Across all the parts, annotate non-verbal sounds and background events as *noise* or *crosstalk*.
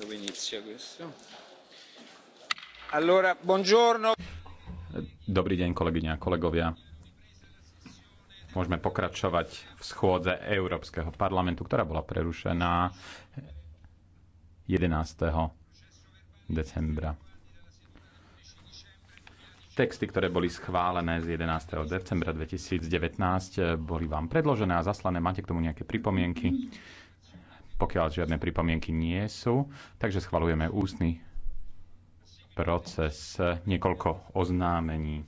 Dobrý deň, kolegyňa a kolegovia. Môžeme pokračovať v schôdze Európskeho parlamentu, ktorá bola prerušená 11. decembra. Texty, ktoré boli schválené z 11. decembra 2019, boli vám predložené a zaslané. Máte k tomu nejaké pripomienky? Pokiaľ žiadne pripomienky nie sú, takže schvalujeme ústny proces niekoľko oznámení.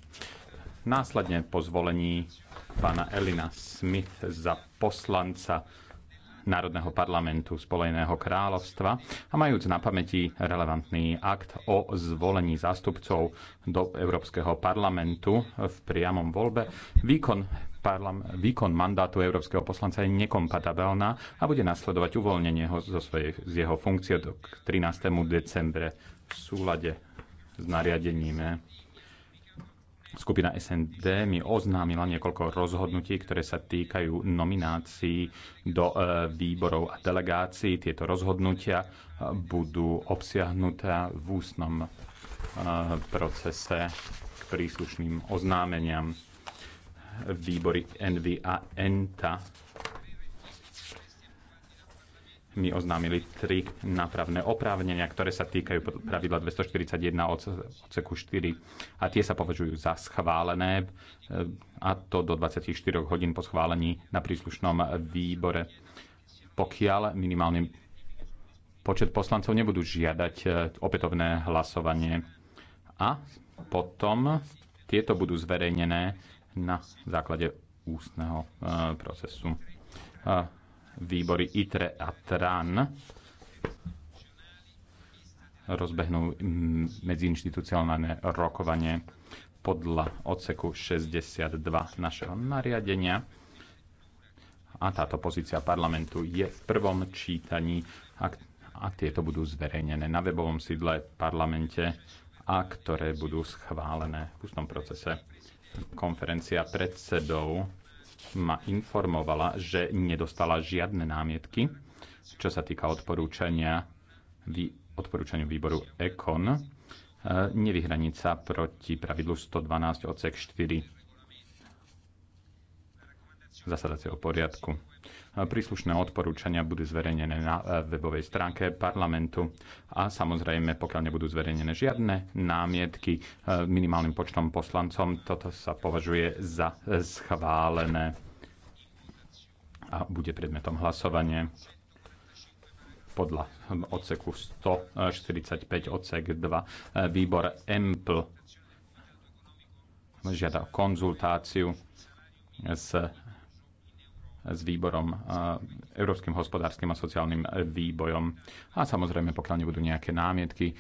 Následne po zvolení pána Elina Smith za poslanca Národného parlamentu Spojeného kráľovstva a majúc na pamäti relevantný akt o zvolení zástupcov do Európskeho parlamentu v priamom voľbe, výkon výkon mandátu európskeho poslanca je nekompatibilná a bude nasledovať uvoľnenie ho zo svojej, z jeho funkcie do 13. decembre v súlade s nariadením. Skupina SND mi oznámila niekoľko rozhodnutí, ktoré sa týkajú nominácií do e, výborov a delegácií. Tieto rozhodnutia e, budú obsiahnuté v ústnom e, procese k príslušným oznámeniam výbory Envy a ENTA mi oznámili tri nápravné oprávnenia, ktoré sa týkajú pravidla 241 odseku 4 a tie sa považujú za schválené e, a to do 24 hodín po schválení na príslušnom výbore. Pokiaľ minimálny počet poslancov nebudú žiadať e, opätovné hlasovanie a potom tieto budú zverejnené na základe ústneho e, procesu. E, výbory ITRE a TRAN rozbehnú medziinstitucionálne rokovanie podľa odseku 62 našeho nariadenia a táto pozícia parlamentu je v prvom čítaní a, a tieto budú zverejnené na webovom sídle v parlamente a ktoré budú schválené v ústnom procese konferencia predsedov ma informovala, že nedostala žiadne námietky, čo sa týka odporúčania vý, odporúčaniu výboru ECON, e, nevyhraniť sa proti pravidlu 112 odsek 4 zasadacieho poriadku. Príslušné odporúčania budú zverejnené na e, webovej stránke parlamentu a samozrejme, pokiaľ nebudú zverejnené žiadne námietky e, minimálnym počtom poslancom, toto sa považuje za e, schválené a bude predmetom hlasovania podľa odseku 145 odsek 2 výbor EMPL žiada konzultáciu s s výborom, Európskym hospodárskym a sociálnym výbojom. A samozrejme, pokiaľ nebudú nejaké námietky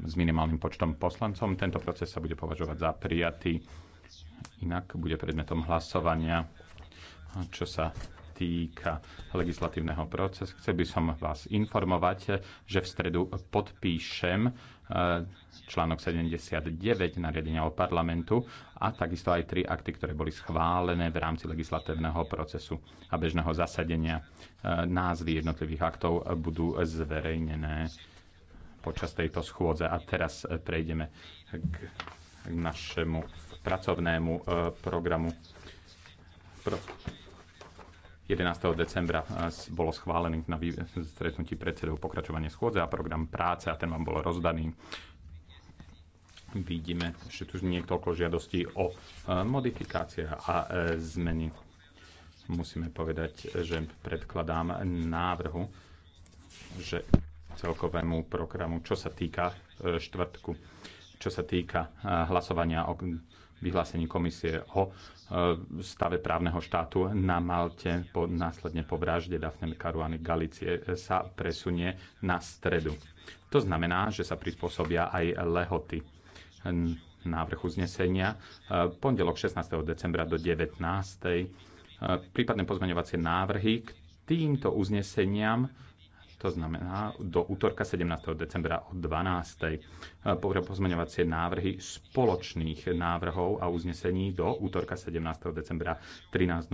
s minimálnym počtom poslancom, tento proces sa bude považovať za prijatý. Inak bude predmetom hlasovania, čo sa týka legislatívneho procesu. Chcel by som vás informovať, že v stredu podpíšem eh, článok 79 nariadenia o parlamentu a takisto aj tri akty, ktoré boli schválené v rámci legislatívneho procesu a bežného zasadenia. Eh, názvy jednotlivých aktov budú zverejnené počas tejto schôdze. A teraz eh, prejdeme k našemu pracovnému programu. Pro 11. decembra eh, bolo schválený na stretnutí predsedov pokračovanie schôdze a program práce a ten vám bol rozdaný. Vidíme, že tu niekoľko žiadostí o eh, modifikácie a eh, zmeny. Musíme povedať, že predkladám návrhu, že celkovému programu, čo sa týka štvrtku, čo sa týka hlasovania o vyhlásení komisie o e, stave právneho štátu na Malte po, následne po vražde Daphne Karuany Galicie e, sa presunie na stredu. To znamená, že sa prispôsobia aj lehoty návrh uznesenia. E, pondelok 16. decembra do 19. Prípadné pozmeňovacie návrhy k týmto uzneseniam to znamená do útorka 17. decembra o 12. E, pozmeňovacie návrhy spoločných návrhov a uznesení do útorka 17. decembra 13.00.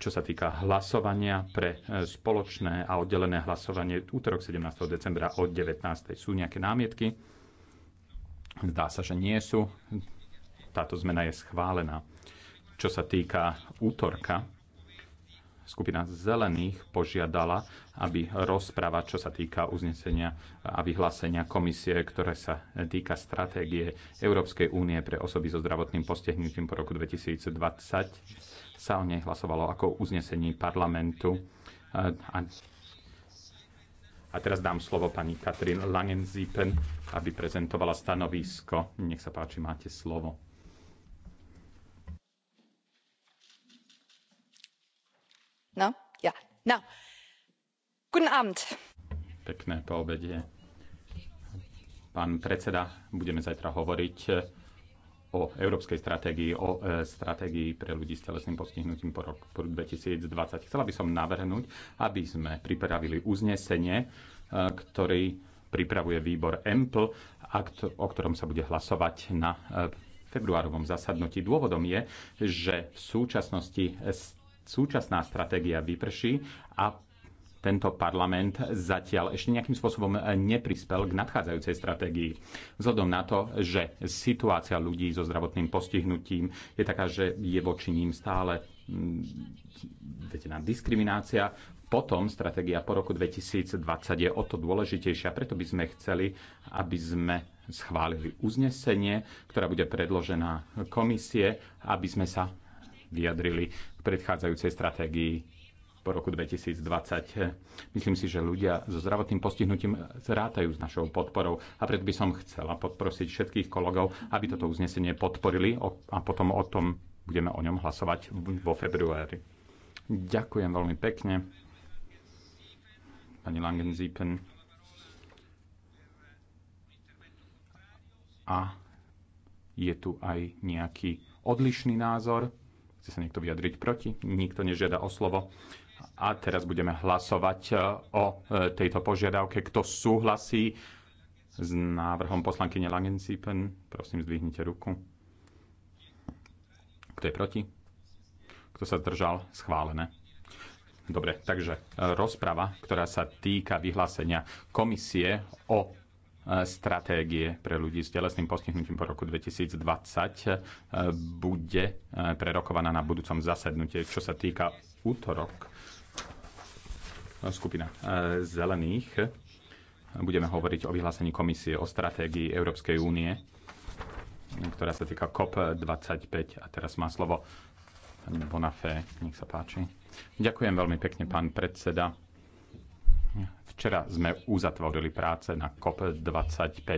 Čo sa týka hlasovania pre e, spoločné a oddelené hlasovanie útorok 17. decembra o 19. Sú nejaké námietky? Zdá sa, že nie sú. Táto zmena je schválená. Čo sa týka útorka, Skupina zelených požiadala, aby rozpráva, čo sa týka uznesenia a vyhlásenia komisie, ktoré sa týka stratégie Európskej únie pre osoby so zdravotným postihnutím po roku 2020, sa o nej hlasovalo ako uznesení parlamentu. A teraz dám slovo pani Katrin Langenzipen, aby prezentovala stanovisko. Nech sa páči, máte slovo. No, ja. No. Guten Abend. Pekné poobedie. Pán predseda, budeme zajtra hovoriť eh, o európskej stratégii, o e, stratégii pre ľudí s telesným postihnutím po roku 2020. Chcela by som navrhnúť, aby sme pripravili uznesenie, e, ktorý pripravuje výbor EMPL, kto, o ktorom sa bude hlasovať na e, februárovom zasadnutí. Dôvodom je, že v súčasnosti súčasná stratégia vyprší a tento parlament zatiaľ ešte nejakým spôsobom neprispel k nadchádzajúcej stratégii. Vzhľadom na to, že situácia ľudí so zdravotným postihnutím je taká, že je voči ním stále mm, na diskriminácia, potom stratégia po roku 2020 je o to dôležitejšia, preto by sme chceli, aby sme schválili uznesenie, ktorá bude predložená komisie, aby sme sa vyjadrili v predchádzajúcej stratégii po roku 2020. Myslím si, že ľudia so zdravotným postihnutím zrátajú s našou podporou a preto by som chcela podprosiť všetkých kolegov, aby toto uznesenie podporili a potom o tom budeme o ňom hlasovať vo februári. Ďakujem veľmi pekne. Pani Langenziepen. A je tu aj nejaký odlišný názor. Chce sa niekto vyjadriť proti? Nikto nežiada o slovo. A teraz budeme hlasovať e, o e, tejto požiadavke. Kto súhlasí s návrhom poslankyne Langensipen, prosím, zdvihnite ruku. Kto je proti? Kto sa zdržal? Schválené. Dobre, takže e, rozprava, ktorá sa týka vyhlásenia komisie o E, stratégie pre ľudí s telesným postihnutím po roku 2020 e, bude e, prerokovaná na budúcom zasadnutie. Čo sa týka útorok, skupina zelených, budeme hovoriť o vyhlásení komisie o stratégii Európskej únie, ktorá sa týka COP25. A teraz má slovo pani Bonafé, nech sa páči. Ďakujem veľmi pekne, pán predseda Včera sme uzatvorili práce na COP25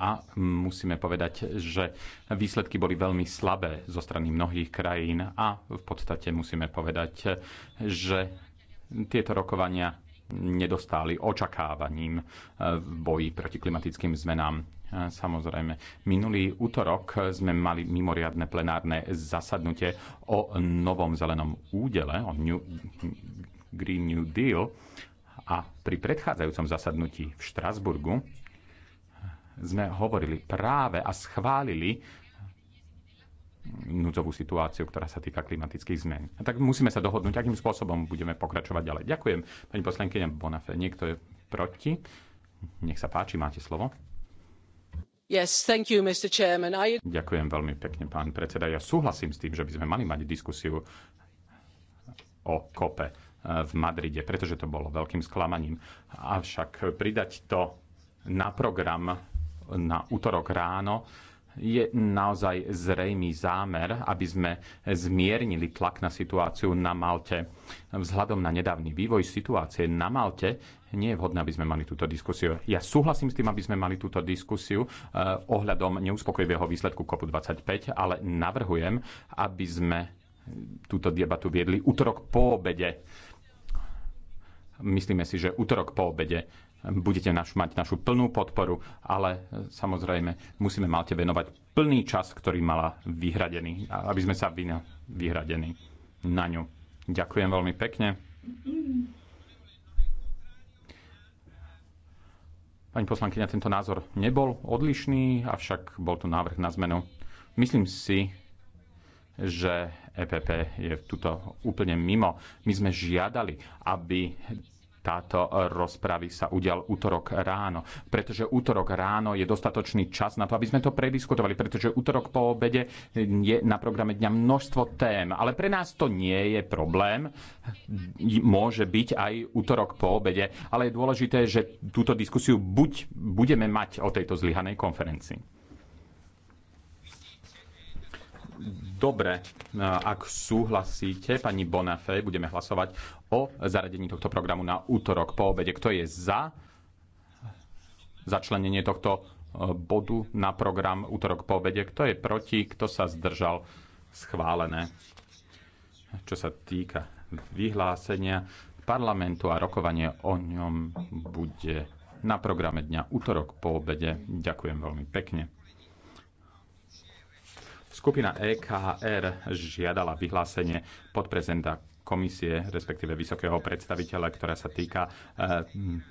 a musíme povedať, že výsledky boli veľmi slabé zo strany mnohých krajín a v podstate musíme povedať, že tieto rokovania nedostáli očakávaním v boji proti klimatickým zmenám. Samozrejme, minulý útorok sme mali mimoriadne plenárne zasadnutie o novom zelenom údele, o New Green New Deal a pri predchádzajúcom zasadnutí v Štrasburgu sme hovorili práve a schválili núdzovú situáciu, ktorá sa týka klimatických zmen. A tak musíme sa dohodnúť, akým spôsobom budeme pokračovať ďalej. Ďakujem, pani poslankyňa Bonafé. Niekto je proti? Nech sa páči, máte slovo. Yes, thank you, Mr. Chairman. I... Ďakujem veľmi pekne, pán predseda. Ja súhlasím s tým, že by sme mali mať diskusiu o kope v Madride, pretože to bolo veľkým sklamaním. Avšak pridať to na program na útorok ráno je naozaj zrejmý zámer, aby sme zmiernili tlak na situáciu na Malte. Vzhľadom na nedávny vývoj situácie na Malte nie je vhodné, aby sme mali túto diskusiu. Ja súhlasím s tým, aby sme mali túto diskusiu eh, ohľadom neuspokojivého výsledku COP25, ale navrhujem, aby sme túto debatu viedli útorok po obede Myslíme si, že útorok po obede budete naš, mať našu plnú podporu, ale e, samozrejme musíme Malte venovať plný čas, ktorý mala vyhradený, aby sme sa vyna, vyhradení na ňu. Ďakujem veľmi pekne. Pani poslankyňa, tento názor nebol odlišný, avšak bol tu návrh na zmenu. Myslím si, že EPP je tuto úplne mimo. My sme žiadali, aby táto rozpravy sa udial útorok ráno. Pretože útorok ráno je dostatočný čas na to, aby sme to prediskutovali, pretože útorok po obede je na programe dňa množstvo tém, ale pre nás to nie je problém. Môže byť aj útorok po obede, ale je dôležité, že túto diskusiu buď budeme mať o tejto zlyhanej konferencii. Dobre, e, ak súhlasíte, pani Bonafé, budeme hlasovať o zaradení tohto programu na útorok po obede. Kto je za začlenenie tohto e, bodu na program útorok po obede? Kto je proti? Kto sa zdržal? Schválené. Čo sa týka vyhlásenia parlamentu a rokovanie o ňom bude na programe dňa útorok po obede. Ďakujem veľmi pekne. Skupina EKR žiadala vyhlásenie podprezenta komisie, respektíve vysokého predstaviteľa, ktorá sa týka e,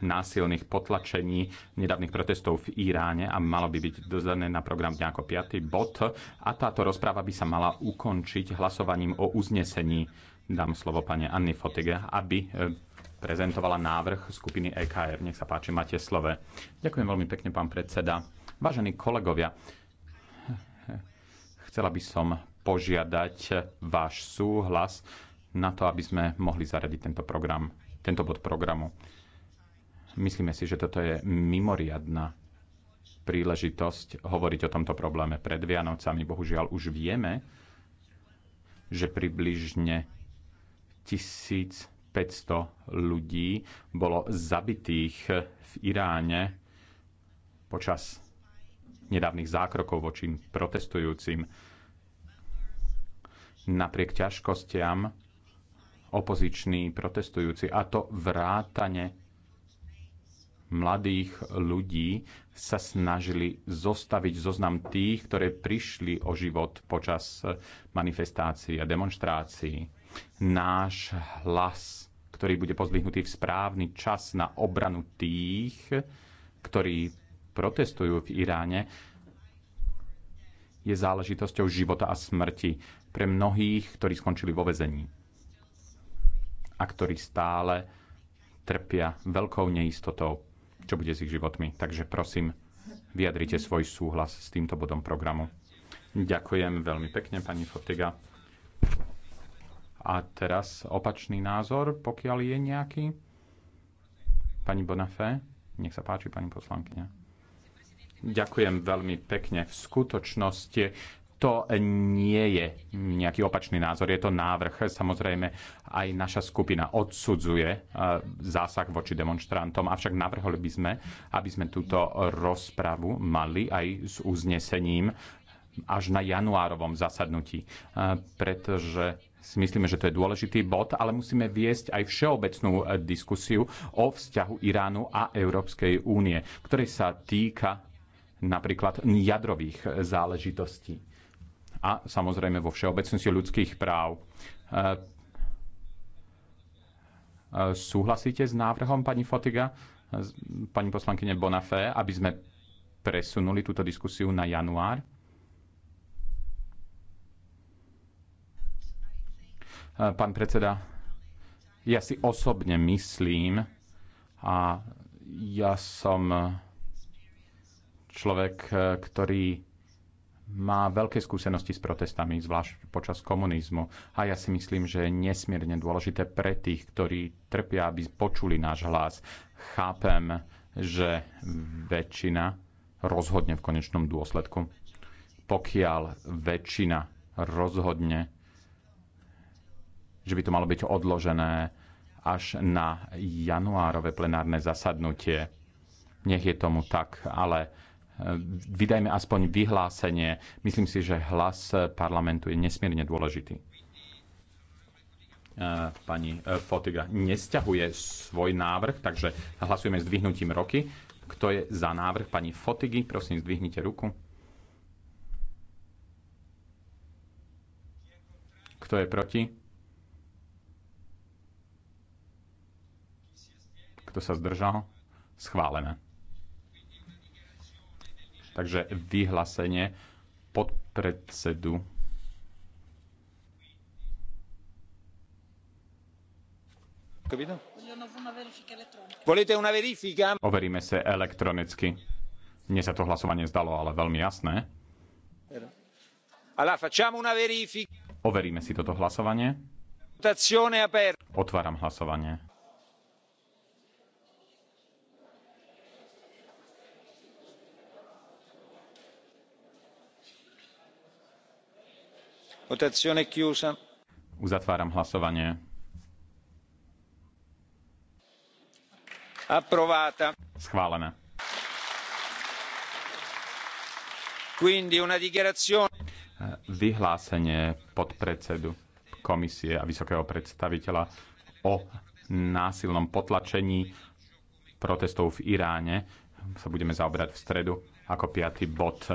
násilných potlačení nedávnych protestov v Iráne a malo by byť dodané na program dňa ako 5. bod. A táto rozpráva by sa mala ukončiť hlasovaním o uznesení. Dám slovo pani Anny Fotige, aby e, prezentovala návrh skupiny EKR. Nech sa páči, máte slove. Ďakujem veľmi pekne, pán predseda. Vážení kolegovia, Chcela by som požiadať váš súhlas na to, aby sme mohli zaradiť tento program, tento bod programu. Myslíme si, že toto je mimoriadná príležitosť hovoriť o tomto probléme pred Vianocami. Bohužiaľ už vieme, že približne 1500 ľudí bolo zabitých v Iráne počas nedávnych zákrokov voči protestujúcim. Napriek ťažkostiam opoziční protestujúci, a to vrátane mladých ľudí, sa snažili zostaviť zoznam tých, ktoré prišli o život počas manifestácií a demonstrácií. Náš hlas, ktorý bude pozdvihnutý v správny čas na obranu tých, ktorí protestujú v Iráne, je záležitosťou života a smrti pre mnohých, ktorí skončili vo vezení a ktorí stále trpia veľkou neistotou, čo bude s ich životmi. Takže prosím, vyjadrite svoj súhlas s týmto bodom programu. Ďakujem veľmi pekne, pani Fotiga. A teraz opačný názor, pokiaľ je nejaký. Pani Bonafé, nech sa páči, pani poslankyňa. Ďakujem veľmi pekne. V skutočnosti to nie je nejaký opačný názor, je to návrh. Samozrejme, aj naša skupina odsudzuje e, zásah voči demonstrantom, avšak navrhli by sme, aby sme túto rozpravu mali aj s uznesením až na januárovom zasadnutí, e, pretože si myslíme, že to je dôležitý bod, ale musíme viesť aj všeobecnú e, diskusiu o vzťahu Iránu a Európskej únie, ktorej sa týka napríklad jadrových záležitostí a samozrejme vo všeobecnosti ľudských práv. E, e, súhlasíte s návrhom pani Fotiga, pani poslankyne Bonafé, aby sme presunuli túto diskusiu na január? E, pán predseda, ja si osobne myslím a ja som človek, eh, ktorý má veľké skúsenosti s protestami, zvlášť počas komunizmu. A ja si myslím, že je nesmierne dôležité pre tých, ktorí trpia, aby počuli náš hlas. Chápem, že väčšina rozhodne v konečnom dôsledku. Pokiaľ väčšina rozhodne, že by to malo byť odložené až na januárové plenárne zasadnutie, nech je tomu tak, ale Eh, vydajme aspoň vyhlásenie. Myslím si, že hlas parlamentu je nesmierne dôležitý. Eh, pani eh, Fotiga nesťahuje svoj návrh, takže hlasujeme s dvihnutím roky. Kto je za návrh pani Fotigy? Prosím, zdvihnite ruku. Kto je proti? Kto sa zdržal? Schválené. Takže vyhlásenie podpredsedu Overíme sa elektronicky. Mne sa to hlasovanie zdalo, ale veľmi jasné. Overíme si toto hlasovanie. Otváram hlasovanie. Votazione chiusa. Uzatváram hlasovanie. Schválené. Quindi una dichiarazione. Vyhlásenie podpredsedu komisie a vysokého predstaviteľa o násilnom potlačení protestov v Iráne sa budeme zaoberať v stredu ako piaty bod.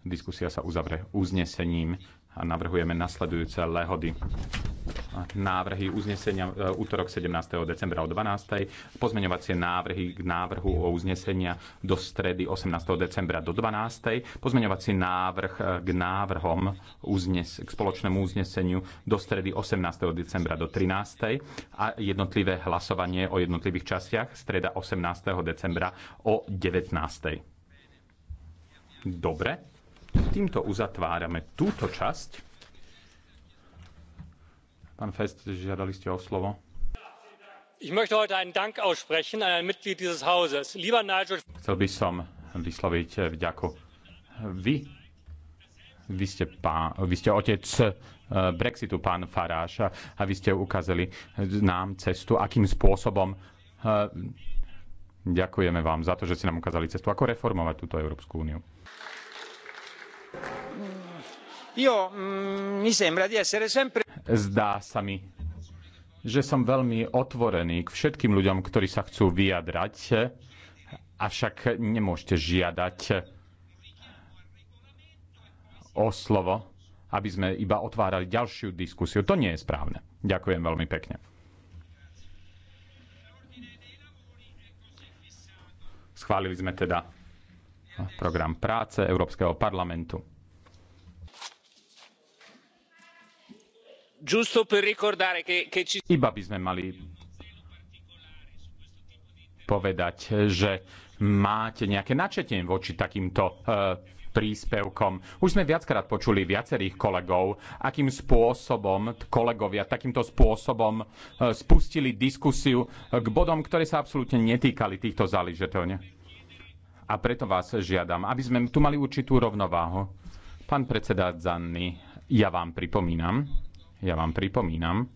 Diskusia sa uzavre uznesením a navrhujeme nasledujúce lehody. Návrhy uznesenia e, útorok 17. decembra o 12. Pozmeňovacie návrhy k návrhu o uznesenia do stredy 18. decembra do 12. Pozmeňovací návrh e, k návrhom uznes, k spoločnému uzneseniu do stredy 18. decembra do 13. a jednotlivé hlasovanie o jednotlivých častiach streda 18. decembra o 19. Dobre. Týmto uzatvárame túto časť. Pán Fest, žiadali ste o slovo. Chcel by som vysloviť vďaku. Vy, vy, ste, pán, vy ste otec eh, Brexitu, pán Faráš, a vy ste ukázali nám cestu, akým spôsobom eh, Ďakujeme vám za to, že ste nám ukázali cestu, ako reformovať túto Európsku úniu. Mm, Zdá sa mi, že som veľmi otvorený k všetkým ľuďom, ktorí sa chcú vyjadrať, avšak nemôžete žiadať o slovo, aby sme iba otvárali ďalšiu diskusiu. To nie je správne. Ďakujem veľmi pekne. Schválili sme teda program práce Európskeho parlamentu. Iba by sme mali povedať, že máte nejaké načetie voči takýmto e, príspevkom. Už sme viackrát počuli viacerých kolegov, akým spôsobom kolegovia takýmto spôsobom e, spustili diskusiu k bodom, ktoré sa absolútne netýkali týchto záležitostí a preto vás žiadam, aby sme tu mali určitú rovnováhu. Pán predseda Zanny, ja vám pripomínam, ja vám pripomínam,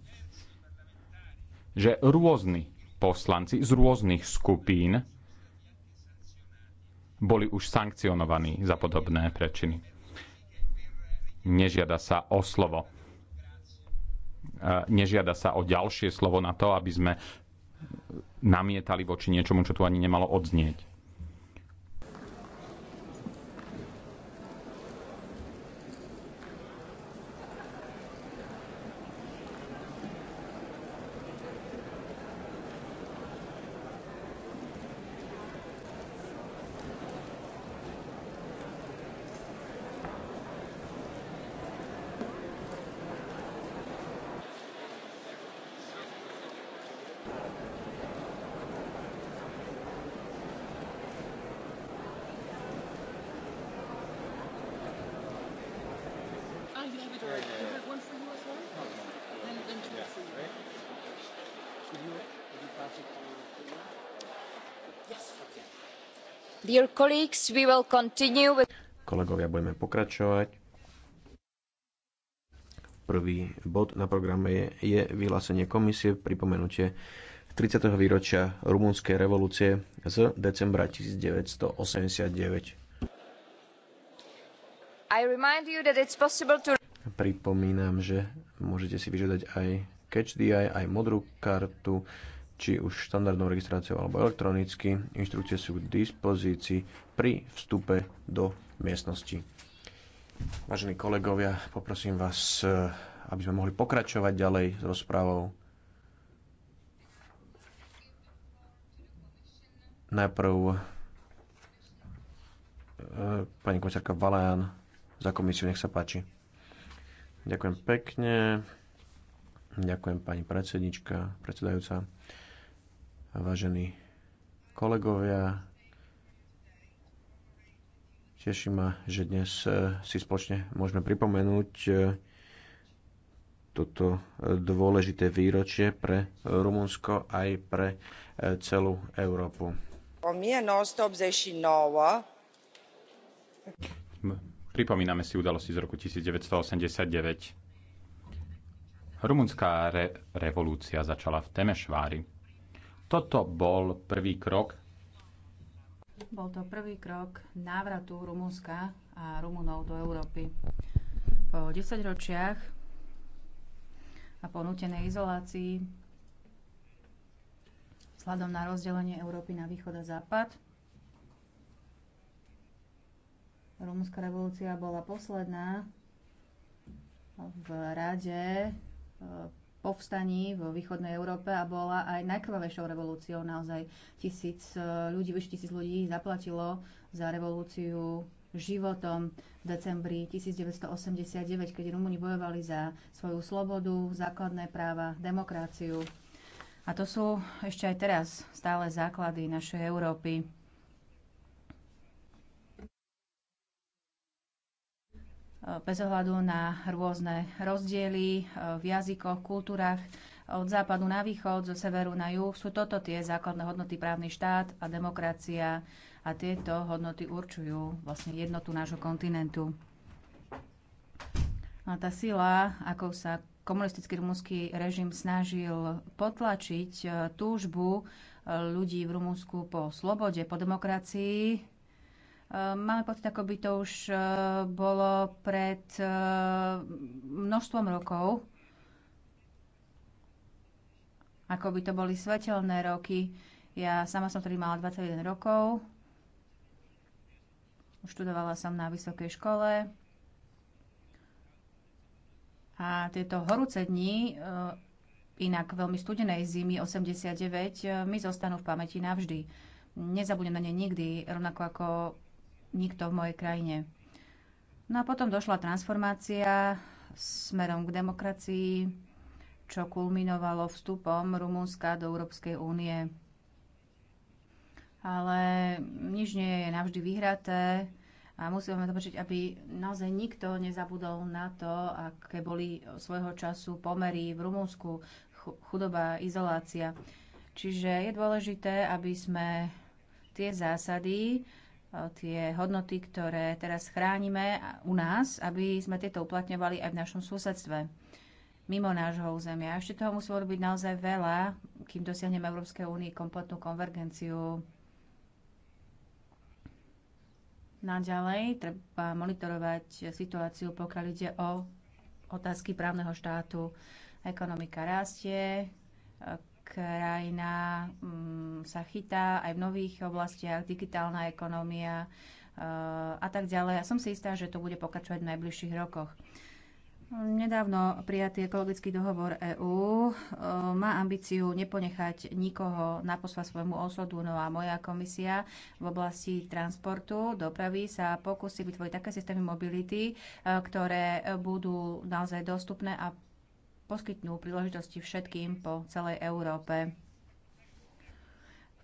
že rôzni poslanci z rôznych skupín boli už sankcionovaní za podobné prečiny. Nežiada sa o slovo. E, nežiada sa o ďalšie slovo na to, aby sme namietali voči niečomu, čo tu ani nemalo odznieť. Kolegovia, budeme pokračovať. Prvý bod na programe je, je vyhlásenie komisie pripomenutie 30. výročia rumunskej revolúcie z decembra 1989. To... Pripomínam, že môžete si vyžiadať aj catch the eye, aj modrú kartu či už štandardnou registráciou alebo elektronicky. Inštrukcie sú k dispozícii pri vstupe do miestnosti. Vážení kolegovia, poprosím vás, eh, aby sme mohli pokračovať ďalej s rozprávou. Najprv eh, pani komisárka Valán za komisiu, nech sa páči. Ďakujem pekne. Ďakujem pani predsednička, predsedajúca vážení kolegovia. Teší ma, že dnes e, si spoločne môžeme pripomenúť e, toto e, dôležité výročie pre Rumunsko aj pre celú Európu. Pripomíname si udalosti z roku 1989. Rumunská re- revolúcia začala v Temešvári. Toto bol prvý krok. Bol to prvý krok návratu Rumunska a Rumunov do Európy. Po 10 ročiach a po nutenej izolácii vzhľadom na rozdelenie Európy na východ a západ Rumúnska revolúcia bola posledná v rade eh, povstaní vo východnej Európe a bola aj najkrvavejšou revolúciou. Naozaj tisíc e, ľudí, vyše tisíc ľudí zaplatilo za revolúciu životom v decembri 1989, keď Rumúni bojovali za svoju slobodu, základné práva, demokraciu. A to sú ešte aj teraz stále základy našej Európy. bez ohľadu na rôzne rozdiely e, v jazykoch, kultúrach, od západu na východ, zo severu na juh. Sú toto tie základné hodnoty právny štát a demokracia a tieto hodnoty určujú vlastne jednotu nášho kontinentu. A tá sila, ako sa komunistický rumúnsky režim snažil potlačiť e, túžbu e, ľudí v Rumúnsku po slobode, po demokracii, Ehm, máme pocit, ako by to už ehm, bolo pred ehm, množstvom rokov, ako by to boli svetelné roky. Ja sama som tedy mala 21 rokov, študovala som na vysokej škole a tieto horúce dni inak veľmi studenej zimy 89 mi zostanú v pamäti navždy. Nezabudnem na ne nikdy, rovnako ako nikto v mojej krajine. No a potom došla transformácia smerom k demokracii, čo kulminovalo vstupom Rumúnska do Európskej únie. Ale nič nie je navždy vyhraté a musíme to aby naozaj nikto nezabudol na to, aké boli svojho času pomery v Rumúnsku, chudoba, izolácia. Čiže je dôležité, aby sme tie zásady, tie hodnoty, ktoré teraz chránime u nás, aby sme tieto uplatňovali aj v našom susedstve mimo nášho územia. Ešte toho musí robiť naozaj veľa, kým dosiahneme Európskej únii kompletnú konvergenciu. Naďalej treba monitorovať situáciu, pokiaľ ide o otázky právneho štátu. Ekonomika rastie, krajina mm, sa chytá aj v nových oblastiach, digitálna ekonomia e, a tak ďalej. A som si istá, že to bude pokračovať v najbližších rokoch. Nedávno prijatý ekologický dohovor EÚ e, má ambíciu neponechať nikoho na posva svojmu osudu. No a moja komisia v oblasti transportu, dopravy sa pokusí vytvoriť také systémy mobility, e, ktoré budú naozaj dostupné a poskytnú príležitosti všetkým po celej Európe.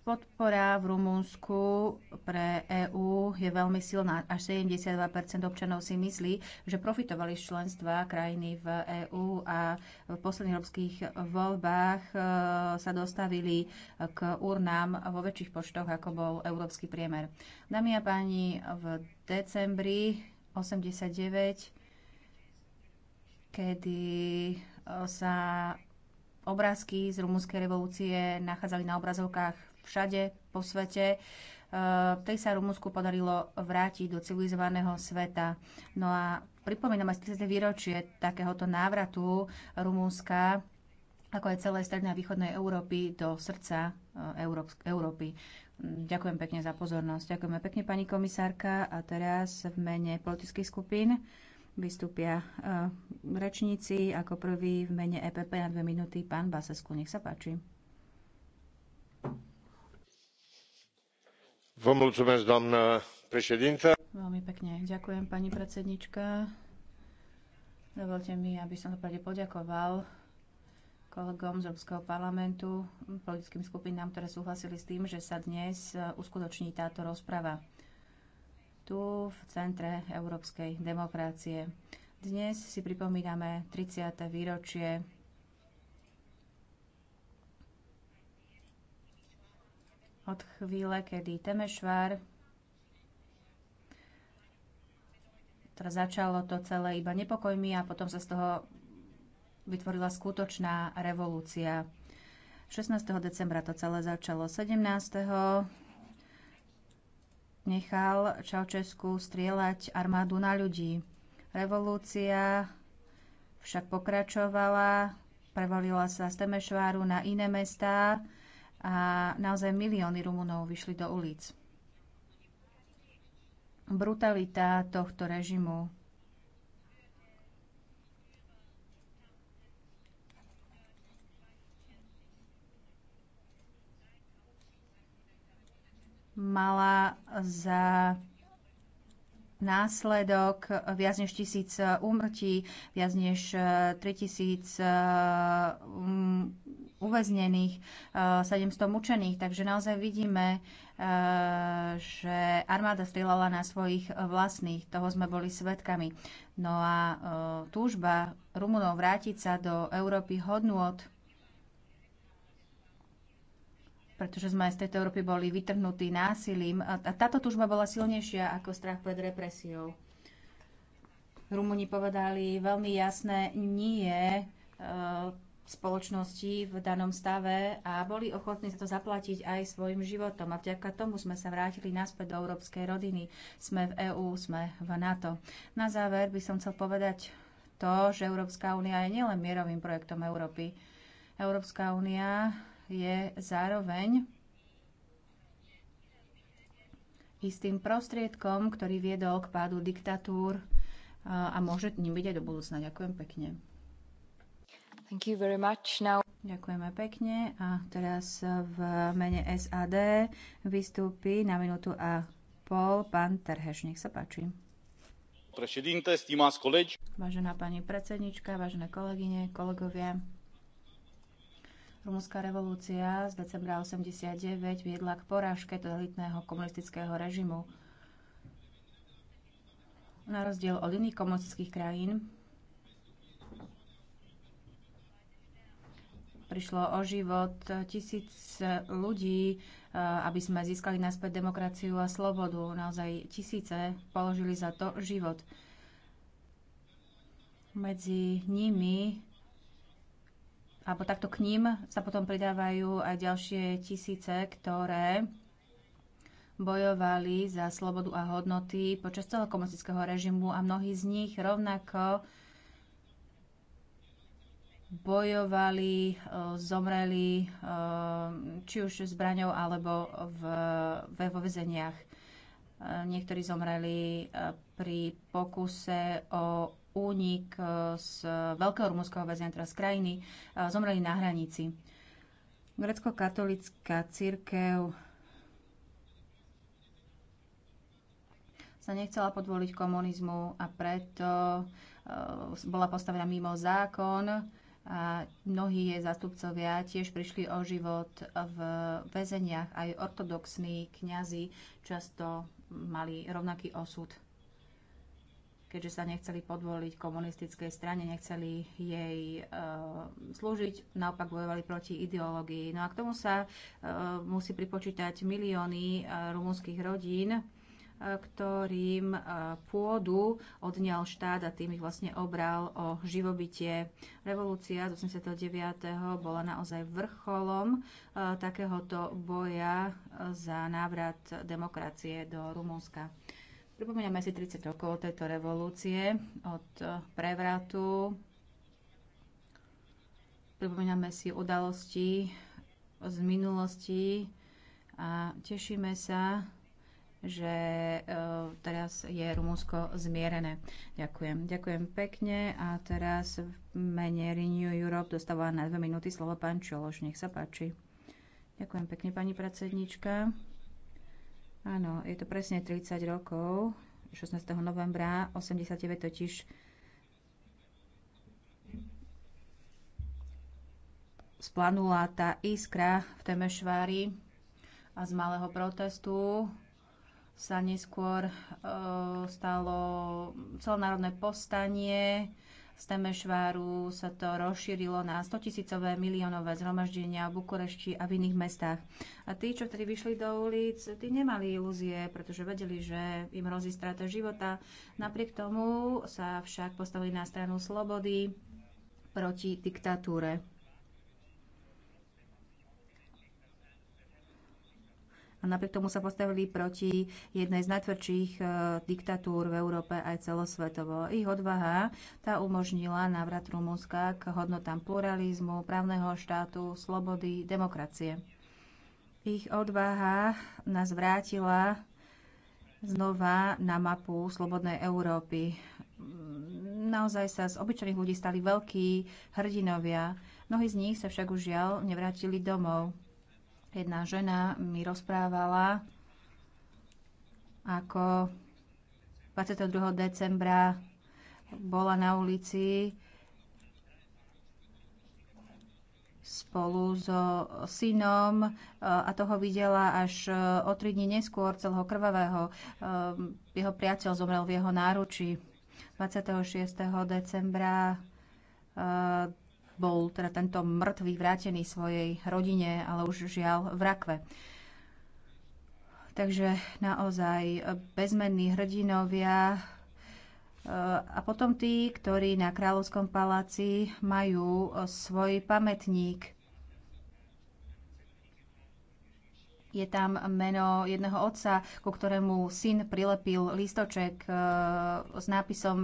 Podpora v Rumunsku pre EÚ je veľmi silná. Až 72 občanov si myslí, že profitovali z členstva krajiny v EÚ a v posledných európskych voľbách e, sa dostavili k urnám vo väčších počtoch, ako bol európsky priemer. Dámy a páni, v decembri 89, kedy sa obrázky z rumunskej revolúcie nachádzali na obrazovkách všade po svete. V e, Tej sa Rumúnsku podarilo vrátiť do civilizovaného sveta. No a pripomíname 30. výročie takéhoto návratu Rumunska ako aj celé strednej a východnej Európy do srdca e, Európy. Ďakujem pekne za pozornosť. Ďakujeme pekne, pani komisárka. A teraz v mene politických skupín vystúpia e, rečníci. Ako prvý v mene EPP na dve minúty pán Basesku. Nech sa páči. Veľmi pekne ďakujem, pani predsednička. Dovolte mi, aby som doprve poďakoval kolegom z Európskeho parlamentu, politickým skupinám, ktoré súhlasili s tým, že sa dnes e, uskutoční táto rozprava tu v centre európskej demokracie. Dnes si pripomíname 30. výročie od chvíle, kedy Temešvár teda začalo to celé iba nepokojmi a potom sa z toho vytvorila skutočná revolúcia. 16. decembra to celé začalo 17 nechal Čaučesku strieľať armádu na ľudí. Revolúcia však pokračovala, prevalila sa z Temešváru na iné mestá a naozaj milióny Rumunov vyšli do ulic. Brutalita tohto režimu mala za následok viac než tisíc eh, úmrtí, viac než 3000 eh, eh, um, uväznených, 700 mučených. Takže naozaj vidíme, že armáda strieľala na svojich vlastných. Toho sme boli svetkami. No a túžba Rumunov vrátiť sa do Európy od pretože sme z tejto Európy boli vytrhnutí násilím. A táto tužba bola silnejšia ako strach pred represiou. Rumúni povedali veľmi jasné nie e, spoločnosti v danom stave a boli ochotní sa to zaplatiť aj svojim životom. A vďaka tomu sme sa vrátili naspäť do európskej rodiny. Sme v EÚ, sme v NATO. Na záver by som chcel povedať to, že Európska únia je nielen mierovým projektom Európy. Európska únia je zároveň istým prostriedkom, ktorý viedol k pádu diktatúr a môže ním byť aj do budúcna. Ďakujem pekne. Thank you very much. Now... Ďakujeme pekne. A teraz v mene SAD vystúpi na minútu a pol pán Terheš. Nech sa páči. Vážená pani predsednička, vážené kolegyne, kolegovia, Rumunská revolúcia z decembra 89 viedla k porážke totalitného komunistického režimu. Na rozdiel od iných komunistických krajín prišlo o život tisíc ľudí, eh, aby sme získali naspäť demokraciu a slobodu. Naozaj tisíce položili za to život. Medzi nimi alebo takto k ním sa potom pridávajú aj ďalšie tisíce, ktoré bojovali za slobodu a hodnoty počas celého komunistického režimu a mnohí z nich rovnako bojovali, e, zomreli e, či už zbraňou alebo v, vo vezeniach. E, niektorí zomreli pri pokuse o únik eh, z veľkého rumúnskeho väzenia, z krajiny, eh, zomreli na hranici. Grecko-katolická církev sa nechcela podvoliť komunizmu a preto eh, bola postavená mimo zákon a mnohí jej zastupcovia tiež prišli o život v väzeniach. Aj ortodoxní kňazi často mali rovnaký osud keďže sa nechceli podvoliť komunistickej strane, nechceli jej uh, slúžiť, naopak bojovali proti ideológii. No a k tomu sa uh, musí pripočítať milióny uh, rumúnskych rodín, uh, ktorým uh, pôdu odňal štát a tým ich vlastne obral o živobytie. Revolúcia z 89. bola naozaj vrcholom uh, takéhoto boja za návrat demokracie do Rumúnska. Pripomíname si 30 rokov tejto revolúcie od prevratu. Pripomíname si udalosti z minulosti a tešíme sa, že e, teraz je Rumúnsko zmierené. Ďakujem. Ďakujem pekne a teraz v mene Renew Europe dostáva na dve minúty slovo pán Čološ. Nech sa páči. Ďakujem pekne, pani predsednička. Áno, je to presne 30 rokov. 16. novembra 89 totiž splanula tá iskra v Temešvári a z malého protestu sa neskôr e, stalo celonárodné povstanie, z Temešváru sa to rozšírilo na 100 tisícové miliónové zhromaždenia v Bukurešti a v iných mestách. A tí, čo vtedy vyšli do ulic, tí nemali ilúzie, pretože vedeli, že im hrozí strata života. Napriek tomu sa však postavili na stranu slobody proti diktatúre. A napriek tomu sa postavili proti jednej z najtvrdších e, diktatúr v Európe aj celosvetovo. Ich odvaha tá umožnila návrat Rumunska k hodnotám pluralizmu, právneho štátu, slobody, demokracie. Ich odvaha nás vrátila znova na mapu Slobodnej Európy. Naozaj sa z obyčajných ľudí stali veľkí hrdinovia. Mnohí z nich sa však už žiaľ nevrátili domov. Jedna žena mi rozprávala, ako 22. decembra bola na ulici spolu so synom e, a toho videla až e, o tri dní neskôr celého krvavého. E, jeho priateľ zomrel v jeho náruči. 26. decembra bol teda tento mŕtvý vrátený svojej rodine, ale už žiaľ v rakve. Takže naozaj bezmenní hrdinovia e, a potom tí, ktorí na Kráľovskom paláci majú e, svoj pamätník je tam meno jedného otca, ku ktorému syn prilepil lístoček e, s nápisom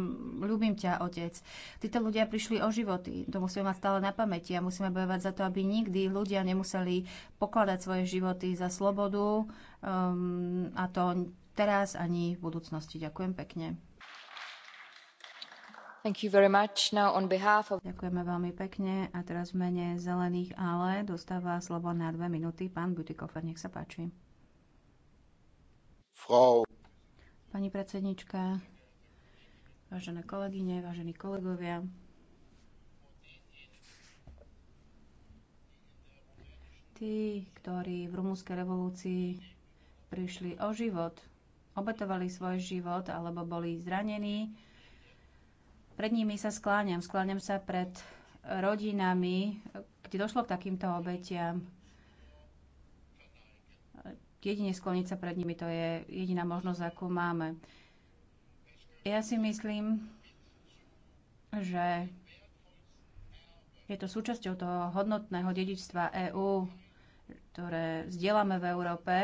Ľubím ťa, otec. Títo ľudia prišli o životy. To musíme mať stále na pamäti a musíme bojovať za to, aby nikdy ľudia nemuseli pokladať svoje životy za slobodu ehm, a to teraz ani v budúcnosti. Ďakujem pekne. Ďakujeme veľmi pekne a teraz v mene zelených ale dostáva slovo na dve minúty pán Butikofer, nech sa páči. Frau. Pani predsednička, vážené kolegyne, vážení kolegovia, tí, ktorí v rumúnskej revolúcii prišli o život, obetovali svoj život alebo boli zranení, pred nimi sa skláňam, skláňam sa pred rodinami, kde došlo k takýmto obetiam. Jedine skloniť sa pred nimi, to je jediná možnosť, akú máme. Ja si myslím, že je to súčasťou toho hodnotného dedičstva EÚ, ktoré vzdielame v Európe.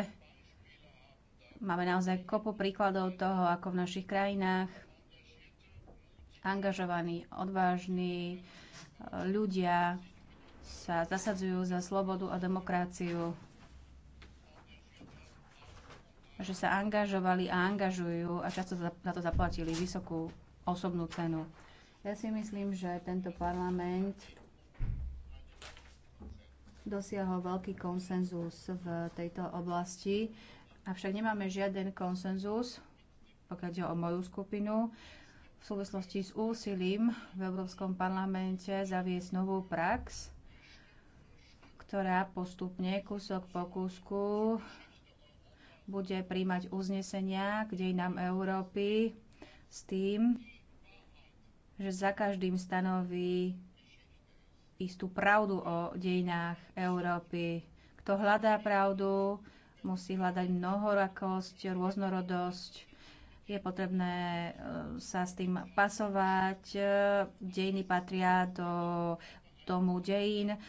Máme naozaj kopu príkladov toho, ako v našich krajinách angažovaní, odvážni e, ľudia sa zasadzujú za slobodu a demokraciu, že sa angažovali a angažujú a často za to zaplatili vysokú osobnú cenu. Ja si myslím, že tento parlament dosiahol veľký konsenzus v tejto oblasti, avšak nemáme žiaden konsenzus, pokiaľ ide o moju skupinu, v súvislosti s úsilím v Európskom parlamente zaviesť novú prax, ktorá postupne kúsok po kúsku bude príjmať uznesenia k dejinám Európy s tým, že za každým stanoví istú pravdu o dejinách Európy. Kto hľadá pravdu, musí hľadať mnohorakosť, rôznorodosť je potrebné e, sa s tým pasovať. E, dejiny patria do tomu dejín, e,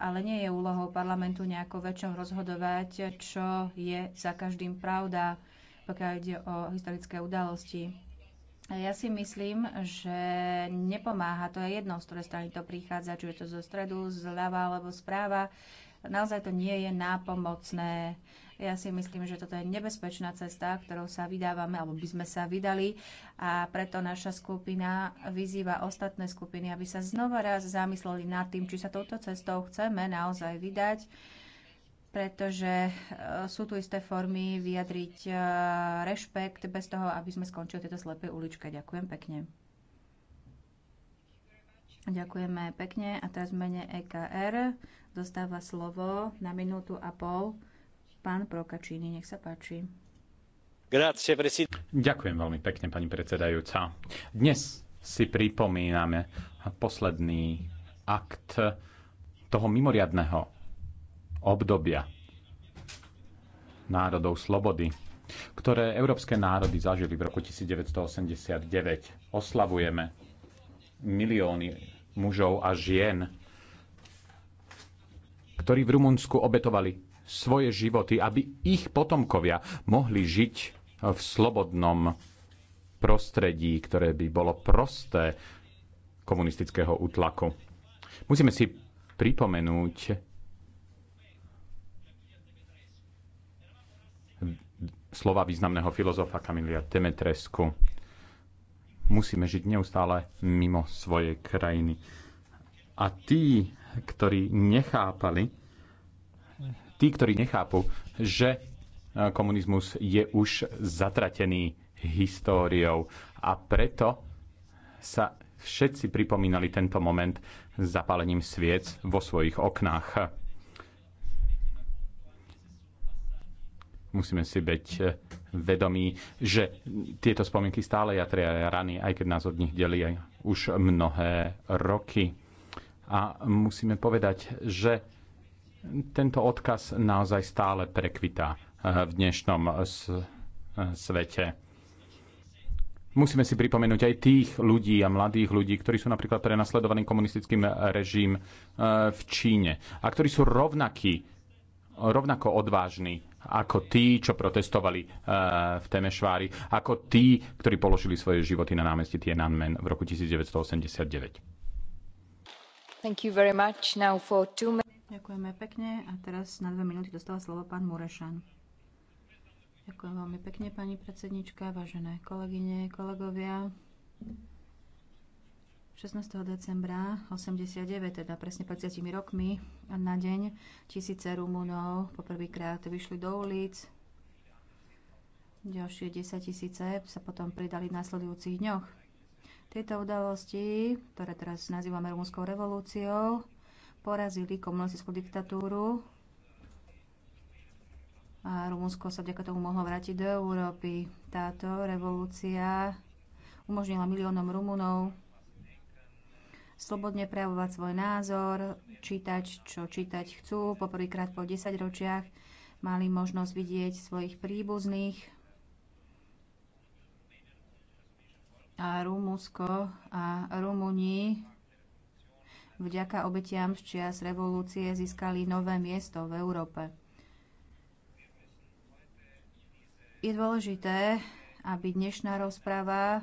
ale nie je úlohou parlamentu nejako väčšom rozhodovať, čo je za každým pravda, pokiaľ ide o historické udalosti. Ja si myslím, že nepomáha, to je jedno, z ktorej strany to prichádza, či je to zo stredu, zľava alebo správa. Naozaj to nie je nápomocné. Ja si myslím, že toto je nebezpečná cesta, ktorou sa vydávame, alebo by sme sa vydali a preto naša skupina vyzýva ostatné skupiny, aby sa znova raz zamysleli nad tým, či sa touto cestou chceme naozaj vydať pretože e, sú tu isté formy vyjadriť e, rešpekt bez toho, aby sme skončili tieto slepé uličke. Ďakujem pekne. Ďakujeme pekne a teraz mene EKR dostáva slovo na minútu a pol Pán Prokačíny, nech sa páči. Ďakujem veľmi pekne, pani predsedajúca. Dnes si pripomíname posledný akt toho mimoriadného obdobia národov slobody, ktoré európske národy zažili v roku 1989. Oslavujeme milióny mužov a žien, ktorí v Rumunsku obetovali svoje životy, aby ich potomkovia mohli žiť v slobodnom prostredí, ktoré by bolo prosté komunistického útlaku. Musíme si pripomenúť slova významného filozofa Kamilia Temetresku. Musíme žiť neustále mimo svojej krajiny. A tí, ktorí nechápali, tí, ktorí nechápu, že e, komunizmus je už zatratený históriou a preto sa všetci pripomínali tento moment zapálením sviec vo svojich oknách. Musíme si byť e, vedomí, že tieto spomienky stále jatria rany, aj keď nás od nich delí už mnohé roky. A musíme povedať, že tento odkaz naozaj stále prekvitá eh, v dnešnom eh, svete. Musíme si pripomenúť aj tých ľudí a mladých ľudí, ktorí sú napríklad prenasledovaní komunistickým režim eh, v Číne a ktorí sú rovnakí, rovnako odvážni ako tí, čo protestovali v Temešvári, ako tí, ktorí položili svoje životy na námestí Tiananmen v roku 1989. Thank you very much. Now for two Ďakujeme pekne a teraz na dve minúty dostala slovo pán Murešan. Ďakujem veľmi pekne, pani predsednička, vážené kolegyne, kolegovia. 16. decembra 89, teda presne 50 rokmi na deň, tisíce Rumunov poprvýkrát vyšli do ulic. Ďalšie 10 tisíce sa potom pridali v následujúcich dňoch. Tieto udalosti, ktoré teraz nazývame Rumunskou revolúciou, porazili komunistickú diktatúru a Rumunsko sa vďaka tomu mohlo vrátiť do Európy. Táto revolúcia umožnila miliónom Rumunov slobodne prejavovať svoj názor, čítať, čo čítať chcú. Poprvýkrát po 10 ročiach mali možnosť vidieť svojich príbuzných. A Rumunsko a Rumúni vďaka obetiam z čias revolúcie získali nové miesto v Európe. Je dôležité, aby dnešná rozprava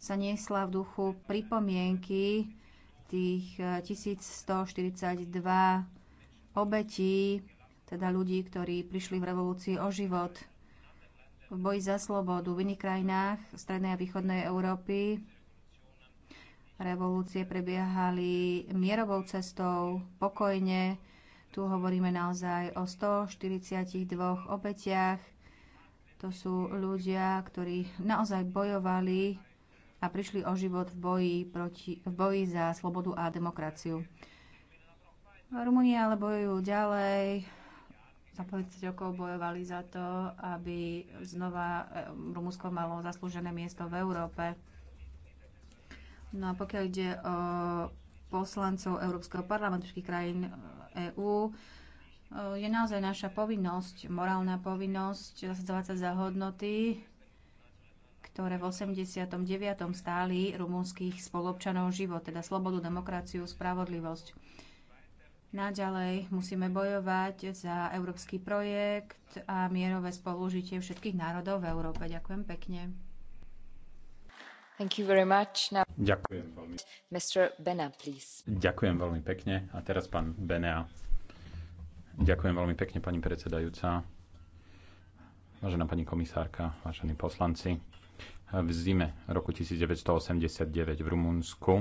sa niesla v duchu pripomienky tých 1142 eh, obetí, teda ľudí, ktorí prišli v revolúcii o život v boji za slobodu v iných krajinách Strednej a Východnej Európy revolúcie prebiehali mierovou cestou, pokojne. Tu hovoríme naozaj o 142 obetiach. To sú ľudia, ktorí naozaj bojovali a prišli o život v boji, proti, v boji za slobodu a demokraciu. Rumunia ale bojujú ďalej. Za 50 rokov bojovali za to, aby znova eh, Rumunsko malo zaslúžené miesto v Európe. No a pokiaľ ide o poslancov Európskeho parlamentu všetkých krajín EÚ, eh, e eh, je naozaj naša povinnosť, morálna povinnosť zasadzovať sa za hodnoty, ktoré v 89. stáli rumúnskych spolobčanov život, teda slobodu, demokraciu, spravodlivosť. Naďalej musíme bojovať za európsky projekt a mierové spolužitie všetkých národov v Európe. Ďakujem pekne. Ďakujem veľmi. Ďakujem veľmi pekne. A teraz pán Benea. Ďakujem veľmi pekne, pani predsedajúca. Vážená pani komisárka, vážení poslanci. V zime roku 1989 v Rumunsku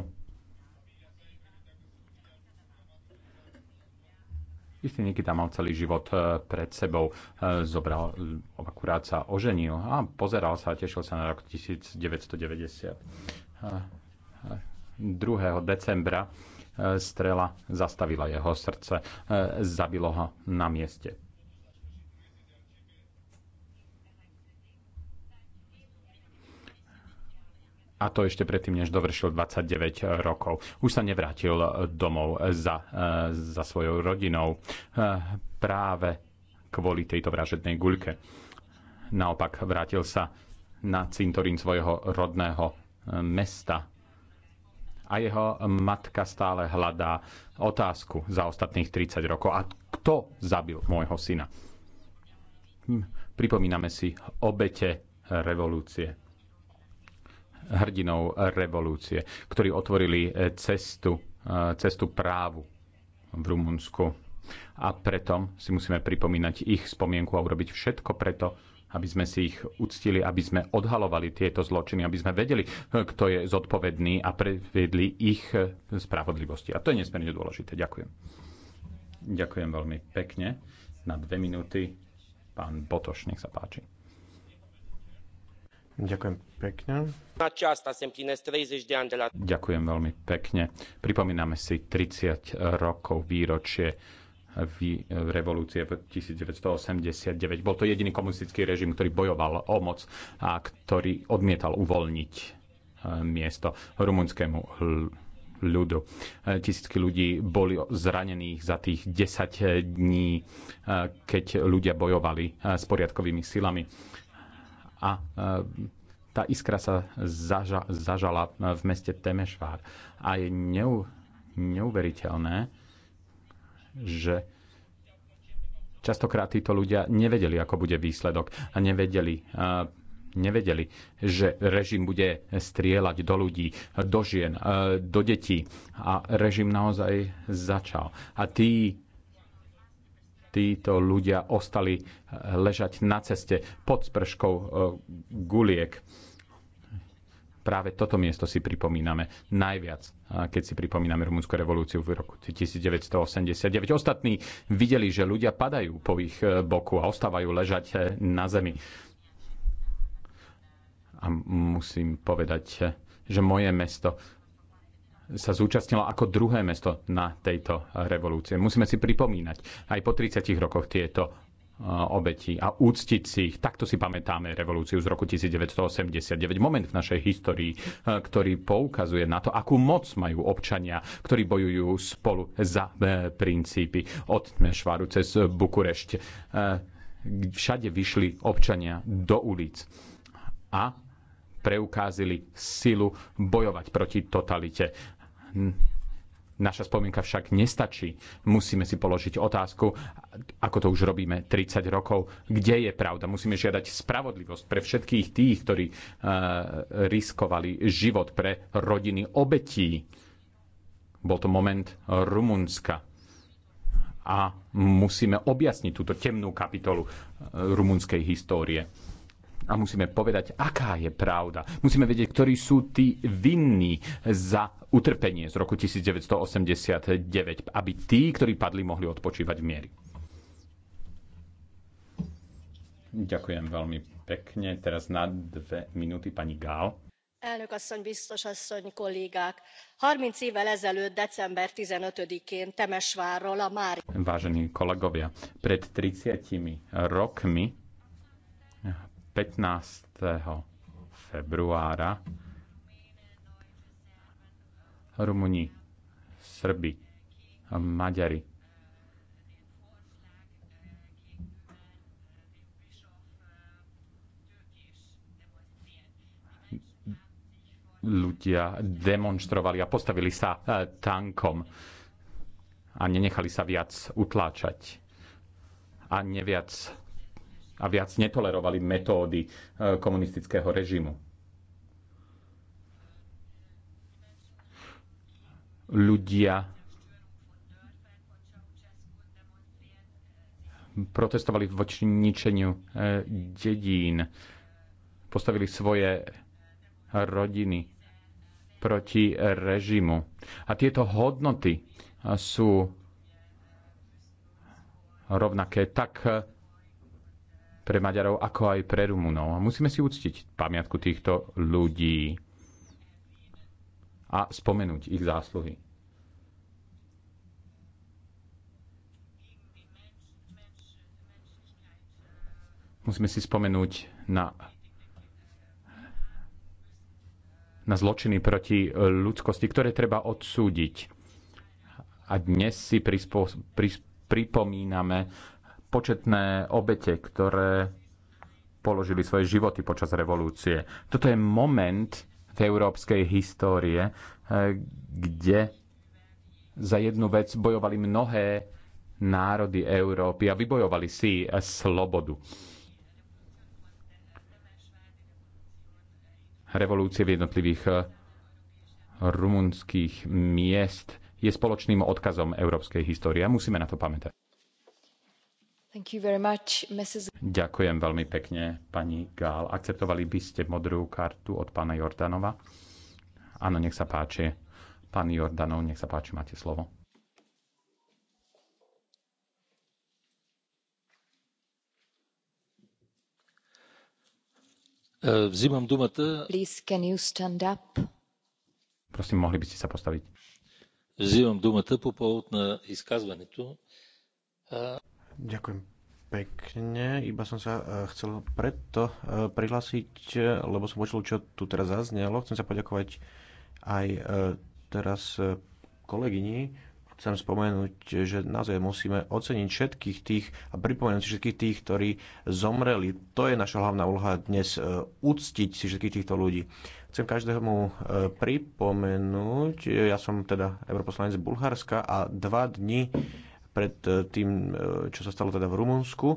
Istý Nikita mal celý život e, pred sebou, e, zobral, akurát sa oženil a pozeral sa a tešil sa na rok 1990. 2. E, decembra strela zastavila jeho srdce, zabilo ho na mieste a to ešte predtým, než dovršil 29 eh, rokov. Už sa nevrátil eh, domov eh, za, za svojou rodinou práve kvôli tejto vražednej guľke. Naopak vrátil sa na cintorín svojho rodného mesta a jeho matka stále hľadá otázku za ostatných 30 rokov. A kto zabil môjho syna? Hm, pripomíname si obete revolúcie hrdinov revolúcie, ktorí otvorili e, cestu, e, cestu právu v Rumunsku. A preto si musíme pripomínať ich spomienku a urobiť všetko preto, aby sme si ich uctili, aby sme odhalovali tieto zločiny, aby sme vedeli, e, kto je zodpovedný a previedli ich spravodlivosti. A to je nesmierne dôležité. Ďakujem. Ďakujem veľmi pekne. Na dve minúty pán Botoš, nech sa páči. Ďakujem pekne. Ďakujem veľmi pekne. Pripomíname si 30 rokov výročie revolúcie v 1989. Bol to jediný komunistický režim, ktorý bojoval o moc a ktorý odmietal uvoľniť e, miesto rumunskému ľudu. E, tisícky ľudí boli zranených za tých 10 dní, e, keď ľudia bojovali s poriadkovými silami a e, tá iskra sa zaža, zažala e, v meste Temešvár. A je neu, neuveriteľné, že častokrát títo ľudia nevedeli, ako bude výsledok a nevedeli, e, nevedeli, že režim bude strieľať do ľudí, do žien, do detí. A režim naozaj začal. A tí títo ľudia ostali eh, ležať na ceste pod sprškou eh, guliek. Práve toto miesto si pripomíname najviac, eh, keď si pripomíname Rumunskú revolúciu v roku 1989. Ostatní videli, že ľudia padajú po ich boku a ostávajú ležať na zemi. A musím povedať, že moje mesto sa zúčastnilo ako druhé mesto na tejto revolúcie. Musíme si pripomínať aj po 30 rokoch tieto e, obeti a úctiť si ich. Takto si pamätáme revolúciu z roku 1989. Moment v našej histórii, e, ktorý poukazuje na to, akú moc majú občania, ktorí bojujú spolu za e, princípy od Šváru cez Bukurešť. Všade vyšli občania do ulic a preukázili silu bojovať proti totalite Hm. Naša spomienka však nestačí. Musíme si položiť otázku, ako to už robíme 30 rokov, kde je pravda. Musíme žiadať spravodlivosť pre všetkých tých, ktorí uh, riskovali život pre rodiny obetí. Bol to moment Rumunska. A musíme objasniť túto temnú kapitolu eh, rumunskej histórie a musíme povedať, aká je pravda. Musíme vedieť, ktorí sú tí vinní za utrpenie z roku 1989, aby tí, ktorí padli, mohli odpočívať v miery. Ďakujem veľmi pekne. Teraz na dve minúty pani Gál. Elnök asszony, biztos asszony, kollégák! 30 évvel ezelőtt, december 15-én Temesvárról a Mári... Vážení kolegovia, pred 30 rokmi 15. februára Rumuni, Srbi, Maďari, ľudia demonstrovali a postavili sa e, tankom a nenechali sa viac utláčať a neviac a viac netolerovali metódy e, komunistického režimu. Ľudia protestovali voči ničeniu e, dedín, postavili svoje rodiny proti režimu. A tieto hodnoty e, sú rovnaké tak pre Maďarov, ako aj pre Rumunov. A musíme si uctiť pamiatku týchto ľudí a spomenúť ich zásluhy. Musíme si spomenúť na, na zločiny proti ľudskosti, ktoré treba odsúdiť. A dnes si prispo, pris, pripomíname početné obete, ktoré položili svoje životy počas revolúcie. Toto je moment v európskej histórie, eh, kde za jednu vec bojovali mnohé národy Európy a vybojovali si eh, slobodu. Revolúcie v jednotlivých eh, rumunských miest je spoločným odkazom európskej histórie a musíme na to pamätať. Ďakujem veľmi pekne, pani Gál. Akceptovali by ste modrú kartu od pána Jordanova? Áno, nech sa páči. Pán Jordanov, nech sa páči, máte slovo. E, Vzývam думата. Please, can you stand up? Prosím, mohli by ste sa postaviť. Взимам думата по na на tu. Ďakujem pekne. Iba som sa e, chcel preto e, prihlásiť, e, lebo som počul, čo tu teraz zaznelo. Chcem sa poďakovať aj teraz kolegyni. Chcem spomenúť, že naozaj musíme oceniť všetkých tých a pripomenúť si všetkých tých, ktorí zomreli. To je naša hlavná úloha dnes, uctiť si všetkých týchto ľudí. Chcem každému pripomenúť, ja som teda europoslanec z Bulharska a dva dni pred e, tým, e, čo sa stalo teda v Rumunsku.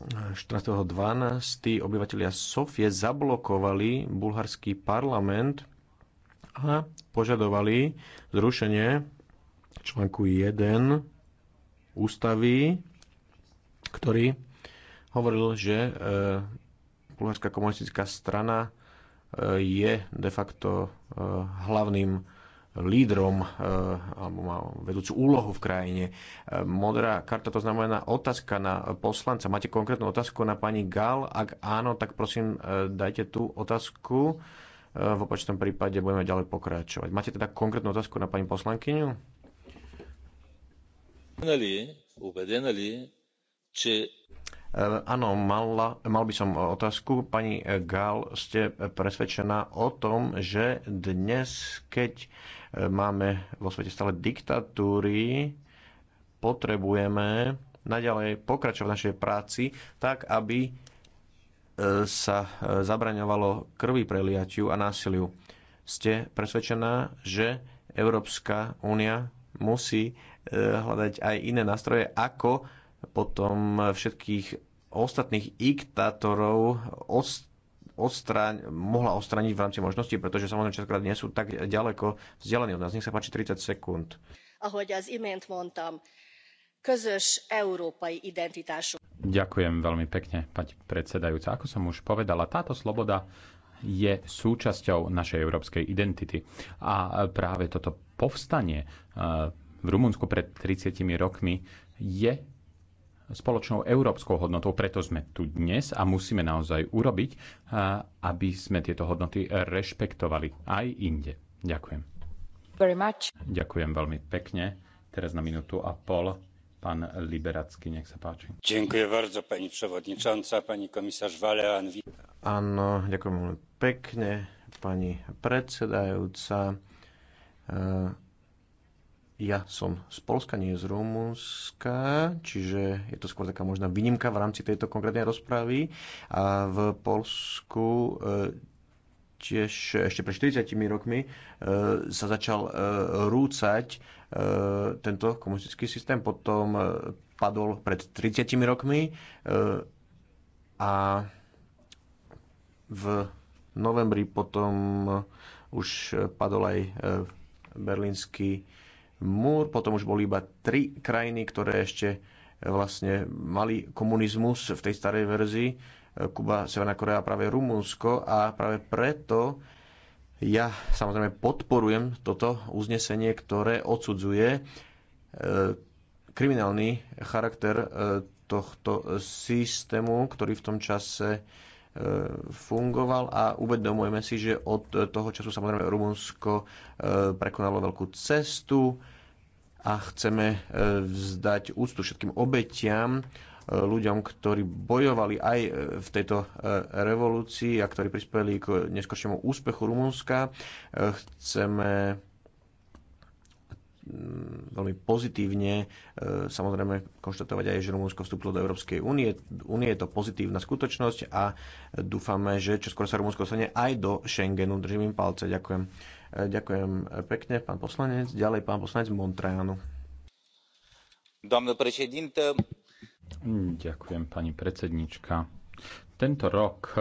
14.12. obyvateľia Sofie zablokovali bulharský parlament a požadovali zrušenie článku 1 ústavy, ktorý hovoril, že e, bulharská komunistická strana je de facto hlavným lídrom eh, alebo má vedúcu úlohu v krajine. Eh, modrá karta to znamená otázka na poslanca. Máte konkrétnu otázku na pani Gal? Ak áno, tak prosím, eh, dajte tú otázku. V opačnom prípade budeme ďalej pokračovať. Máte teda konkrétnu otázku na pani poslankyňu? Uvedené li, či Eh, áno, mala, mal by som otázku. Pani eh, Gál, ste eh, presvedčená o tom, že dnes, keď máme vo svete stále diktatúry, potrebujeme naďalej pokračovať v našej práci, tak aby sa zabraňovalo krvi preliatiu a násiliu. Ste presvedčená, že Európska únia musí hľadať aj iné nástroje, ako potom všetkých ostatných iktátorov odstraň, mohla odstrániť v rámci možností, pretože samozrejme častokrát nie sú tak ďaleko vzdialení od nás. Nech sa páči 30 sekúnd. Ahogy az imént mondtam, közös európai identitású. Ďakujem veľmi pekne, pani predsedajúca. Ako som už povedala, táto sloboda je súčasťou našej európskej identity. A práve toto povstanie eh, v Rumunsku pred 30 rokmi je spoločnou európskou hodnotou, preto sme tu dnes a musíme naozaj urobiť, aby sme tieto hodnoty rešpektovali aj inde. Ďakujem. Very much. Ďakujem veľmi pekne. Teraz na minútu a pol pán Liberacký, nech sa páči. Ďakujem bardzo, pani prevodničanca, pani komisarz Valean. Áno, ďakujem pekne, pani predsedajúca. E, ja som z Polska, nie z Rumunska, čiže je to skôr taká možná výnimka v rámci tejto konkrétnej rozpravy. A v Polsku e, tiež ešte pred 40 rokmi e, sa začal e, rúcať tento komunistický systém, potom padol pred 30 rokmi a v novembri potom už padol aj berlínsky múr, potom už boli iba tri krajiny, ktoré ešte e, vlastne mali komunizmus v tej starej verzii, e, Kuba, Severná Korea, a práve Rumunsko a práve preto ja samozrejme podporujem toto uznesenie, ktoré odsudzuje e, kriminálny charakter tohto systému, ktorý v tom čase fungoval a uvedomujeme si, že od toho času samozrejme Rumunsko e, prekonalo veľkú cestu a chceme e, vzdať úctu všetkým obetiam, e, ľuďom, ktorí bojovali aj v tejto revolúcii a ktorí prispeli k neskôršiemu úspechu Rumunska. Chceme Mm, veľmi pozitívne e, samozrejme konštatovať aj, že Rumunsko vstúpilo do Európskej únie. Únie je to pozitívna skutočnosť a dúfame, že čoskoro sa Rumunsko stane aj do Schengenu. Držím im palce. Ďakujem. E, ďakujem pekne, pán poslanec. Ďalej pán poslanec Montrejanu. Ďakujem, pani predsednička. Tento rok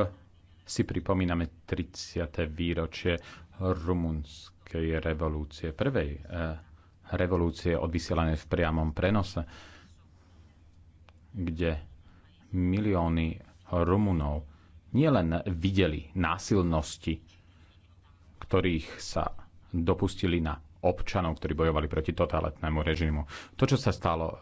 si pripomíname 30. výročie rumunskej revolúcie, prvej e, revolúcie odvysielané v priamom prenose, kde milióny Rumunov nielen videli násilnosti, ktorých sa dopustili na občanov, ktorí bojovali proti totalitnému režimu. To, čo sa stalo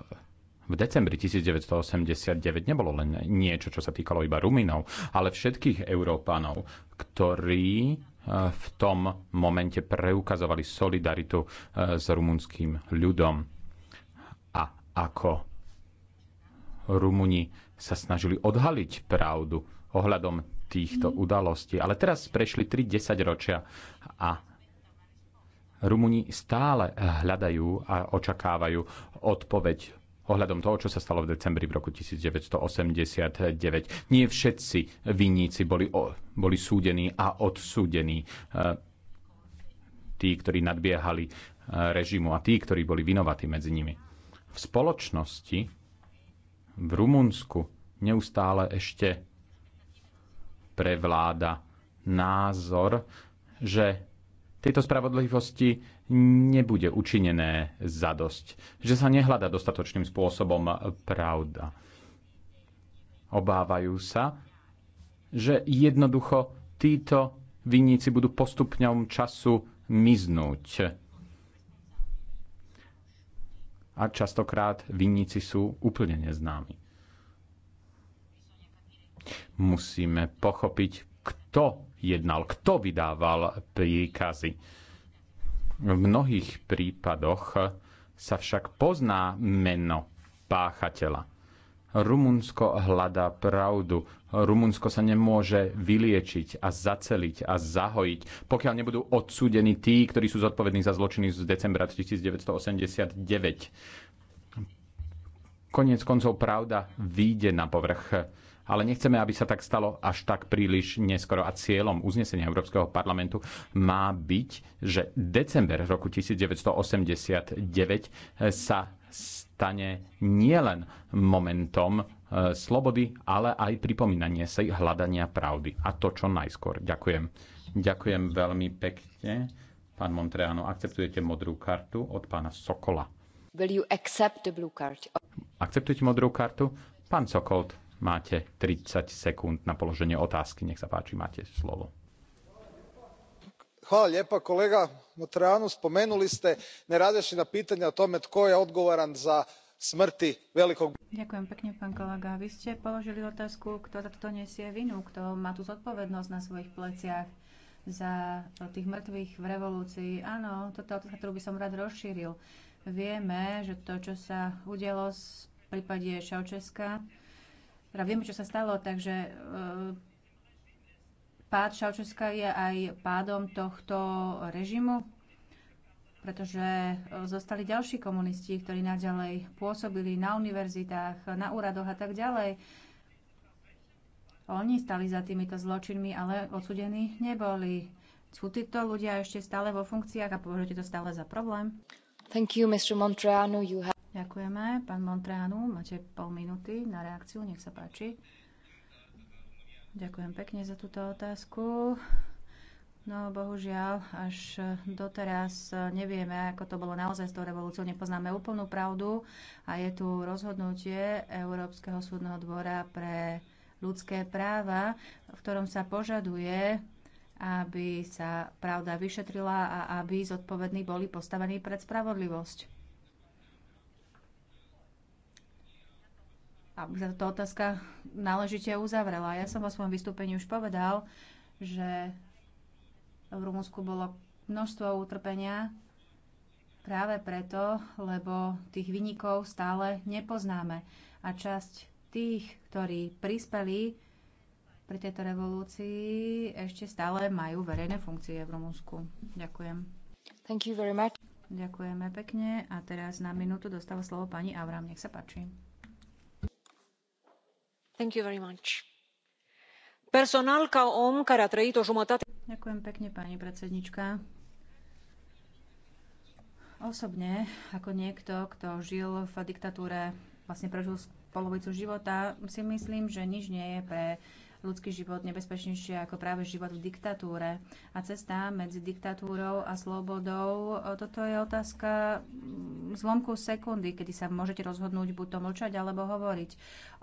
v decembri 1989 nebolo len niečo, čo sa týkalo iba Ruminov, ale všetkých Európanov, ktorí v tom momente preukazovali solidaritu eh, s rumunským ľudom. A ako Rumuni sa snažili odhaliť pravdu ohľadom týchto udalostí. Ale teraz prešli 3 desaťročia a Rumuni stále hľadajú a očakávajú odpoveď ohľadom toho, čo sa stalo v decembri v roku 1989. Nie všetci vinníci boli, boli súdení a odsúdení. E, tí, ktorí nadbiehali e, režimu a tí, ktorí boli vinovatí medzi nimi. V spoločnosti v Rumunsku neustále ešte prevláda názor, že tejto spravodlivosti nebude učinené zadosť, že sa nehľada dostatočným spôsobom pravda. Obávajú sa, že jednoducho títo vinníci budú postupňom času miznúť. A častokrát vinníci sú úplne neznámi. Musíme pochopiť, kto jednal, kto vydával príkazy. V mnohých prípadoch sa však pozná meno páchateľa. Rumunsko hľadá pravdu. Rumunsko sa nemôže vyliečiť a zaceliť a zahojiť, pokiaľ nebudú odsúdení tí, ktorí sú zodpovední za zločiny z decembra 1989. Koniec koncov pravda výjde na povrch ale nechceme, aby sa tak stalo až tak príliš neskoro. A cieľom uznesenia Európskeho parlamentu má byť, že december roku 1989 sa stane nielen momentom e, slobody, ale aj pripomínanie si hľadania pravdy. A to čo najskôr. Ďakujem. Ďakujem veľmi pekne. Pán Montreano, akceptujete modrú kartu od pána Sokola? Will you accept the blue card? Akceptujete modrú kartu? Pán Sokolt, Máte 30 sekúnd na položenie otázky. Nech sa páči, máte slovo. Hvala lijepa kolega Materanu. Spomenuli ste nerazjašnjena pitanja o tome tko je odgovoran za smrti velikog... Ďakujem pekne, pán kolega. Vy ste položili otázku, kto za to nesie vinu, kto má tú zodpovednosť na svojich pleciach za tých mŕtvych v revolúcii. Áno, toto otázka, ktorú by som rád rozšíril. Vieme, že to, čo sa udialo v prípade Šaučeska, teda vieme, čo sa stalo, takže e, pád Šaučeska je aj pádom tohto režimu, pretože e, zostali ďalší komunisti, ktorí naďalej pôsobili na univerzitách, na úradoch a tak ďalej. Oni stali za týmito zločinmi, ale odsudení neboli. Sú títo ľudia ešte stále vo funkciách a považujete to stále za problém? Thank you, Mr. Montreano. You have... Ďakujeme. Pán Montránu, máte pol minúty na reakciu, nech sa páči. Ďakujem pekne za túto otázku. No bohužiaľ, až doteraz nevieme, ako to bolo naozaj s tou revolúciou, nepoznáme úplnú pravdu a je tu rozhodnutie Európskeho súdneho dvora pre ľudské práva, v ktorom sa požaduje, aby sa pravda vyšetrila a aby zodpovední boli postavení pred spravodlivosť. A sa táto otázka náležite uzavrela. Ja som vo svojom vystúpení už povedal, že v Rumunsku bolo množstvo utrpenia práve preto, lebo tých vynikov stále nepoznáme. A časť tých, ktorí prispeli pri tejto revolúcii, ešte stále majú verejné funkcie v Rumunsku. Ďakujem. Thank you very much. Ďakujeme pekne a teraz na minútu dostáva slovo pani Avram. Nech sa páči. Ďakujem pekne, pani predsedajúca Osobne, ako niekto, kto žil v diktatúre, vlastne prežil polovicu života, si myslím, že nič nie je pre ľudský život nebezpečnejšie ako práve život v diktatúre. A cesta medzi diktatúrou a slobodou, e, toto je otázka mm, zlomku sekundy, kedy sa môžete rozhodnúť buď to mlčať alebo hovoriť.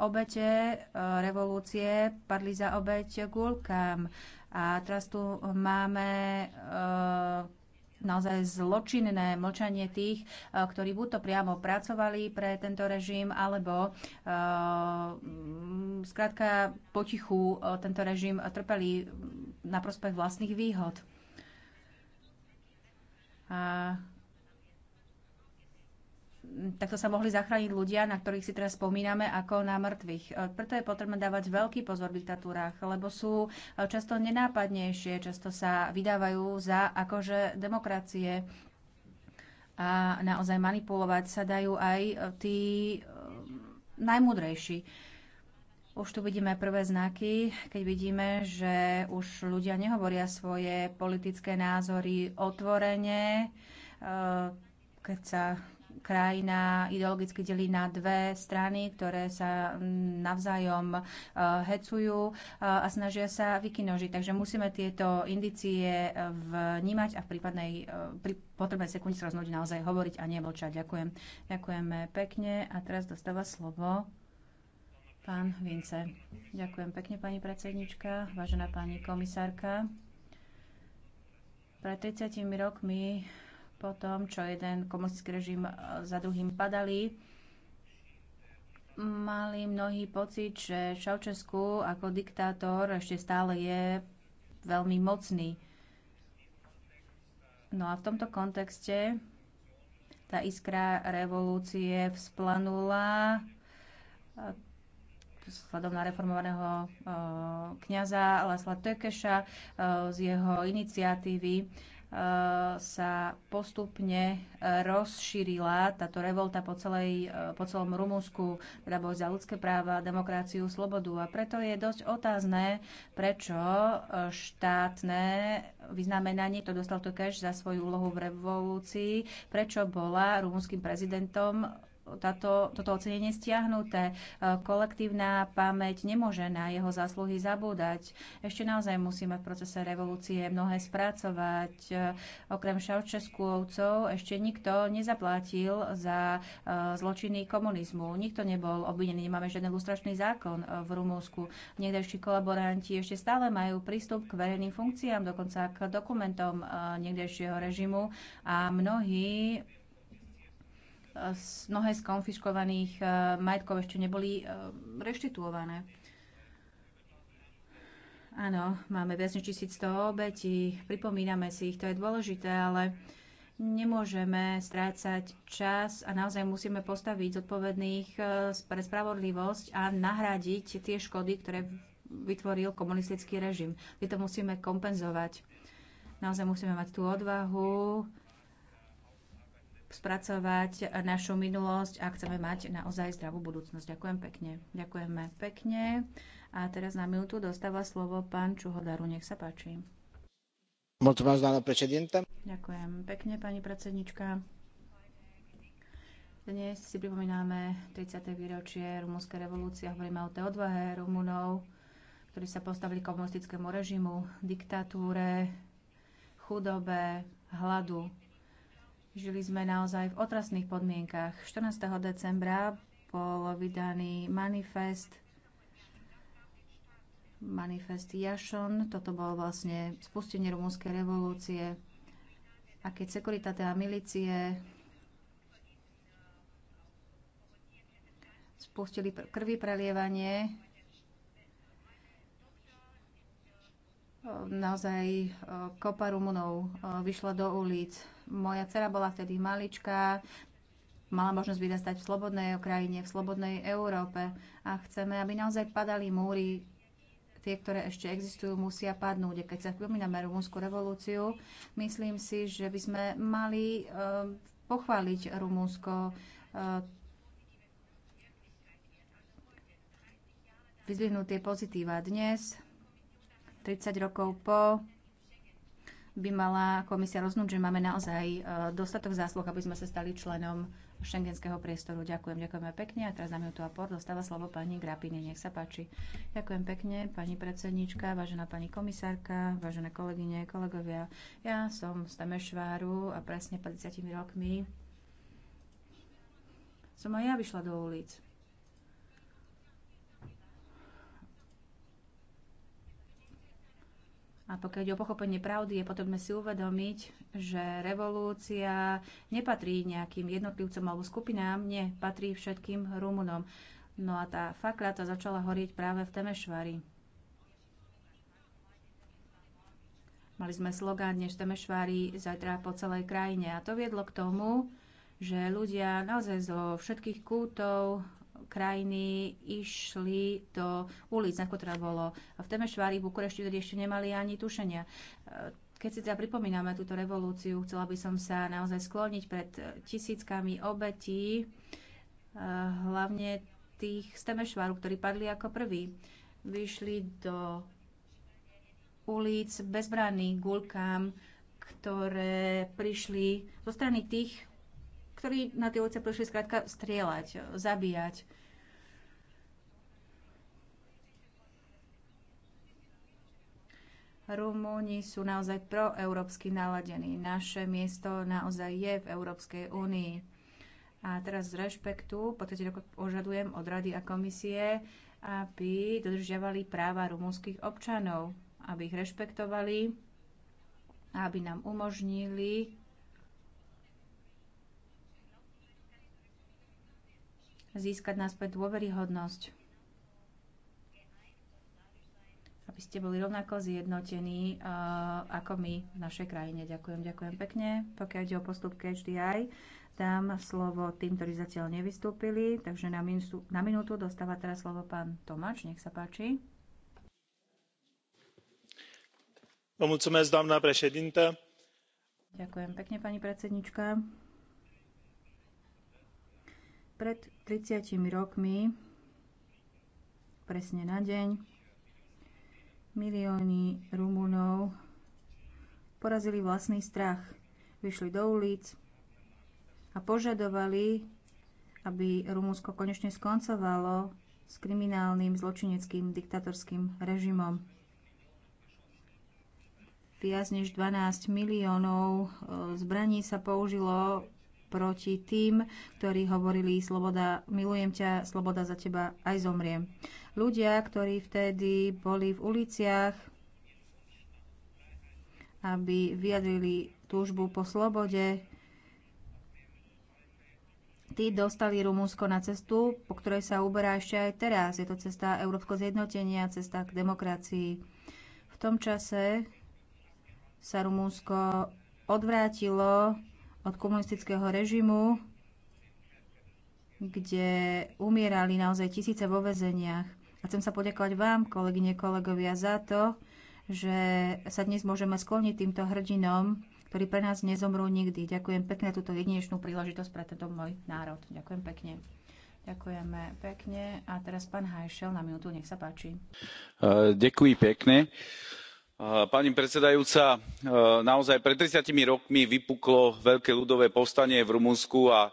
Obete e, revolúcie padli za obeť gulkám. A teraz tu máme e, naozaj zločinné mlčanie tých, e, ktorí buď to priamo pracovali pre tento režim, alebo zkrátka e, mm, skrátka potichu e, tento režim trpeli na prospech vlastných výhod takto sa mohli zachrániť ľudia, na ktorých si teraz spomíname, ako na mŕtvych. E, preto je potrebné dávať veľký pozor v diktatúrách, lebo sú e, často nenápadnejšie, často sa vydávajú za akože demokracie. A naozaj manipulovať sa dajú aj e, tí najmudrejší. Už tu vidíme prvé znaky, keď vidíme, že už ľudia nehovoria svoje politické názory otvorene, keď sa krajina ideologicky delí na dve strany, ktoré sa mm, navzájom e, hecujú e, a snažia sa vykinožiť. Takže musíme tieto indicie e, vnímať a v prípadnej pri potrebnej sekunde sa rozhodnúť naozaj hovoriť a nevlčať. Ďakujem. Ďakujeme pekne a teraz dostáva slovo pán Vince. Ďakujem pekne, pani predsednička, vážená pani komisárka. Pred 30 rokmi po tom, čo jeden komunistický režim e, za druhým padali, mali mnohí pocit, že Šaučesku ako diktátor ešte stále je veľmi mocný. No a v tomto kontexte tá iskra revolúcie vzplanula e, vzhľadom na reformovaného e, kniaza Lasla Tekeša z jeho iniciatívy sa postupne e, rozšírila táto revolta po, celej, e, po celom Rumunsku, teda boj za ľudské práva, demokraciu, slobodu. A preto je dosť otázne, prečo e, štátne vyznamenanie, to dostal to cash za svoju úlohu v revolúcii, prečo bola rumunským prezidentom táto, toto ocenenie stiahnuté. E, kolektívna pamäť nemôže na jeho zásluhy zabúdať. Ešte naozaj musíme v procese revolúcie mnohé spracovať. E, okrem Šaučeskúovcov ešte nikto nezaplatil za e, zločiny komunizmu. Nikto nebol obvinený, nemáme žiaden lustračný zákon v Rumúnsku. Niekdejší kolaboranti ešte stále majú prístup k verejným funkciám, dokonca k dokumentom niekdejšieho režimu a mnohí mnohé z konfiškovaných eh, majetkov ešte neboli eh, reštituované. Áno, máme viac než 1100 obetí, pripomíname si ich, to je dôležité, ale nemôžeme strácať čas a naozaj musíme postaviť zodpovedných eh, pre spravodlivosť a nahradiť tie škody, ktoré vytvoril komunistický režim. My to musíme kompenzovať. Naozaj musíme mať tú odvahu, spracovať našu minulosť a chceme mať naozaj zdravú budúcnosť. Ďakujem pekne. Ďakujeme pekne. A teraz na minútu dostáva slovo pán Čuhodaru. Nech sa páči. Ďakujem pekne, pani predsednička. Dnes si pripomíname 30. výročie Rumúnskej revolúcie. Hovoríme o tej odvahe Rumunov, ktorí sa postavili komunistickému režimu, diktatúre, chudobe, hladu, Žili sme naozaj v otrasných podmienkach. 14. decembra bol vydaný manifest manifest Jašon. Toto bolo vlastne spustenie rumúnskej revolúcie. A keď sekuritáte a milície spustili krvi prelievanie, naozaj kopa Rumunov vyšla do ulic moja dcera bola vtedy maličká, mala možnosť vyrastať v slobodnej Ukrajine, v slobodnej Európe a chceme, aby naozaj padali múry tie, ktoré ešte existujú, musia padnúť. A keď sa spomíname rumúnsku revolúciu, myslím si, že by sme mali uh, pochváliť Rumúnsko uh, vyzvihnúť tie pozitíva dnes, 30 rokov po by mala komisia rozhodnúť, že máme naozaj e, dostatok zásluh, aby sme sa stali členom šengenského priestoru. Ďakujem, ďakujeme pekne. A teraz na minútu a por dostáva slovo pani Grapine, nech sa páči. Ďakujem pekne, pani predsednička, vážená pani komisárka, vážené kolegyne, kolegovia. Ja som z Temešváru a presne 50 rokmi som aj ja vyšla do ulic. A pokiaľ ide o pochopenie pravdy, je potrebné si uvedomiť, že revolúcia nepatrí nejakým jednotlivcom alebo skupinám, nie, patrí všetkým Rumunom. No a tá fakla tá začala horieť práve v Temešvári. Mali sme slogán dnes Temešvári, zajtra po celej krajine. A to viedlo k tomu, že ľudia naozaj zo všetkých kútov krajiny išli do ulic, ako ktoré teda bolo v Temešvári, v Bukurešti, kde ešte nemali ani tušenia. E, keď si teda pripomíname túto revolúciu, chcela by som sa naozaj skloniť pred tisíckami obetí, e, hlavne tých z Temešváru, ktorí padli ako prví. Vyšli do ulic bezbranný gulkám, ktoré prišli zo strany tých, ktorí na tie ulice prišli skrátka strieľať, zabíjať. Rumúni sú naozaj proeurópsky naladení. Naše miesto naozaj je v Európskej únii. A teraz z rešpektu, v podstate požadujem od Rady a komisie, aby dodržiavali práva rumúnskych občanov, aby ich rešpektovali, aby nám umožnili získať naspäť dôveryhodnosť aby ste boli rovnako zjednotení eh, ako my v našej krajine. Ďakujem, ďakujem pekne. Pokiaľ ide o postup HDI, dám slovo tým, ktorí zatiaľ nevystúpili. Takže na, minútu, na minútu dostáva teraz slovo pán Tomáč. Nech sa páči. ďakujem pekne pani predsednička. pred 30 rokmi presne na deň Milióny Rumunov porazili vlastný strach. Vyšli do ulic a požadovali, aby Rumunsko konečne skoncovalo s kriminálnym zločineckým diktatorským režimom. Viac než 12 miliónov e, zbraní sa použilo proti tým, ktorí hovorili sloboda, milujem ťa, sloboda za teba, aj zomriem. Ľudia, ktorí vtedy boli v uliciach, aby vyjadrili túžbu po slobode, tí dostali Rumunsko na cestu, po ktorej sa uberá ešte aj teraz. Je to cesta európsko zjednotenia, cesta k demokracii. V tom čase sa Rumunsko odvrátilo od komunistického režimu, kde umierali naozaj tisíce vo väzeniach. A chcem sa poďakovať vám, kolegyne, kolegovia, za to, že sa dnes môžeme skloniť týmto hrdinom, ktorí pre nás nezomrú nikdy. Ďakujem pekne túto jedinečnú príležitosť pre tento môj národ. Ďakujem pekne. Ďakujeme pekne. A teraz pán Hajšel na minútu, nech sa páči. E, Ďakujem pekne. E, pani predsedajúca, e, naozaj pred 30 rokmi vypuklo veľké ľudové povstanie v Rumunsku a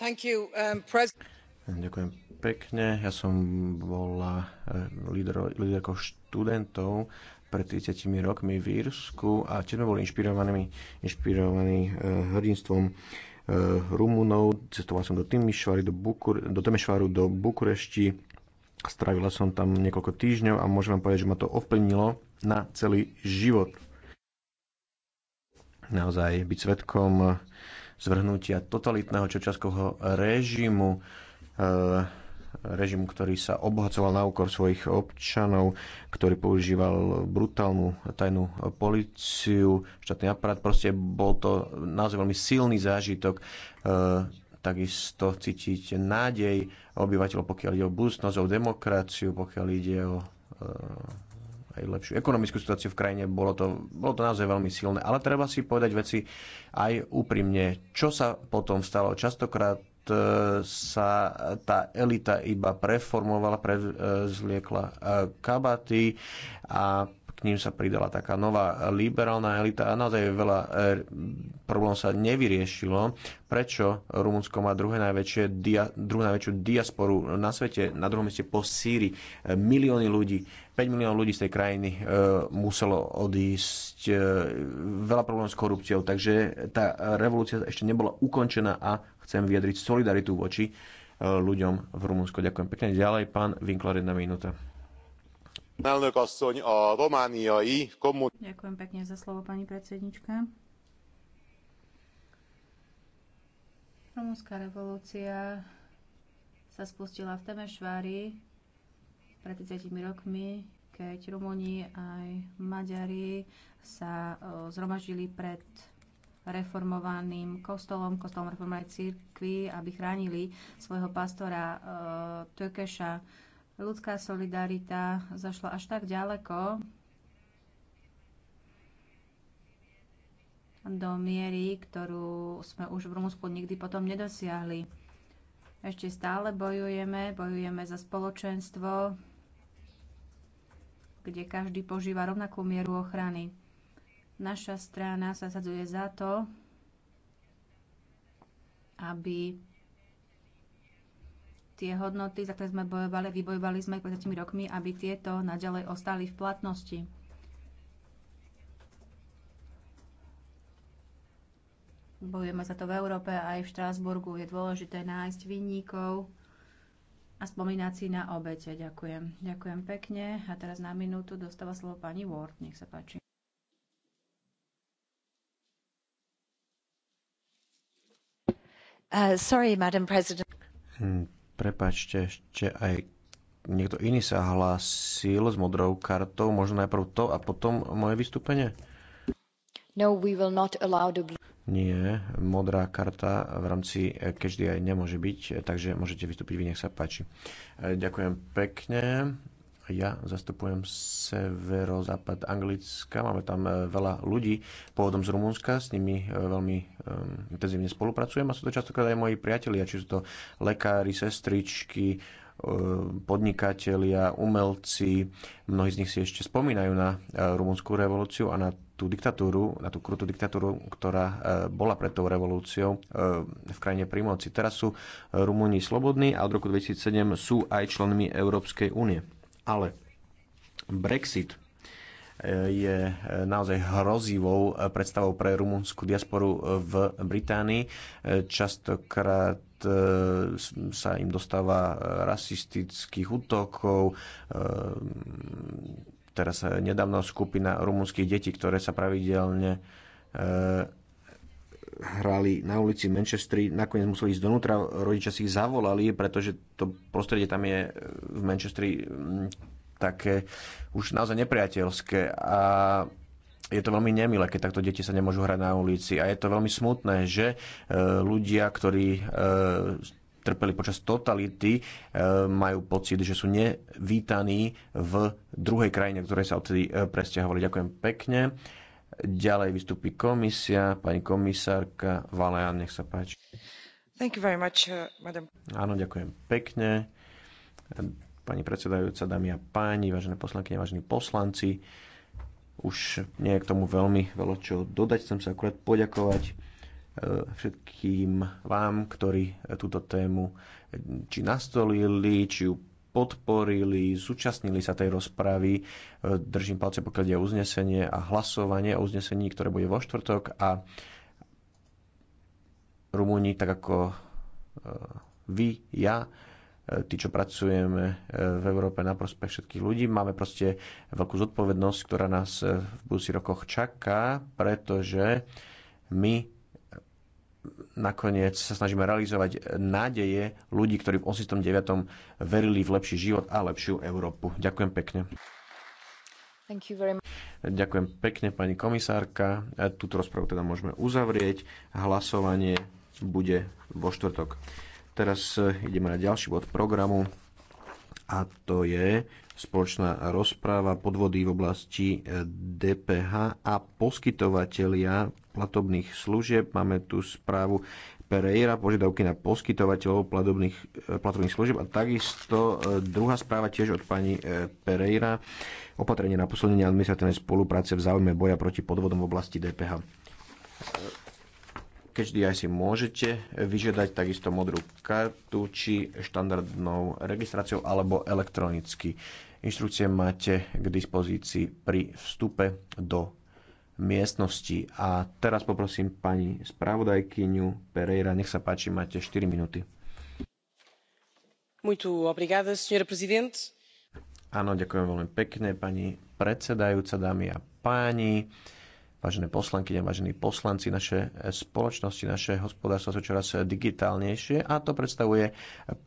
Um, Ďakujem pekne. Ja som bola eh, líderkou študentov pred 30 rokmi v Írsku a tiež sme boli inšpirovaní, inšpirovaní eh, hrdinstvom eh, Rumunov. Cestoval som do Timišvary, do, Bukur, do Temešvaru, do Bukurešti. Strávila som tam niekoľko týždňov a môžem vám povedať, že ma to ovplnilo na celý život. Naozaj byť svetkom zvrhnutia totalitného čočaského režimu, e, režimu, ktorý sa obohacoval na úkor svojich občanov, ktorý používal brutálnu tajnú policiu, štátny aparát. Proste bol to naozaj veľmi silný zážitok e, takisto cítiť nádej obyvateľov, pokiaľ ide o budúcnosť, o demokraciu, pokiaľ ide o e, aj lepšiu ekonomickú situáciu v krajine. Bolo to, bolo to naozaj veľmi silné. Ale treba si povedať veci aj úprimne. Čo sa potom stalo? Častokrát e, sa tá elita iba preformovala, prezliekla e, kabaty a ním sa pridala taká nová liberálna elita a naozaj veľa e, problém sa nevyriešilo. Prečo Rumunsko má druhé najväčšie dia, druhú najväčšiu diasporu na svete, na druhom mieste po Sýrii. E, milióny ľudí, 5 miliónov ľudí z tej krajiny e, muselo odísť, e, veľa problémov s korupciou, takže tá revolúcia ešte nebola ukončená a chcem vyjadriť solidaritu voči e, ľuďom v Rumunsku. Ďakujem pekne. Ďalej pán Winkler, jedna minúta. Ďakujem pekne za slovo, pani predsednička. revolúcia sa spustila v Temešvári pred 30 rokmi, keď Rumúni aj Maďari sa zhromaždili pred reformovaným kostolom, kostolom reformovanej církvy, aby chránili svojho pastora Tökeša Ľudská solidarita zašla až tak ďaleko do miery, ktorú sme už v Rumúnsku nikdy potom nedosiahli. Ešte stále bojujeme, bojujeme za spoločenstvo, kde každý požíva rovnakú mieru ochrany. Naša strana sa sadzuje za to, aby tie hodnoty, za ktoré sme bojovali, vybojovali sme pred tými rokmi, aby tieto naďalej ostali v platnosti. Bojujeme za to v Európe a aj v Štrásburgu. Je dôležité nájsť vinníkov a spomínať si na obete. Ďakujem. Ďakujem pekne. A teraz na minútu dostáva slovo pani Ward. Nech sa páči. Uh, sorry, madam president. Hmm Prepačte, ešte aj niekto iný sa hlásil s modrou kartou. Možno najprv to a potom moje vystúpenie? No, we will not allow the blue... Nie, modrá karta v rámci každý eh, aj nemôže byť, eh, takže môžete vystúpiť vy, nech sa páči. Eh, ďakujem pekne. Ja zastupujem severozápad Anglicka, máme tam e, veľa ľudí pôvodom z Rumunska, s nimi e, veľmi um, intenzívne spolupracujem a sú to častokrát aj moji priatelia, či sú to lekári, sestričky, podnikatelia, umelci, mnohí z nich si ešte spomínajú na rumunskú revolúciu a na tú diktatúru, na tú krutú diktatúru, ktorá bola pred tou revolúciou v krajine pri moci. Teraz sú Rumúni slobodní a od roku 2007 sú aj členmi Európskej únie. Ale Brexit e, je e, naozaj hrozivou e, predstavou pre rumunskú diasporu v Británii. Častokrát sa im dostáva rasistických útokov, teraz nedávno skupina rumunských detí, ktoré sa pravidelne hrali na ulici Manchestri, nakoniec museli ísť donútra, rodičia si ich zavolali, pretože to prostredie tam je eh, v Manchesteri mm, také už naozaj nepriateľské a je to veľmi nemilé, keď takto deti sa nemôžu hrať na ulici a je to veľmi smutné, že eh, ľudia, ktorí eh, trpeli počas totality, majú pocit, že sú nevítaní v druhej krajine, ktoré sa odtedy presťahovali. Ďakujem pekne. Ďalej vystupí komisia, pani komisárka Valean, nech sa páči. Thank you very much, uh, madam. Áno, ďakujem pekne. Pani predsedajúca, dámy a páni, vážené poslanky, vážení poslanci, už nie je k tomu veľmi veľa čo dodať. Chcem sa akurát poďakovať e, všetkým vám, ktorí túto tému e, či nastolili, či ju podporili, zúčastnili sa tej rozpravy. E, držím palce, pokiaľ je uznesenie a hlasovanie o uznesení, ktoré bude vo štvrtok a Rumúni, tak ako e, vy, ja, e, tí, čo pracujeme v Európe na prospech všetkých ľudí. Máme proste veľkú zodpovednosť, ktorá nás v budúcich rokoch čaká, pretože my nakoniec sa snažíme realizovať nádeje ľudí, ktorí v 89. verili v lepší život a lepšiu Európu. Ďakujem pekne. Thank you very much. Ďakujem pekne, pani komisárka. Túto rozprávu teda môžeme uzavrieť. Hlasovanie bude vo štvrtok. Teraz ideme na ďalší bod programu a to je spoločná rozpráva, podvody v oblasti e, DPH a poskytovateľia platobných služieb. Máme tu správu Pereira, požiadavky na poskytovateľov platobných, e, platobných služieb a takisto e, druhá správa tiež od pani Pereira, opatrenie na posilnenie administratívnej spolupráce v záujme boja proti podvodom v oblasti DPH. Každý aj si môžete vyžiadať takisto modrú kartu či štandardnou registráciou alebo elektronicky. Inštrukcie máte k dispozícii pri vstupe do miestnosti. A teraz poprosím pani spravodajkyňu Pereira, nech sa páči, máte 4 minúty. Muito obrigada, senhora presidente. Áno, ďakujem veľmi pekne, pani predsedajúca, dámy a páni vážené poslanky, vážení poslanci, naše spoločnosti, naše hospodárstva sú čoraz digitálnejšie a to predstavuje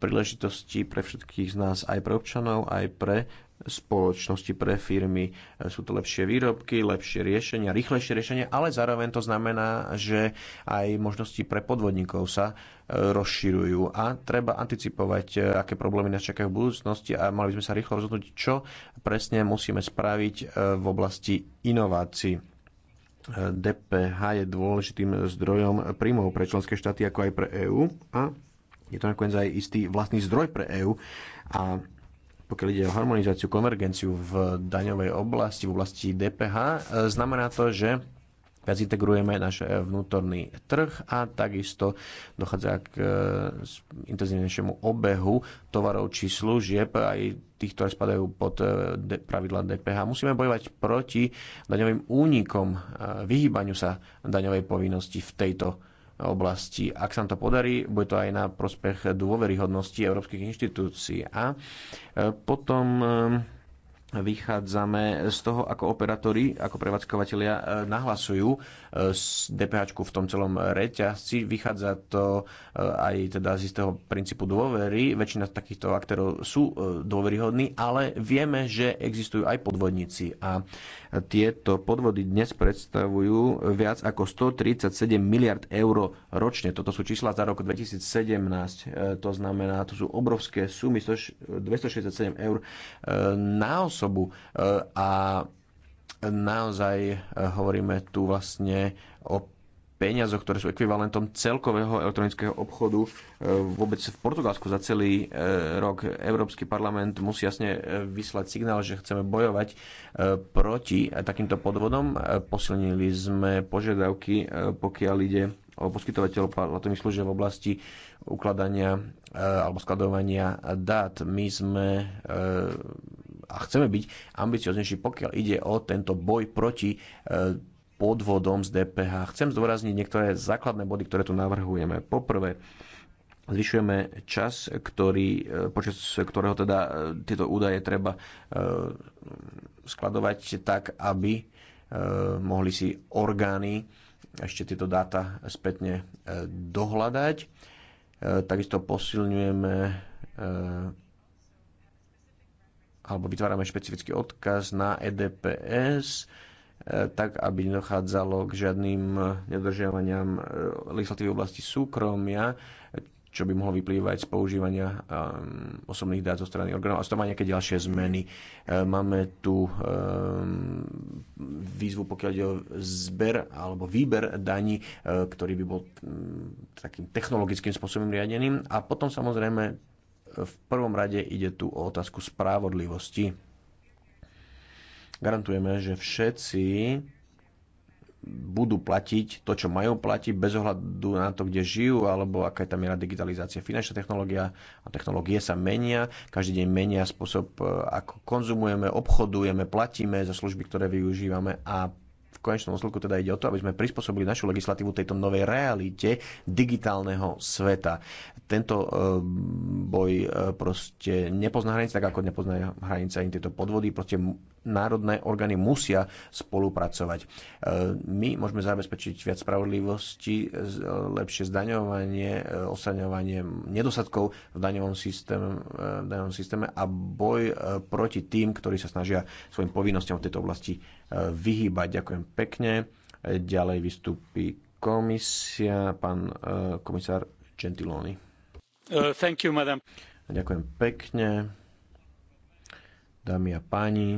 príležitosti pre všetkých z nás, aj pre občanov, aj pre spoločnosti, pre firmy. Sú to lepšie výrobky, lepšie riešenia, rýchlejšie riešenia, ale zároveň to znamená, že aj možnosti pre podvodníkov sa e, rozširujú a treba anticipovať, e, aké problémy nás čakajú v budúcnosti a mali by sme sa rýchlo rozhodnúť, čo presne musíme spraviť e, v oblasti inovácií DPH je dôležitým zdrojom príjmov pre členské štáty ako aj pre EÚ a je to nakoniec aj istý vlastný zdroj pre EÚ a pokiaľ ide o harmonizáciu, konvergenciu v daňovej oblasti, v oblasti DPH, e, znamená to, že viac integrujeme náš e, vnútorný trh a takisto dochádza k e, intenzívnejšiemu obehu tovarov či služieb aj tých, ktoré spadajú pod e, pravidla DPH. Musíme bojovať proti daňovým únikom, vyhýbaniu sa daňovej povinnosti v tejto oblasti. Ak sa nám to podarí, bude to aj na prospech dôveryhodnosti európskych inštitúcií. A potom vychádzame z toho, ako operátori, ako prevádzkovateľia e, nahlasujú e, DPH v tom celom reťazci. Vychádza to e, aj teda z istého princípu dôvery. Väčšina takýchto aktérov sú dôveryhodní, ale vieme, že existujú aj podvodníci. A tieto podvody dnes predstavujú viac ako 137 miliard eur ročne. Toto sú čísla za rok 2017. To znamená, to sú obrovské sumy, 267 eur na osobu osobu e, a naozaj e, hovoríme tu vlastne o peniazoch, ktoré sú ekvivalentom celkového elektronického obchodu e, vôbec v Portugalsku za celý rok. Európsky parlament musí jasne vyslať signál, že chceme bojovať proti takýmto podvodom. Posilnili sme požiadavky, pokiaľ ide o poskytovateľov platových služieb v oblasti ukladania alebo skladovania dát. My sme a chceme byť ambicioznejší, pokiaľ ide o tento boj proti e, podvodom z DPH. Chcem zdôrazniť niektoré základné body, ktoré tu navrhujeme. Poprvé, zvyšujeme čas, ktorý, e, počas ktorého teda e, tieto údaje treba skladovať tak, aby mohli si orgány ešte tieto dáta spätne dohľadať. Takisto posilňujeme alebo vytvárame špecifický odkaz na EDPS, e, tak aby nedochádzalo k žiadnym nedržiavaniam e, legislatívy v oblasti súkromia, čo by mohlo vyplývať z používania um, osobných dát zo strany orgánov. A to má nejaké ďalšie zmeny. E, máme tu um, výzvu, pokiaľ ide o zber alebo výber daní, e, ktorý by bol um, takým technologickým spôsobom riadeným. A potom samozrejme v prvom rade ide tu o otázku spravodlivosti. Garantujeme, že všetci budú platiť to, čo majú platiť, bez ohľadu na to, kde žijú, alebo aká je tam miera digitalizácia Finančná technológia a technológie sa menia, každý deň menia spôsob, ako konzumujeme, obchodujeme, platíme za služby, ktoré využívame a konečnom dôsledku teda ide o to, aby sme prispôsobili našu legislatívu tejto novej realite digitálneho sveta. Tento e, boj e, proste nepozná hranice, tak ako nepozná hranice ani tieto podvody. Proste národné orgány musia spolupracovať. E, my môžeme zabezpečiť viac spravodlivosti, e, lepšie zdaňovanie, e, osaňovanie nedostatkov v daňovom systéme, v daňovom systéme a boj proti tým, ktorí sa snažia svojim povinnosťam v tejto oblasti vyhýbať. Ďakujem pekne. Ďalej vystúpi komisia, pán komisár Gentiloni. Uh, thank you, madam. Ďakujem pekne. Dámy a páni,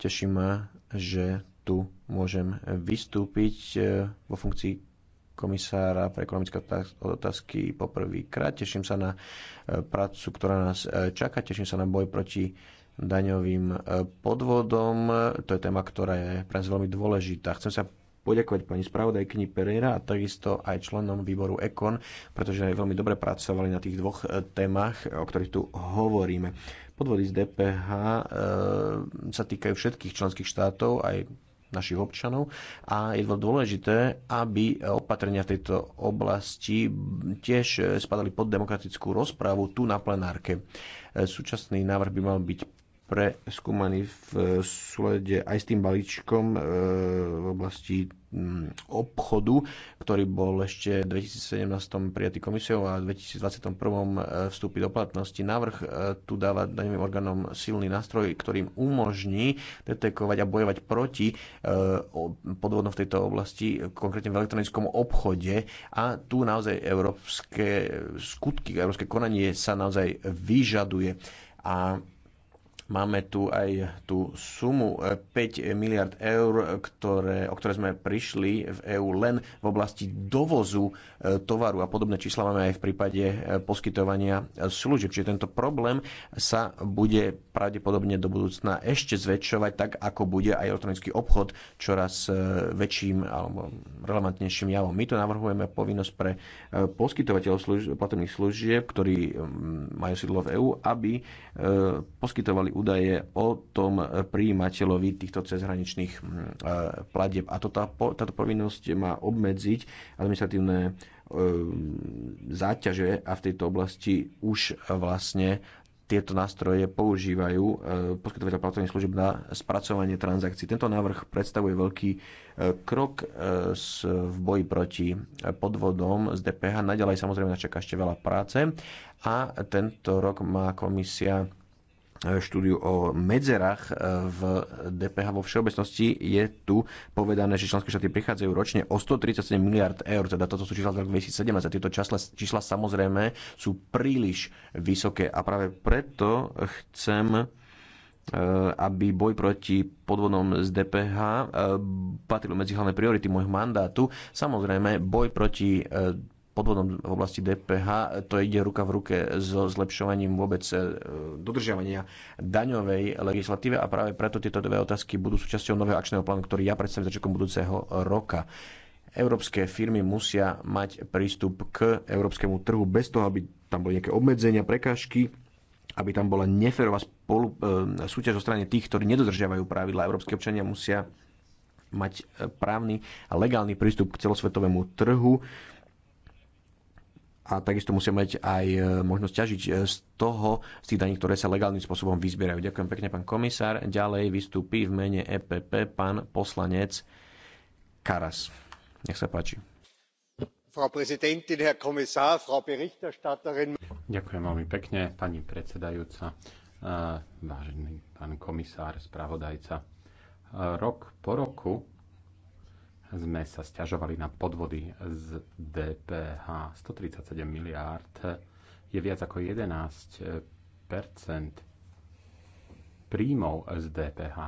Teší ma, že tu môžem vystúpiť e, vo funkcii komisára pre ekonomické otázky poprvýkrát. Teším sa na e, prácu, ktorá nás e, čaká. Teším sa na boj proti daňovým podvodom. To je téma, ktorá je pre nás veľmi dôležitá. Chcem sa poďakovať pani spravodajkyni Pereira a takisto aj členom výboru EKON, pretože aj veľmi dobre pracovali na tých dvoch témach, o ktorých tu hovoríme. Podvody z DPH e, sa týkajú všetkých členských štátov, aj našich občanov a je dôležité, aby opatrenia v tejto oblasti tiež spadali pod demokratickú rozprávu tu na plenárke. E, súčasný návrh by mal byť preskúmaný v e, súlede aj s tým balíčkom e, v oblasti mm, obchodu, ktorý bol ešte v 2017 prijatý komisiou a v 2021 e, vstúpi do platnosti. Návrh tu dáva daňovým orgánom silný nástroj, ktorým umožní detekovať a bojovať proti podvodom v tejto oblasti, konkrétne v elektronickom obchode. A tu naozaj európske skutky, európske konanie sa naozaj vyžaduje. A Máme tu aj tú sumu 5 eh, miliard eur, ktoré, o ktoré sme prišli v EÚ len v oblasti dovozu eh, tovaru a podobné čísla máme aj v prípade eh, poskytovania služieb. Čiže tento problém sa bude pravdepodobne do budúcna ešte zväčšovať, tak ako bude aj elektronický obchod čoraz väčším alebo relevantnejším javom. My tu navrhujeme povinnosť pre poskytovateľov služ- platobných služieb, ktorí mm, majú sídlo v EÚ, aby poskytovali údaje o tom príjimateľovi týchto cezhraničných mm, e, platieb. A to tá, táto povinnosť má obmedziť administratívne e, záťaže a v tejto oblasti už vlastne tieto nástroje používajú e, poskytovateľ platobných služieb na spracovanie transakcií. Tento návrh predstavuje veľký krok v boji proti podvodom z DPH. Naďalej samozrejme nás čaká ešte veľa práce a tento rok má komisia štúdiu o medzerách e, v DPH vo všeobecnosti je tu povedané, že členské štáty prichádzajú ročne o 137 miliard eur, teda toto sú čísla z roku 2017 a tieto čísla, čísla samozrejme sú príliš vysoké a práve preto chcem e, aby boj proti podvodom z DPH e, patril medzi hlavné priority môjho mandátu. Samozrejme, boj proti podvodom v oblasti DPH. To ide ruka v ruke so zlepšovaním vôbec e, dodržiavania daňovej legislatíve a práve preto tieto dve otázky budú súčasťou nového akčného plánu, ktorý ja predstavím začiatkom budúceho roka európske firmy musia mať prístup k európskemu trhu bez toho, aby tam boli nejaké obmedzenia, prekážky, aby tam bola neférová spolu, e, súťaž zo strany tých, ktorí nedodržiavajú pravidla. Európske občania musia mať e, právny a legálny prístup k celosvetovému trhu a takisto musia mať aj e, možnosť ťažiť e, z toho, z tých daní, ktoré sa legálnym spôsobom vyzbierajú. Ďakujem pekne, pán komisár. Ďalej vystúpi v mene EPP pán poslanec Karas. Nech sa páči. Frau Präsidentin, Herr Kommissar, Frau Berichterstatterin. Ďakujem veľmi pekne, pani predsedajúca, e, vážený pán komisár, spravodajca. Rok po roku sme sa stiažovali na podvody z DPH. 137 miliárd je viac ako 11 príjmov z DPH.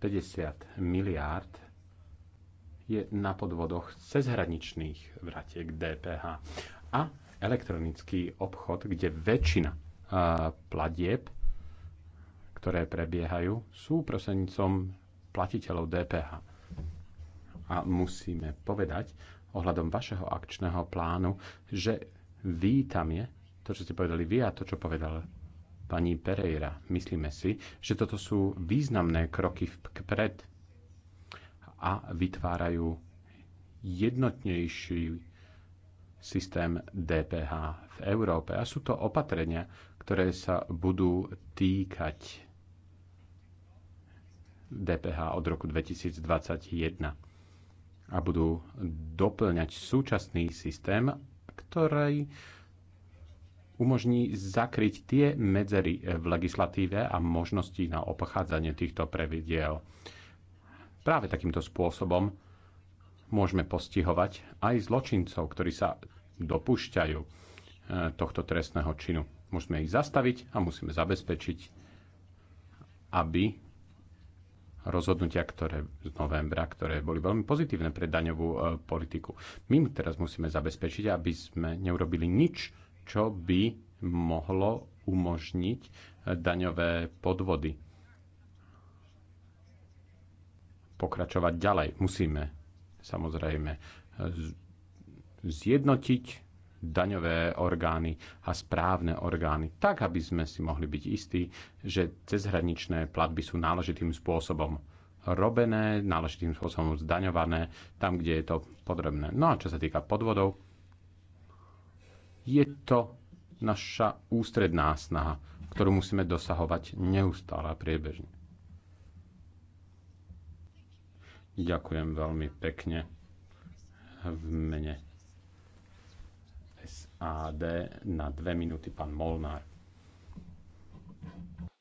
50 miliárd je na podvodoch cezhraničných vratiek DPH a elektronický obchod, kde väčšina platieb, ktoré prebiehajú, sú prosenicom platiteľov DPH a musíme povedať ohľadom vašeho akčného plánu, že vítam je to, čo ste povedali vy a to, čo povedal pani Pereira. Myslíme si, že toto sú významné kroky vpred a vytvárajú jednotnejší systém DPH v Európe. A sú to opatrenia, ktoré sa budú týkať DPH od roku 2021 a budú doplňať súčasný systém, ktorý umožní zakryť tie medzery v legislatíve a možnosti na obchádzanie týchto previdiel. Práve takýmto spôsobom môžeme postihovať aj zločincov, ktorí sa dopúšťajú e, tohto trestného činu. Musíme ich zastaviť a musíme zabezpečiť, aby rozhodnutia ktoré z novembra, ktoré boli veľmi pozitívne pre daňovú e, politiku. My teraz musíme zabezpečiť, aby sme neurobili nič, čo by mohlo umožniť e, daňové podvody. Pokračovať ďalej musíme samozrejme e, zjednotiť daňové orgány a správne orgány, tak aby sme si mohli byť istí, že cezhraničné platby sú náležitým spôsobom robené, náležitým spôsobom zdaňované, tam, kde je to potrebné. No a čo sa týka podvodov, je to naša ústredná snaha, ktorú musíme dosahovať neustále a priebežne. Ďakujem veľmi pekne v mene SAD na dve minúty pán Molnár.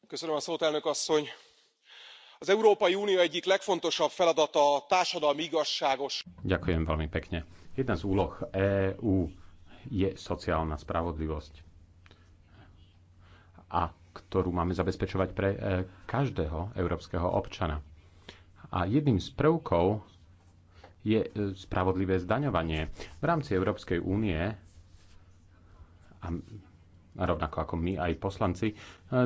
Köszönöm a szót, elnök asszony! Az Európai Unió egyik legfontosabb feladata a társadalmi igazságos. Ďakujem veľmi pekne. Jedna z úloh EÚ je sociálna spravodlivosť. A ktorú máme zabezpečovať pre e, každého európskeho občana. A jedným z prvkov je e, spravodlivé zdaňovanie. V rámci Európskej únie a rovnako ako my aj poslanci, e,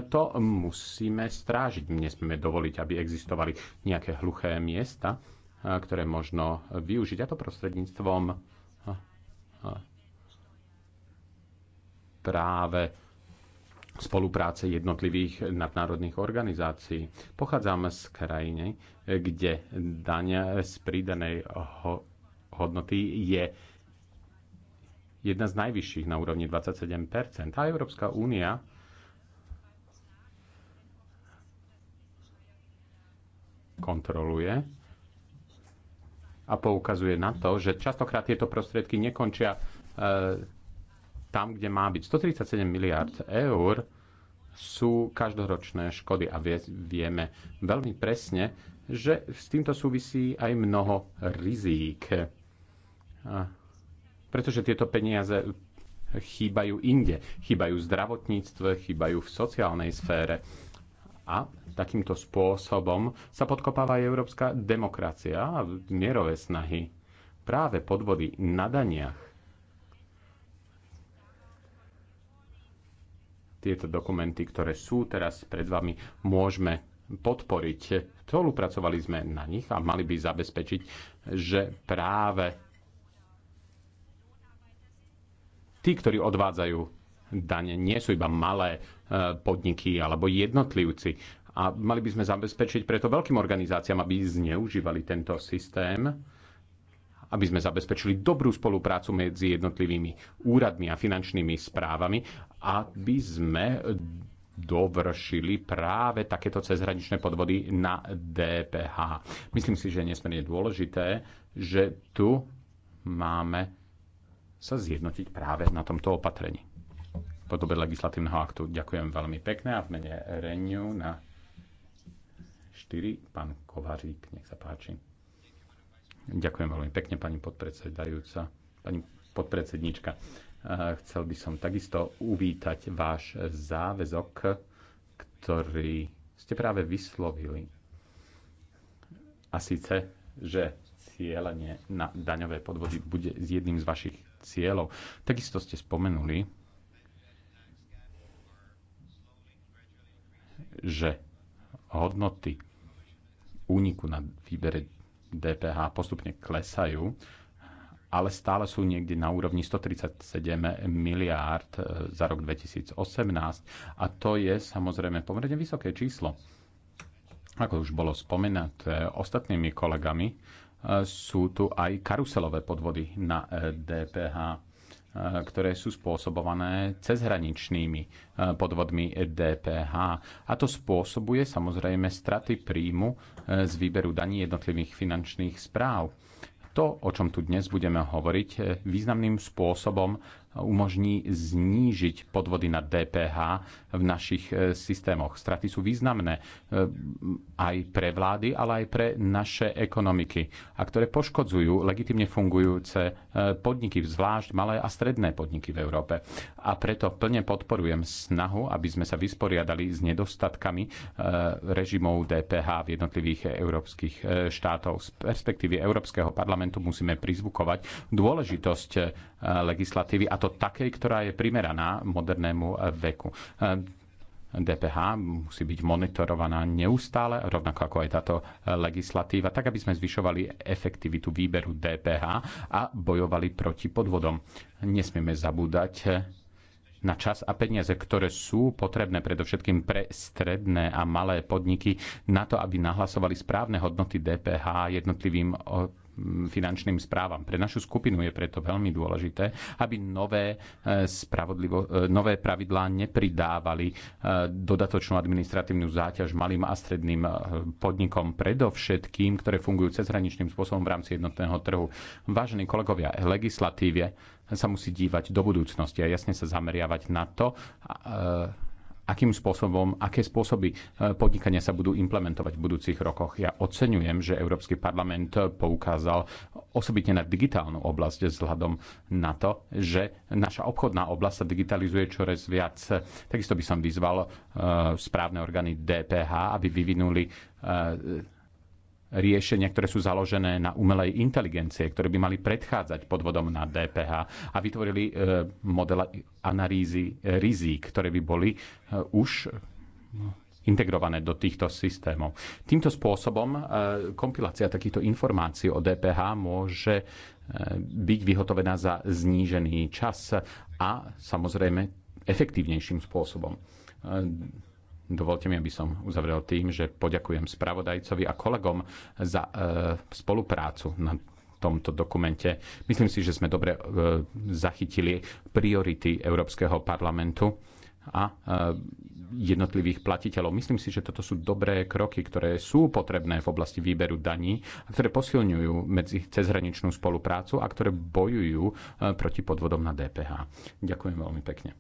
to musíme strážiť. Nesmieme dovoliť, aby existovali nejaké hluché miesta, e, ktoré možno využiť. A to prostredníctvom e, práve spolupráce jednotlivých nadnárodných organizácií. Pochádzam z krajiny, kde daň z pridanej hodnoty je jedna z najvyšších na úrovni 27 A Európska únia kontroluje a poukazuje na to, že častokrát tieto prostriedky nekončia e, tam, kde má byť. 137 miliard eur sú každoročné škody a vie, vieme veľmi presne, že s týmto súvisí aj mnoho rizík. A pretože tieto peniaze chýbajú inde. Chýbajú v zdravotníctve, chýbajú v sociálnej sfére. A takýmto spôsobom sa podkopáva aj európska demokracia a mierové snahy. Práve podvody na daniach. Tieto dokumenty, ktoré sú teraz pred vami, môžeme podporiť. Spolupracovali sme na nich a mali by zabezpečiť, že práve tí, ktorí odvádzajú dane, nie sú iba malé e, podniky alebo jednotlivci. A mali by sme zabezpečiť preto veľkým organizáciám, aby zneužívali tento systém, aby sme zabezpečili dobrú spoluprácu medzi jednotlivými úradmi a finančnými správami, aby sme dovršili práve takéto cezhraničné podvody na DPH. Myslím si, že je nesmierne dôležité, že tu máme sa zjednotiť práve na tomto opatrení. Po dobe legislatívneho aktu ďakujem veľmi pekne a v mene Renew na 4 pán Kovařík, nech sa páči. Ďakujem veľmi pekne, pani podpredsedajúca, pani podpredsednička. Eh, chcel by som takisto uvítať váš záväzok, ktorý ste práve vyslovili. A síce, že cieľanie na daňové podvody bude jedným z vašich cieľov. Takisto ste spomenuli, že hodnoty úniku na výbere DPH postupne klesajú, ale stále sú niekde na úrovni 137 miliárd e, za rok 2018 a to je samozrejme pomerne vysoké číslo. Ako už bolo spomenaté ostatnými kolegami, sú tu aj karuselové podvody na e, DPH e, ktoré sú spôsobované cezhraničnými e, podvodmi DPH. A to spôsobuje samozrejme straty príjmu z výberu daní jednotlivých finančných správ. To, o čom tu dnes budeme hovoriť, významným spôsobom umožní znížiť podvody na DPH v našich e, systémoch. Straty sú významné e, aj pre vlády, ale aj pre naše ekonomiky, a ktoré poškodzujú legitimne fungujúce e, podniky, zvlášť malé a stredné podniky v Európe. A preto plne podporujem snahu, aby sme sa vysporiadali s nedostatkami režimov DPH v jednotlivých európskych štátov. Z perspektívy Európskeho parlamentu musíme prizvukovať dôležitosť legislatívy a a to takej, ktorá je primeraná modernému veku. E, DPH musí byť monitorovaná neustále, rovnako ako aj táto legislatíva, tak aby sme zvyšovali efektivitu výberu DPH a bojovali proti podvodom. Nesmieme zabúdať na čas a peniaze, ktoré sú potrebné predovšetkým pre stredné a malé podniky na to, aby nahlasovali správne hodnoty DPH jednotlivým finančným správam. Pre našu skupinu je preto veľmi dôležité, aby nové, e, spravodlivo, e, nové pravidlá nepridávali e, dodatočnú administratívnu záťaž malým a stredným podnikom, predovšetkým, ktoré fungujú cezhraničným spôsobom v rámci jednotného trhu. Vážení kolegovia, legislatíve sa musí dívať do budúcnosti a jasne sa zameriavať na to, akým spôsobom, aké spôsoby e, podnikania sa budú implementovať v budúcich rokoch. Ja oceňujem, že Európsky parlament poukázal osobitne na digitálnu oblasť vzhľadom na to, že naša obchodná oblasť sa digitalizuje čoraz viac. Takisto by som vyzval e, správne orgány DPH, aby vyvinuli e, riešenia, ktoré sú založené na umelej inteligencie, ktoré by mali predchádzať podvodom na DPH a vytvorili e, model analýzy rizík, ktoré by boli e, už e, integrované do týchto systémov. Týmto spôsobom kompilácia takýchto informácií o DPH môže byť vyhotovená za znížený čas a samozrejme efektívnejším spôsobom Dovolte mi, aby som uzavrel tým, že poďakujem spravodajcovi a kolegom za e, spoluprácu na tomto dokumente. Myslím si, že sme dobre e, zachytili priority Európskeho parlamentu a e, jednotlivých platiteľov. Myslím si, že toto sú dobré kroky, ktoré sú potrebné v oblasti výberu daní, a ktoré posilňujú medzi cezhraničnú spoluprácu a ktoré bojujú e, proti podvodom na DPH. Ďakujem veľmi pekne.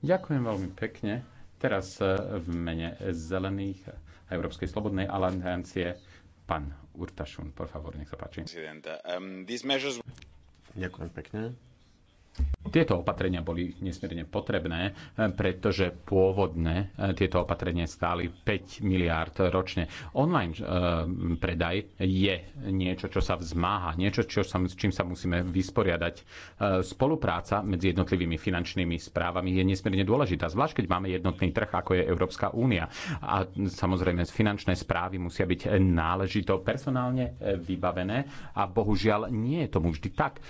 Ďakujem veľmi pekne Teraz e, v mene Zelených a Európskej slobodnej aliancie pán Urtašun, por favor, nech sa páči. Um, Ďakujem pekne tieto opatrenia boli nesmierne potrebné, e, pretože pôvodne tieto opatrenia stáli 5 miliárd ročne. Online e, predaj je niečo, čo sa vzmáha, niečo, čo sa, s čím sa musíme vysporiadať. E, spolupráca medzi jednotlivými finančnými správami je nesmierne dôležitá, zvlášť keď máme jednotný trh, ako je Európska únia. A samozrejme, finančné správy musia byť náležito personálne vybavené a bohužiaľ nie je tomu vždy tak.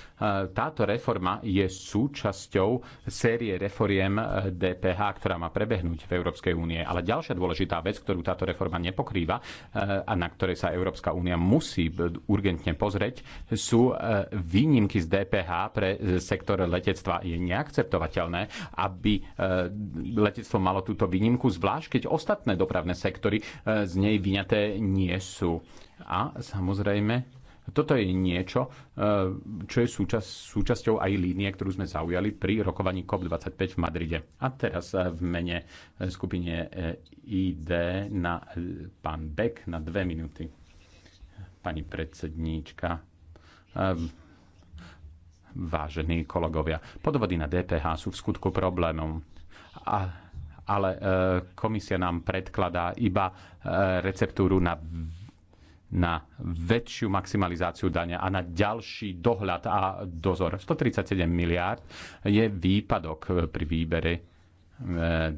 Táto reforma je súčasťou série reforiem DPH, eh, ktorá má prebehnúť v Európskej únie. Ale ďalšia dôležitá vec, ktorú táto reforma nepokrýva eh, a na ktorej sa Európska únia musí eh, urgentne pozrieť, sú výnimky z DPH pre sektor letectva. Je neakceptovateľné, aby letectvo malo túto výnimku, zvlášť keď ostatné dopravné sektory z nej vyňaté nie sú. A samozrejme, toto je niečo, e, čo je súčas, súčasťou aj línie, ktorú sme zaujali pri rokovaní COP25 v Madride. A teraz e, v mene e, skupine ID na pán Beck na dve minúty. Pani predsedníčka, vážení kolegovia, podvody na DPH sú v skutku problémom. A ale komisia nám predkladá iba receptúru na na väčšiu maximalizáciu dania a na ďalší dohľad a dozor. 137 miliárd je výpadok pri výbere e,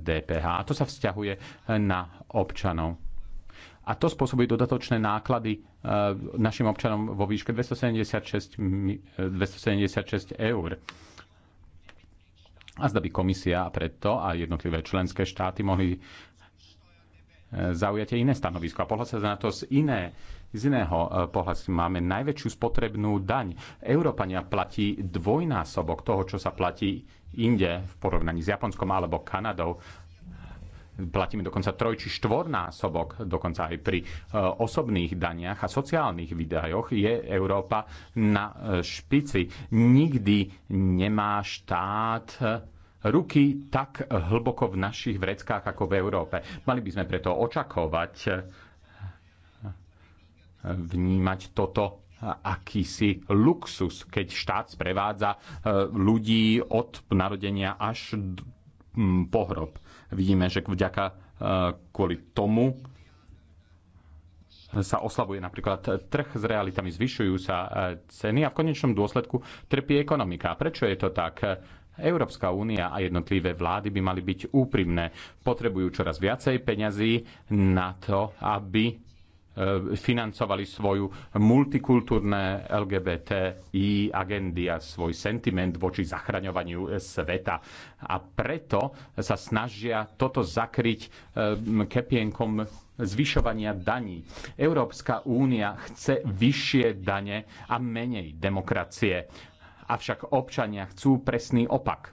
DPH. A to sa vzťahuje na občanov. A to spôsobuje dodatočné náklady e, našim občanom vo výške 276, 276 e, eur. A zda by komisia a preto a jednotlivé členské štáty mohli zaujať iné stanovisko a pohľad sa na to z iné z iného e, pohľadu máme najväčšiu spotrebnú daň. Európania platí dvojnásobok toho, čo sa platí inde v porovnaní s Japonskom alebo Kanadou. Platíme dokonca troj či štvornásobok, dokonca aj pri e, osobných daniach a sociálnych výdajoch je Európa na e, špici. Nikdy nemá štát ruky tak hlboko v našich vreckách ako v Európe. Mali by sme preto očakovať vnímať toto akýsi luxus, keď štát sprevádza e, ľudí od narodenia až po hrob. Vidíme, že vďaka e, kvôli tomu sa oslavuje napríklad trh s realitami, zvyšujú sa e, ceny a v konečnom dôsledku trpí ekonomika. Prečo je to tak? Európska únia a jednotlivé vlády by mali byť úprimné. Potrebujú čoraz viacej peňazí na to, aby E, financovali svoju multikultúrne LGBTI agendy a svoj sentiment voči zachraňovaniu e, sveta. A preto sa snažia toto zakryť e, kepienkom zvyšovania daní. Európska únia chce vyššie dane a menej demokracie. Avšak občania chcú presný opak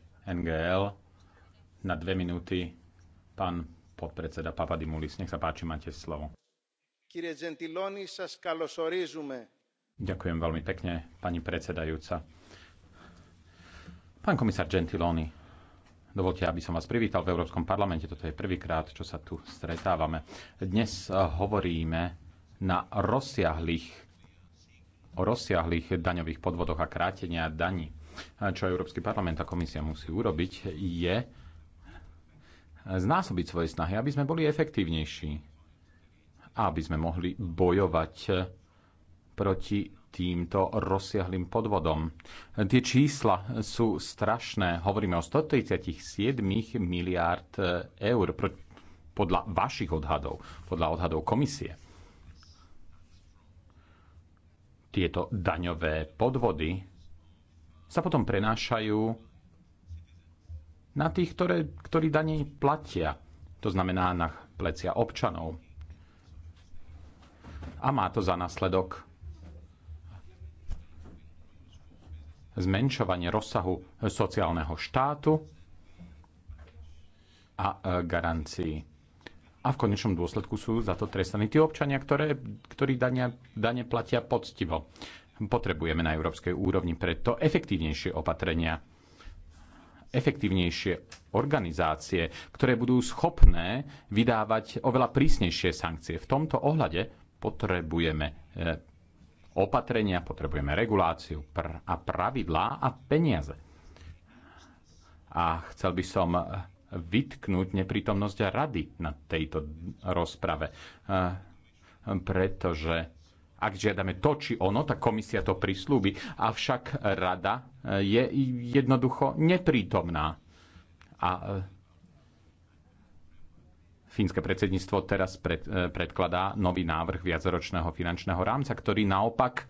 NGL. Na dve minúty pán podpredseda Papadimulis. Nech sa páči, máte slovo. Ďakujem veľmi pekne, pani predsedajúca. Pán komisár Gentiloni, dovolte, aby som vás privítal v Európskom parlamente. Toto je prvýkrát, čo sa tu stretávame. Dnes eh, hovoríme na rozsiahlých, o rozsiahlých daňových podvodoch a krátenia daní čo Európsky parlament a komisia musí urobiť, je znásobiť svoje snahy, aby sme boli efektívnejší a aby sme mohli bojovať proti týmto rozsiahlým podvodom. Tie čísla sú strašné. Hovoríme o 137 miliárd eur podľa vašich odhadov, podľa odhadov komisie. Tieto daňové podvody sa potom prenášajú na tých, ktoré, ktorí danej platia. To znamená na plecia občanov. A má to za následok zmenšovanie rozsahu sociálneho štátu a e, garancií. A v konečnom dôsledku sú za to trestaní tí občania, ktoré, ktorí dania, dane platia poctivo potrebujeme na európskej úrovni. Preto efektívnejšie opatrenia, efektívnejšie organizácie, ktoré budú schopné vydávať oveľa prísnejšie sankcie. V tomto ohľade potrebujeme e, opatrenia, potrebujeme reguláciu a pravidlá a peniaze. A chcel by som e, vytknúť neprítomnosť rady na tejto rozprave, e, pretože ak žiadame to či ono, tak komisia to prislúbi. Avšak rada eh, je jednoducho neprítomná. A eh, fínske predsedníctvo teraz pred, eh, predkladá nový návrh viacročného finančného rámca, ktorý naopak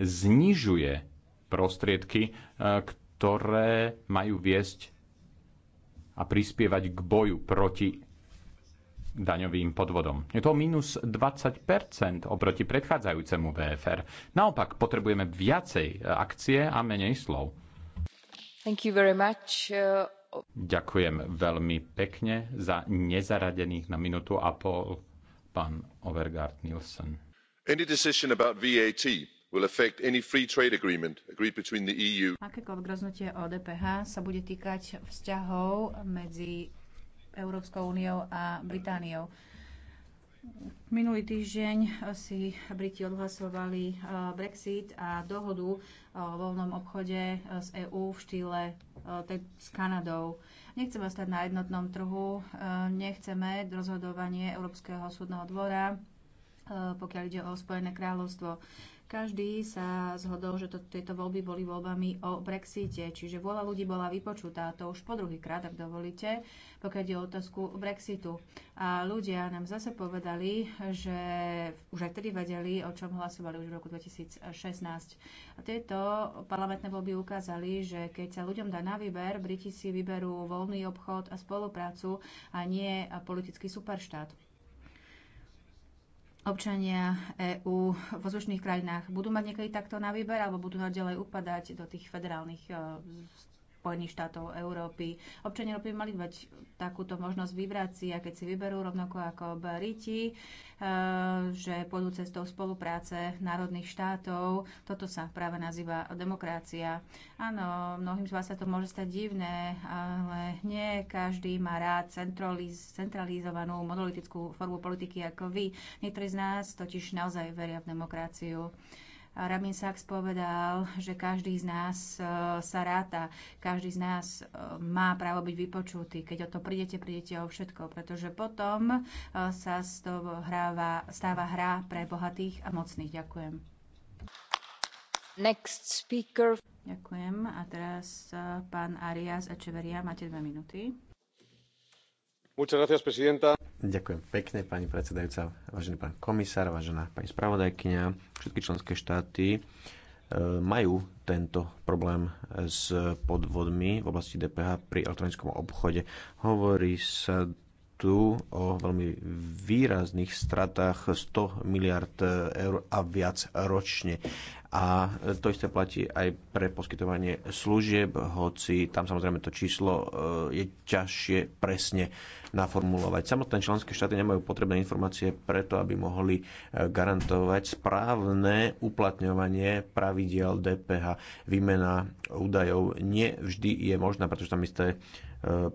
znižuje prostriedky, ktoré majú viesť a prispievať k boju proti daňovým podvodom. Je to minus 20 oproti predchádzajúcemu VFR. Naopak, potrebujeme viacej akcie a menej slov. Thank you very much. Uh, Ďakujem veľmi pekne za nezaradených na minútu a pol pán Overgaard Nielsen. Any decision about VAT will affect any free trade agreement agreed between the EU. Akékoľvek rozhodnutie o DPH sa bude týkať vzťahov medzi Európskou úniou a Britániou. Minulý týždeň si Briti odhlasovali eh, Brexit a dohodu o voľnom obchode z eh, EÚ v štýle eh, s Kanadou. Nechceme stať na jednotnom trhu, nechceme rozhodovanie Európskeho súdneho dvora, pokiaľ ide o Spojené kráľovstvo. Každý sa zhodol, že to, tieto voľby boli voľbami o Brexite, čiže vôľa ľudí bola vypočutá, to už po druhý krát, ak dovolíte, pokiaľ je o otázku Brexitu. A ľudia nám zase povedali, že už aj tedy vedeli, o čom hlasovali už v roku 2016. A tieto parlamentné voľby ukázali, že keď sa ľuďom dá na výber, Briti si vyberú voľný obchod a spoluprácu a nie politický superštát občania EÚ v zvyšných krajinách budú mať niekedy takto na výber alebo budú naďalej upadať do tých federálnych e, Spojených štátov Európy. Občania Európy mali mať takúto možnosť vybrať si, a keď si vyberú rovnako ako Briti, eh, že pôjdu cestou spolupráce národných štátov. Toto sa práve nazýva demokracia. Áno, mnohým z vás sa to môže stať divné, ale nie každý má rád centralizovanú monolitickú formu politiky ako vy. Niektorí z nás totiž naozaj veria v demokraciu. Rabin Sachs povedal, že každý z nás e, sa ráta, každý z nás e, má právo byť vypočutý. Keď o to prídete, prídete o všetko, pretože potom e, sa z toho hráva, stáva hra pre bohatých a mocných. Ďakujem. Next speaker. Ďakujem. A teraz pán Arias Echeveria, máte dve minúty. Ďakujem pekne, pani predsedajúca, vážený pán komisár, vážená pani spravodajkynia. Všetky členské štáty e, majú tento problém s podvodmi v oblasti DPH pri elektronickom obchode. Hovorí sa tu o veľmi výrazných stratách 100 miliard eur a viac ročne a to isté platí aj pre poskytovanie služieb, hoci tam samozrejme to číslo e, je ťažšie presne naformulovať. Samotné členské štáty nemajú potrebné informácie preto, aby mohli e, garantovať správne uplatňovanie pravidiel DPH. Výmena údajov nie vždy je možná, pretože tam isté e,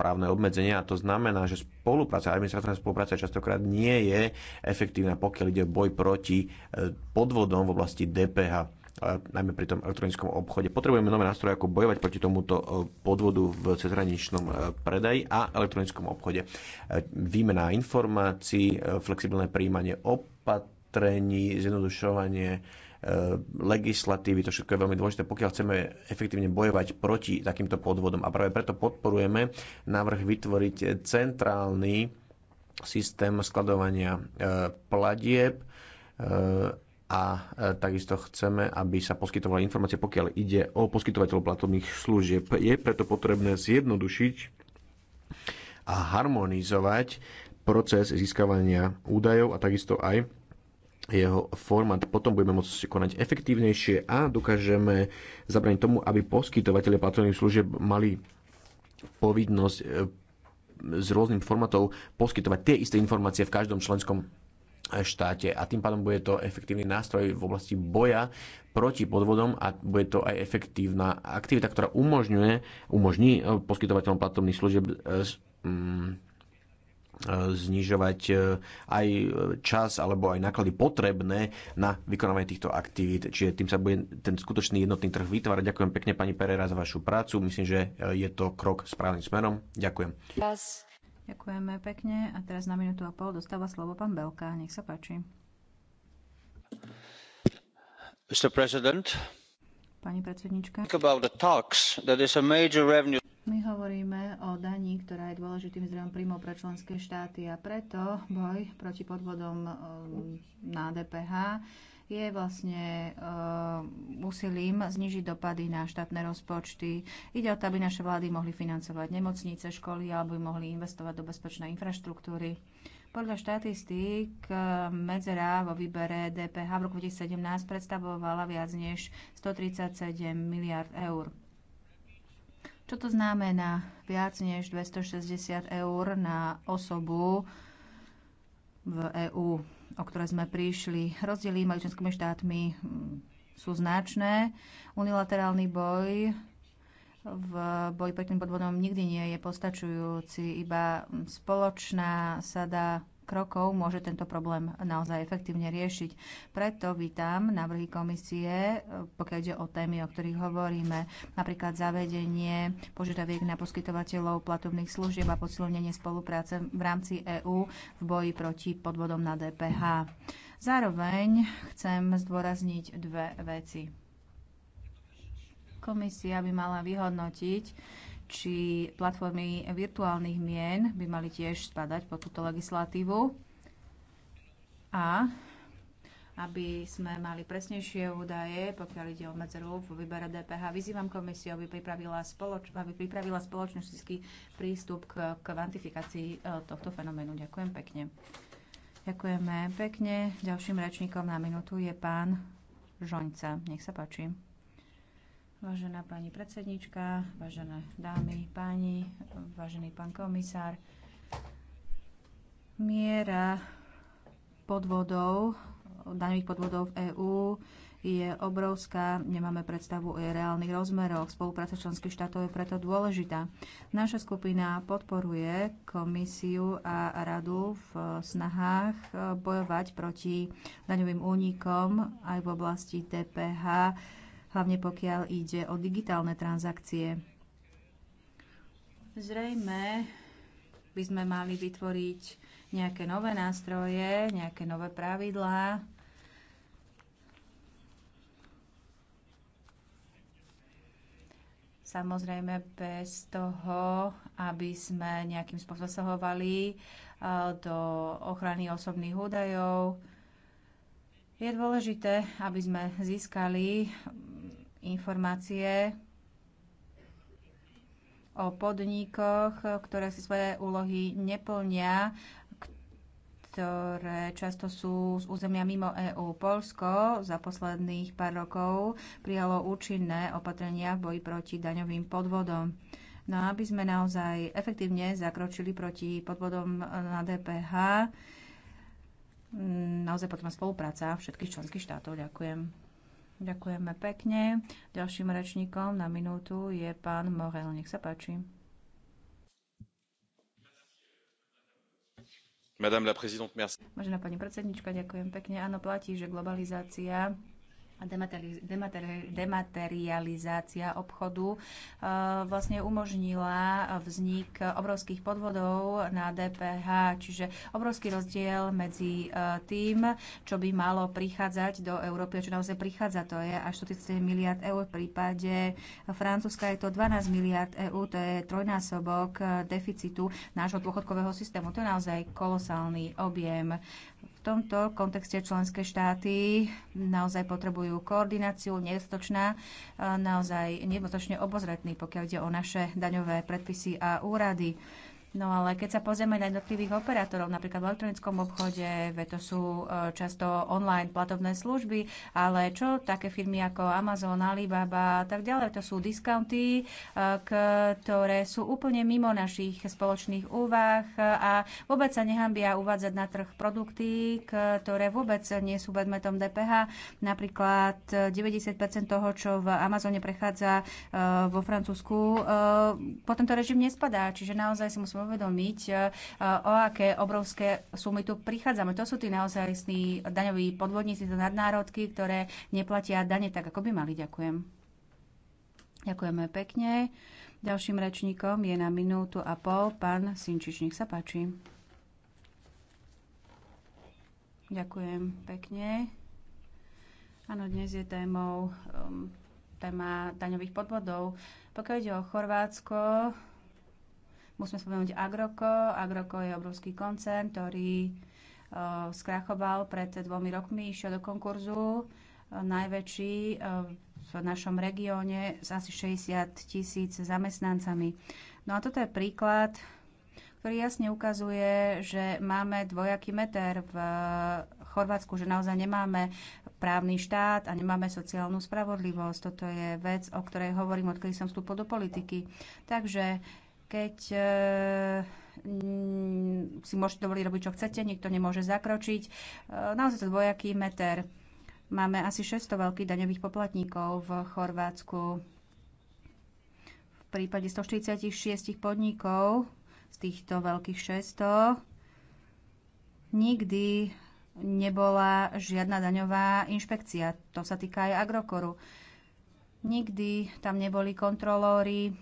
právne obmedzenia a to znamená, že spolupráca, administratívna spolupráca častokrát nie je efektívna, pokiaľ ide boj proti e, podvodom v oblasti DPH e, najmä pri tom elektronickom obchode. Potrebujeme nové nástroje, ako bojovať proti tomuto e, podvodu v cezhraničnom predaji a elektronickom obchode. Výmena informácií, flexibilné príjmanie opatrení, zjednodušovanie E, legislatívy. To všetko je veľmi dôležité, pokiaľ chceme efektívne bojovať proti takýmto podvodom. A práve preto podporujeme návrh vytvoriť centrálny systém skladovania e, platieb e, a takisto chceme, aby sa poskytovala informácie, pokiaľ ide o poskytovateľov platobných služieb. Je preto potrebné zjednodušiť a harmonizovať proces získavania údajov a takisto aj jeho formát. Potom budeme môcť konať efektívnejšie a dokážeme zabraniť tomu, aby poskytovateľe platobných služieb mali povinnosť s e, rôznym formátov poskytovať tie isté informácie v každom členskom štáte a tým pádom bude to efektívny nástroj v oblasti boja proti podvodom a bude to aj efektívna aktivita, ktorá umožňuje, umožní e, poskytovateľom platobných služieb e, mm, znižovať eh, aj čas alebo aj náklady potrebné na vykonávanie týchto aktivít. Čiže tým sa bude ten skutočný jednotný trh vytvárať. Ďakujem pekne pani Perera za vašu prácu. Myslím, že je to krok správnym smerom. Ďakujem. Yes. Ďakujeme pekne. A teraz na minútu a pol dostáva slovo pán Belka. Nech sa páči. Mr. President, Pani predsednička. Think about the tax that is a major revenue my hovoríme o daní, ktorá je dôležitým zdrojom príjmov pre členské štáty a preto boj proti podvodom um, na DPH je vlastne uh, úsilím znižiť dopady na štátne rozpočty. Ide o to, aby naše vlády mohli financovať nemocnice, školy alebo by mohli investovať do bezpečnej infraštruktúry. Podľa štatistík um, medzera vo výbere DPH v roku 2017 predstavovala viac než 137 miliard eur. Čo to znamená? Viac než 260 eur na osobu v EÚ, o ktoré sme prišli. Rozdiely medzi členskými štátmi mm, sú značné. Unilaterálny boj v boji proti podvodom nikdy nie je postačujúci. Iba spoločná sada krokov môže tento problém naozaj efektívne riešiť. Preto vítam návrhy komisie, e, pokiaľ ide o témy, o ktorých hovoríme, napríklad zavedenie požiadaviek na poskytovateľov platobných služieb a posilnenie spolupráce v rámci EÚ v boji proti podvodom na DPH. Zároveň chcem zdôrazniť dve veci komisia by mala vyhodnotiť či platformy virtuálnych mien by mali tiež spadať pod túto legislatívu a aby sme mali presnejšie údaje, pokiaľ ide o medzeru v výbere DPH. Vyzývam komisiu, aby pripravila, spoloč- aby pripravila spoločnostický prístup k kvantifikácii e, tohto fenoménu. Ďakujem pekne. Ďakujeme pekne. Ďalším rečníkom na minútu je pán Žoňca. Nech sa páči. Vážená pani predsednička, vážené dámy, páni, vážený pán komisár, miera podvodov, daňových podvodov v EÚ je obrovská, nemáme predstavu o jej reálnych rozmeroch. Spolupráca členských štátov je preto dôležitá. Naša skupina podporuje komisiu a radu v snahách bojovať proti daňovým únikom aj v oblasti DPH hlavne pokiaľ ide o digitálne transakcie. Zrejme by sme mali vytvoriť nejaké nové nástroje, nejaké nové pravidlá, samozrejme bez toho, aby sme nejakým spôsobom zasahovali eh, do ochrany osobných údajov. Je dôležité, aby sme získali informácie o podnikoch, ktoré si svoje úlohy neplnia, ktoré často sú z územia mimo EÚ. Polsko za posledných pár rokov prijalo účinné opatrenia v boji proti daňovým podvodom. No a aby sme naozaj efektívne zakročili proti podvodom na DPH, naozaj potom spolupráca všetkých členských štátov. Ďakujem. Ďakujeme pekne. Ďalším rečníkom na minútu je pán Morel. Nech sa páči. Madame la présidente, merci. Vážená pani predsednička, ďakujem pekne. Áno, platí, že globalizácia dematerializácia obchodu e, vlastne umožnila vznik obrovských podvodov na DPH, čiže obrovský rozdiel medzi e, tým, čo by malo prichádzať do Európy čo naozaj prichádza. To je až 47 miliard eur. V prípade Francúzska je to 12 miliard eur, to je trojnásobok e, deficitu nášho dôchodkového systému. To je naozaj kolosálny objem. V tomto kontexte členské štáty naozaj potrebujú koordináciu, nedostatočná, e, naozaj nedostatočne obozretný, pokiaľ ide o naše daňové predpisy a úrady. No ale keď sa pozrieme na jednotlivých operátorov, napríklad v elektronickom obchode, ve to sú e, často online platovné služby, ale čo také firmy ako Amazon, Alibaba a tak ďalej, to sú discounty, e, ktoré sú úplne mimo našich spoločných úvah a vôbec sa nehambia uvádzať na trh produkty, ktoré vôbec nie sú predmetom DPH. Napríklad 90% e, toho, čo v Amazone prechádza vo Francúzsku, po tento režim nespadá. Čiže naozaj si musíme uvedomiť, e, e, o aké obrovské sumy tu prichádzame. To sú tí naozaj daňoví podvodníci, to nadnárodky, ktoré neplatia dane tak, ako by mali. Ďakujem. Ďakujeme pekne. Ďalším rečníkom je na minútu a pol pán Sinčič. Nech sa páči. Ďakujem pekne. Áno, dnes je témou um, téma daňových podvodov. Pokiaľ ide o Chorvátsko, Musíme spomenúť Agroko. Agroko je obrovský koncern, ktorý uh, skrachoval pred dvomi rokmi, išiel do konkurzu, uh, najväčší uh, v našom regióne s asi 60 tisíc zamestnancami. No a toto je príklad, ktorý jasne ukazuje, že máme dvojaký meter v Chorvátsku, že naozaj nemáme právny štát a nemáme sociálnu spravodlivosť. Toto je vec, o ktorej hovorím, odkedy som vstúpil do politiky. Takže keď eh, si môžete dovoliť robiť, čo chcete, nikto nemôže zakročiť. Eh, naozaj to dvojaký meter. Máme asi 600 veľkých daňových poplatníkov v Chorvátsku. V prípade 146 podnikov z týchto veľkých 600 nikdy nebola žiadna daňová inšpekcia. To sa týka aj Agrokoru. Nikdy tam neboli kontrolóri,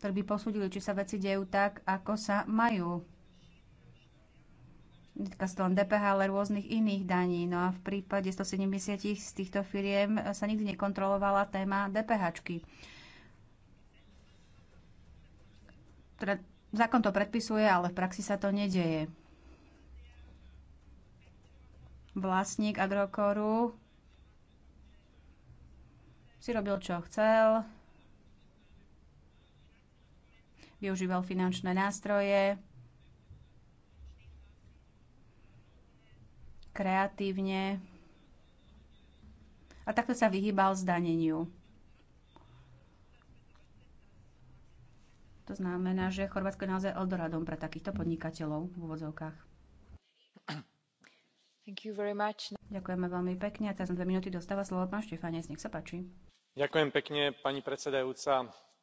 ktorí by posúdili, či sa veci dejú tak, ako sa majú. Netýka sa len DPH, ale rôznych iných daní. No a v prípade 170 z týchto firiem sa nikdy nekontrolovala téma DPH. Teda zákon to predpisuje, ale v praxi sa to nedeje. Vlastník Agrokoru si robil, čo chcel, využíval finančné nástroje, kreatívne a takto sa vyhýbal zdaneniu. To znamená, že Chorvátsko je naozaj Eldoradom pre takýchto podnikateľov v úvodzovkách. Ďakujeme veľmi pekne. A teraz na dve minúty dostáva slovo pán Štefanec. Nech sa páči. Ďakujem pekne, pani predsedajúca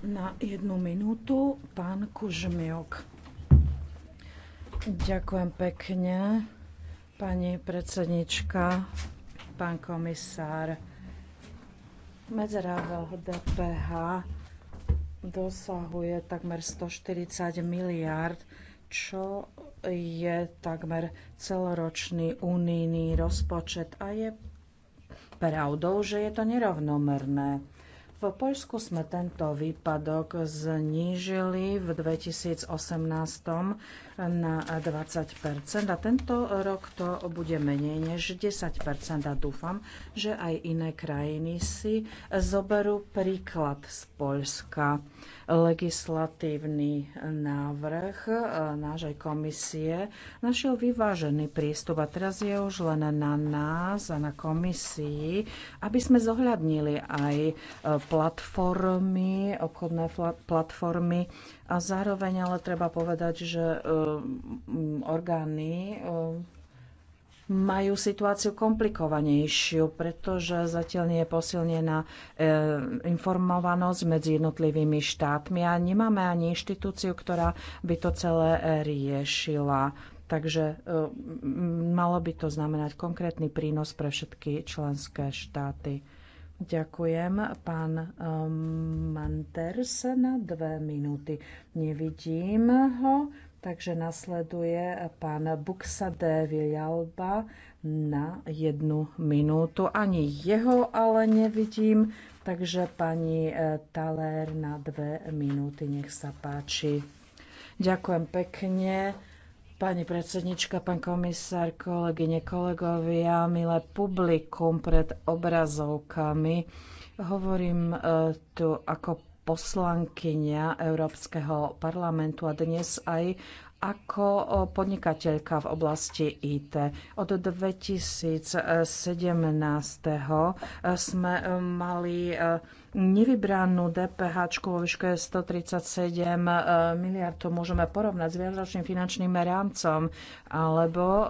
Na jednu minútu pán Kužmiok. Ďakujem pekne, pani predsednička, pán komisár. Medzera DPH dosahuje takmer 140 miliárd, čo je takmer celoročný unijný rozpočet a je pravdou, že je to nerovnomerné. V Poľsku sme tento výpadok znížili v 2018 na 20 a tento rok to bude menej než 10 a dúfam, že aj iné krajiny si zoberú príklad z Poľska. Legislatívny návrh e, nášej komisie našiel vyvážený prístup a teraz je už len na nás a na komisii, aby sme zohľadnili aj e, platformy, obchodné platformy a zároveň ale treba povedať, že um, orgány um, majú situáciu komplikovanejšiu, pretože zatiaľ nie je posilnená e, informovanosť medzi jednotlivými štátmi a nemáme ani inštitúciu, ktorá by to celé e, riešila. Takže e, malo by to znamenať konkrétny prínos pre všetky členské štáty. Ďakujem. Pán um, Manters na dve minúty. Nevidím ho, takže nasleduje pán de Villalba na jednu minútu. Ani jeho ale nevidím, takže pani e, Taler na dve minúty. Nech sa páči. Ďakujem pekne. Pani predsednička, pán komisár, kolegyne, kolegovia, milé publikum pred obrazovkami. Hovorím e, tu ako poslankyňa Európskeho parlamentu a dnes aj ako e, podnikateľka v oblasti IT. Od 2017. E, sme mali nevybranú DPH vo výške 137 e, miliard, to môžeme porovnať s viacročným finančným rámcom alebo e,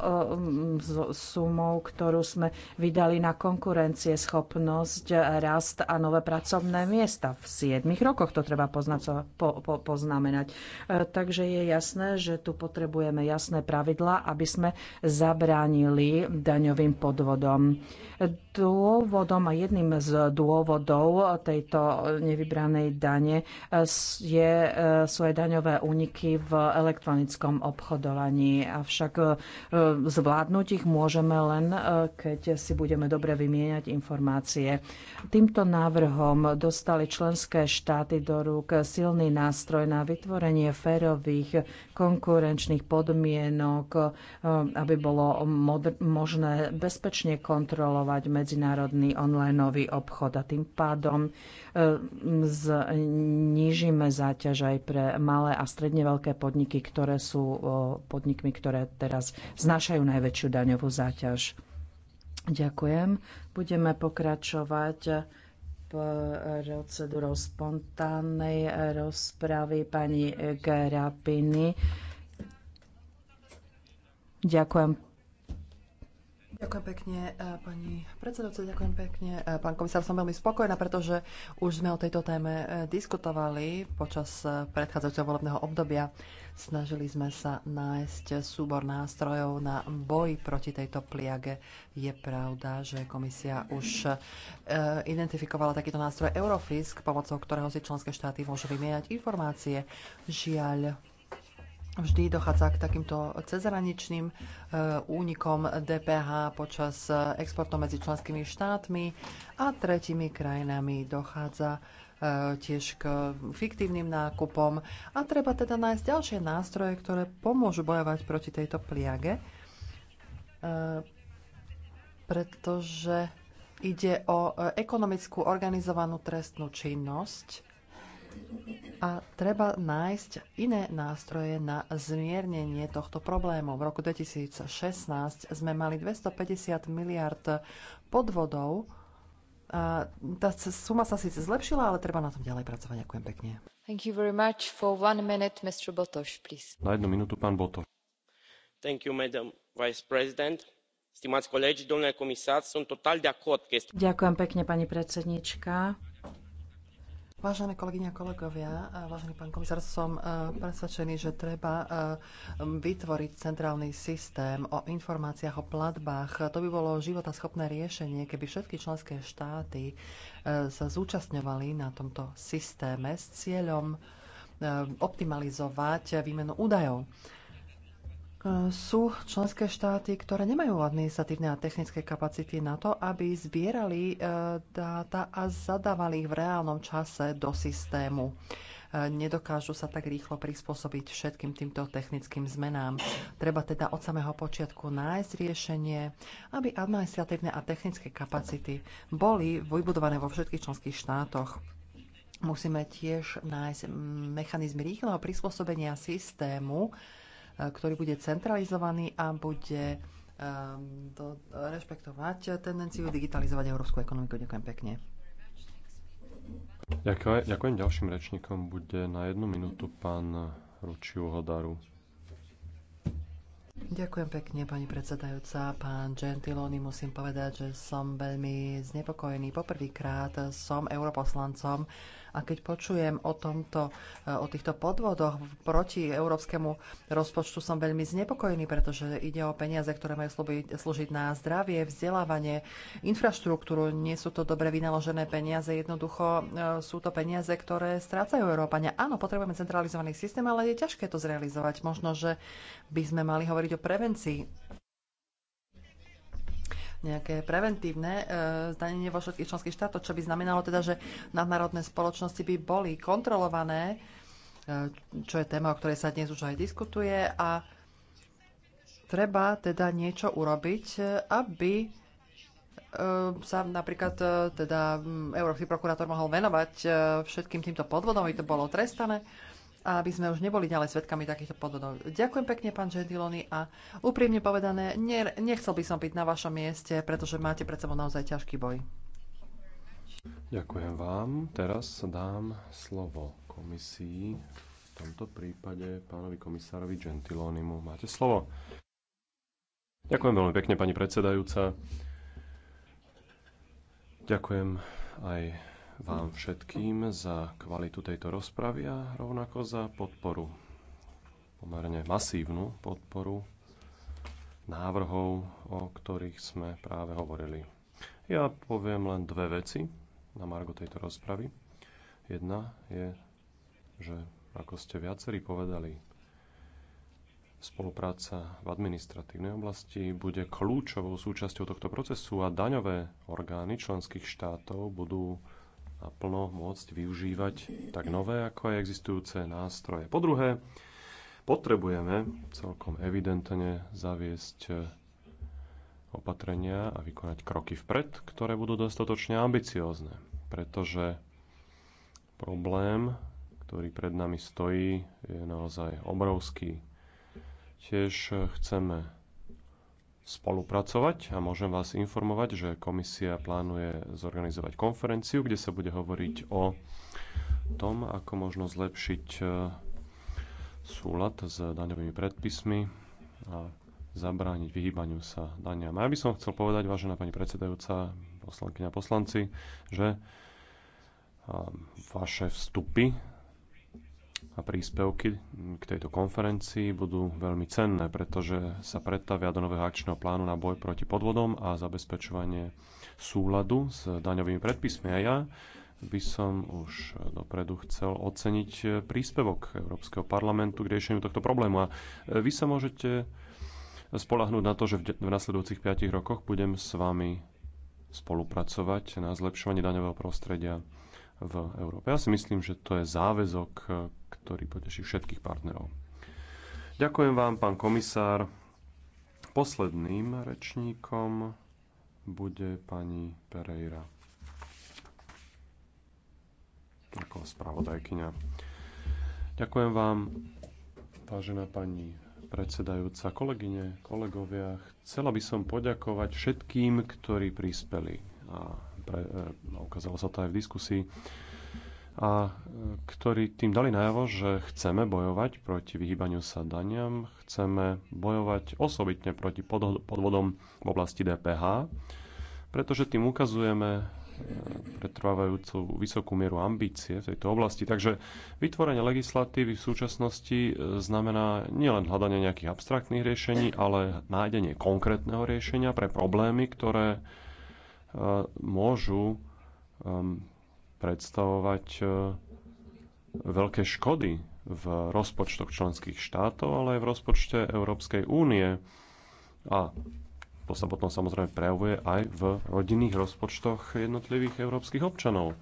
s sumou, ktorú sme vydali na schopnosť, e, rast a nové pracovné miesta. V 7 rokoch to treba poznať, po, po, poznamenať. Takže je jasné, že tu potrebujeme jasné pravidlá, aby sme zabránili daňovým podvodom. Dôvodom a jedným z dôvodov tejto nevybranej dane e, je, e, sú aj daňové úniky v elektronickom obchodovaní. Avšak e, zvládnuť ich môžeme len, keď si budeme dobre vymieňať informácie. Týmto návrhom dostali členské štáty do rúk silný nástroj na vytvorenie férových konkurenčných podmienok, aby bolo možné bezpečne kontrolovať medzinárodný onlineový obchod a tým pádom Ehm, znižíme záťaž aj pre malé a stredne veľké podniky, ktoré sú podnikmi, ktoré teraz znášajú najväčšiu daňovú záťaž. Ďakujem. Budeme pokračovať procedúrou spontánnej rozpravy pani Garapiny. Ďakujem Ďakujem pekne, eh, pani predsedovce, ďakujem pekne. Eh, pán komisár, som veľmi spokojná, pretože už sme o tejto téme eh, diskutovali počas predchádzajúceho volebného obdobia. Snažili sme sa nájsť súbor nástrojov na boj proti tejto pliage. Je pravda, že komisia už identifikovala takýto nástroj Eurofisk, pomocou ktorého si členské štáty môžu vymieňať informácie. Žiaľ, Vždy dochádza k takýmto cezhraničným e, únikom DPH počas e, exportov medzi členskými štátmi a tretími krajinami dochádza e, tiež k fiktívnym nákupom a treba teda nájsť ďalšie nástroje, ktoré pomôžu bojovať proti tejto pliage, pretože ide o ekonomickú organizovanú trestnú činnosť, a treba nájsť iné nástroje na zmiernenie tohto problému. V roku 2016 sme mali 250 miliard podvodov. A tá suma sa síce zlepšila, ale treba na tom ďalej pracovať. Ďakujem pekne. Thank you very much for one minute, Mr. Botoš, please. Na jednu minútu, pán Botoš. Thank you, madam vice president. Stimați colegi, domnule comisar, sunt total de acord că este... Ďakujem pekne, pani predsednička Vážené kolegyne a kolegovia, vážený pán komisár, som e, presvedčený, že treba e, vytvoriť centrálny systém o informáciách o platbách. To by bolo životaschopné riešenie, keby všetky členské štáty e, sa zúčastňovali na tomto systéme s cieľom optimalizovať výmenu údajov sú členské štáty, ktoré nemajú administratívne a technické kapacity na to, aby zbierali e, dáta a zadávali ich v reálnom čase do systému. E, nedokážu sa tak rýchlo prispôsobiť všetkým týmto technickým zmenám. Treba teda od samého počiatku nájsť riešenie, aby administratívne a technické kapacity boli vybudované vo všetkých členských štátoch. Musíme tiež nájsť mechanizmy rýchleho prispôsobenia systému, ktorý bude centralizovaný a bude to rešpektovať tendenciu digitalizovať európsku ekonomiku. Ďakujem pekne. Ďakujem, ďakujem. Ďalším rečníkom bude na jednu minútu pán Ručiu Uhodaru. Ďakujem pekne, pani predsedajúca. Pán Gentiloni, musím povedať, že som veľmi znepokojený. Poprvýkrát som europoslancom, a keď počujem o tomto, e, o týchto podvodoch proti európskemu rozpočtu, som veľmi znepokojený, pretože ide o peniaze, ktoré majú slúbiť, slúžiť na zdravie, vzdelávanie, infraštruktúru. Nie sú to dobre vynaložené peniaze, jednoducho e, sú to peniaze, ktoré strácajú Európania. Áno, potrebujeme centralizovaný systém, ale je ťažké to zrealizovať. Možno, že by sme mali hovoriť o prevencii nejaké preventívne e, zdanenie vo všetkých členských štátoch, čo by znamenalo teda, že nadnárodné spoločnosti by boli kontrolované, e, čo je téma, o ktorej sa dnes už aj diskutuje a treba teda niečo urobiť, aby e, sa napríklad teda európsky prokurátor mohol venovať všetkým týmto podvodom, aby to bolo trestané a aby sme už neboli ďalej svetkami takýchto podvodov. Ďakujem pekne, pán Gentiloni, a úprimne povedané, ne, nechcel by som byť na vašom mieste, pretože máte pred sebou naozaj ťažký boj. Ďakujem vám. Teraz dám slovo komisii, v tomto prípade pánovi komisárovi Gentilonimu. Máte slovo. Ďakujem veľmi pekne, pani predsedajúca. Ďakujem aj vám všetkým za kvalitu tejto rozpravy a rovnako za podporu, pomerne masívnu podporu návrhov, o ktorých sme práve hovorili. Ja poviem len dve veci na margo tejto rozpravy. Jedna je, že ako ste viacerí povedali, spolupráca v administratívnej oblasti bude kľúčovou súčasťou tohto procesu a daňové orgány členských štátov budú naplno môcť využívať tak nové, ako aj existujúce nástroje. Po druhé, potrebujeme celkom evidentne zaviesť eh, opatrenia a vykonať kroky vpred, ktoré budú dostatočne ambiciózne, pretože problém, ktorý pred nami stojí, je naozaj obrovský. Tiež eh, chceme spolupracovať a môžem vás informovať, že komisia plánuje zorganizovať konferenciu, kde sa bude hovoriť o tom, ako možno zlepšiť e, súlad s daňovými predpismi a zabrániť vyhýbaniu sa daniam. A ja by som chcel povedať, vážená pani predsedajúca, poslankyňa poslanci, že vaše vstupy a príspevky k tejto konferencii budú veľmi cenné, pretože sa pretavia do nového akčného plánu na boj proti podvodom a zabezpečovanie súladu s daňovými predpismi. A ja by som už dopredu chcel oceniť príspevok Európskeho parlamentu k riešeniu tohto problému. A vy sa môžete spolahnúť na to, že v nasledujúcich 5 rokoch budem s vami spolupracovať na zlepšovaní daňového prostredia v Európe. Ja si myslím, že to je záväzok, eh, ktorý poteší všetkých partnerov. Ďakujem vám, pán komisár. Posledným rečníkom bude pani Pereira ako spravodajkyňa. Ďakujem vám, vážená pani predsedajúca, kolegyne, kolegovia. Chcela by som poďakovať všetkým, ktorí prispeli a pre, e, no, ukázalo sa to aj v diskusii, a e, ktorí tým dali najavo, že chceme bojovať proti vyhýbaniu sa daniam, chceme bojovať osobitne proti podvodom v oblasti DPH, pretože tým ukazujeme e, pretrvávajúcu vysokú mieru ambície v tejto oblasti. Takže vytvorenie legislatívy v súčasnosti znamená nielen hľadanie nejakých abstraktných riešení, ale nájdenie konkrétneho riešenia pre problémy, ktoré môžu um, predstavovať uh, veľké škody v rozpočtoch členských štátov, ale aj v rozpočte Európskej únie. A to sa potom samozrejme prejavuje aj v rodinných rozpočtoch jednotlivých európskych občanov.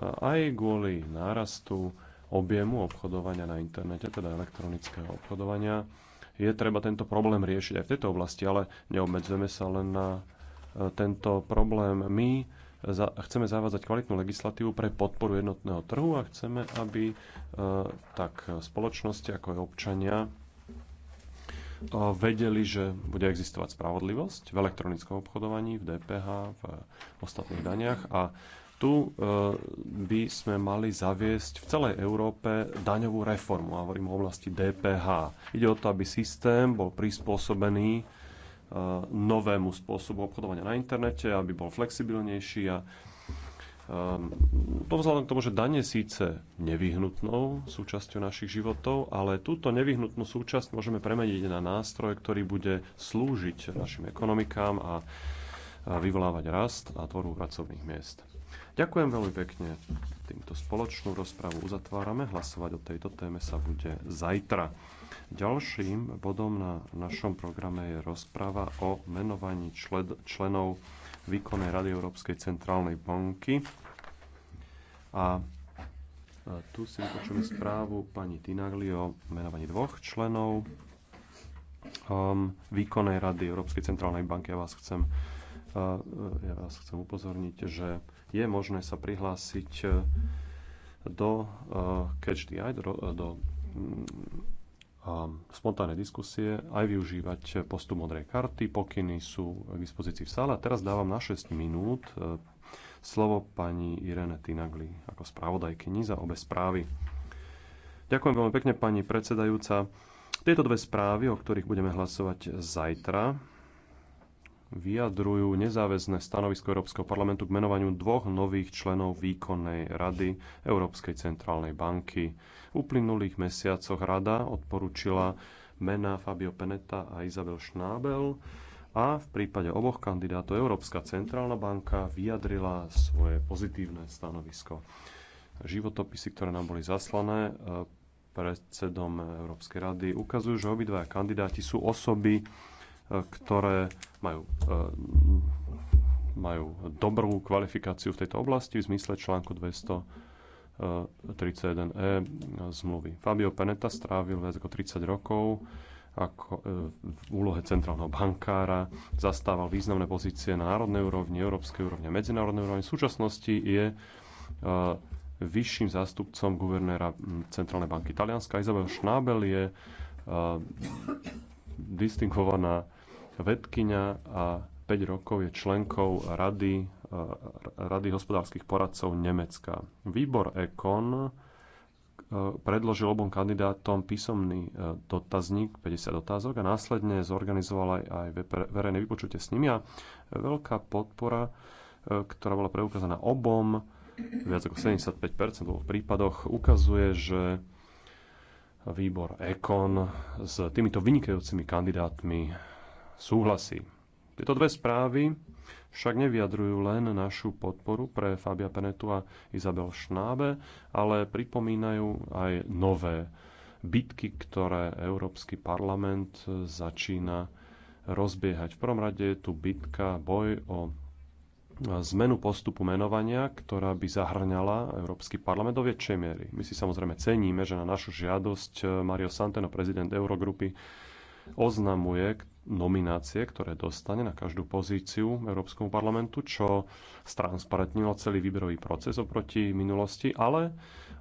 Aj kvôli nárastu objemu obchodovania na internete, teda elektronického obchodovania, je treba tento problém riešiť aj v tejto oblasti, ale neobmedzujeme sa len na tento problém. My za, chceme zavádzať kvalitnú legislatívu pre podporu jednotného trhu a chceme, aby e, tak spoločnosti ako aj občania e, vedeli, že bude existovať spravodlivosť v elektronickom obchodovaní, v DPH, v ostatných daniach a tu e, by sme mali zaviesť v celej Európe daňovú reformu, hovorím o oblasti DPH. Ide o to, aby systém bol prispôsobený Eh, novému spôsobu obchodovania na internete, aby bol flexibilnejší a eh, to vzhľadom k tomu, že dane síce nevyhnutnou súčasťou našich životov, ale túto nevyhnutnú súčasť môžeme premeniť na nástroj, ktorý bude slúžiť našim ekonomikám a vyvolávať rast a tvorbu pracovných miest. Ďakujem veľmi pekne. Týmto spoločnú rozpravu uzatvárame. Hlasovať o tejto téme sa bude zajtra. Ďalším bodom na našom programe je rozprava o menovaní člen členov Výkonnej rady Európskej centrálnej banky. A tu si vypočujeme správu pani Tinagli o menovaní dvoch členov um, Výkonnej rady Európskej centrálnej banky. Ja vás chcem, uh, ja vás chcem upozorniť, že je možné sa prihlásiť e, do uh, catch the eye, do, do spontánne diskusie, aj využívať postup modrej karty. Pokyny sú k dispozícii v sále. A teraz dávam na 6 minút e, slovo pani Irene Tinagli ako spravodajkyni za obe správy. Ďakujem veľmi pekne, pani predsedajúca. Tieto dve správy, o ktorých budeme hlasovať zajtra, vyjadrujú nezáväzné stanovisko Európskeho parlamentu k menovaniu dvoch nových členov výkonnej rady Európskej centrálnej banky. V uplynulých mesiacoch rada odporúčila mená Fabio Peneta a Izabel Schnabel a v prípade oboch kandidátov Európska centrálna banka vyjadrila svoje pozitívne stanovisko. Životopisy, ktoré nám boli zaslané e, predsedom Európskej rady, ukazujú, že obidvaja kandidáti sú osoby, ktoré majú, e, majú dobrú kvalifikáciu v tejto oblasti v zmysle článku 231e e zmluvy. Fabio Peneta strávil viac ako 30 rokov ako e, v úlohe centrálneho bankára, zastával významné pozície na národnej úrovni, európskej úrovni a medzinárodnej úrovni. V súčasnosti je vyšším zástupcom guvernéra Centrálnej banky Talianska. Izabel Schnabel je distingovaná vedkyňa a 5 rokov je členkou Rady, e, Rady hospodárskych poradcov Nemecka. Výbor EKON e, predložil obom kandidátom písomný e, dotazník, 50 otázok a následne zorganizoval aj, aj verejné vypočutie s nimi a veľká podpora, ktorá bola preukázaná obom, viac ako 75% v prípadoch, ukazuje, že výbor EKON s týmito vynikajúcimi kandidátmi súhlasí. Tieto dve správy však nevyjadrujú len našu podporu pre Fabia Penetu a Izabel Šnábe, ale pripomínajú aj nové bitky, ktoré Európsky parlament začína rozbiehať. V prvom rade je tu bitka, boj o zmenu postupu menovania, ktorá by zahrňala Európsky parlament do väčšej miery. My si samozrejme ceníme, že na našu žiadosť Mario Santeno, prezident Eurogrupy, oznamuje nominácie, ktoré dostane na každú pozíciu v Európskom parlamentu, čo stransparentnilo celý výberový proces oproti minulosti, ale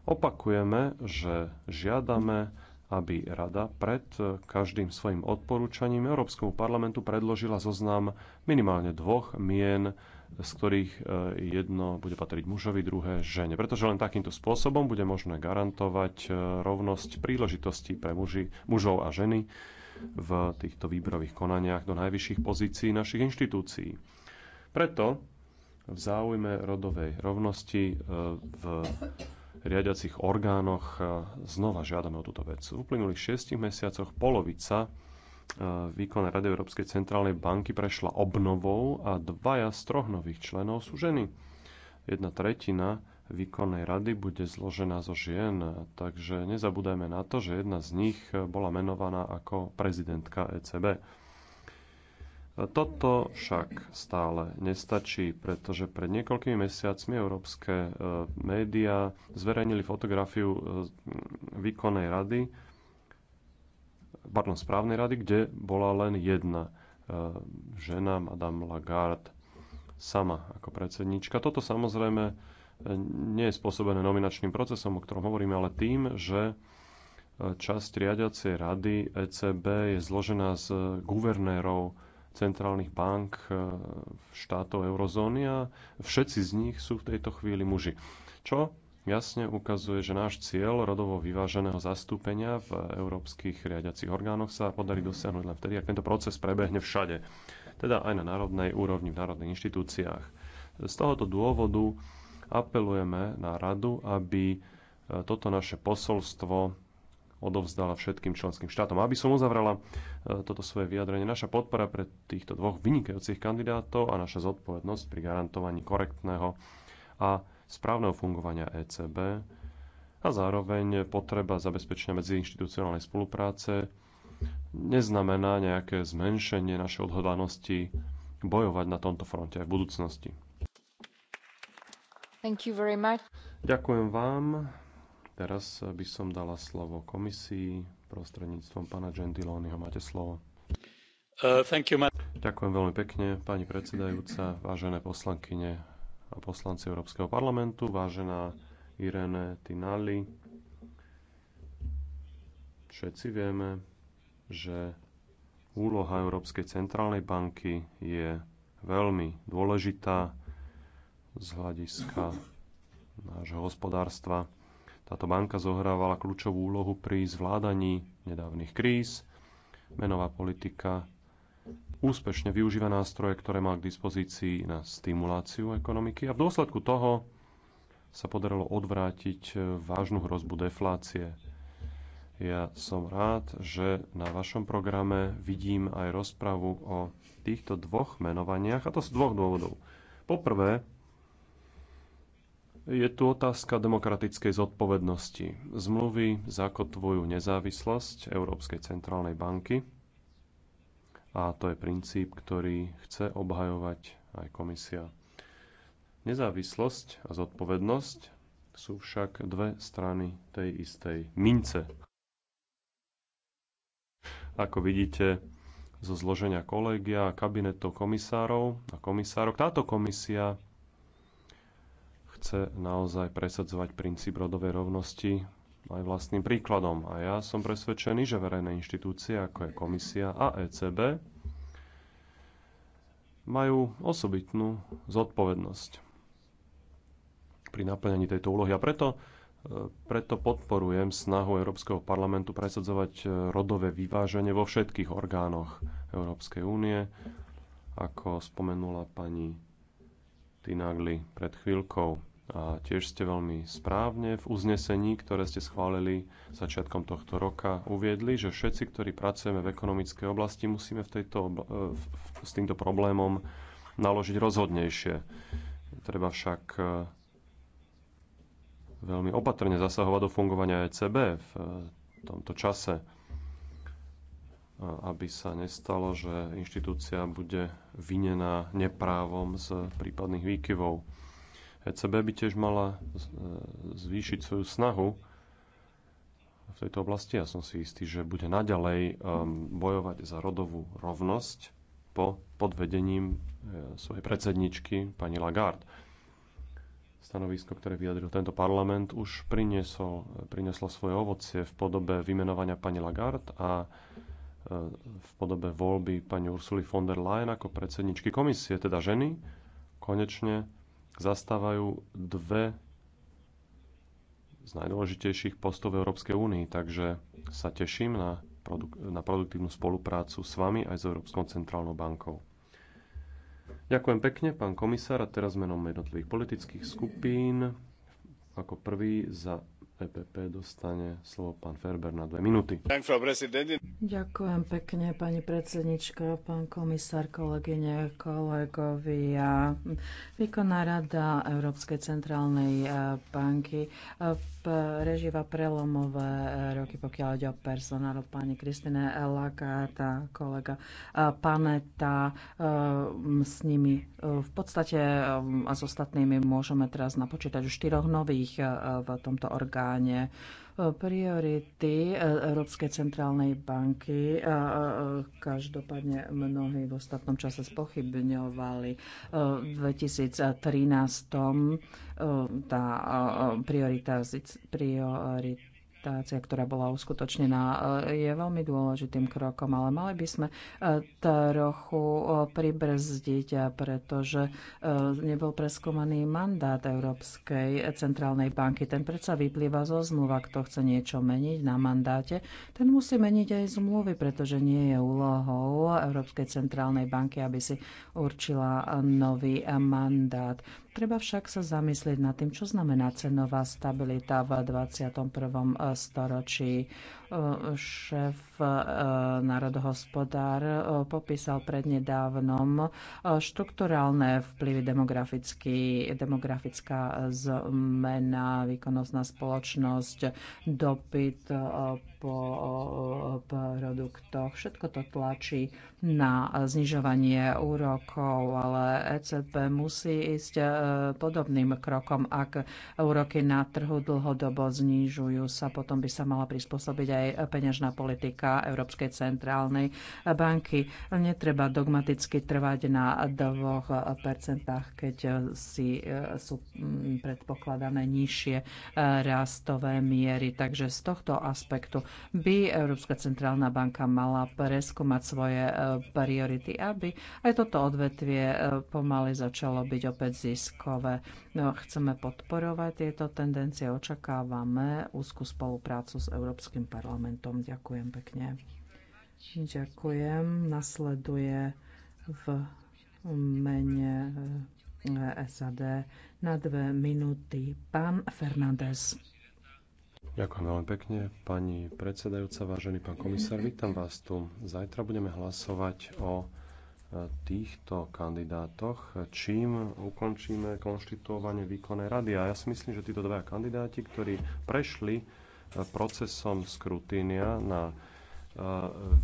opakujeme, že žiadame, aby Rada pred každým svojim odporúčaním Európskemu parlamentu predložila zoznam minimálne dvoch mien, z ktorých e, jedno bude patriť mužovi, druhé žene. Pretože len takýmto spôsobom bude možné garantovať e, rovnosť príležitostí pre muži, mužov a ženy v týchto výberových konaniach do najvyšších pozícií našich inštitúcií. Preto v záujme rodovej rovnosti e, v riadiacich orgánoch e, znova žiadame o túto vec. V uplynulých šiestich mesiacoch polovica e, výkon rady Európskej centrálnej banky prešla obnovou a dvaja z troch nových členov sú ženy. Jedna tretina výkonnej rady bude zložená zo žien, takže nezabúdajme na to, že jedna z nich bola menovaná ako prezidentka ECB. Toto však stále nestačí, pretože pred niekoľkými mesiacmi európske e, médiá zverejnili fotografiu e, výkonnej rady, pardon, správnej rady, kde bola len jedna e, žena, Madame Lagarde, sama ako predsednička. Toto samozrejme nie je spôsobené nominačným procesom, o ktorom hovoríme, ale tým, že e, časť riadiacej rady ECB je zložená z guvernérov centrálnych bank e, štátov eurozóny a všetci z nich sú v tejto chvíli muži. Čo jasne ukazuje, že náš cieľ rodovo vyváženého zastúpenia v európskych riadiacich orgánoch sa podarí dosiahnuť len vtedy, ak tento proces prebehne všade, teda aj na národnej úrovni, v národných inštitúciách. Z tohoto dôvodu apelujeme na radu, aby e, toto naše posolstvo odovzdala všetkým členským štátom. Aby som uzavrela e, toto svoje vyjadrenie, naša podpora pre týchto dvoch vynikajúcich kandidátov a naša zodpovednosť pri garantovaní korektného a správneho fungovania ECB a zároveň potreba zabezpečenia medziinstitucionálnej spolupráce neznamená nejaké zmenšenie našej odhodlanosti bojovať na tomto fronte aj v budúcnosti. Thank you very much. Ďakujem vám. Teraz by som dala slovo komisii prostredníctvom pána Gentiloniho. Máte slovo. Uh, thank you, Ďakujem veľmi pekne, pani predsedajúca, vážené poslankyne a poslanci Európskeho parlamentu, vážená Irene Tinali. Všetci vieme, že úloha Európskej centrálnej banky je veľmi dôležitá z hľadiska nášho hospodárstva. Táto banka zohrávala kľúčovú úlohu pri zvládaní nedávnych kríz. Menová politika úspešne využíva nástroje, ktoré má k dispozícii na stimuláciu ekonomiky a v dôsledku toho sa podarilo odvrátiť vážnu hrozbu deflácie. Ja som rád, že na vašom programe vidím aj rozpravu o týchto dvoch menovaniach, a to z dvoch dôvodov. Poprvé, je tu otázka demokratickej zodpovednosti. Zmluvy zakotvujú nezávislosť Európskej centrálnej banky a to je princíp, ktorý chce obhajovať aj komisia. Nezávislosť a zodpovednosť sú však dve strany tej istej mince. Ako vidíte zo zloženia kolégia a kabinetov komisárov a komisárok, táto komisia chce naozaj presadzovať princíp rodovej rovnosti aj vlastným príkladom. A ja som presvedčený, že verejné inštitúcie, ako je komisia a ECB, majú osobitnú zodpovednosť pri naplňaní tejto úlohy. A preto, e, preto podporujem snahu Európskeho parlamentu presadzovať e, rodové vyváženie vo všetkých orgánoch Európskej únie, ako spomenula pani Tinagli pred chvíľkou. A tiež ste veľmi správne v uznesení, ktoré ste schválili začiatkom tohto roka, uviedli, že všetci, ktorí pracujeme v ekonomickej oblasti, musíme v tejto, e, v, s týmto problémom naložiť rozhodnejšie. Treba však e, veľmi opatrne zasahovať do fungovania ECB v e, tomto čase, aby sa nestalo, že inštitúcia bude vinená neprávom z prípadných výkyvov ECB by tiež mala e, zvýšiť svoju snahu v tejto oblasti. Ja som si istý, že bude naďalej e, bojovať za rodovú rovnosť po podvedením e, svojej predsedničky pani Lagarde. Stanovisko, ktoré vyjadril tento parlament, už priniesol, prinieslo svoje ovocie v podobe vymenovania pani Lagarde a v podobe voľby pani Ursuly von der Leyen ako predsedničky komisie, teda ženy, konečne zastávajú dve z najdôležitejších postov v Európskej únii, takže sa teším na, produk- na produktívnu spoluprácu s vami aj s Európskou centrálnou bankou. Ďakujem pekne, pán komisár. A teraz menom jednotlivých politických skupín. Ako prvý za PPP dostane slovo pán Ferber na dve minúty. Ďakujem pekne, pani predsednička, pán komisár, kolegyne, kolegovia. Výkonná rada Európskej centrálnej eh, banky eh, Reživa prelomové roky, pokiaľ ide o personál od pani Kristine Lagarda, kolega Paneta. Um, s nimi um, v podstate um, a s ostatnými môžeme teraz napočítať už štyroch nových uh, v tomto orgáne. Priority e, Európskej centrálnej banky e, e, každopádne mnohí v ostatnom čase spochybňovali. V 2013 tá priorita, priorita konzultácia, ktorá bola uskutočnená, e, je veľmi dôležitým krokom, ale mali by sme e, trochu e, pribrzdiť, pretože nebol preskúmaný mandát Európskej centrálnej banky. Ten predsa vyplýva zo zmluva, kto chce niečo meniť na mandáte, ten musí meniť aj zmluvy, pretože nie je úlohou Európskej centrálnej banky, aby si určila nový mandát. Treba však sa zamyslieť nad tým, čo znamená cenová stabilita v 21. storočí šéf eh, národohospodár eh, popísal prednedávnom eh, štrukturálne vplyvy demografický, demografická zmena, výkonnostná spoločnosť, dopyt po produktoch. Všetko to tlačí na znižovanie úrokov, ale ECB musí ísť podobným krokom. Ak úroky na trhu dlhodobo znižujú sa, potom by sa mala prispôsobiť aj aj peňažná politika Európskej centrálnej banky. Netreba dogmaticky trvať na 2%, keď si eh, sú hm, predpokladané nižšie eh, rastové miery. Takže z tohto aspektu by Európska centrálna banka mala preskúmať svoje eh, priority, aby aj toto odvetvie pomaly začalo byť opäť ziskové. No, chceme podporovať tieto tendencie, očakávame úzku spoluprácu s Európskym parlamentom. Ďakujem pekne. Ďakujem. Nasleduje v mene eh, SAD na dve minúty pán Fernández. Ďakujem veľmi pekne, pani predsedajúca, vážený pán komisár, vítam vás tu. Zajtra budeme hlasovať o týchto kandidátoch, čím ukončíme konštituovanie výkonnej rady. A ja si myslím, že títo dvaja kandidáti, ktorí prešli e, procesom skrutínia na e,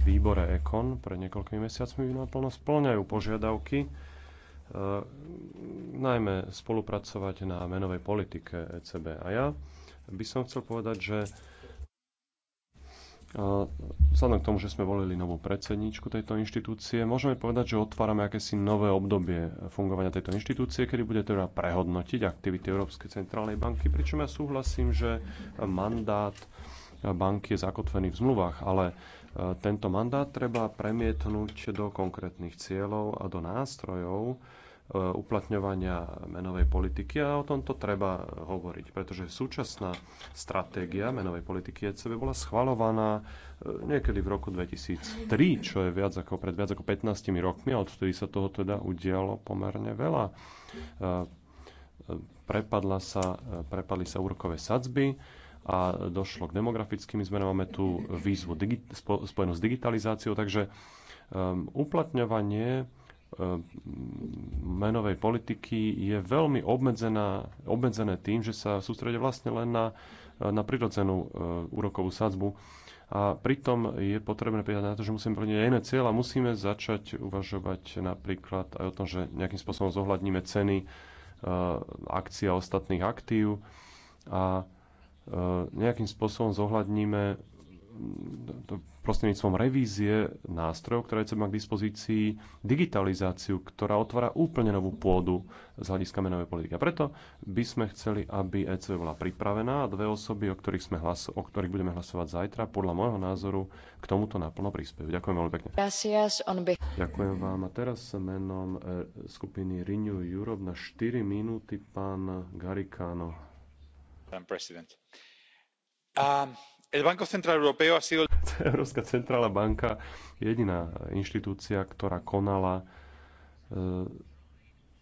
výbore EKON pred niekoľkými mesiacmi, naplno splňajú požiadavky, e, najmä spolupracovať na menovej politike ECB. A ja by som chcel povedať, že vzhľadom k tomu, že sme volili novú predsedničku tejto inštitúcie, môžeme povedať, že otvárame akési nové obdobie fungovania tejto inštitúcie, kedy bude teda prehodnotiť aktivity Európskej centrálnej banky, pričom ja súhlasím, že mandát banky je zakotvený v zmluvách, ale e, tento mandát treba premietnúť do konkrétnych cieľov a do nástrojov, E, uplatňovania menovej politiky a o tomto treba hovoriť, pretože súčasná stratégia menovej politiky ECB bola schvalovaná e, niekedy v roku 2003, čo je viac ako, pred viac ako 15 rokmi a odtedy sa toho teda udialo pomerne veľa. E, prepadla sa, prepadli sa úrokové sadzby, a došlo k demografickým zmenám. Máme tu výzvu spojenú s digitalizáciou, takže um, uplatňovanie Ehm, menovej politiky je veľmi obmedzená, obmedzené tým, že sa sústredia vlastne len na, eh, na prirodzenú eh, úrokovú sadzbu. A pritom je potrebné pýtať na to, že musíme plniť aj iné cieľa. Musíme začať uvažovať napríklad aj o tom, že nejakým spôsobom zohľadníme ceny eh, akcií a ostatných aktív a nejakým spôsobom zohľadníme prostredníctvom revízie nástrojov, ktoré chce má k dispozícii, digitalizáciu, ktorá otvára úplne novú pôdu z hľadiska menovej politiky. A preto by sme chceli, aby ECB bola pripravená a dve osoby, o ktorých, sme hlas- o ktorých budeme hlasovať zajtra, podľa môjho názoru k tomuto naplno príspevu. Ďakujem veľmi pekne. Ďakujem vám. A teraz menom e, skupiny Renew Europe na 4 minúty pán Garikano. Pán prezident. Um... *laughs* Európska centrálna banka je jediná inštitúcia, ktorá konala e,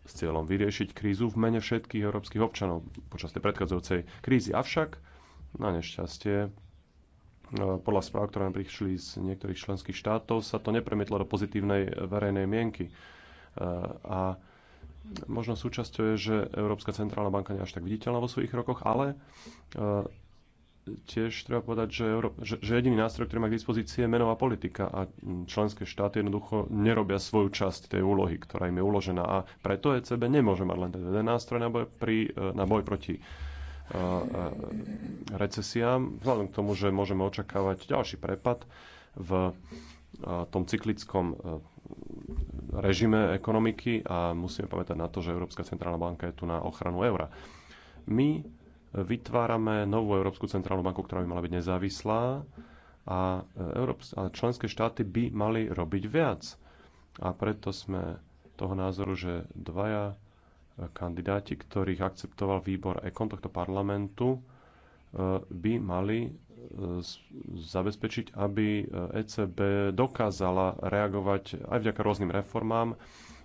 s cieľom vyriešiť krízu v mene všetkých európskych občanov počas tej predchádzajúcej krízy. Avšak, na nešťastie, e, podľa správ, ktoré nám prišli z niektorých členských štátov, sa to nepremietlo do pozitívnej verejnej mienky. E, a možno súčasťou je, že Európska centrálna banka nie je až tak viditeľná vo svojich rokoch, ale tiež treba povedať, že, Euró- že, že jediný nástroj, ktorý má k dispozícii, je menová politika a členské štáty jednoducho nerobia svoju časť tej úlohy, ktorá im je uložená. A preto ECB nemôže mať len ten jeden nástroj na boj, pri, e, na boj proti e, e, recesiám, vzhľadom k tomu, že môžeme očakávať ďalší prepad v tom cyklickom režime ekonomiky a musíme pamätať na to, že Európska centrálna banka je tu na ochranu eura. My vytvárame novú Európsku centrálnu banku, ktorá by mala byť nezávislá a, e, Európs- a členské štáty by mali robiť viac. A preto sme toho názoru, že dvaja e, kandidáti, ktorých akceptoval výbor ekon tohto parlamentu, e, by mali zabezpečiť, aby ECB dokázala reagovať aj vďaka rôznym reformám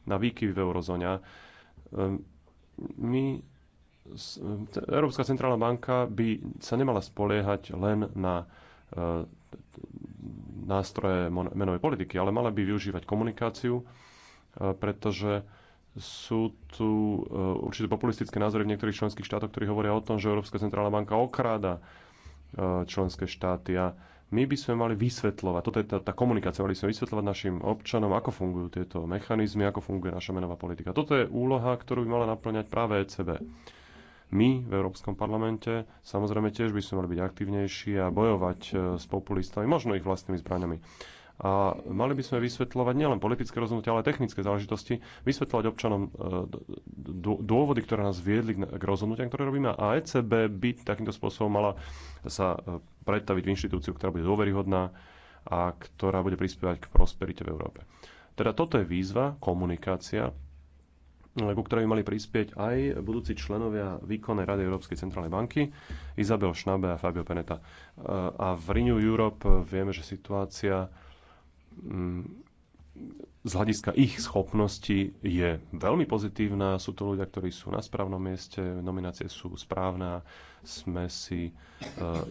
na výkyvy v eurozóne. My Európska centrálna banka by sa nemala spoliehať len na e, nástroje menovej politiky, ale mala by využívať komunikáciu, e, pretože sú tu e, určité populistické názory v niektorých členských štátoch, ktorí hovoria o tom, že Európska centrálna banka okráda členské štáty a my by sme mali vysvetľovať, toto je tá, tá komunikácia, mali sme vysvetľovať našim občanom, ako fungujú tieto mechanizmy, ako funguje naša menová politika. Toto je úloha, ktorú by mala naplňať práve ECB. My v Európskom parlamente samozrejme tiež by sme mali byť aktívnejší a bojovať e, s populistami, možno ich vlastnými zbraňami. A mali by sme vysvetľovať nielen politické rozhodnutia, ale aj technické záležitosti, vysvetľovať občanom e, dôvody, ktoré nás viedli k rozhodnutiam, ktoré robíme. A ECB by takýmto spôsobom mala sa e, predstaviť v inštitúciu, ktorá bude dôveryhodná a ktorá bude prispievať k prosperite v Európe. Teda toto je výzva, komunikácia ku ktorej mali prispieť aj budúci členovia výkonnej rady Európskej centrálnej banky, Izabel Šnabe a Fabio Peneta. E, a v Renew Europe vieme, že situácia mm, z hľadiska ich schopností je veľmi pozitívna. Sú to ľudia, ktorí sú na správnom mieste, nominácie sú správne, sme si e,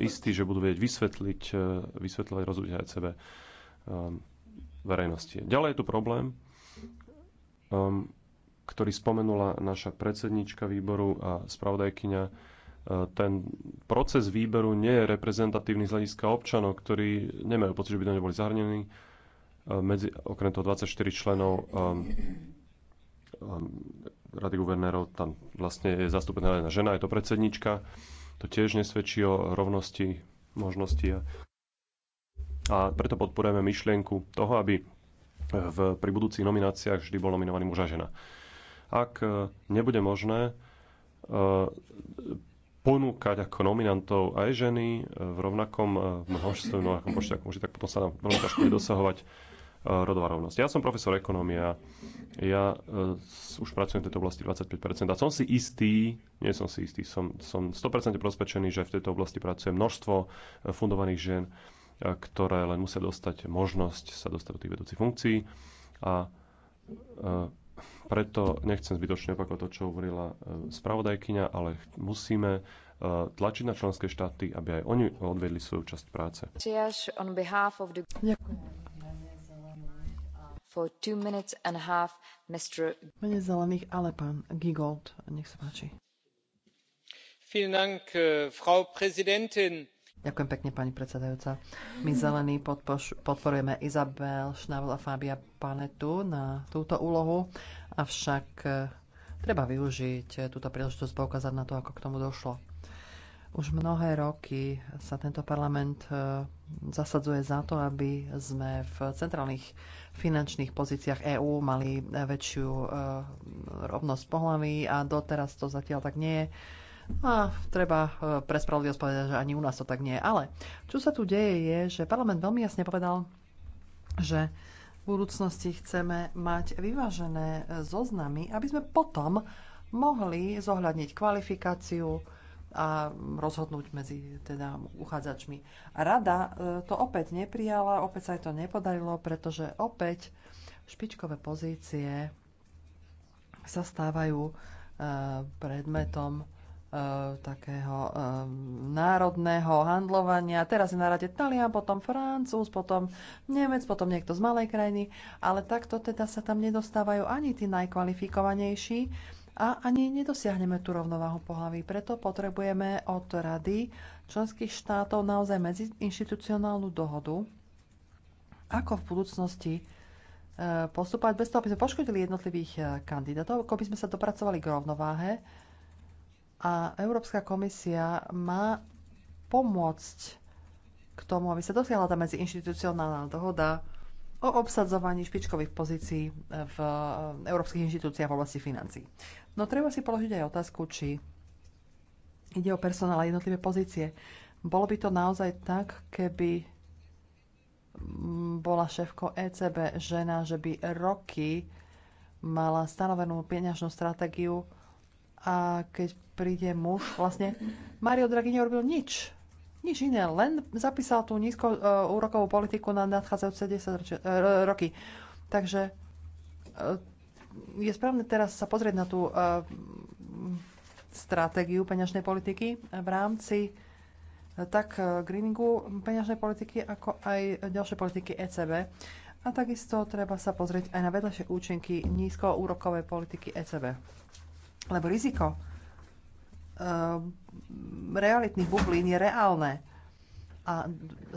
istí, že budú vedieť vysvetliť, e, vysvetľovať rozhodnutia sebe verejnosti. Ďalej je tu problém, ehm, ktorý spomenula naša predsednička výboru a spravodajkyňa, e, ten proces výberu nie je reprezentatívny z hľadiska občanov, ktorí nemajú pocit, že by do neboli zahrnení. E, medzi, okrem toho 24 členov um, um, Rady guvernérov, tam vlastne je zastúpená jedna žena, je to predsednička. To tiež nesvedčí o rovnosti možností. A preto podporujeme myšlienku toho, aby v, pri budúcich nomináciách vždy bol nominovaný muž a žena ak e, nebude možné e, ponúkať ako nominantov aj ženy e, v rovnakom množstve, no ako počte ako muži, tak potom sa nám veľmi ťažko bude dosahovať rodová rovnosť. Ja som profesor ekonomia, ja už pracujem v tejto oblasti 25% a som si istý, nie som si istý, som, som 100% prosvedčený, že v tejto oblasti pracuje množstvo fundovaných žien, ktoré len musia dostať možnosť sa dostať do tých vedúcich funkcií a preto nechcem zbytočne opakovať to, čo hovorila e, spravodajkyňa, ale musíme e, tlačiť na členské štáty, aby aj oni odvedli svoju časť práce. Mene zelených, ale pán Gigold, nech sa páči. Äh, Ďakujem pekne, pani predsedajúca. My zelení podporujeme Izabel Šnabel a Fábia Panetu na túto úlohu Avšak e, treba využiť e, túto príležitosť poukázať na to, ako k tomu došlo. Už mnohé roky sa tento parlament e, zasadzuje za to, aby sme v centrálnych finančných pozíciách EÚ mali väčšiu rovnosť pohlaví a doteraz to zatiaľ tak nie je. A treba pre spravodlivosť povedať, že ani u nás to tak nie je. Ale čo sa tu deje je, že parlament veľmi jasne povedal, že budúcnosti chceme mať vyvážené e, zoznamy, aby sme potom mohli zohľadniť kvalifikáciu a rozhodnúť medzi teda uchádzačmi. A rada e, to opäť neprijala, opäť sa aj to nepodarilo, pretože opäť špičkové pozície sa stávajú e, predmetom E, takého e, národného handlovania. Teraz je na rade Talian, potom Francúz, potom Nemec, potom niekto z malej krajiny, ale takto teda sa tam nedostávajú ani tí najkvalifikovanejší a ani nedosiahneme tú rovnováhu pohlaví. Preto potrebujeme od rady členských štátov naozaj medziinstitucionálnu dohodu, ako v budúcnosti e, postupovať bez toho, aby sme poškodili jednotlivých kandidátov, ako by sme sa dopracovali k rovnováhe, a Európska komisia má pomôcť k tomu, aby sa dosiahla tá medziinštitucionálna dohoda o obsadzovaní špičkových pozícií v e, európskych inštitúciách v oblasti financií. No treba si položiť aj otázku, či ide o personál a jednotlivé pozície. Bolo by to naozaj tak, keby mm, bola šéfko ECB žena, že by roky mala stanovenú peňažnú stratégiu a keď príde muž, vlastne Mario Draghi neurobil nič. Nič iné, len zapísal tú nízko uh, úrokovú politiku na nadchádzajúce 10 roč- uh, roky. Takže uh, je správne teraz sa pozrieť na tú uh, stratégiu peňažnej politiky v rámci e, tak greeningu peňažnej politiky, ako aj ďalšej politiky ECB. A takisto treba sa pozrieť aj na vedľajšie účinky nízkoúrokovej politiky ECB. Lebo riziko eh, realitných bublín je reálne. A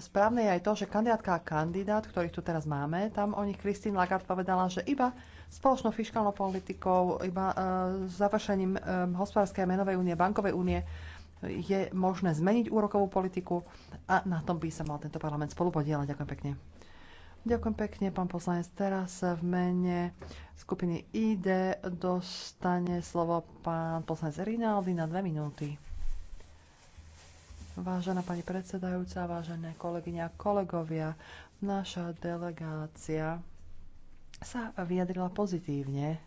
správne je aj to, že kandidátka a kandidát, ktorých tu teraz máme, tam o nich Christine Lagarde povedala, že iba spoločnou fiskálnou politikou, iba uh, završením um, hospodárskej menovej únie, bankovej únie je možné zmeniť úrokovú politiku a na tom by sa mal tento parlament spolupodielať. Ďakujem pekne. Ďakujem pekne, pán poslanec. Teraz v mene skupiny ID dostane slovo pán poslanec Rinaldi na dve minúty. Vážená pani predsedajúca, vážené kolegyne a kolegovia, naša delegácia sa vyjadrila pozitívne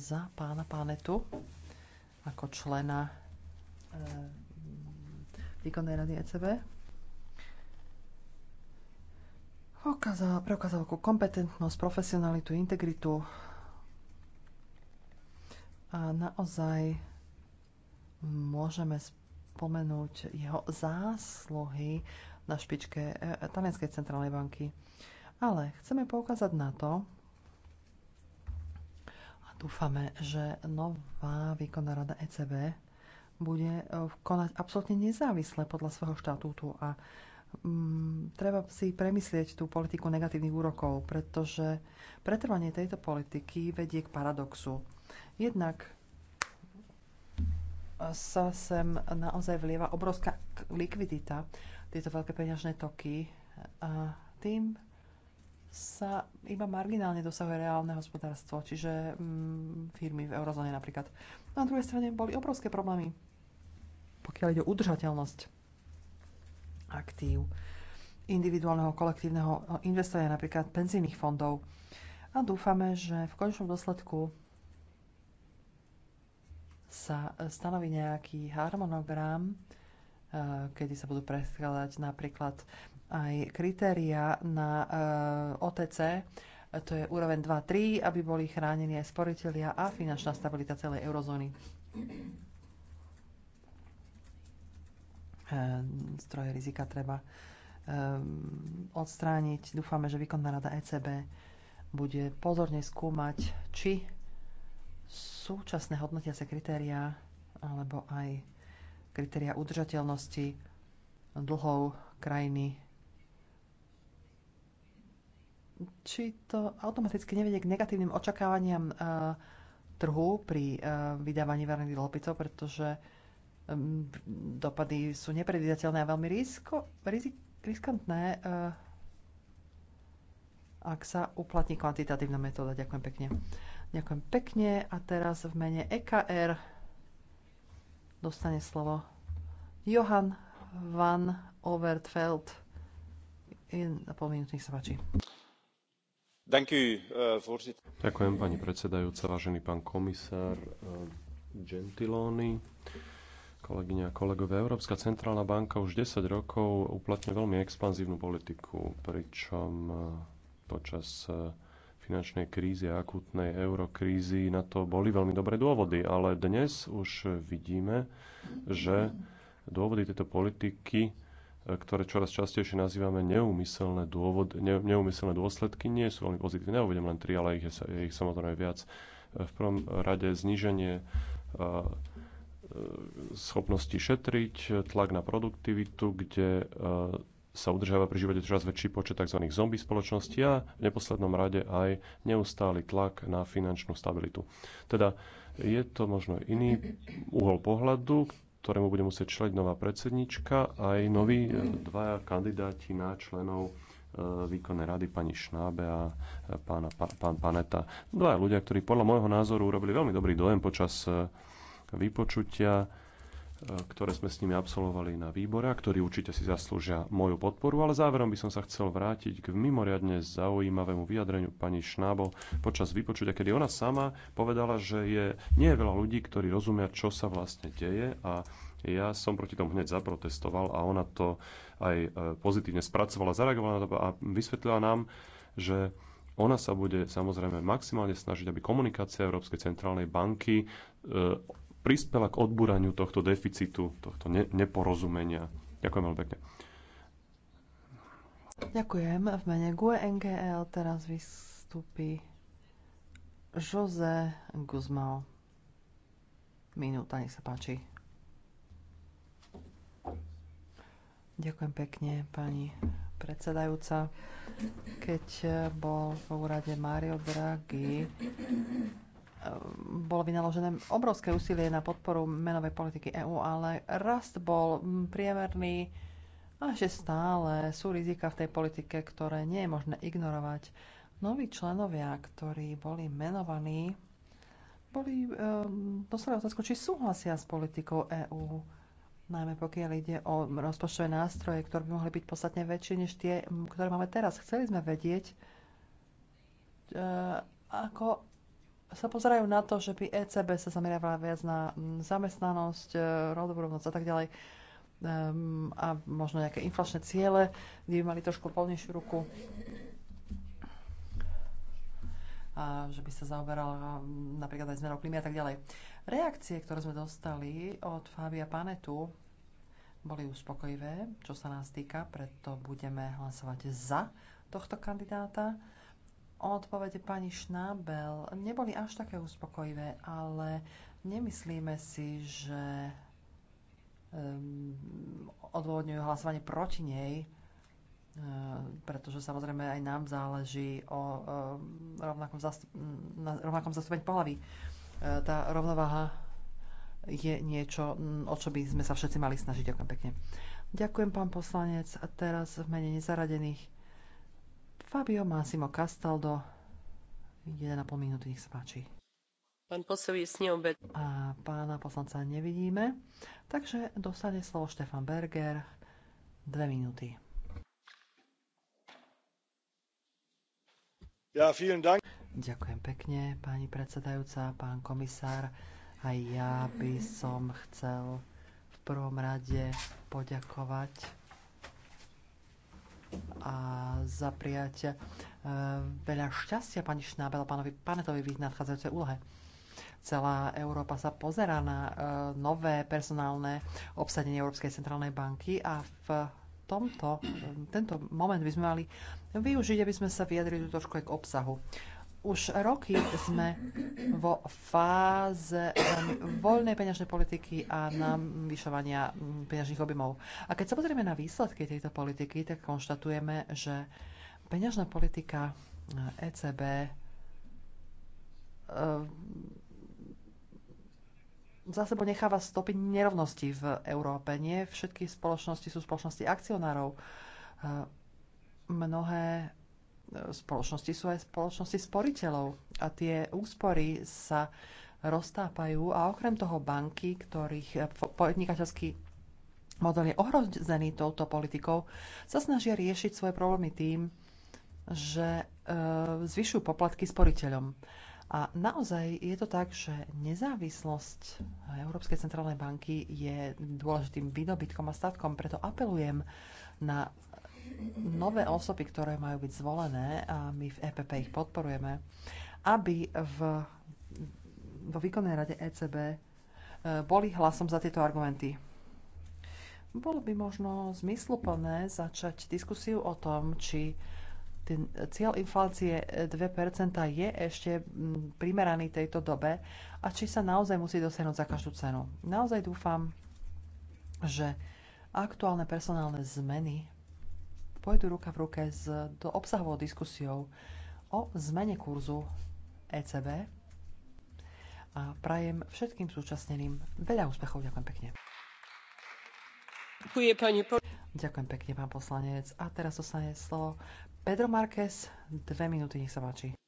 za pána Pánetu ako člena eh, výkonnej rady ECB Okázal, preukázala ako kompetentnosť, profesionalitu, integritu a naozaj môžeme spomenúť jeho zásluhy na špičke e, e, Talianskej centrálnej banky. Ale chceme poukázať na to, a dúfame, že nová výkonná rada ECB bude e, konať absolútne nezávisle podľa svojho štatútu a Mm, treba si premyslieť tú politiku negatívnych úrokov, pretože pretrvanie tejto politiky vedie k paradoxu. Jednak sa sem naozaj vlieva obrovská likvidita, tieto veľké peňažné toky a tým sa iba marginálne dosahuje reálne hospodárstvo, čiže mm, firmy v eurozóne napríklad. No na druhej strane boli obrovské problémy, pokiaľ ide o udržateľnosť aktív individuálneho kolektívneho investovania, napríklad penzijných fondov. A dúfame, že v konečnom dôsledku sa stanoví nejaký harmonogram, e, kedy sa budú preskladať napríklad aj kritéria na e, OTC, to je úroveň 2-3, aby boli chránení aj sporiteľia a finančná stabilita celej eurozóny. Eh, stroje rizika treba eh, odstrániť. Dúfame, že výkonná rada ECB bude pozorne skúmať, či súčasné hodnotiace kritériá alebo aj kritéria udržateľnosti dlhov krajiny či to automaticky nevedie k negatívnym očakávaniam eh, trhu pri vydávaní verejných dlhopisov, pretože dopady sú nepredvídateľné a veľmi risko, rizik, riskantné, eh, ak sa uplatní kvantitatívna metóda. Ďakujem pekne. Ďakujem pekne a teraz v mene EKR dostane slovo Johan van Overtveld. Na pol minút, nech sa páči. Eh, Ďakujem, pani predsedajúca, vážený pán komisár eh, Gentiloni kolegyne a kolegové, Európska centrálna banka už 10 rokov uplatňuje veľmi expanzívnu politiku, pričom e, počas e, finančnej krízy a akútnej eurokrízy na to boli veľmi dobré dôvody, ale dnes už vidíme, že dôvody tejto politiky, e, ktoré čoraz častejšie nazývame neumyselné, dôvod, ne, neumyselné dôsledky, nie sú veľmi pozitívne. Uvedem len tri, ale ich je, je ich samozrejme viac. V prvom rade zníženie uh, E, schopnosti šetriť, tlak na produktivitu, kde e, sa udržiava pri živote čoraz väčší počet tzv. zombie spoločností a v neposlednom rade aj neustály tlak na finančnú stabilitu. Teda je to možno iný uhol pohľadu, ktorému bude musieť čeliť nová predsednička aj noví e, dvaja kandidáti na členov výkonnej rady pani Šnábe a pána, pán Paneta. Dva ľudia, ktorí podľa môjho názoru urobili veľmi dobrý dojem počas vypočutia, e, ktoré sme s nimi absolvovali na výbore a ktorí určite si zaslúžia moju podporu. Ale záverom by som sa chcel vrátiť k mimoriadne zaujímavému vyjadreniu pani Šnábo počas vypočutia, kedy ona sama povedala, že je, nie je veľa ľudí, ktorí rozumia, čo sa vlastne deje a ja som proti tomu hneď zaprotestoval a ona to aj e, pozitívne spracovala, zareagovala na to a vysvetlila nám, že ona sa bude samozrejme maximálne snažiť, aby komunikácia Európskej centrálnej banky e, prispela k odbúraniu tohto deficitu, tohto ne- neporozumenia. Ďakujem veľmi pekne. Ďakujem. V mene GUE NGL e teraz vystúpi Jose Guzmao. Minúta, nech sa páči. Ďakujem pekne, pani predsedajúca. Keď bol v úrade Mario Draghi, bolo vynaložené obrovské úsilie na podporu menovej politiky EÚ, ale rast bol priemerný a že stále sú rizika v tej politike, ktoré nie je možné ignorovať. Noví členovia, ktorí boli menovaní, boli, um, eh, dostali otázku, či súhlasia s politikou EÚ, najmä pokiaľ ide o rozpočtové nástroje, ktoré by mohli byť podstatne väčšie než tie, ktoré máme teraz. Chceli sme vedieť, uh, ako sa pozerajú na to, že by ECB sa zameriavala viac na mm, zamestnanosť, e, rodovú rovnosť a tak ďalej a možno nejaké inflačné ciele, kde by mali trošku plnejšiu ruku a že by sa zaoberala mm, napríklad aj zmenou klímy a tak ďalej. Reakcie, ktoré sme dostali od Fabia Panetu, boli uspokojivé, čo sa nás týka, preto budeme hlasovať za tohto kandidáta odpovede pani Šnábel neboli až také uspokojivé, ale nemyslíme si, že um, odôvodňujú hlasovanie proti nej, e, pretože samozrejme aj nám záleží o e, rovnakom, zastup- na rovnakom e, Tá rovnováha je niečo, o čo by sme sa všetci mali snažiť. Ďakujem pekne. Ďakujem, pán poslanec. A teraz v mene nezaradených Fabio Massimo Castaldo, 1,5 minúty, nech sa páči. Pán posel je s A pána poslanca nevidíme, takže dostane slovo Štefan Berger, 2 minúty. Ja, vielen Dank. Ďakujem pekne, pani predsedajúca, pán komisár. A ja by som chcel v prvom rade poďakovať a zapriať e, veľa šťastia pani Šnábel a pánovi Panetovi v ich nadchádzajúcej úlohe. Celá Európa sa pozerá na e, nové personálne obsadenie Európskej centrálnej banky a v tomto, e, tento moment by sme mali využiť, aby sme sa vyjadrili trošku aj k obsahu. Už roky sme vo fáze voľnej peňažnej politiky a navyšovania mm, peňažných objemov. A keď sa pozrieme na výsledky tejto politiky, tak konštatujeme, že peňažná politika ECB eh, e eh, za sebou necháva stopy nerovnosti v Európe. Nie všetky spoločnosti sú spoločnosti akcionárov. Eh, mnohé spoločnosti sú aj spoločnosti sporiteľov a tie úspory sa roztápajú a okrem toho banky, ktorých podnikateľský model je ohrozený touto politikou, sa snažia riešiť svoje problémy tým, že e, zvyšujú poplatky sporiteľom. A naozaj je to tak, že nezávislosť Európskej centrálnej banky je dôležitým výdobytkom a statkom, preto apelujem na nové osoby, ktoré majú byť zvolené, a my v EPP ich podporujeme, aby v, vo výkonnej rade ECB e, boli hlasom za tieto argumenty. Bolo by možno zmysluplné začať diskusiu o tom, či ten cieľ inflácie 2% je ešte primeraný tejto dobe a či sa naozaj musí dosiahnuť za každú cenu. Naozaj dúfam, že aktuálne personálne zmeny pôjdu ruka v ruke s do obsahovou diskusiou o zmene kurzu ECB a prajem všetkým súčasneným veľa úspechov. Ďakujem pekne. Ďakujem pekne, pán poslanec. A teraz dostane slovo Pedro Marquez. Dve minúty, nech sa páči.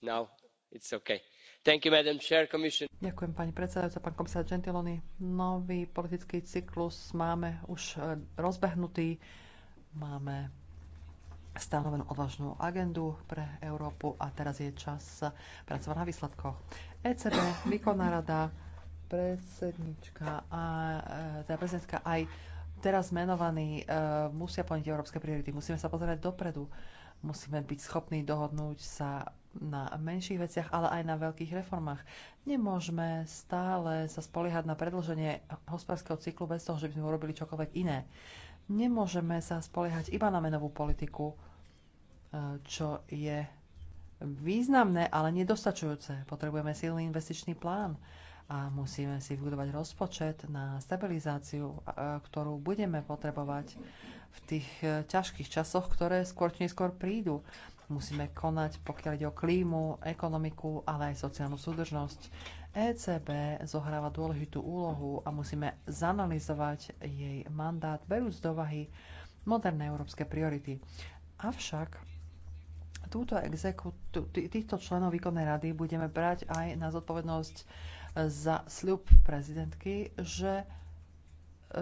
Ďakujem, pani predsedajúca, pán komisár Gentiloni. Nový politický cyklus máme už e, rozbehnutý. Máme stanovenú odvážnu agendu pre Európu a teraz je čas pracovať na výsledkoch. ECB, výkonná rada, predsednička a e, teda prezidentka aj teraz menovaní e, musia plniť európske priority. Musíme sa pozerať dopredu. Musíme byť schopní dohodnúť sa na menších veciach, ale aj na veľkých reformách. Nemôžeme stále sa spoliehať na predlženie hospodárskeho cyklu bez toho, že by sme urobili čokoľvek iné. Nemôžeme sa spoliehať iba na menovú politiku, e, čo je významné, ale nedostačujúce. Potrebujeme silný investičný plán a musíme si vybudovať rozpočet na stabilizáciu, e, ktorú budeme potrebovať v tých e, ťažkých časoch, ktoré skôr či neskôr prídu. Musíme konať, pokiaľ ide o klímu, ekonomiku, ale aj sociálnu súdržnosť. ECB zohráva dôležitú úlohu a musíme zanalizovať jej mandát, berúc do vahy moderné európske priority. Avšak túto exekutu, týchto členov výkonnej rady budeme brať aj na zodpovednosť za sľub prezidentky, že E,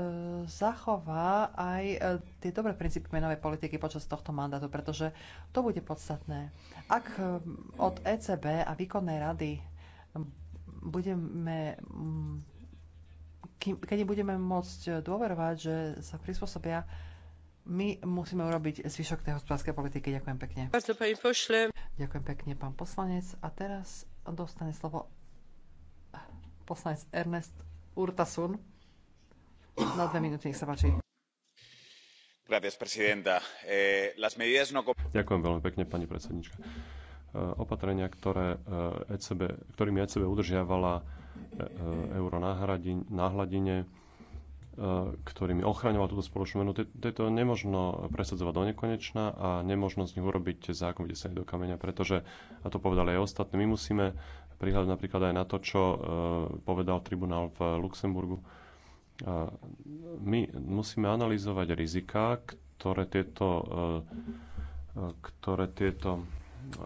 zachová aj e, tie dobré princípy menovej politiky počas tohto mandátu, pretože to bude podstatné. Ak e, od ECB a výkonnej rady budeme keď budeme môcť dôverovať, že sa prispôsobia, my musíme urobiť zvyšok tej hospodárskej politiky. Ďakujem pekne. Ďakujem pekne, pán poslanec. A teraz dostane slovo poslanec Ernest Urtasun. Eh, no Ďakujem veľmi pekne, pani predsednička. Eh, opatrenia, ktoré eh, ECB, ktorými ECB udržiavala euro na, hladine, ktorými ochraňovala túto spoločnú menu, tieto nemožno presadzovať do nekonečna a nemožno z nich urobiť zákon, kde sa do kameňa, pretože, a to povedali aj ostatní, my musíme prihľadať napríklad aj na to, čo povedal tribunál v Luxemburgu, my musíme analyzovať rizika, ktoré tieto, e, e, ktoré tieto e,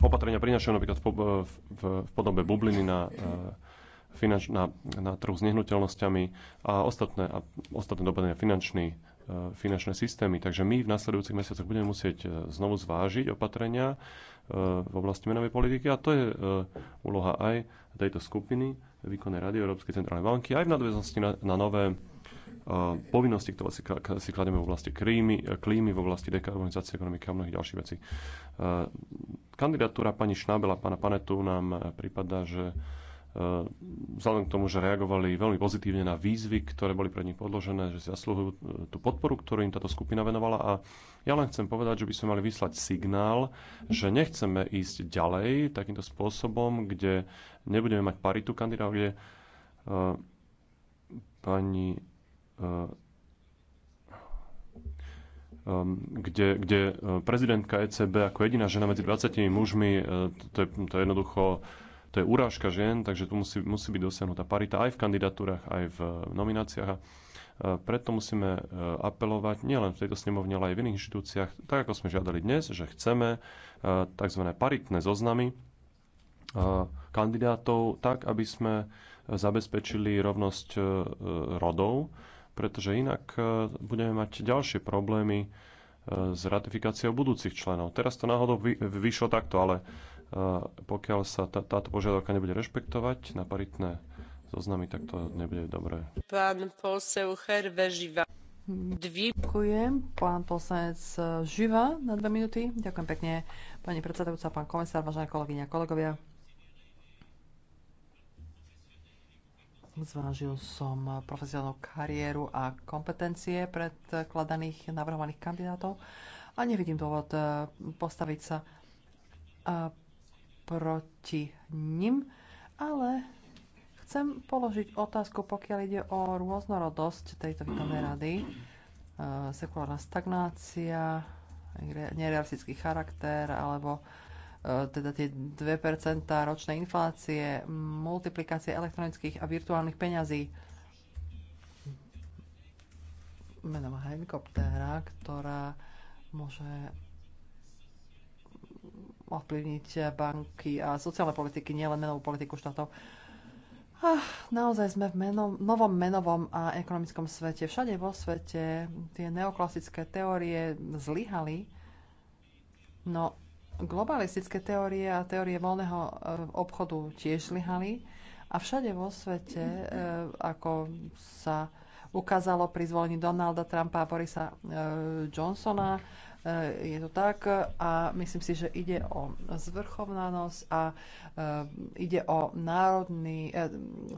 opatrenia prinašajú napríklad v podobe bubliny na, finanč, na, na trhu s nehnuteľnosťami a ostatné, a ostatné dopadenia finančný, finančné systémy. Takže my v nasledujúcich mesiacoch budeme musieť znovu zvážiť opatrenia v oblasti menovej politiky a to je úloha aj tejto skupiny výkonnej rady Európskej centrálnej banky aj v nadväznosti na, na nové e, povinnosti, ktoré si, si klademe v oblasti klímy, e, klímy, v oblasti dekarbonizácie ekonomiky a mnohých ďalších vecí. E, kandidatúra pani Šnábela a pána Panetu nám prípada, že Eh, vzhľadom k tomu, že reagovali veľmi pozitívne na výzvy, ktoré boli pred nich podložené, že si zaslúhujú eh, tú podporu, ktorú im táto skupina venovala. A ja len chcem povedať, že by sme mali vyslať signál, že nechceme ísť ďalej takýmto spôsobom, kde nebudeme mať paritu kandidátov, kde uh, eh, pani uh, kde, kde prezidentka ECB ako jediná žena medzi 20 mužmi, to je, to je jednoducho to je urážka žien, takže tu musí, musí byť dosiahnutá parita aj v kandidatúrach, aj v eh, nomináciách. A eh, preto musíme eh, apelovať nielen v tejto snemovne, ale aj v iných inštitúciách, tak ako sme žiadali dnes, že chceme tzv. paritné zoznamy kandidátov, tak aby sme zabezpečili rovnosť rodov, pretože inak budeme mať ďalšie problémy s ratifikáciou budúcich členov. Teraz to náhodou vyšlo takto, ale pokiaľ sa tá, táto požiadavka nebude rešpektovať na paritné zoznamy, tak to nebude dobré. Pán posel Herveživa. Ďakujem. Pán poslanec e, Živa na dve minúty. Ďakujem pekne. Pani predsedajúca, pán komisár, vážené kolegyne a kolegovia. Zvážil som profesionálnu kariéru a kompetencie predkladaných navrhovaných kandidátov a nevidím dôvod e, postaviť sa proti nim, ale chcem položiť otázku, pokiaľ ide o rôznorodosť tejto výkonnej rady, e, sekulárna stagnácia, nerealistický charakter alebo e, teda tie 2% ročnej inflácie, multiplikácie elektronických a virtuálnych peňazí, menom helikoptéra, ktorá môže ovplyvniť banky a sociálne politiky, nielen menovú politiku štátov. Ah, naozaj sme v meno, novom menovom a ekonomickom svete. Všade vo svete tie neoklasické teórie zlyhali. No, globalistické teórie a teórie voľného e, obchodu tiež zlyhali. A všade vo svete, e, ako sa ukázalo pri zvolení Donalda Trumpa a Borisa e, Johnsona, Eh, je to tak a myslím si, že ide o zvrchovnanosť a eh, ide o národný, eh,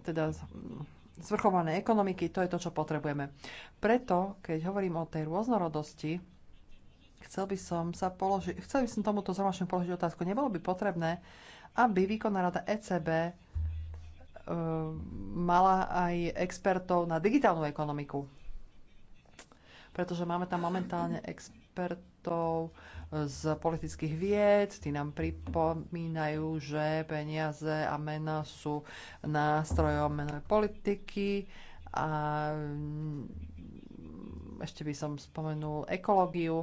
teda zvrchované ekonomiky, to je to, čo potrebujeme. Preto, keď hovorím o tej rôznorodosti, chcel by som, sa položi- chcel by som tomuto zhromaždeniu položiť otázku. Nebolo by potrebné, aby výkonná rada ECB e, mala aj expertov na digitálnu ekonomiku. Pretože máme tam momentálne expertov expertov eh, z politických vied. Tí nám pripomínajú, že peniaze a mena sú nástrojom menovej politiky a mm, ešte by som spomenul ekológiu.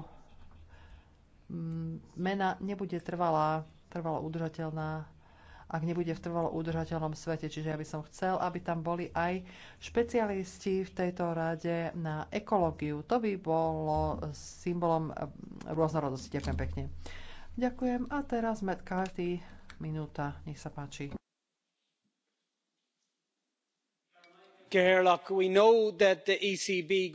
Mm, mena nebude trvalá, trvalo udržateľná ak nebude v trvalo udržateľnom svete. Čiže ja by som chcel, aby tam boli aj špecialisti v tejto rade na ekológiu. To by bolo symbolom rôznorodosti. Ďakujem pekne. Ďakujem. A teraz Matt Carty, minúta, nech sa páči. ECB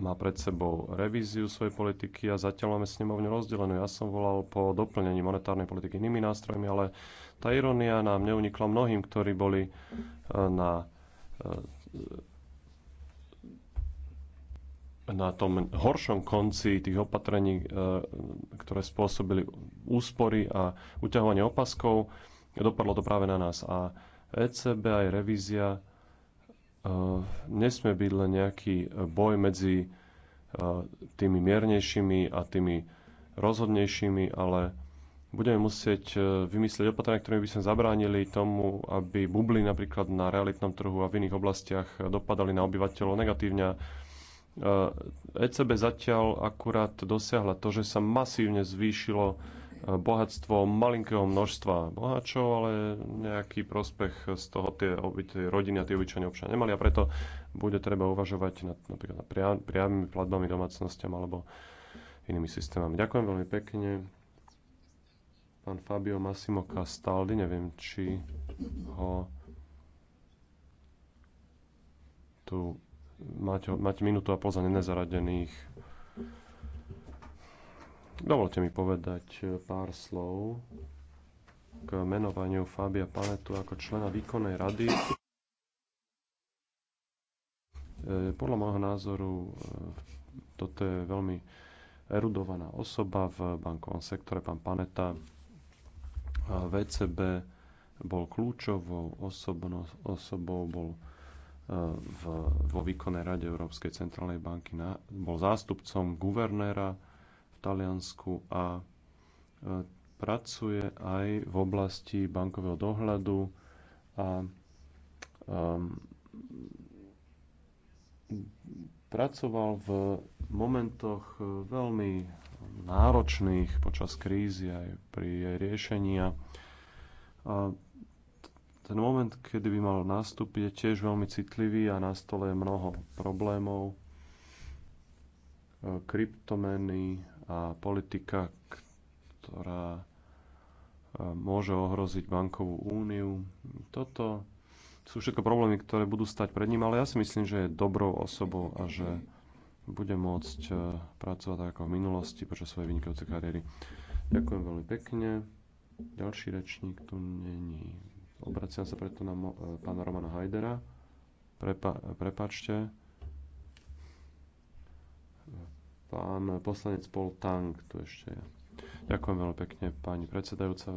má pred sebou revíziu svojej politiky a zatiaľ máme snemovňu rozdelenú. Ja som volal po doplnení monetárnej politiky inými nástrojmi, ale tá ironia nám neunikla mnohým, ktorí boli e, na, e, na tom horšom konci tých opatrení, e, ktoré spôsobili úspory a uťahovanie opaskov. Dopadlo to práve na nás. A ECB aj revízia nesmie byť len nejaký boj medzi tými miernejšími a tými rozhodnejšími, ale budeme musieť e, vymyslieť opatrenia, ktorými by sme zabránili tomu, aby bubly napríklad na realitnom trhu a v iných oblastiach dopadali na obyvateľov negatívne. ECB zatiaľ akurát dosiahla to, že sa masívne zvýšilo bohatstvo malinkého množstva boháčov, ale nejaký prospech z toho tie, tie rodiny a tie obyčajní občania nemali a preto bude treba uvažovať nad, napríklad nad priamými platbami domácnostiam alebo inými systémami. Ďakujem veľmi pekne. Pán Fabio Massimo Castaldi, neviem, či ho tu máte, máte minútu a pol nezaradených. Dovolte mi povedať eh, pár slov k menovaniu Fabia Paletu ako člena výkonnej rady. Eh, podľa môjho názoru eh, toto je veľmi erudovaná osoba v bankovom sektore. Pán Paneta VCB bol kľúčovou osobno, osobou, bol v, vo výkonnej rade Európskej centrálnej banky, na, bol zástupcom guvernéra Taliansku a e, pracuje aj v oblasti bankového dohľadu a um, pracoval v momentoch e, veľmi náročných počas krízy aj pri jej riešení a ten moment, kedy by mal nastúpiť, je tiež veľmi citlivý a na stole je mnoho problémov, kryptomeny, a politika, ktorá e, môže ohroziť bankovú úniu. Toto sú všetko problémy, ktoré budú stať pred ním, ale ja si myslím, že je dobrou osobou a že bude môcť e, pracovať ako v minulosti počas svojej vynikajúcej kariéry. Ďakujem veľmi pekne. Ďalší rečník tu není. Obraciam sa preto na e, pána Romana Hajdera. Prepa- prepačte. Pán poslanec Paul Tang, tu ešte je. Ďakujem veľmi pekne, pani predsedajúca.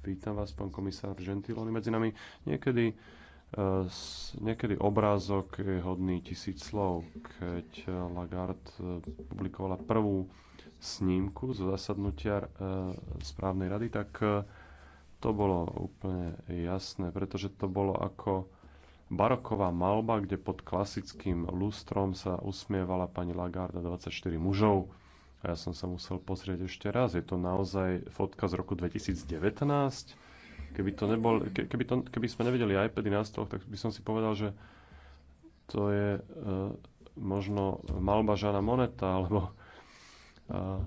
Vítam vás, pán komisár Gentiloni, medzi nami. Niekedy, eh, niekedy obrázok je hodný tisíc slov. Keď eh, Lagarde eh, publikovala prvú snímku zo zasadnutia správnej rady, tak to bolo úplne jasné, pretože to bolo ako baroková malba, kde pod klasickým lustrom sa usmievala pani Lagarda 24 mužov. A ja som sa musel pozrieť ešte raz. Je to naozaj fotka z roku 2019. Keby, to nebol, ke, keby, to, keby sme nevedeli iPady na stoloch, tak by som si povedal, že to je uh, možno malba Žana Moneta, alebo uh,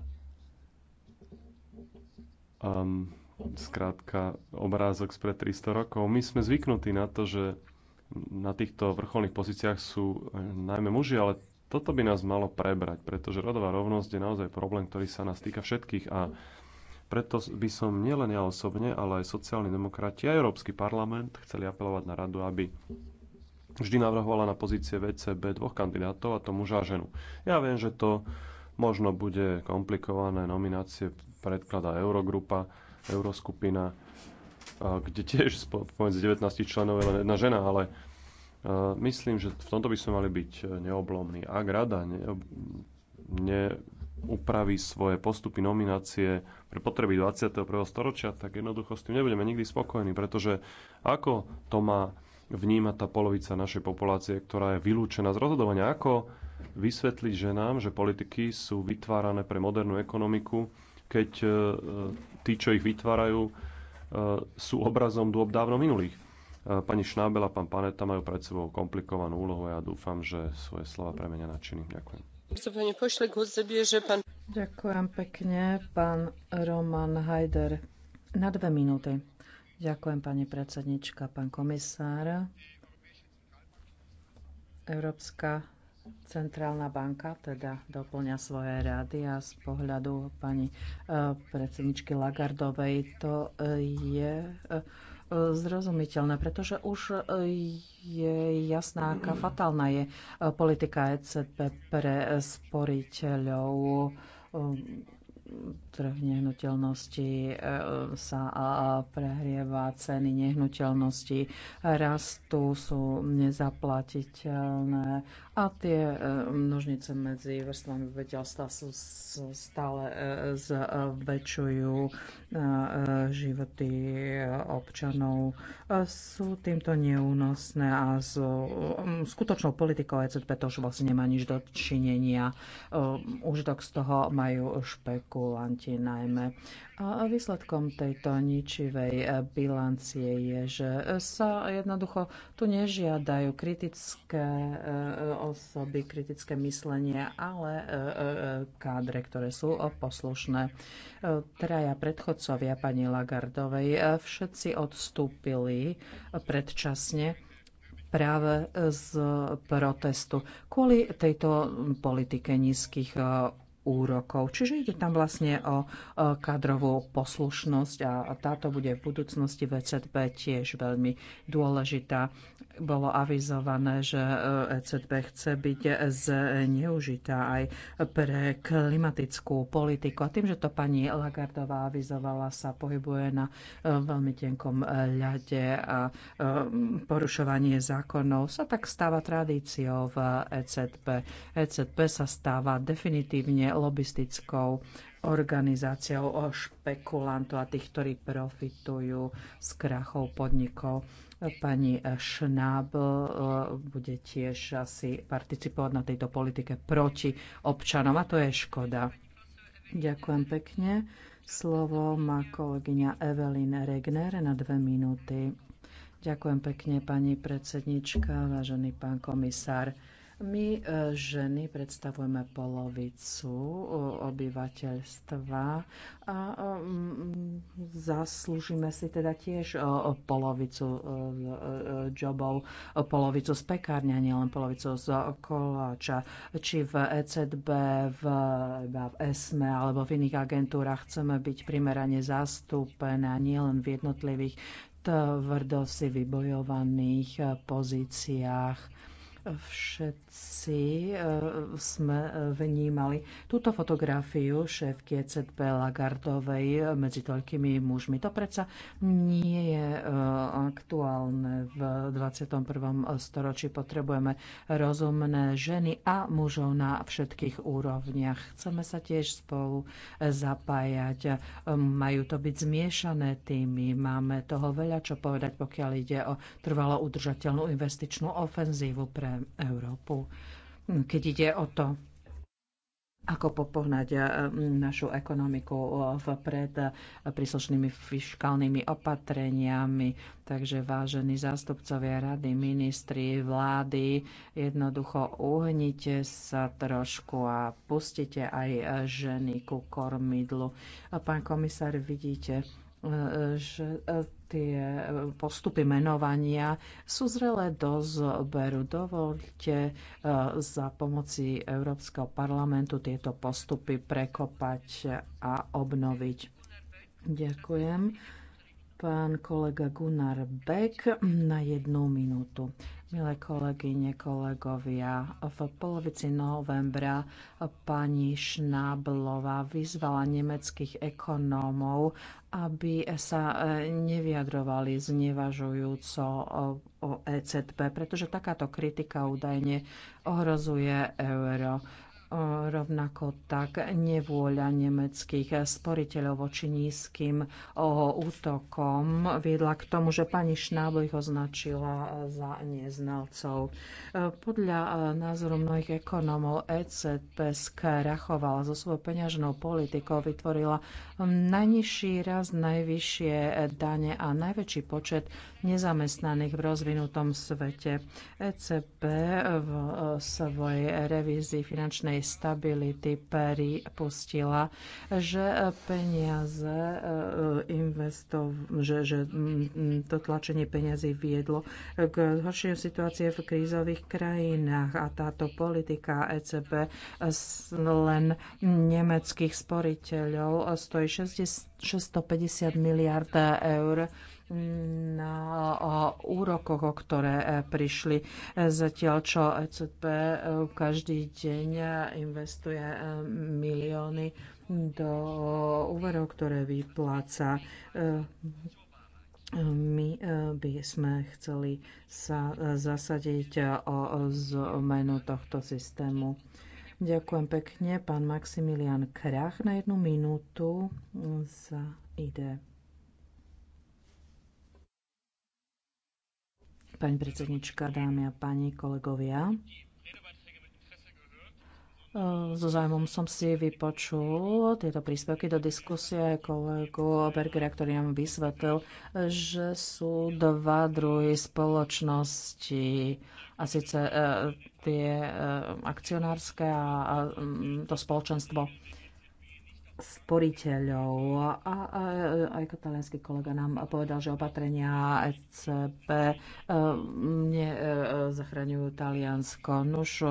e, um, e, zkrátka obrázok spred 300 rokov. My sme zvyknutí na to, že na týchto vrcholných pozíciách sú eh, najmä muži, ale toto by nás malo prebrať, pretože rodová rovnosť je naozaj problém, ktorý sa nás týka všetkých a preto by som nielen ja osobne, ale aj sociálni demokrati a Európsky parlament chceli apelovať na radu, aby vždy navrhovala na pozície VCB dvoch kandidátov, a to muža a ženu. Ja viem, že to možno bude komplikované, nominácie predkladá Eurogrupa, Euroskupina, kde tiež z 19 členov je len jedna žena, ale e, myslím, že v tomto by sme mali byť e, neoblomní. Ak rada neupraví svoje postupy nominácie pre potreby 21. storočia, tak jednoducho s tým nebudeme nikdy spokojní, pretože ako to má vnímať tá polovica našej populácie, ktorá je vylúčená z rozhodovania. Ako vysvetliť ženám, že politiky sú vytvárané pre modernú ekonomiku, keď e, tí, čo ich vytvárajú, E, sú obrazom dôb dávno minulých. E, pani Šnábel a pán Paneta majú pred sebou komplikovanú úlohu a ja dúfam, že svoje slova premenia na činy. Ďakujem. Ďakujem pekne, pán Roman Hajder. Na dve minúty. Ďakujem, pani predsednička, pán komisár. Európska Centrálna banka teda doplňa svoje rady a z pohľadu pani e, predsedničky Lagardovej to e, je e, zrozumiteľné, pretože už je jasná, aká fatálna je politika ECB pre sporiteľov trh nehnuteľnosti sa prehrieva, ceny nehnuteľnosti rastú, sú nezaplatiteľné a tie e, množnice medzi vrstvami obyvateľstva sa stále e, zväčšujú e, životy občanov. Sú týmto neúnosné a s skutočnou politikou ECB to už vlastne nemá nič do činenia. Užitok z toho majú špekulanti najmä. A výsledkom tejto ničivej eh, bilancie je, že sa jednoducho tu nežiadajú kritické eh, osoby, kritické myslenie, ale eh, kádre, ktoré sú poslušné. Traja predchodcovia pani Lagardovej všetci odstúpili predčasne práve z protestu kvôli tejto politike nízkych úrokov. Čiže ide tam vlastne o kadrovú poslušnosť a táto bude v budúcnosti VCB tiež veľmi dôležitá. Bolo avizované, že ECB e chce byť zneužitá aj pre klimatickú politiku. A tým, že to pani Lagardová avizovala, sa pohybuje na e, veľmi tenkom ľade a e, porušovanie zákonov sa tak stáva tradíciou v ECB. ECB sa stáva definitívne lobistickou organizáciou o špekulantov a tých, ktorí profitujú z krachov podnikov. Pani Šnáb e, bude tiež asi participovať na tejto politike proti občanom a to je škoda. Ďakujem pekne. Slovo má kolegyňa Evelyn Regner na dve minúty. Ďakujem pekne, pani predsednička, vážený pán komisár. My e, ženy predstavujeme polovicu e, obyvateľstva a e, zaslúžime si teda tiež polovicu jobov, polovicu z pekárne, nielen polovicu z koláča. Či v ECB, v, v ESME alebo v iných agentúrach chceme byť primerane zastúpené a nielen v jednotlivých tvrdosti vybojovaných pozíciách všetci e, sme vnímali túto fotografiu šéfky ECB Lagardovej medzi toľkými mužmi. To predsa nie je e, aktuálne v 21. storočí. Potrebujeme rozumné ženy a mužov na všetkých úrovniach. Chceme sa tiež spolu e, zapájať. Majú to byť zmiešané týmy. Máme toho veľa čo povedať, pokiaľ ide o trvalo udržateľnú investičnú ofenzívu pre Európu, hm, keď ide o to, ako popohnať eh, našu ekonomiku eh, vpred eh, príslušnými fiskálnymi opatreniami. Takže vážení zástupcovia rady, ministri, vlády, jednoducho uhnite sa trošku a pustite aj ženy ku kormidlu. Pán komisár, vidíte, že tie eh, postupy menovania sú zrelé do zberu. Dovolte eh, za pomoci Európskeho parlamentu tieto postupy prekopať a obnoviť. Ďakujem. Pán kolega Gunnar Beck na jednu minútu. Milé kolegyne, kolegovia, v polovici novembra pani Šnáblová vyzvala nemeckých ekonómov, aby sa e, nevyjadrovali znevažujúco o ECB, pretože takáto kritika údajne ohrozuje euro. Rovnako tak nevôľa nemeckých sporiteľov voči nízkym útokom viedla k tomu, že pani Šnábo ich označila za neznalcov. Podľa názoru mnohých ekonomov ECB skrachovala so svojou peňažnou politikou, vytvorila najnižší raz, najvyššie dane a najväčší počet nezamestnaných v rozvinutom svete. ECB v e, svojej revízii finančnej stability pripustila, že e, peniaze e, investov, že, že to tlačenie peniazy viedlo k horšej situácie v krízových krajinách a táto politika ECB len nemeckých sporiteľov stojí 650 miliard eur na úrokoch, o ktoré e, prišli. E, zatiaľ, čo ECB e, každý deň investuje milióny do úverov, ktoré vypláca. My by sme chceli sa zasadiť o zmenu tohto systému. Ďakujem pekne, pán Maximilian Krach, na jednu minútu za ide. Pani predsednička, dámy a páni kolegovia, e, so zájmom som si vypočul tieto príspevky do diskusie kolegu Bergera, ktorý nám vysvetlil, že sú dva druhy spoločnosti a síce e, tie e, akcionárske a to spoločenstvo sporiteľov. A aj katalánsky kolega nám povedal, že opatrenia ECB e, nezachraňujú e, Taliansko. Nuž, e,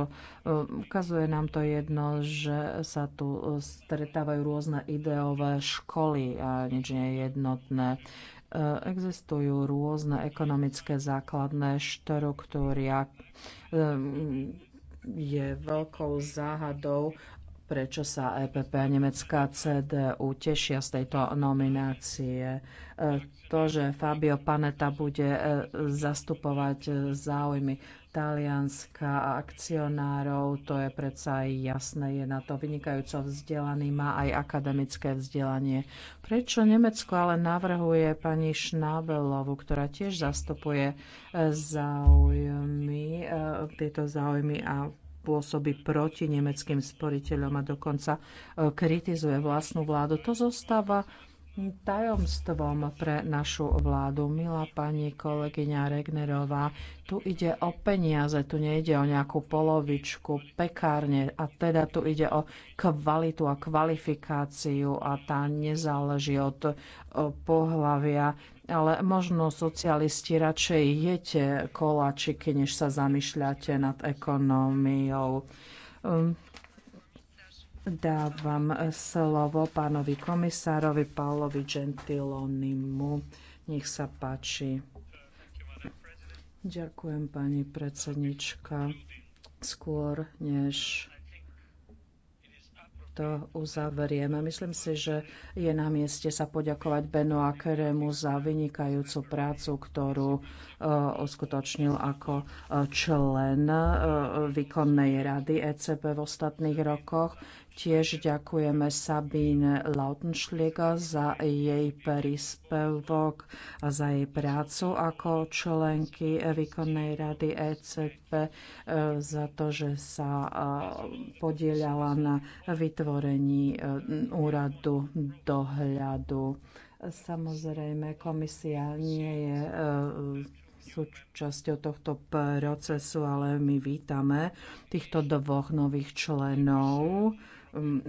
ukazuje nám to jedno, že sa tu stretávajú rôzne ideové školy a nič nie je jednotné existujú rôzne ekonomické základné štruktúry, je veľkou záhadou, prečo sa EPP a nemecká CDU tešia z tejto nominácie. E, to, že Fabio Panetta bude e, zastupovať e, záujmy Talianska a akcionárov, to je predsa aj jasné, je na to vynikajúco vzdelaný, má aj akademické vzdelanie. Prečo Nemecko ale navrhuje pani Šnábelovu, ktorá tiež zastupuje záujmy, tieto záujmy a pôsobí proti nemeckým sporiteľom a dokonca e, kritizuje vlastnú vládu. To zostáva tajomstvom pre našu vládu. Milá pani kolegyňa Regnerová, tu ide o peniaze, tu nejde o nejakú polovičku, pekárne a teda tu ide o kvalitu a kvalifikáciu a tá nezáleží od e, pohlavia ale možno socialisti radšej jete koláčiky, než sa zamýšľate nad ekonómiou. Um, dávam slovo pánovi komisárovi Paolovi Gentilonimu. Nech sa páči. Ďakujem, pani predsednička. Skôr než to uzavriem. Myslím si, že je na mieste sa poďakovať Benu a Keremu za vynikajúcu prácu, ktorú e, uskutočnil ako e, člen e, výkonnej rady ECB v ostatných rokoch. Tiež ďakujeme Sabine Lautenschläger za jej príspevok a za jej prácu ako členky výkonnej rady ECP e, za to, že sa e, podielala na vytvorení e, úradu dohľadu. Samozrejme, komisia nie je súčasťou tohto procesu, ale my vítame týchto dvoch nových členov Um,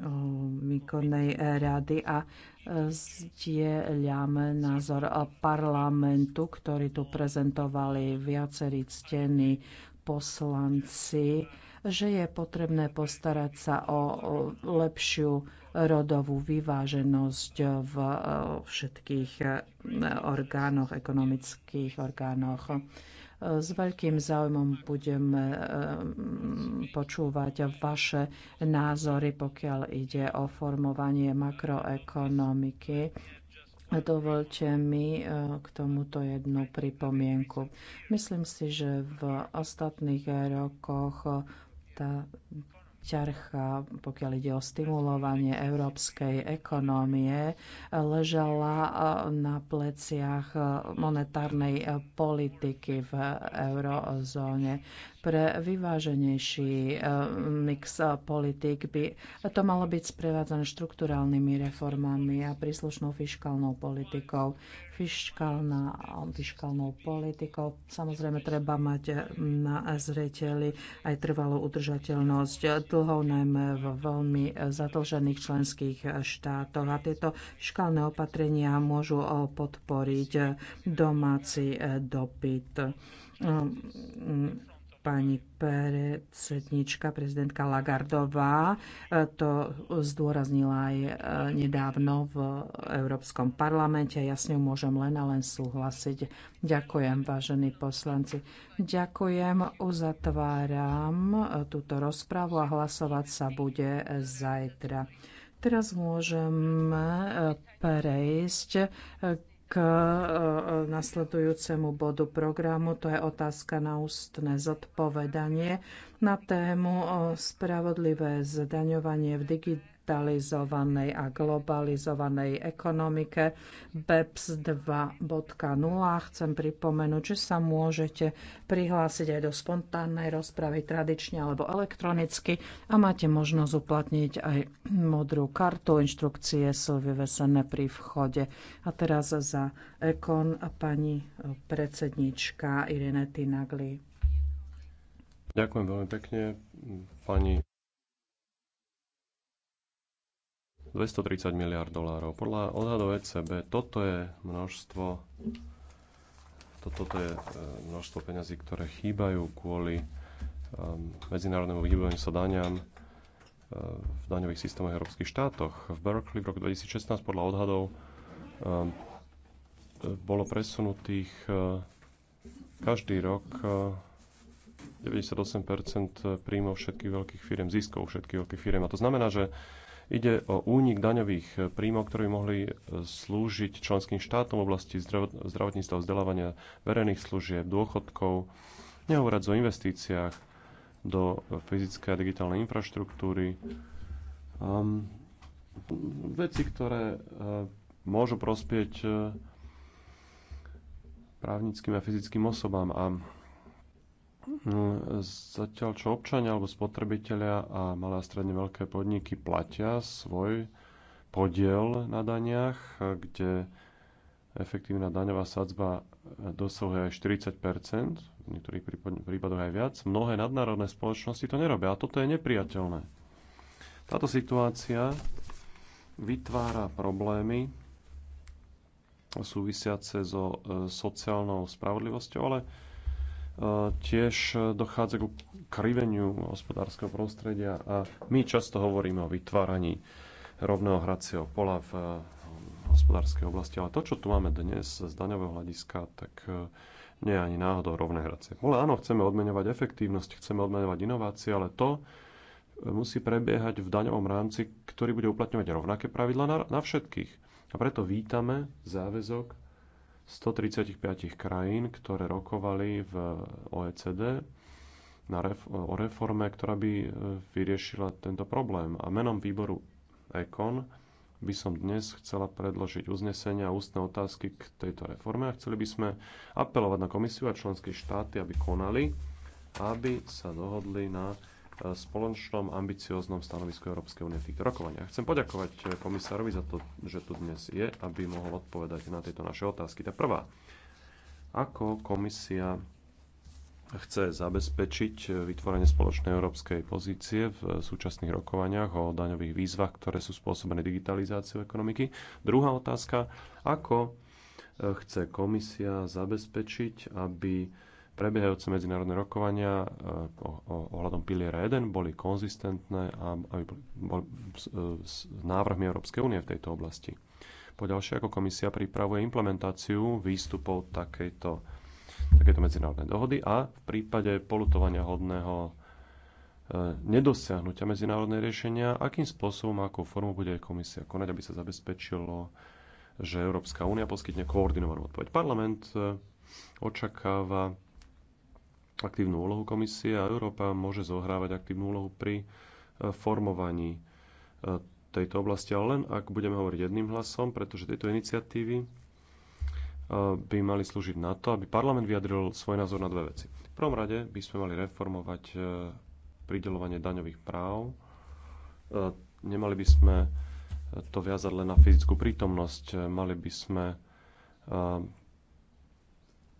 um, výkonnej eh, rady a zdieľame eh, názor eh, parlamentu, ktorý tu prezentovali viacerí ctení poslanci, že je potrebné postarať sa o lepšiu rodovú vyváženosť v všetkých orgánoch, ekonomických orgánoch. S veľkým záujmom budeme počúvať vaše názory, pokiaľ ide o formovanie makroekonomiky. Dovolte mi e, k tomuto jednu pripomienku. Myslím si, že v ostatných rokoch tá ťarcha, pokiaľ ide o stimulovanie európskej ekonomie, ležala na pleciach monetárnej politiky v eurozóne pre vyváženejší e, mix e, politik by to malo byť sprevádzané štruktúrálnymi reformami a príslušnou fiskálnou politikou. Fiskálna, fiskálnou politikou samozrejme treba mať na zreteli aj trvalú udržateľnosť dlhov najmä v veľmi zadlžených členských štátoch. A tieto fiskálne opatrenia môžu e, podporiť domáci dopyt pani predsednička, prezidentka Lagardová e, to zdôraznila aj e, nedávno v Európskom parlamente. Ja s ňou môžem len a len súhlasiť. Ďakujem, vážení poslanci. Ďakujem, uzatváram e, túto rozprávu a hlasovať sa bude zajtra. Teraz môžeme prejsť k k e, e, nasledujúcemu bodu programu. To je otázka na ústne zodpovedanie na tému spravodlivé zdaňovanie v digitálnej digitalizovanej a globalizovanej ekonomike BEPS 2.0. Chcem pripomenúť, že sa môžete prihlásiť aj do spontánnej rozpravy tradične alebo elektronicky a máte možnosť uplatniť aj modrú kartu. Inštrukcie sú vyvesené pri vchode. A teraz za ekon a pani predsednička Irene Tinagli. Ďakujem veľmi pekne, pani 230 miliard dolárov. Podľa odhadov ECB toto je množstvo toto je e, množstvo peňazí, ktoré chýbajú kvôli ehm, medzinárodnému vyhýbaniu sa daňam e, v daňových systémoch európskych štátoch. V Berkeley v roku 2016 podľa odhadov ehm, e, bolo presunutých každý rok 98 príjmov všetkých veľkých firiem, ziskov všetkých veľkých firiem. A to znamená, že Ide o únik daňových príjmov, ktoré by mohli e, slúžiť členským štátom v oblasti zdravotníctva, vzdelávania, verejných služieb, dôchodkov, nehovoriac o investíciách do fyzické a digitálnej infraštruktúry. Um, veci, ktoré uh, môžu prospieť uh, právnickým a fyzickým osobám. A No, zatiaľ, čo občania alebo spotrebitelia a malé a stredne veľké podniky platia svoj podiel na daniach, kde efektívna daňová sadzba dosahuje aj 40 v niektorých prípadoch aj viac. Mnohé nadnárodné spoločnosti to nerobia a toto je nepriateľné. Táto situácia vytvára problémy súvisiace so e, sociálnou spravodlivosťou, ale E, tiež e, dochádza k kriveniu hospodárskeho prostredia a my často hovoríme o vytváraní rovného hracieho pola v e, hospodárskej oblasti, ale to, čo tu máme dnes z daňového hľadiska, tak nie je ani náhodou rovné hracie pole. Áno, chceme odmeňovať efektívnosť, chceme odmeňovať inovácie, ale to musí prebiehať v daňovom rámci, ktorý bude uplatňovať rovnaké pravidla na, na všetkých. A preto vítame záväzok 135 krajín, ktoré rokovali v OECD na ref- o reforme, ktorá by e, vyriešila tento problém. A menom výboru ECON by som dnes chcela predložiť uznesenia a ústne otázky k tejto reforme a chceli by sme apelovať na komisiu a členské štáty, aby konali, aby sa dohodli na spoločnom ambicióznom stanovisku Európskej únie v týchto rokovaniach. Chcem poďakovať eh, komisárovi za to, že tu dnes je, aby mohol odpovedať na tieto naše otázky. Tá prvá. Ako komisia chce zabezpečiť eh, vytvorenie spoločnej európskej pozície v eh, súčasných rokovaniach o daňových výzvach, ktoré sú spôsobené digitalizáciou ekonomiky. Druhá otázka, ako chce komisia zabezpečiť, aby Prebiehajúce medzinárodné rokovania e, ohľadom piliera 1 boli konzistentné a aby boli s, e, s návrhmi Európskej únie v tejto oblasti. Po ďalšie, ako komisia pripravuje implementáciu výstupov takejto, takejto medzinárodnej dohody a v prípade polutovania hodného e, nedosiahnutia medzinárodné riešenia, akým spôsobom a formu bude aj komisia konať, aby sa zabezpečilo, že Európska únia poskytne koordinovanú odpoveď. Parlament očakáva aktívnu úlohu komisie a Európa môže zohrávať aktívnu úlohu pri e, formovaní e, tejto oblasti, ale len ak budeme hovoriť jedným hlasom, pretože tieto iniciatívy e, by mali slúžiť na to, aby parlament vyjadril svoj názor na dve veci. V prvom rade by sme mali reformovať pridelovanie daňových práv. Nemali by sme to viazať len na fyzickú prítomnosť, mali by sme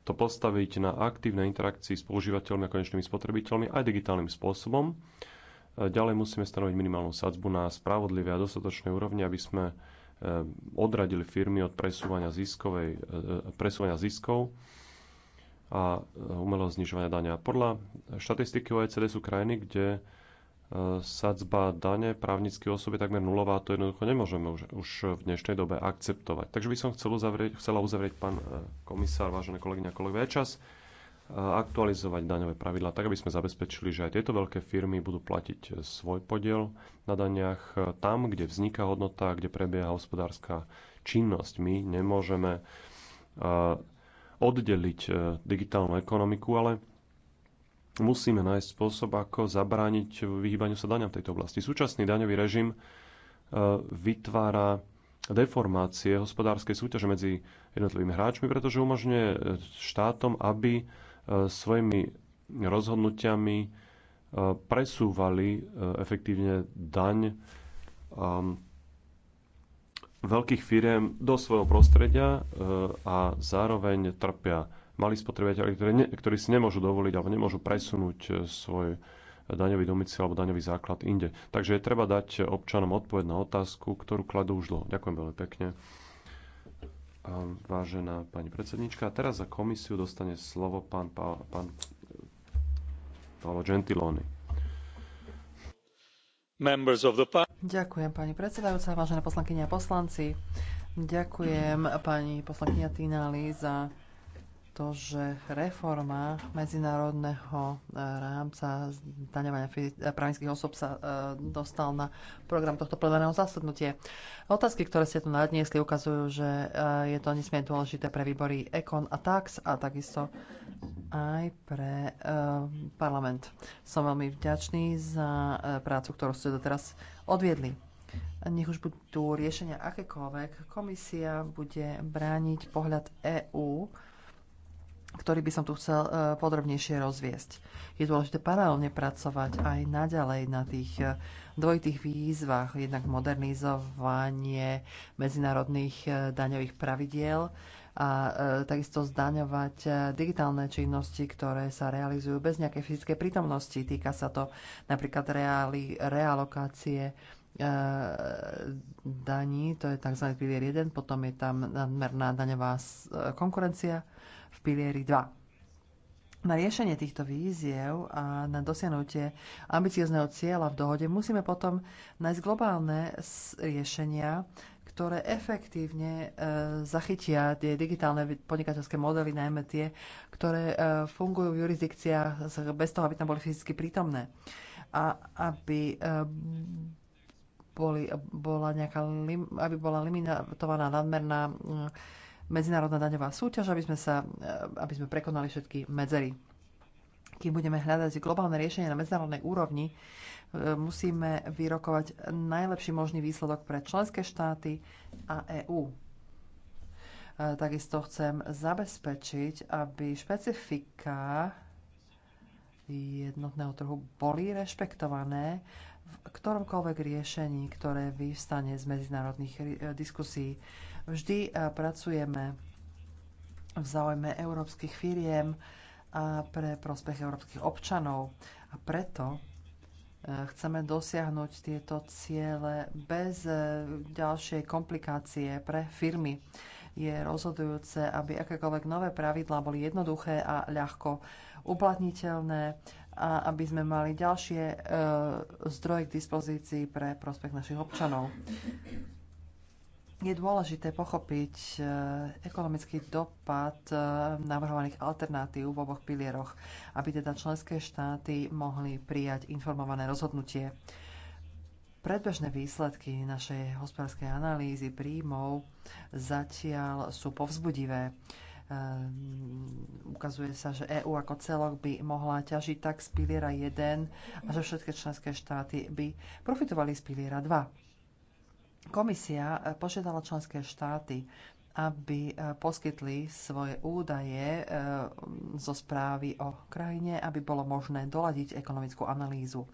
to postaviť na aktívnej interakcii s používateľmi a konečnými spotrebiteľmi aj digitálnym spôsobom. E, ďalej musíme stanoviť minimálnu sadzbu na spravodlivé a dostatočnej úrovni, aby sme e, odradili firmy od presúvania, ziskovej, e, presúvania ziskov a umelého znižovania dania. Podľa štatistiky OECD sú krajiny, kde sadzba dane právnickej osoby takmer nulová, to jednoducho nemôžeme už, už v dnešnej dobe akceptovať. Takže by som chcel uzavrieť, chcela uzavrieť, pán eh, komisár, vážené kolegyne a kolegové, čas eh, aktualizovať daňové pravidlá tak, aby sme zabezpečili, že aj tieto veľké firmy budú platiť eh, svoj podiel na daniach tam, kde vzniká hodnota, kde prebieha hospodárska činnosť. My nemôžeme oddeliť digitálnu ekonomiku, ale musíme nájsť spôsob, ako zabrániť vyhýbaniu sa daňa v tejto oblasti. Súčasný daňový režim e, vytvára deformácie hospodárskej súťaže medzi jednotlivými hráčmi, pretože umožňuje e, štátom, aby e, svojimi rozhodnutiami presúvali efektívne daň veľkých firiem do svojho prostredia a zároveň trpia malí spotrebiteľi, ktorí, ne, ktorí si nemôžu dovoliť alebo nemôžu presunúť e, svoj daňový domicil alebo daňový základ inde. Takže je treba dať občanom odpoveď na otázku, ktorú kladú už dlho. Ďakujem veľmi pekne. Vážená pani predsednička, a teraz za komisiu dostane slovo pán, pán, pán Paolo Gentiloni. Ďakujem, pani predsedajúca, vážené poslankyne a poslanci. Ďakujem, pani poslankyňa Tinali za to, že reforma medzinárodného e, rámca zdaňovania e, právnických osob sa e, dostal na program tohto plenárneho zasadnutia. Otázky, ktoré ste tu nadniesli, ukazujú, že je to nesmierne dôležité pre výbory ECON a Tax a takisto aj pre parlament. Som veľmi vďačný za prácu, ktorú ste doteraz odviedli nech už budú riešenia akékoľvek, komisia bude brániť pohľad EÚ ktorý by som tu chcel e, podrobnejšie rozviesť. Je dôležité paralelne pracovať aj naďalej na tých e, dvojitých výzvach, jednak modernizovanie medzinárodných e, daňových pravidiel a takisto zdaňovať digitálne činnosti, ktoré sa realizujú bez nejakej fyzickej prítomnosti. Týka sa to napríklad reali, realokácie daní, to je tzv. pilier 1, potom je tam nadmerná daňová konkurencia v pilieri 2. Na riešenie týchto víziev a na dosiahnutie ambiciozného cieľa v dohode musíme potom nájsť globálne riešenia, ktoré efektívne e, zachytia tie digitálne podnikateľské modely, najmä tie, ktoré e, fungujú v jurisdikciách bez toho, aby tam boli fyzicky prítomné. A aby e, boli, bola nejaká, lim, aby bola limitovaná nadmerná medzinárodná daňová súťaž, aby sme, sa, e, aby sme prekonali všetky medzery. Kým budeme hľadať globálne riešenie na medzinárodnej úrovni, e, musíme vyrokovať najlepší možný výsledok pre členské štáty a EÚ. E, takisto chcem zabezpečiť, aby špecifika jednotného trhu boli rešpektované v ktoromkoľvek riešení, ktoré vyvstane z medzinárodných diskusí. Vždy e, pracujeme v záujme európskych firiem a pre prospech európskych občanov. A preto e, chceme dosiahnuť tieto ciele bez e, ďalšej komplikácie pre firmy. Je rozhodujúce, aby akékoľvek nové pravidlá boli jednoduché a ľahko uplatniteľné a aby sme mali ďalšie e, zdroje k dispozícii pre prospech našich občanov. Je dôležité pochopiť eh, ekonomický dopad eh, navrhovaných alternatív v oboch pilieroch, aby teda členské štáty mohli prijať informované rozhodnutie. Predbežné výsledky našej hospodárskej analýzy príjmov zatiaľ sú povzbudivé. Eh, ukazuje sa, že EÚ ako celok by mohla ťažiť tak z piliera 1 a že všetky členské štáty by profitovali z piliera 2 Komisia e, požiadala členské štáty, aby e, poskytli svoje údaje e, zo správy o krajine, aby bolo možné doladiť ekonomickú analýzu.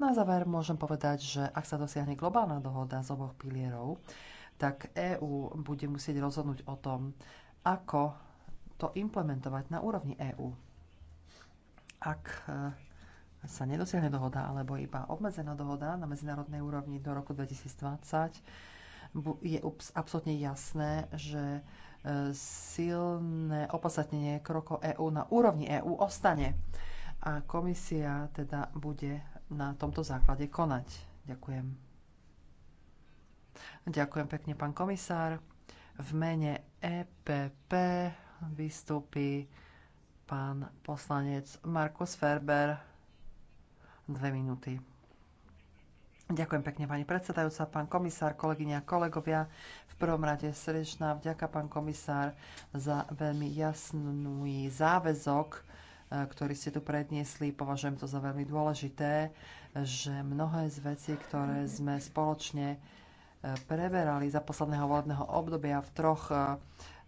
Na záver môžem povedať, že ak sa dosiahne globálna dohoda z oboch pilierov, tak EÚ bude musieť rozhodnúť o tom, ako to implementovať na úrovni EÚ. Ak sa nedosiahne dohoda alebo iba obmedzená dohoda na medzinárodnej úrovni do roku 2020, je absolútne jasné, že e, silné opodstatnenie krokov EÚ na úrovni EÚ ostane a komisia teda bude na tomto základe konať. Ďakujem. Ďakujem pekne, pán komisár. V mene EPP vystúpi pán poslanec Markus Ferber dve minúty. Ďakujem pekne, pani predsedajúca, pán komisár, kolegyňa a kolegovia. V prvom rade srdečná vďaka, pán komisár, za veľmi jasný záväzok, e, ktorý ste tu predniesli. Považujem to za veľmi dôležité, že mnohé z vecí, ktoré sme spoločne e, preberali za posledného volebného obdobia v troch e,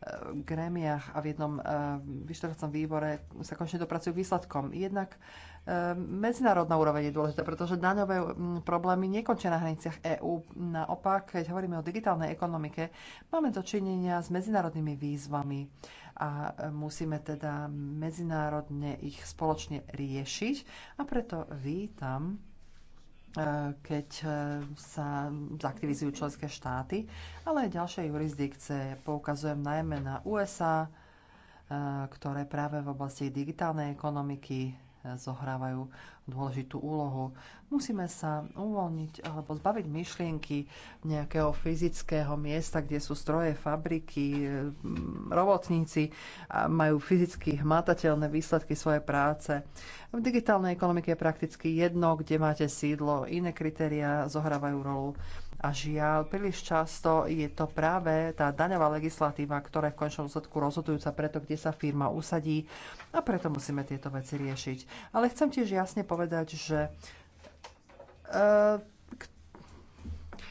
Eh, grémiach a v jednom eh, vyšetrovacom výbore sa konečne dopracujú výsledkom. Jednak eh, medzinárodná úroveň je dôležitá, pretože daňové mm, problémy nekončia na hraniciach EÚ. Naopak, keď hovoríme o digitálnej ekonomike, máme dočinenia s medzinárodnými výzvami a musíme teda medzinárodne ich spoločne riešiť. A preto vítam E, keď e, sa zaktivizujú členské štáty, ale aj ďalšie jurisdikcie. Poukazujem najmä na USA, e, ktoré práve v oblasti digitálnej ekonomiky zohrávajú dôležitú úlohu. Musíme sa uvoľniť alebo zbaviť myšlienky nejakého fyzického miesta, kde sú stroje, fabriky, mm, robotníci a majú fyzicky hmatateľné výsledky svojej práce. V digitálnej ekonomike je prakticky jedno, kde máte sídlo, iné kritéria zohrávajú rolu. A žiaľ, príliš často je to práve tá daňová legislatíva, ktorá je v končnom dôsledku rozhodujúca to, kde sa firma usadí a preto musíme tieto veci riešiť. Ale chcem tiež jasne povedať, že uh,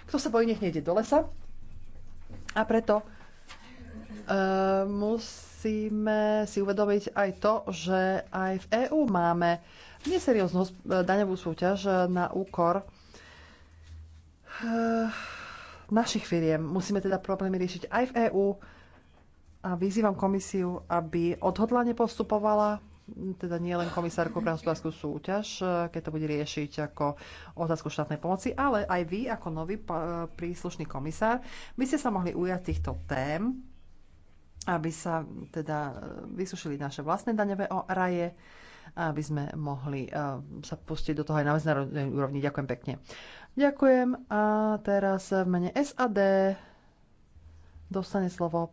kto sa bojí, nech nejde do lesa. A preto uh, musíme si uvedomiť aj to, že aj v EÚ máme neserióznu daňovú súťaž na úkor Eh, našich firiem. Musíme teda problémy riešiť aj v EÚ a vyzývam komisiu, aby odhodlane postupovala, teda nie len komisárku pre hospodárskú súťaž, eh, keď to bude riešiť ako otázku štátnej pomoci, ale aj vy ako nový eh, príslušný komisár by ste sa mohli ujať týchto tém, aby sa teda vysušili naše vlastné daňové raje, aby sme mohli sa pustiť do toho aj na medzinárodnej úrovni. Ďakujem pekne. Ďakujem a teraz v mene SAD dostane slovo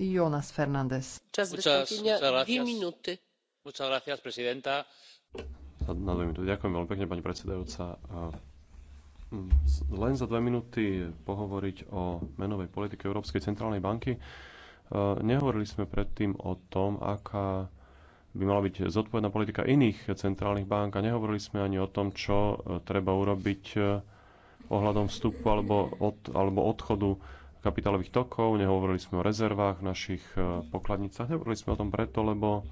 Jonas Fernández. Čas vystúpenia minúty. dve minúty. Ďakujem veľmi pekne, pani predsedajúca. Hm, len za dve minúty pohovoriť o menovej politike Európskej centrálnej banky. Nehovorili sme predtým o tom, aká by mala byť zodpovedná politika iných centrálnych bank a nehovorili sme ani o tom, čo e, treba urobiť e, ohľadom vstupu alebo, od, alebo odchodu kapitálových tokov, nehovorili sme o rezervách v našich e, pokladnicách, nehovorili sme o tom preto, lebo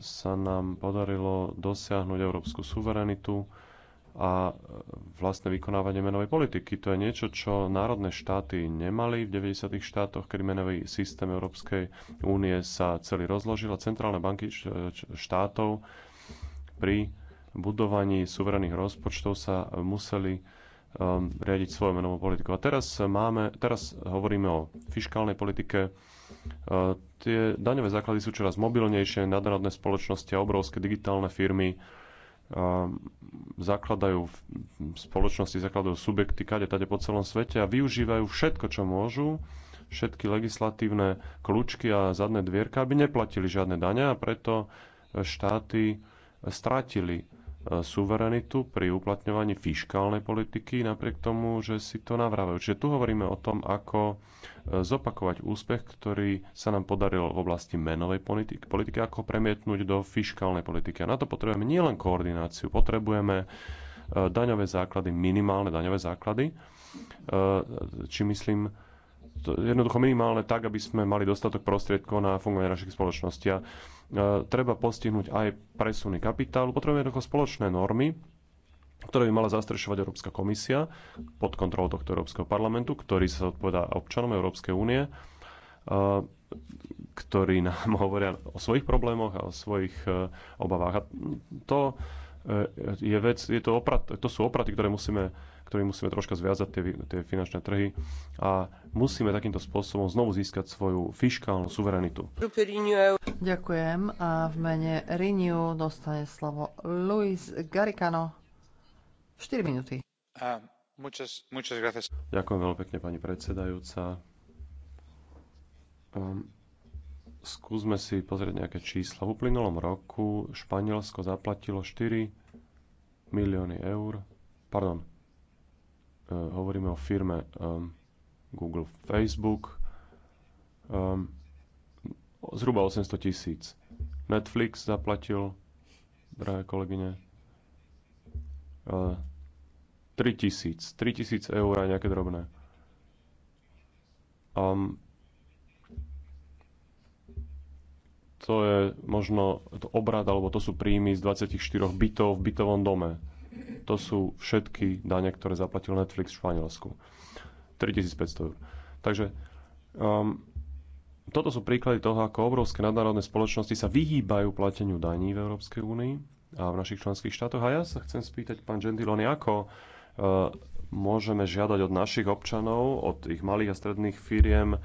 sa nám podarilo dosiahnuť európsku suverenitu a vlastné vykonávanie menovej politiky. To je niečo, čo národné štáty nemali v 90. štátoch, kedy menový systém Európskej únie sa celý rozložil a centrálne banky štátov pri budovaní suverených rozpočtov sa museli um, riadiť svoju menovú politiku. A teraz, máme, teraz hovoríme o fiskálnej politike. Uh, tie daňové základy sú čoraz mobilnejšie, nadnárodné spoločnosti a obrovské digitálne firmy zakladajú v spoločnosti, zakladajú subjekty kade tade po celom svete a využívajú všetko, čo môžu, všetky legislatívne kľúčky a zadné dvierka, aby neplatili žiadne dania a preto štáty strátili suverenitu pri uplatňovaní fiškálnej politiky, napriek tomu, že si to navrávajú. Čiže tu hovoríme o tom, ako e, zopakovať úspech, ktorý sa nám podaril v oblasti menovej politiky, politiky ako premietnúť do fiškálnej politiky. A na to potrebujeme nielen koordináciu, potrebujeme e, daňové základy, minimálne daňové základy, e, či myslím to jednoducho minimálne tak, aby sme mali dostatok prostriedkov na fungovanie našich spoločností. A E, treba postihnúť aj presuny kapitálu. Potrebujeme jednoducho spoločné normy, ktoré by mala zastrešovať Európska komisia pod kontrolou tohto Európskeho parlamentu, ktorý sa odpovedá občanom Európskej únie, e, ktorí nám *laughs* hovoria o svojich problémoch a o svojich e, obavách. A to, je vec, je to, oprat, to sú opraty, ktoré musíme ktorým musíme troška zviazať tie, tie finančné trhy a musíme takýmto spôsobom znovu získať svoju fiskálnu suverenitu. Ďakujem a v mene Renew dostane slovo Luis Garicano. 4 minúty. muchas, muchas Ďakujem veľmi pekne, pani predsedajúca. Um, skúsme si pozrieť nejaké čísla. V uplynulom roku Španielsko zaplatilo 4 milióny eur, pardon, Eh, hovoríme o firme ehm, Google, Facebook, ehm, zhruba 800 tisíc. Netflix zaplatil, drahé kolegyne, 3 eh, tisíc, 3 tisíc eur a nejaké drobné. Um, to je možno to obrad, alebo to sú príjmy z 24 bytov v bytovom dome. To sú všetky dane, ktoré zaplatil Netflix v Španielsku. 3500 eur. Takže um, toto sú príklady toho, ako obrovské nadnárodné spoločnosti sa vyhýbajú plateniu daní v Európskej únii a v našich členských štátoch. A ja sa chcem spýtať, pán Gentiloni, ako uh, môžeme žiadať od našich občanov, od ich malých a stredných firiem,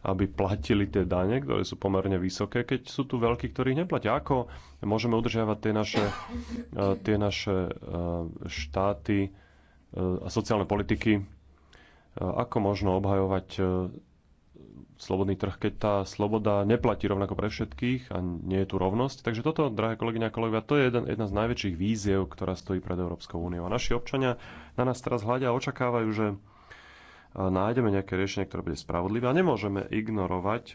aby platili tie dane, ktoré sú pomerne vysoké, keď sú tu veľkí, ktorí neplatia. Ako môžeme udržiavať tie naše, e, tie naše e, štáty e, a sociálne politiky? Ako možno obhajovať slobodný trh, keď tá sloboda neplatí rovnako pre všetkých a nie je tu rovnosť. Takže toto, drahé kolegyňa a kolegovia, to je jeden, jedna z najväčších víziev, ktorá stojí pred Európskou úniou. A naši občania na nás teraz hľadia a očakávajú, že nájdeme nejaké riešenie, ktoré bude spravodlivé a nemôžeme ignorovať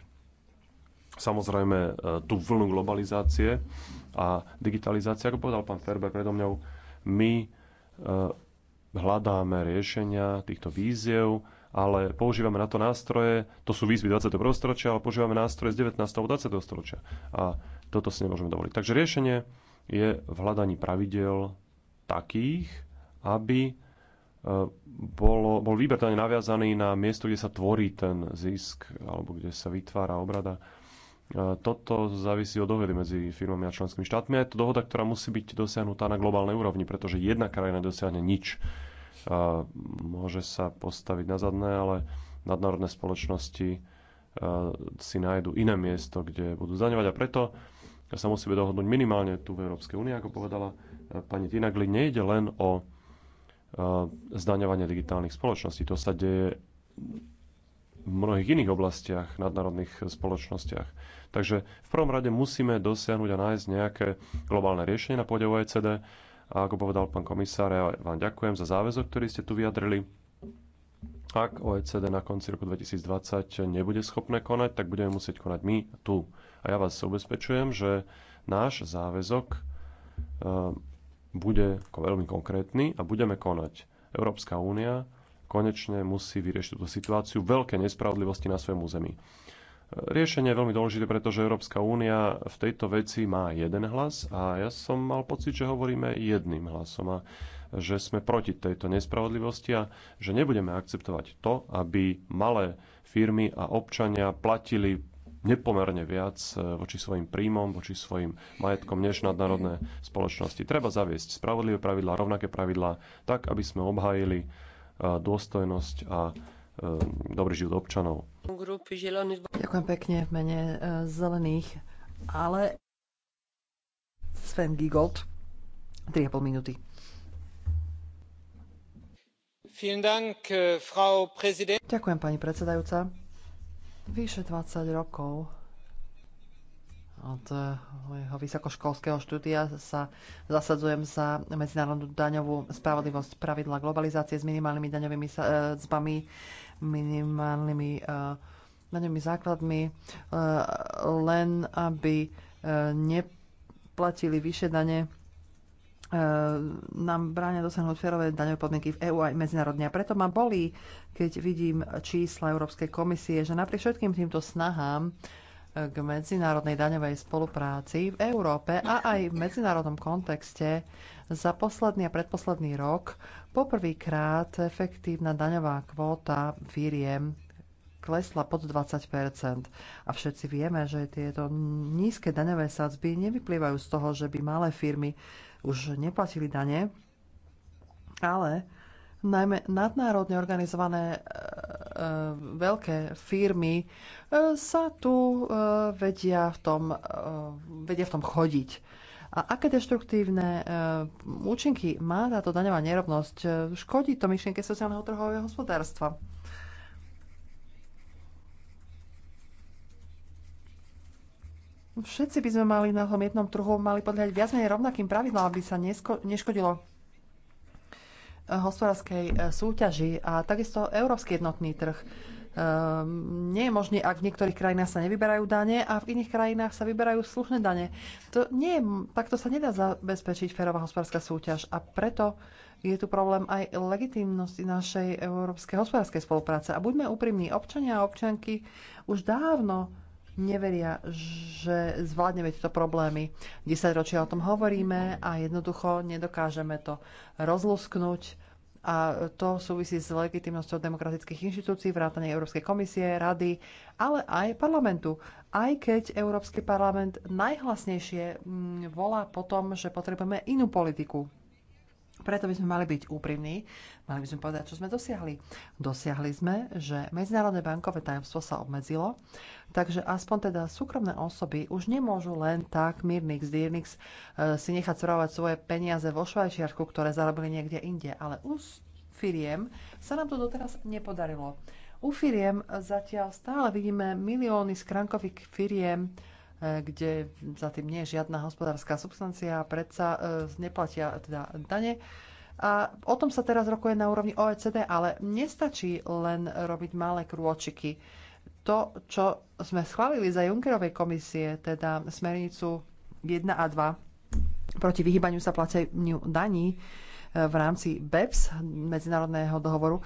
samozrejme e, tú vlnu globalizácie a digitalizácie. Ako povedal pán Ferber predo mňou, my e, hľadáme riešenia týchto víziev, ale používame na to nástroje, to sú výzvy 21. storočia, ale používame nástroje z 19. a 20. storočia. A toto si nemôžeme dovoliť. Takže riešenie je v hľadaní pravidel takých, aby bolo, bol výber naviazaný na miesto, kde sa tvorí ten zisk alebo kde sa vytvára obrada. Toto závisí od dohody medzi firmami a členskými štátmi. A je to dohoda, ktorá musí byť dosiahnutá na globálnej úrovni, pretože jedna krajina dosiahne nič. môže sa postaviť na zadné, ale nadnárodné spoločnosti si nájdu iné miesto, kde budú zaňovať. A preto sa musíme dohodnúť minimálne tu v Európskej únii, ako povedala pani Tinagli. Nejde len o Eh, zdaňovanie digitálnych spoločností. To sa deje v mnohých iných oblastiach, nadnárodných spoločnostiach. Takže v prvom rade musíme dosiahnuť a nájsť nejaké globálne riešenie na pôde OECD. A ako povedal pán komisár, ja vám ďakujem za záväzok, ktorý ste tu vyjadrili. Ak OECD na konci roku 2020 nebude schopné konať, tak budeme musieť konať my tu. A ja vás ubezpečujem, že náš záväzok eh, bude veľmi konkrétny a budeme konať. Európska únia konečne musí vyriešiť túto situáciu veľké nespravodlivosti na svojom území. E, riešenie je veľmi dôležité, pretože Európska únia v tejto veci má jeden hlas a ja som mal pocit, že hovoríme jedným hlasom a že sme proti tejto nespravodlivosti a že nebudeme akceptovať to, aby malé firmy a občania platili nepomerne viac e, voči svojim príjmom, voči svojim majetkom než nadnárodné spoločnosti. Treba zaviesť spravodlivé pravidlá, rovnaké pravidlá, tak, aby sme obhájili e, dôstojnosť a e, dobrý život občanov. Ďakujem pekne v mene zelených, ale Sven Gigold, 3,5 minúty. Ďakujem, pani predsedajúca vyše 20 rokov od mojho eh, vysokoškolského štúdia sa zasadzujem za medzinárodnú daňovú spravodlivosť pravidla globalizácie s minimálnymi daňovými eh, zbami, minimálnymi eh, daňovými základmi, len aby neplatili vyššie dane E, nám bráňa dosiahnuť férové daňové podmienky v EÚ aj medzinárodne. A preto ma bolí, keď vidím čísla Európskej komisie, že napriek všetkým týmto snahám e, k medzinárodnej daňovej spolupráci v Európe a aj v medzinárodnom kontexte za posledný a predposledný rok poprvýkrát efektívna daňová kvóta firiem klesla pod 20 A všetci vieme, že tieto nízke daňové sadzby nevyplývajú z toho, že by malé firmy už neplatili dane, ale najmä nadnárodne organizované e, e, veľké firmy e, sa tu e, vedia, v tom, e, vedia v tom chodiť. A aké deštruktívne e, účinky má táto daňová nerovnosť? E, škodí to myšlienke sociálneho trhového hospodárstva. Všetci by sme mali na tom jednom trhu mali podľať viac menej rovnakým pravidlám, aby sa nesko- neškodilo eh, hospodárskej eh, súťaži a takisto európsky jednotný trh. Um, nie je možné, ak v niektorých krajinách sa nevyberajú dane a v iných krajinách sa vyberajú slušné dane. To nie je, takto sa nedá zabezpečiť férová hospodárska súťaž a preto je tu problém aj legitimnosti našej európskej hospodárskej spolupráce. A buďme úprimní, občania a občanky už dávno neveria, že zvládneme tieto problémy. 10 ročia o tom hovoríme a jednoducho nedokážeme to rozlusknúť. A to súvisí s legitimnosťou demokratických inštitúcií, vrátane Európskej komisie, rady, ale aj parlamentu. Aj keď Európsky parlament najhlasnejšie mm, volá po tom, že potrebujeme inú politiku. Preto by sme mali byť úprimní, mali by sme povedať, čo sme dosiahli. Dosiahli sme, že medzinárodné bankové tajomstvo sa obmedzilo, takže aspoň teda súkromné osoby už nemôžu len tak Mirnix, Dirnix eh, si nechať spravovať svoje peniaze vo Švajčiarsku, ktoré zarobili niekde inde, ale už firiem sa nám to doteraz nepodarilo. U firiem zatiaľ stále vidíme milióny skrankových firiem, E, kde za tým nie je žiadna hospodárska substancia a predsa e, neplatia teda dane. A o tom sa teraz rokuje na úrovni OECD, ale nestačí len robiť malé krôčiky. To, čo sme schválili za Junckerovej komisie, teda smernicu 1 a 2 proti vyhýbaniu sa plateniu daní, v rámci BEPS, medzinárodného dohovoru.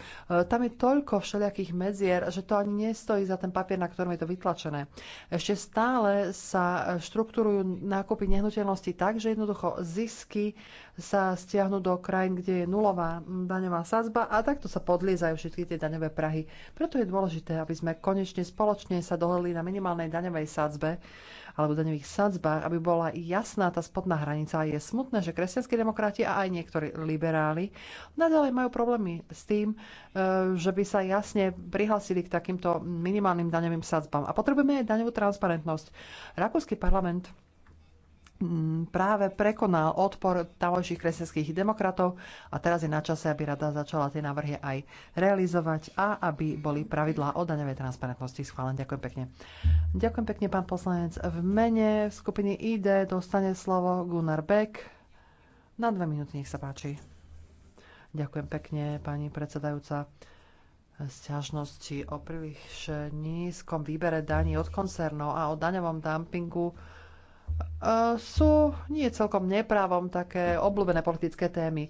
Tam je toľko všelijakých medzier, že to ani nestojí za ten papier, na ktorom je to vytlačené. Ešte stále sa štruktúrujú nákupy nehnuteľnosti tak, že jednoducho zisky sa stiahnu do krajín, kde je nulová daňová sadzba a takto sa podliezajú všetky tie daňové prahy. Preto je dôležité, aby sme konečne spoločne sa dohodli na minimálnej daňovej sadzbe, alebo daňových sadzbách, aby bola jasná tá spodná hranica. je smutné, že kresťanskí demokrati a aj niektorí liberáli nadalej majú problémy s tým, e, že by sa jasne prihlásili k takýmto minimálnym daňovým sadzbám. A potrebujeme aj daňovú transparentnosť. Rakúsky parlament práve prekonal odpor taloží kresťanských demokratov a teraz je na čase, aby rada začala tie návrhy aj realizovať a aby boli pravidlá o daňovej transparentnosti schválené. Ďakujem pekne. Ďakujem pekne, pán poslanec. V mene skupiny ID dostane slovo Gunnar Beck. Na dve minúty, nech sa páči. Ďakujem pekne, pani predsedajúca sťažnosti o príliš nízkom výbere daní od koncernov a o daňovom dumpingu Eh, sú nie celkom neprávom také obľúbené politické témy.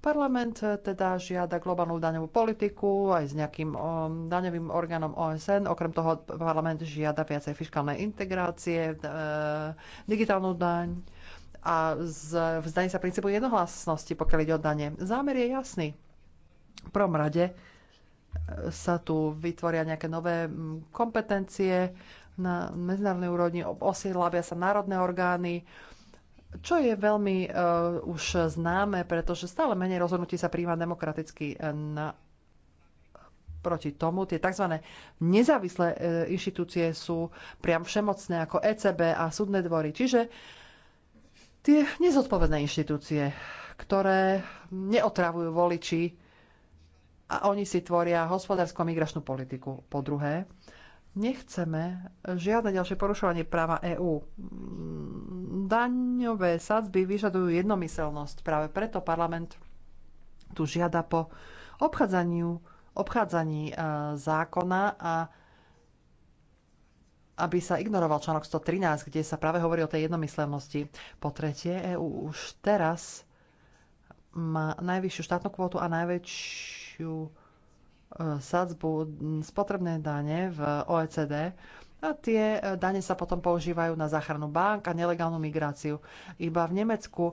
Parlament eh, teda žiada globálnu daňovú politiku aj s nejakým ehm, daňovým orgánom OSN. Okrem toho parlament žiada viacej fiskálnej integrácie, eh, digitálnu daň a vzdaní sa princípu jednohlasnosti, pokiaľ ide o dane. Zámer je jasný. V prvom rade sa tu vytvoria nejaké nové mm, kompetencie, na medzinárodnej úrovni, osiedlavia sa národné orgány, čo je veľmi uh, už známe, pretože stále menej rozhodnutí sa príjma demokraticky e, na, proti tomu. Tie tzv. nezávislé e, inštitúcie sú priam všemocné ako ECB a súdne dvory. Čiže tie nezodpovedné inštitúcie, ktoré neotravujú voliči a oni si tvoria hospodársko-migračnú politiku. Po druhé, uh, Nechceme žiadne ďalšie porušovanie práva EÚ. Daňové sadzby vyžadujú jednomyselnosť. Práve preto parlament tu žiada po obchádzaniu, obchádzaní e, zákona a aby sa ignoroval článok 113, kde sa práve hovorí o tej jednomyslenosti. Po tretie, EÚ už teraz má najvyššiu štátnu kvotu a najväčšiu sadzbu spotrebné dane v OECD a tie dane sa potom používajú na záchranu bank a nelegálnu migráciu. Iba v Nemecku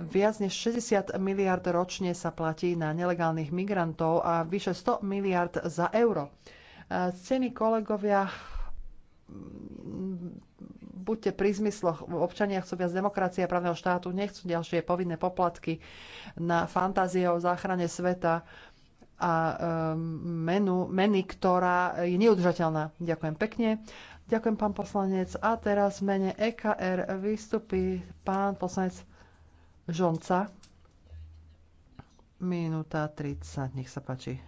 viac než 60 miliard ročne sa platí na nelegálnych migrantov a vyše 100 miliard za euro. Ceny kolegovia, buďte pri zmysloch, občania chcú viac demokracie a právneho štátu, nechcú ďalšie povinné poplatky na fantázie o záchrane sveta a ehm, menu, meny, ktorá je neudržateľná. Ďakujem pekne. Ďakujem, pán poslanec. A teraz v mene EKR vystupí pán poslanec Žonca. Minúta 30, nech sa páči.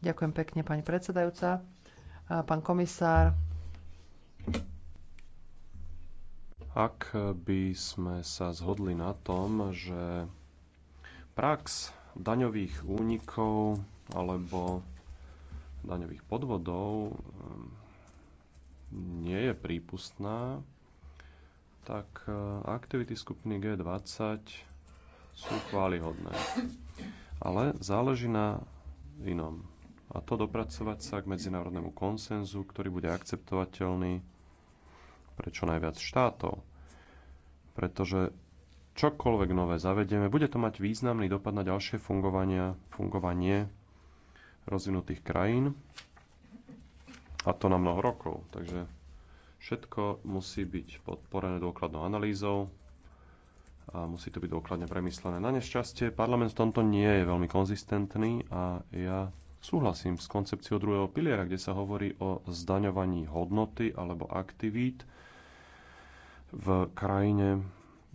Ďakujem pekne, pani predsedajúca. Pán komisár. Ak by sme sa zhodli na tom, že prax daňových únikov alebo daňových podvodov ehm, nie je prípustná, tak e, aktivity skupiny G20 sú chválihodné. Ale záleží na inom. A to dopracovať sa k medzinárodnému konsenzu, ktorý bude akceptovateľný pre čo najviac štátov. Pretože čokoľvek nové zavedieme, bude to mať významný dopad na ďalšie fungovanie, fungovanie rozvinutých krajín a to na mnoho rokov. Takže všetko musí byť podporené dôkladnou analýzou a musí to byť dôkladne premyslené. Na nešťastie parlament v tomto nie je veľmi konzistentný a ja súhlasím s koncepciou druhého piliera, kde sa hovorí o zdaňovaní hodnoty alebo aktivít v krajine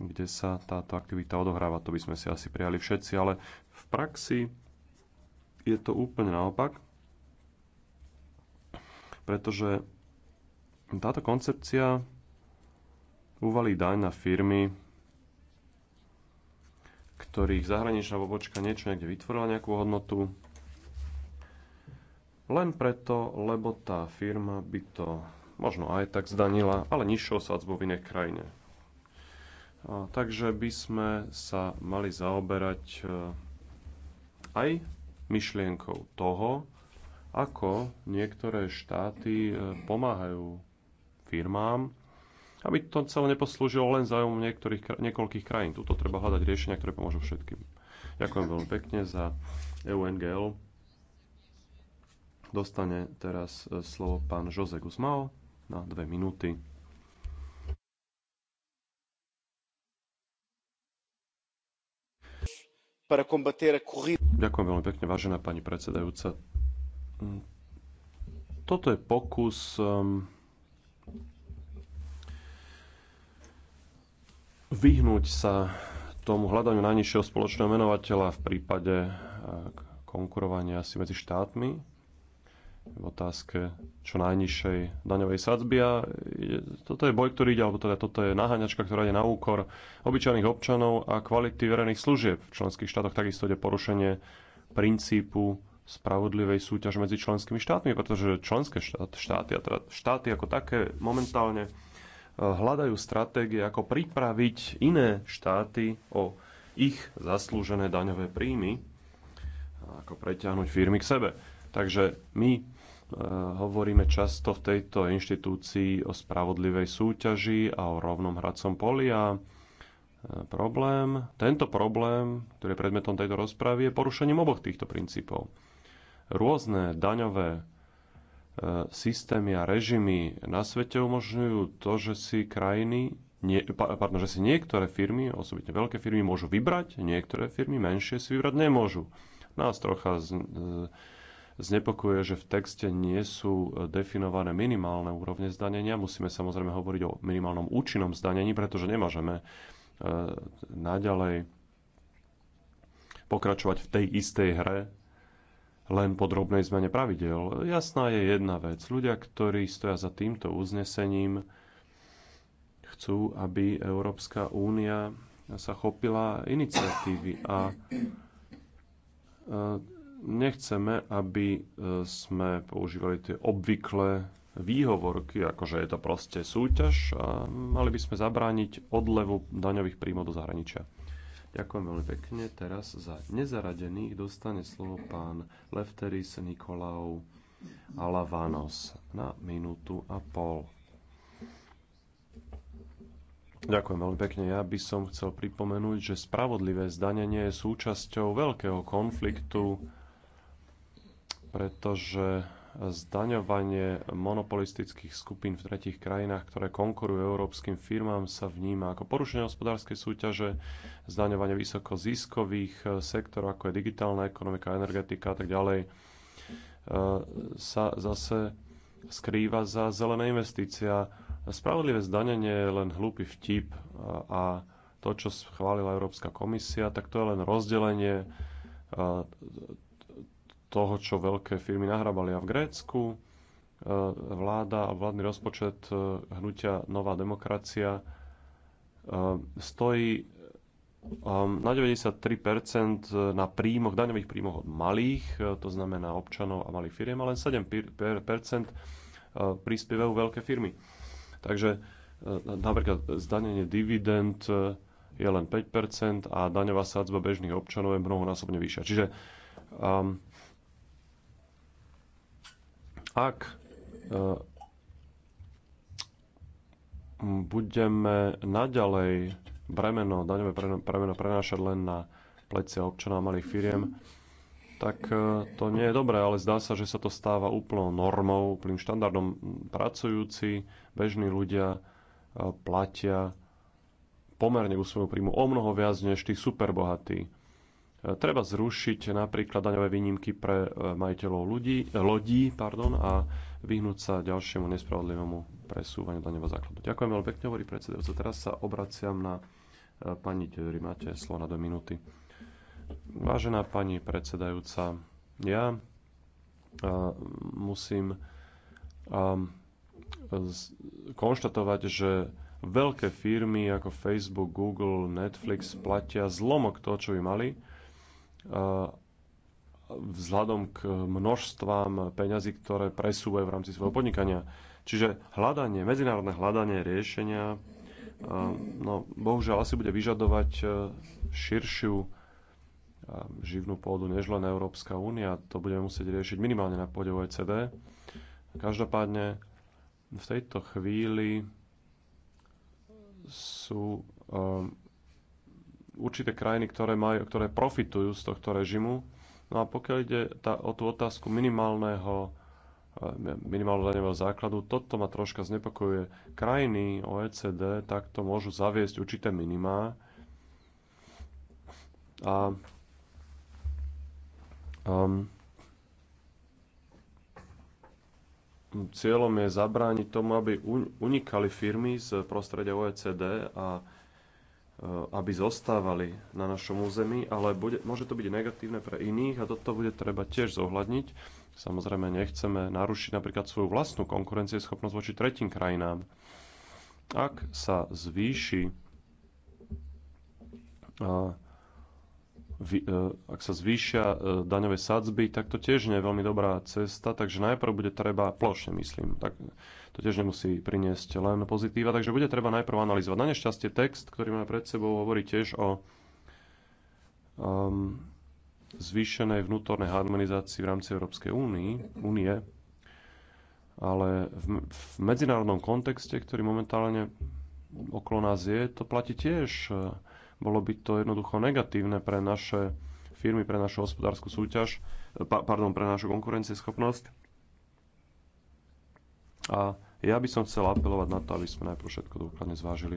kde sa táto aktivita odohráva. To by sme si asi prijali všetci, ale v praxi je to úplne naopak, pretože táto koncepcia uvalí daň na firmy, ktorých zahraničná pobočka niečo niekde vytvorila nejakú hodnotu, len preto, lebo tá firma by to možno aj tak zdanila, ale nižšou sadzbou v inej krajine. Takže by sme sa mali zaoberať e, aj myšlienkou toho, ako niektoré štáty e, pomáhajú firmám, aby to celé neposlúžilo len zájomu niektorých, niekoľkých krajín. Tuto treba hľadať riešenia, ktoré pomôžu všetkým. Ďakujem veľmi pekne za EUNGL. Dostane teraz e, slovo pán Jose Guzmao na dve minúty. Ďakujem veľmi pekne, vážená pani predsedajúca. Mm, toto je pokus um, vyhnúť sa tomu hľadaniu najnižšieho spoločného menovateľa v prípade uh, konkurovania si medzi štátmi v otázke čo najnižšej daňovej sadzby a toto je boj, ktorý ide, alebo teda toto je naháňačka, ktorá ide na úkor obyčajných občanov a kvality verejných služieb. V členských štátoch takisto ide porušenie princípu spravodlivej súťaže medzi členskými štátmi, pretože členské štát, štáty, a teda štáty ako také momentálne eh, hľadajú stratégie, ako pripraviť iné štáty o ich zaslúžené daňové príjmy, ako preťahnuť firmy k sebe. Takže my Eh, hovoríme často v tejto inštitúcii o spravodlivej súťaži a o rovnom hradcom poli a eh, problém, tento problém, ktorý je predmetom tejto rozpravy, je porušením oboch týchto princípov. Rôzne daňové eh, systémy a režimy na svete umožňujú to, že si krajiny, nie, pardon, že si niektoré firmy, osobitne veľké firmy, môžu vybrať, niektoré firmy menšie si vybrať nemôžu. Nás trocha z, znepokojuje, že v texte nie sú e, definované minimálne úrovne zdanenia. Musíme samozrejme hovoriť o minimálnom účinnom zdanení, pretože nemôžeme e, naďalej pokračovať v tej istej hre len po drobnej zmene pravidel. Jasná je jedna vec. Ľudia, ktorí stoja za týmto uznesením, chcú, aby Európska únia sa chopila iniciatívy a e, Nechceme, aby e, sme používali tie obvyklé výhovorky, ako že je to proste súťaž a mali by sme zabrániť odlevu daňových príjmov do zahraničia. Ďakujem veľmi pekne. Teraz za nezaradených dostane slovo pán Lefteris Nikolau Alavanos na minútu a pol. Ďakujem veľmi pekne. Ja by som chcel pripomenúť, že spravodlivé zdanenie je súčasťou veľkého konfliktu pretože zdaňovanie monopolistických skupín v tretich krajinách, ktoré konkurujú európskym firmám, sa vníma ako porušenie hospodárskej súťaže, zdaňovanie vysokoziskových eh, sektorov, ako je digitálna ekonomika, energetika a tak ďalej, eh, sa zase skrýva za zelené investícia. Spravodlivé zdanenie je len hlúpy vtip a to, čo schválila Európska komisia, tak to je len rozdelenie eh, toho, čo veľké firmy nahrabali. A v Grécku e, vláda a vládny rozpočet e, hnutia Nová demokracia e, stojí na 93% na príjmoch, daňových príjmoch od malých, to znamená občanov a malých firiem, a len 7% prispievajú veľké firmy. Takže napríklad zdanenie dividend je len 5% a daňová sádzba bežných občanov je mnohonásobne vyššia. Čiže um, ak e, budeme naďalej bremeno, daňové bremeno prenášať len na plecia občanov malých firiem, tak e, to nie je dobré, ale zdá sa, že sa to stáva úplnou normou, úplným štandardom. Pracujúci, bežní ľudia e, platia pomerne u svojho príjmu o mnoho viac než tí superbohatí Treba zrušiť napríklad daňové výnimky pre e, majiteľov ľudí, lodí pardon, a vyhnúť sa ďalšiemu nespravodlivému presúvaniu daňového základu. Ďakujem veľmi pekne, hovorí predsedajúca. Teraz sa obraciam na e, pani Teory. Máte slovo na dve minúty. Vážená pani predsedajúca, ja e, musím konštatovať, že veľké firmy ako Facebook, Google, Netflix platia zlomok toho, čo by mali Eh, vzhľadom k množstvám peňazí, ktoré presúvajú v rámci svojho podnikania. Čiže hľadanie, medzinárodné hľadanie riešenia, eh, no bohužiaľ asi bude vyžadovať eh, širšiu živnú pôdu než len Európska únia. To budeme musieť riešiť minimálne na pôde OECD. Každopádne v tejto chvíli sú um, určité krajiny, ktoré, majú, ktoré profitujú z tohto režimu. No a pokiaľ ide tá, o tú otázku minimálneho eh, minimálneho daňového základu. Toto ma troška znepokojuje. Krajiny OECD takto môžu zaviesť určité minimá a um, cieľom je zabrániť tomu, aby unikali firmy z prostredia OECD a Eh, aby zostávali na našom území, ale bude, môže to byť negatívne pre iných a toto bude treba tiež zohľadniť. Samozrejme, nechceme narušiť napríklad svoju vlastnú konkurencieschopnosť voči tretím krajinám. Ak sa zvýši eh, eh, ak sa zvýšia daňové sadzby, tak to tiež nie je veľmi dobrá cesta, takže najprv bude treba, plošne myslím, tak to tiež nemusí priniesť len pozitíva, takže bude treba najprv analyzovať. Na nešťastie text, ktorý máme pred sebou, hovorí tiež o um, zvýšenej vnútornej harmonizácii v rámci Európskej únie únie, ale v, v medzinárodnom kontexte, ktorý momentálne okolo nás je, to platí tiež. Bolo by to jednoducho negatívne pre naše firmy, pre našu hospodárskú súťaž, pa, pardon, pre našu konkurencieschopnosť a ja by som chcel apelovať na to, aby sme najprv všetko dôkladne zvážili.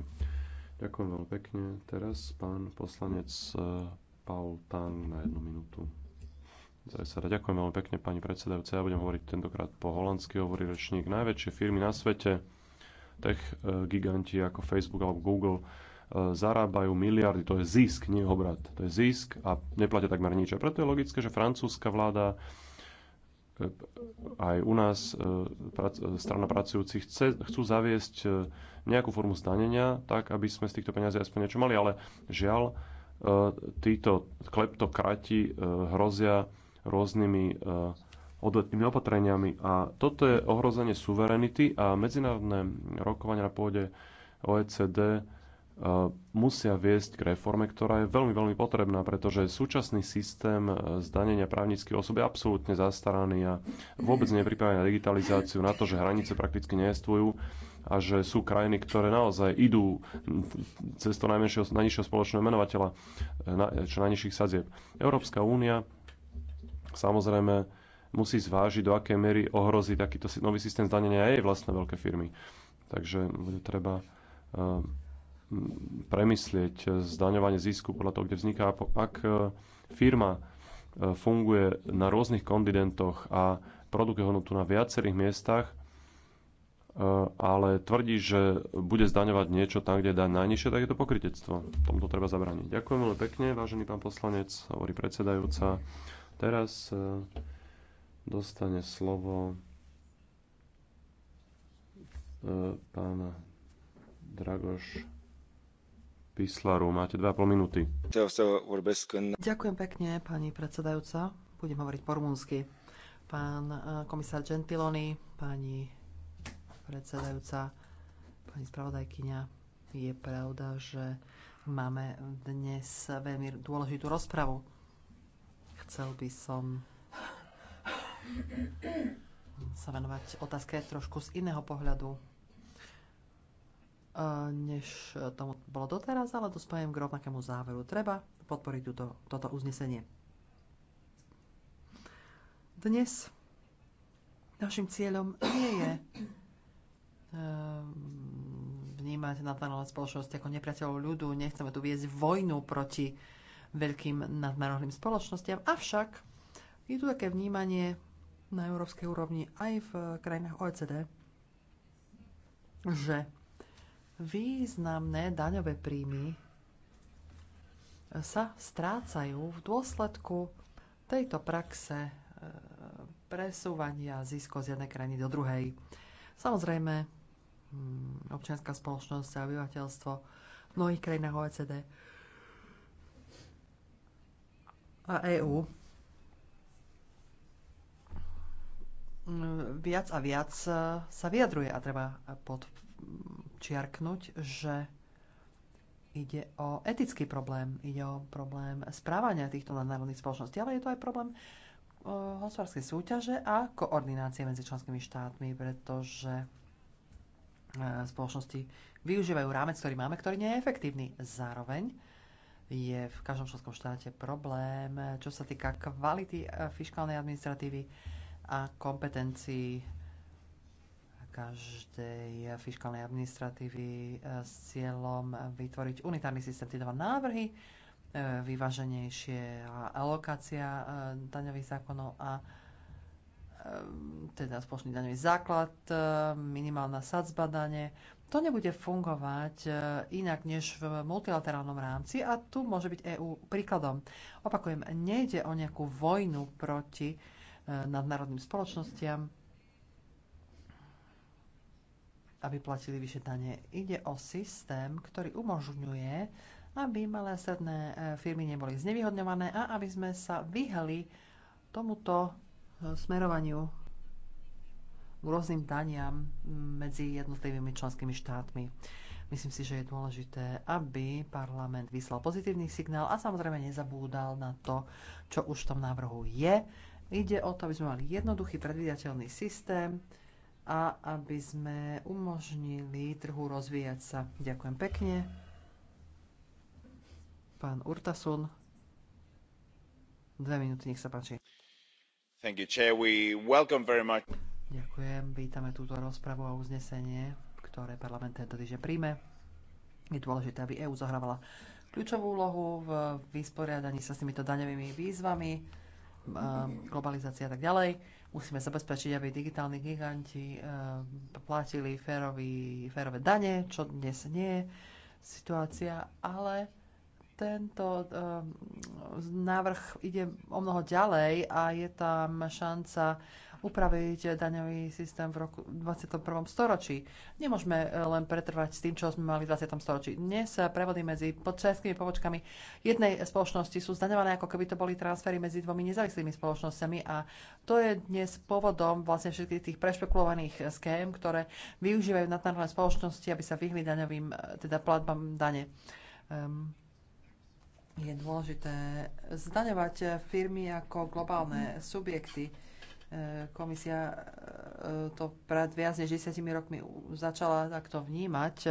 Ďakujem veľmi pekne. Teraz pán poslanec e, Paul Tang na jednu minútu. Zajsada. Ďakujem veľmi pekne, pani predsedajúca. Ja budem hovoriť tentokrát po holandsky, hovorí rečník. Najväčšie firmy na svete, tech e, giganti ako Facebook alebo Google, e, zarábajú miliardy, to je zisk, nie obrat. To je zisk a neplatia takmer nič. A preto je logické, že francúzska vláda aj u nás e, e, strana pracujúcich chce, chcú zaviesť e, nejakú formu zdanenia, tak aby sme z týchto peniazí aspoň niečo mali, ale žiaľ, títo kleptokrati hrozia rôznymi odvetnými opatreniami a toto je ohrozenie suverenity a medzinárodné rokovania na pôde OECD Eh, musia viesť k reforme, ktorá je veľmi, veľmi potrebná, pretože súčasný systém eh, zdanenia právnických osob je absolútne zastaraný a vôbec nie na digitalizáciu, na to, že hranice prakticky neestvujú a že sú krajiny, ktoré naozaj idú cez to najmenšieho, najnižšieho spoločného menovateľa, eh, čo najnižších sadzieb. Európska únia samozrejme musí zvážiť, do akej miery ohrozí takýto nový systém zdanenia aj jej vlastné veľké firmy. Takže bude treba premyslieť eh, zdaňovanie zisku podľa toho, kde vzniká. Ak eh, firma eh, funguje na rôznych kontinentoch a produkuje hodnotu na viacerých miestach, ale tvrdí, že bude zdaňovať niečo tam, kde dá najnižšie, tak je to pokritectvo. to treba zabrániť. Ďakujem veľmi pekne, vážený pán poslanec, hovorí predsedajúca. Teraz dostane slovo pán Dragoš Pislaru. Máte 2,5 minúty. Ďakujem pekne, pani predsedajúca. Budem hovoriť po rumúnsky. Pán eh, komisár Gentiloni, pani predsedajúca, pani spravodajkyňa, je pravda, že máme dnes veľmi dôležitú rozpravu. Chcel by som sa venovať otázke trošku z iného pohľadu než tomu bolo doteraz, ale dospájem k rovnakému záveru. Treba podporiť túto, toto uznesenie. Dnes našim cieľom nie je ehm, vnímať nadnárodné spoločnosti ako nepriateľov ľudu. Nechceme tu viesť vojnu proti veľkým nadnárodným spoločnostiam. Avšak je tu také vnímanie na európskej úrovni aj v krajinách OECD, že Významné daňové príjmy sa strácajú v dôsledku tejto praxe e, presúvania ziskov z jednej krajiny do druhej. Samozrejme, mm, občianská spoločnosť a obyvateľstvo v mnohých krajinách OECD a EÚ mm, viac a viac e, sa vyjadruje a treba pod čiarknúť, že ide o etický problém, ide o problém správania týchto nadnárodných spoločností, ale je to aj problém hospodárskej súťaže a koordinácie medzi členskými štátmi, pretože e, spoločnosti využívajú rámec, ktorý máme, ktorý nie je efektívny. Zároveň je v každom členskom štáte problém, čo sa týka kvality e, fiskálnej administratívy a kompetencií každej fiskálnej administratívy e, s cieľom vytvoriť unitárny systém. Tie dva návrhy, e, vyváženejšie alokácia e, daňových zákonov a teda spoločný daňový základ, minimálna sadzba dane. To nebude fungovať inak než v multilaterálnom rámci a tu môže byť EÚ príkladom. Opakujem, nejde o nejakú vojnu proti nadnárodným spoločnostiam. aby platili vyššie dane. Ide o systém, ktorý umožňuje, aby malé a stredné e, firmy neboli znevýhodňované a aby sme sa vyhli tomuto e, smerovaniu k rôznym daniam medzi jednotlivými členskými štátmi. Myslím si, že je dôležité, aby parlament vyslal pozitívny signál a samozrejme nezabúdal na to, čo už v tom návrhu je. Ide o to, aby sme mali jednoduchý, predvídateľný systém, a aby sme umožnili trhu rozvíjať sa. Ďakujem pekne. Pán Urtasun, dve minúty, nech sa páči. Thank you, Chair. We welcome very much. Ďakujem, vítame túto rozpravu a uznesenie, ktoré parlament tento týždeň príjme. Je dôležité, aby EÚ zahrávala kľúčovú úlohu v vysporiadaní sa s týmito daňovými výzvami, globalizácia a tak ďalej Musíme zabezpečiť, aby digitálni giganti eh, platili férový, férové dane, čo dnes nie je situácia, ale tento eh, návrh ide o mnoho ďalej a je tam šanca upraviť daňový systém v roku 21. storočí. Nemôžeme eh, len pretrvať s tým, čo sme mali v 20. storočí. Dnes eh, prevody medzi českými pobočkami jednej spoločnosti sú zdaňované, ako keby to boli transfery medzi dvomi nezávislými spoločnosťami a to je dnes pôvodom vlastne všetkých tých prešpekulovaných eh, schém, ktoré využívajú nadnárodné spoločnosti, aby sa vyhli daňovým, teda platbám dane. Um, je dôležité zdaňovať firmy ako globálne subjekty. E, komisia e, to pred viac než desiatimi rokmi začala takto vnímať, e,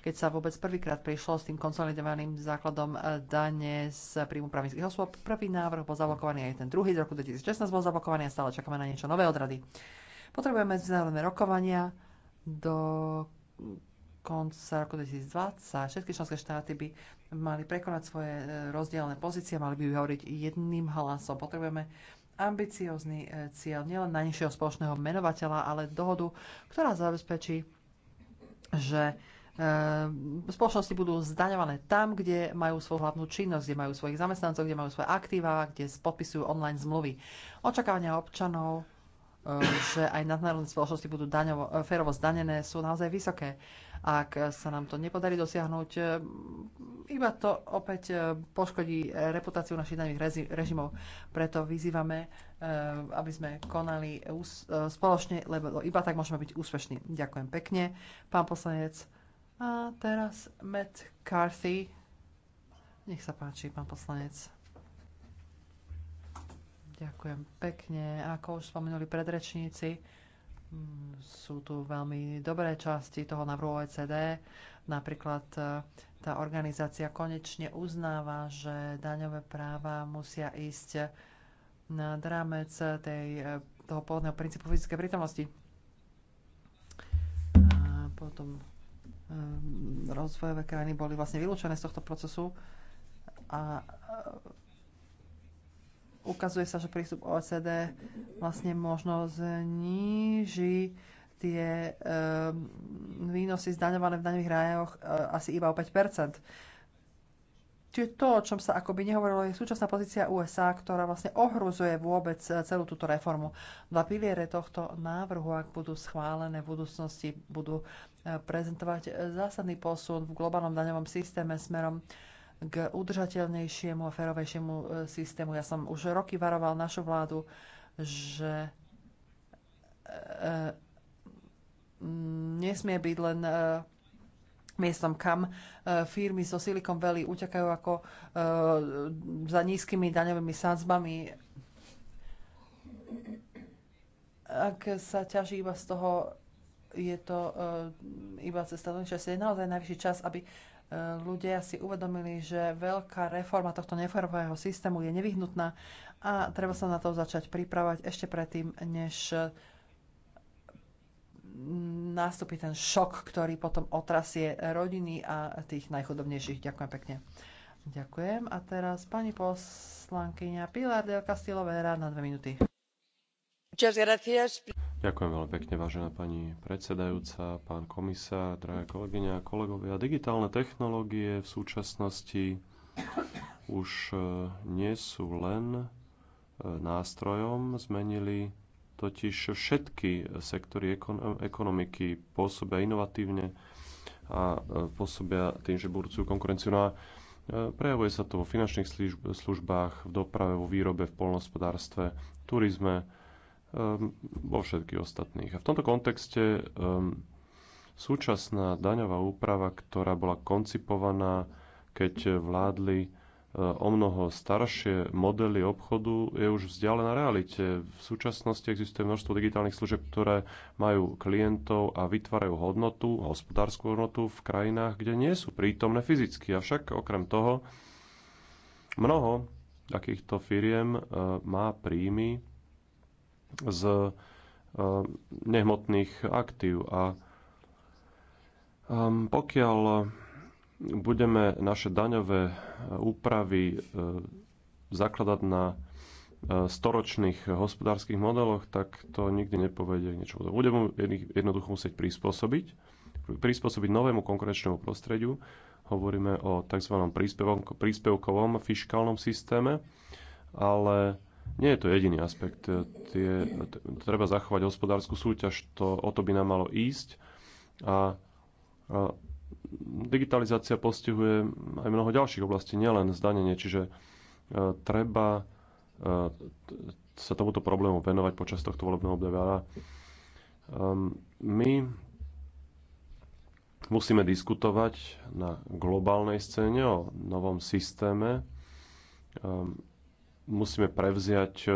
keď sa vôbec prvýkrát prišlo s tým konsolidovaným základom dane z príjmu právnických osôb. Prvý návrh bol zablokovaný aj ten druhý, z roku 2016 bol zablokovaný a stále čakáme na niečo nové odrady. Potrebujeme medzinárodné rokovania do konca roku 2020 všetky členské štáty by mali prekonať svoje rozdielne pozície, mali by hovoriť jedným hlasom. Potrebujeme ambiciózny e, cieľ nielen najnižšieho spoločného menovateľa, ale dohodu, ktorá zabezpečí, že e, spoločnosti budú zdaňované tam, kde majú svoju hlavnú činnosť, kde majú svojich zamestnancov, kde majú svoje aktíva, kde podpisujú online zmluvy. Očakávania občanov e, že aj nadnárodné spoločnosti budú daňovo, férovo zdanené, sú naozaj vysoké. Ak sa nám to nepodarí dosiahnuť, iba to opäť poškodí reputáciu našich daných režimov. Preto vyzývame, eh, aby sme konali eh, spoločne, lebo iba tak môžeme byť úspešní. Ďakujem pekne, pán poslanec. A teraz Matt Carthy. Nech sa páči, pán poslanec. Ďakujem pekne. Ako už spomenuli predrečníci, sú tu veľmi dobré časti toho návrhu OECD. Napríklad e, tá organizácia konečne uznáva, že daňové práva musia ísť na rámec tej, e, toho pôvodného princípu fyzickej prítomnosti. A potom e, rozvojové krajiny boli vlastne vylúčené z tohto procesu a ukazuje sa, že prístup OECD vlastne možno zníži tie ehm, výnosy zdaňované v daňových rájoch e, asi iba o 5 Čiže to, o čom sa akoby nehovorilo, je súčasná pozícia USA, ktorá vlastne ohrozuje vôbec e, celú túto reformu. Dva piliere tohto návrhu, ak budú schválené v budúcnosti, budú e, prezentovať zásadný posun v globálnom daňovom systéme smerom k udržateľnejšiemu a férovejšiemu e, systému. Ja som už roky varoval našu vládu, že e, nesmie byť len e, miestom, kam firmy so Silicon Valley utekajú ako za nízkymi daňovými sádzbami. Ak sa ťaží iba z toho, je to iba cesta do Je naozaj najvyšší čas, aby ľudia si uvedomili, že veľká reforma tohto neferového systému je nevyhnutná a treba sa na to začať pripravať ešte predtým, než nástupí ten šok, ktorý potom otrasie rodiny a tých najchudobnejších. Ďakujem pekne. Ďakujem. A teraz pani poslankyňa Pilar del Castillo Vera na dve minúty. Ďakujem veľmi pekne, vážená pani predsedajúca, pán komisár, drahé kolegyne a kolegovia. Digitálne technológie v súčasnosti už e, nie sú len e, nástrojom, zmenili totiž všetky sektory ekonomiky, pôsobia inovatívne a e, pôsobia tým, že budúcu konkurenciu. No a prejavuje sa to vo finančných službách, v doprave, vo výrobe, v polnospodárstve, turizme, Ehm, vo všetkých ostatných. A v tomto kontexte ehm, súčasná daňová úprava, ktorá bola koncipovaná, keď vládli e, o mnoho staršie modely obchodu je už vzdialená realite. V súčasnosti existuje množstvo digitálnych služieb, ktoré majú klientov a vytvárajú hodnotu, hospodárskú hodnotu v krajinách, kde nie sú prítomné fyzicky. Avšak okrem toho mnoho takýchto firiem e, má príjmy z e, nehmotných aktív. A pokiaľ budeme naše daňové e, úpravy e, zakladať na storočných hospodárskych modeloch, tak to nikdy nepovedie k niečomu. Budeme jednoducho musieť prispôsobiť, prispôsobiť novému konkurenčnému prostrediu. Hovoríme o tzv. príspevkovom fiskálnom systéme, ale nie je to jediný aspekt. Tie, treba zachovať hospodárskú súťaž, to, o to by nám malo ísť. A, a digitalizácia postihuje aj mnoho ďalších oblastí, nielen zdanenie, čiže a, e, treba a, e, sa tomuto problému venovať počas tohto volebného obdobia. Um, my musíme diskutovať na globálnej scéne o novom systéme um, musíme prevziať e,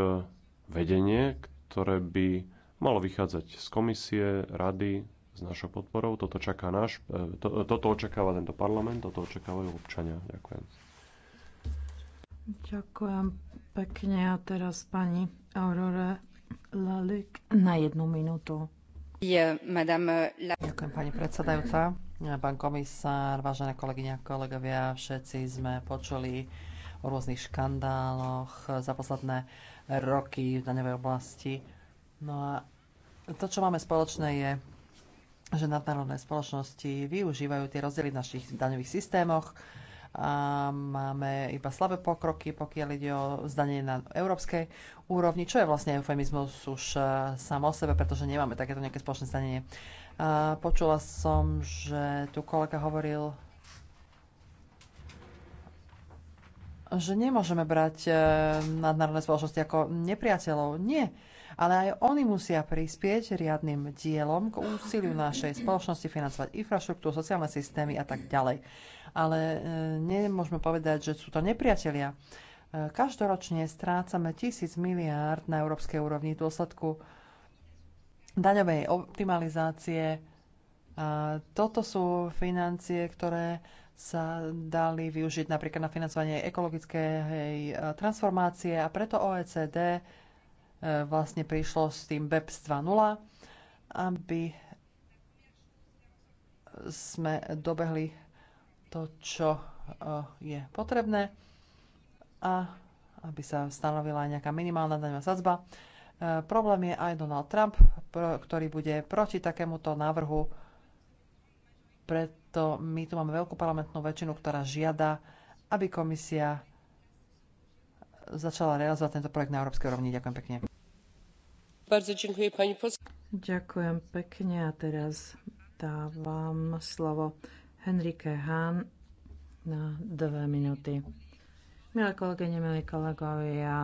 vedenie, ktoré by malo vychádzať z komisie, rady, s našou podporou. Toto, čaká náš, e, to, toto očakáva tento parlament, toto očakávajú občania. Ďakujem. Ďakujem pekne. A teraz pani Aurora Lalik na jednu minútu. Ďakujem, pani predsedajúca. Pán komisár, vážené kolegyne a kolegovia, všetci sme počuli o rôznych škandáloch za posledné roky v daňovej oblasti. No a to, čo máme spoločné, je, že nadnárodné spoločnosti využívajú tie rozdiely v našich daňových systémoch a máme iba slabé pokroky, pokiaľ ide o zdanie na európskej úrovni, čo je vlastne eufemizmus už e, sám o sebe, pretože nemáme takéto nejaké spoločné zdanie. A počula som, že tu kolega hovoril že nemôžeme brať e, nadnárodné spoločnosti ako nepriateľov. Nie. Ale aj oni musia prispieť riadnym dielom k úsiliu našej spoločnosti financovať infraštruktúru, sociálne systémy a tak ďalej. Ale e, nemôžeme povedať, že sú to nepriatelia. E, každoročne strácame tisíc miliárd na európskej úrovni v dôsledku daňovej optimalizácie. A toto sú financie, ktoré sa dali využiť napríklad na financovanie ekologickej e, transformácie a preto OECD e, vlastne prišlo s tým BEPS 2.0, aby sme dobehli to, čo e, je potrebné a aby sa stanovila aj nejaká minimálna daňová sadzba. Problém je aj Donald Trump, ktorý bude proti takémuto návrhu preto my tu máme veľkú parlamentnú väčšinu, ktorá žiada, aby komisia začala realizovať tento projekt na európskej úrovni. Ďakujem pekne. Ďakujem pekne a teraz dávam slovo Henrike Hahn na dve minúty. Milé kolegyne, milí kolegovia,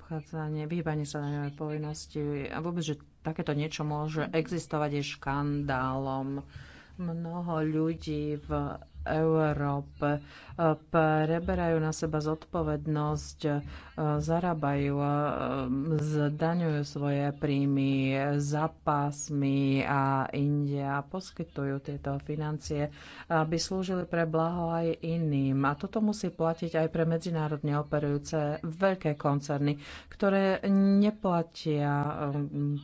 obchádzanie, vyhýbanie sa daňovej povinnosti a vôbec, že takéto niečo môže existovať, je škandálom. Mnoho ľudí v Európe. Preberajú na seba zodpovednosť, e, zarábajú, e, zdaňujú svoje príjmy za pásmi a India poskytujú tieto financie, aby slúžili pre blaho aj iným. A toto musí platiť aj pre medzinárodne operujúce veľké koncerny, ktoré neplatia e,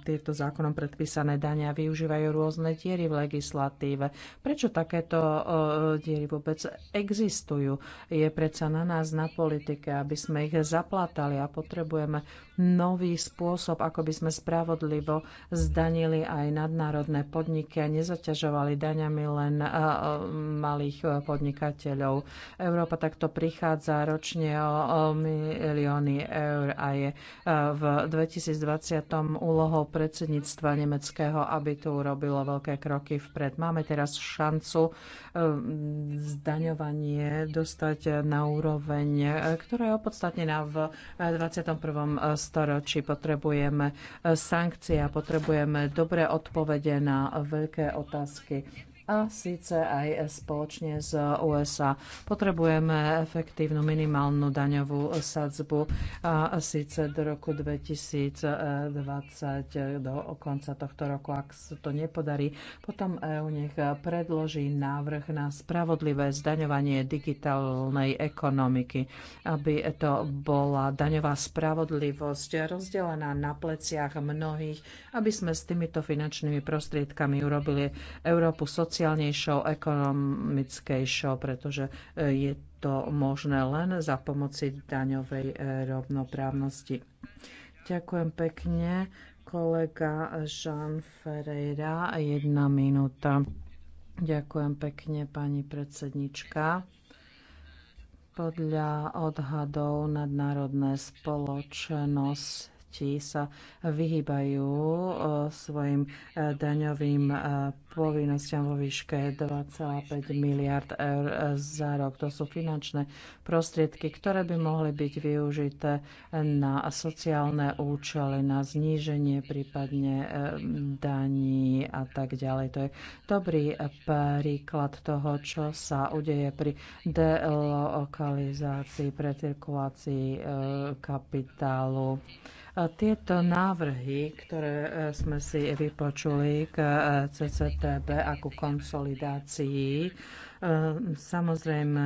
tieto zákonom predpísané dania a využívajú rôzne diery v legislatíve. Prečo takéto diery pastieri vôbec existujú. Je predsa na nás, na politike, aby sme ich zaplatali a potrebujeme nový spôsob, ako by sme spravodlivo zdanili aj nadnárodné podniky a nezaťažovali daňami len malých e, podnikateľov. Európa takto prichádza ročne o milióny eur a je e, v 2020 úlohou predsedníctva nemeckého, aby tu urobilo veľké kroky vpred. Máme teraz šancu e, zdaňovanie dostať na úroveň, ktorá je opodstatnená v 21 storočí. Potrebujeme sankcie a potrebujeme dobré odpovede na veľké otázky a síce aj spoločne z USA. Potrebujeme efektívnu minimálnu daňovú sadzbu a síce do roku 2020 do konca tohto roku. Ak sa to nepodarí, potom EU nech predloží návrh na spravodlivé zdaňovanie digitálnej ekonomiky, aby to bola daňová spravodlivosť rozdelená na pleciach mnohých, aby sme s týmito finančnými prostriedkami urobili Európu sociálne sociálnejšou, ekonomickejšou, pretože e, je to možné len za pomoci daňovej e, rovnoprávnosti. Ďakujem pekne. Kolega Jean Ferreira, jedna minúta. Ďakujem pekne, pani predsednička. Podľa odhadov nadnárodné spoločnosti deti sa vyhýbajú e, svojim e, daňovým e, povinnosťam vo výške 2,5 miliard eur za rok. To sú finančné prostriedky, ktoré by mohli byť využité na sociálne účely, na zníženie prípadne daní a tak ďalej. To je dobrý príklad toho, čo sa udeje pri delokalizácii, cirkulácii kapitálu. Tieto návrhy, ktoré e, sme si vypočuli k e, CCTB a ku konsolidácii, e, samozrejme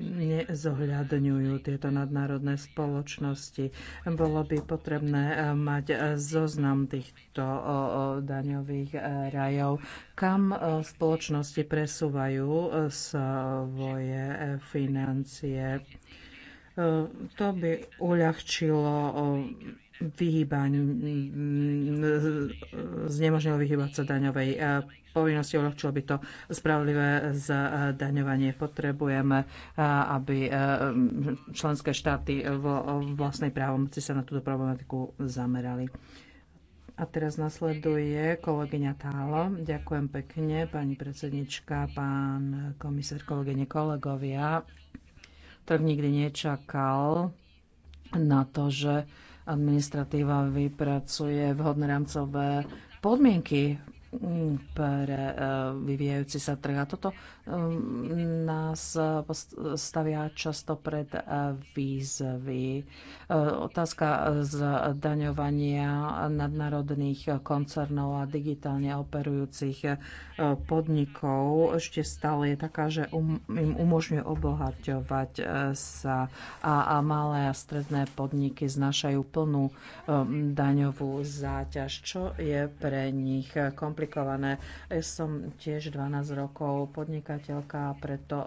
nezohľadňujú tieto nadnárodné spoločnosti. Bolo by potrebné mať zoznam týchto daňových rajov, kam spoločnosti presúvajú svoje financie. To by uľahčilo vyhýbaním, mm, mm, znemožnilo vyhýbať sa daňovej eh, povinnosti, uľahčilo by to spravlivé zdaňovanie. Potrebujeme, eh, aby eh, členské štáty vo vlastnej právomci sa na túto problematiku zamerali. A teraz nasleduje kolegyňa Tálo. Ďakujem pekne, pani predsednička, pán komisár, kolegyne, kolegovia. Trh nikdy nečakal na to, že administratíva vypracuje vhodné rámcové podmienky Mm, pre eh, vyvíjajúci sa trh. A toto mm, nás stavia často pred eh, výzvy. Eh, otázka zdaňovania nadnárodných koncernov a digitálne operujúcich podnikov ešte stále je taká, že um, im umožňuje obohaťovať sa a malé a stredné podniky znašajú plnú daňovú záťaž, čo je pre nich komplikované komplikované. Ja som tiež 12 rokov podnikateľka, preto e,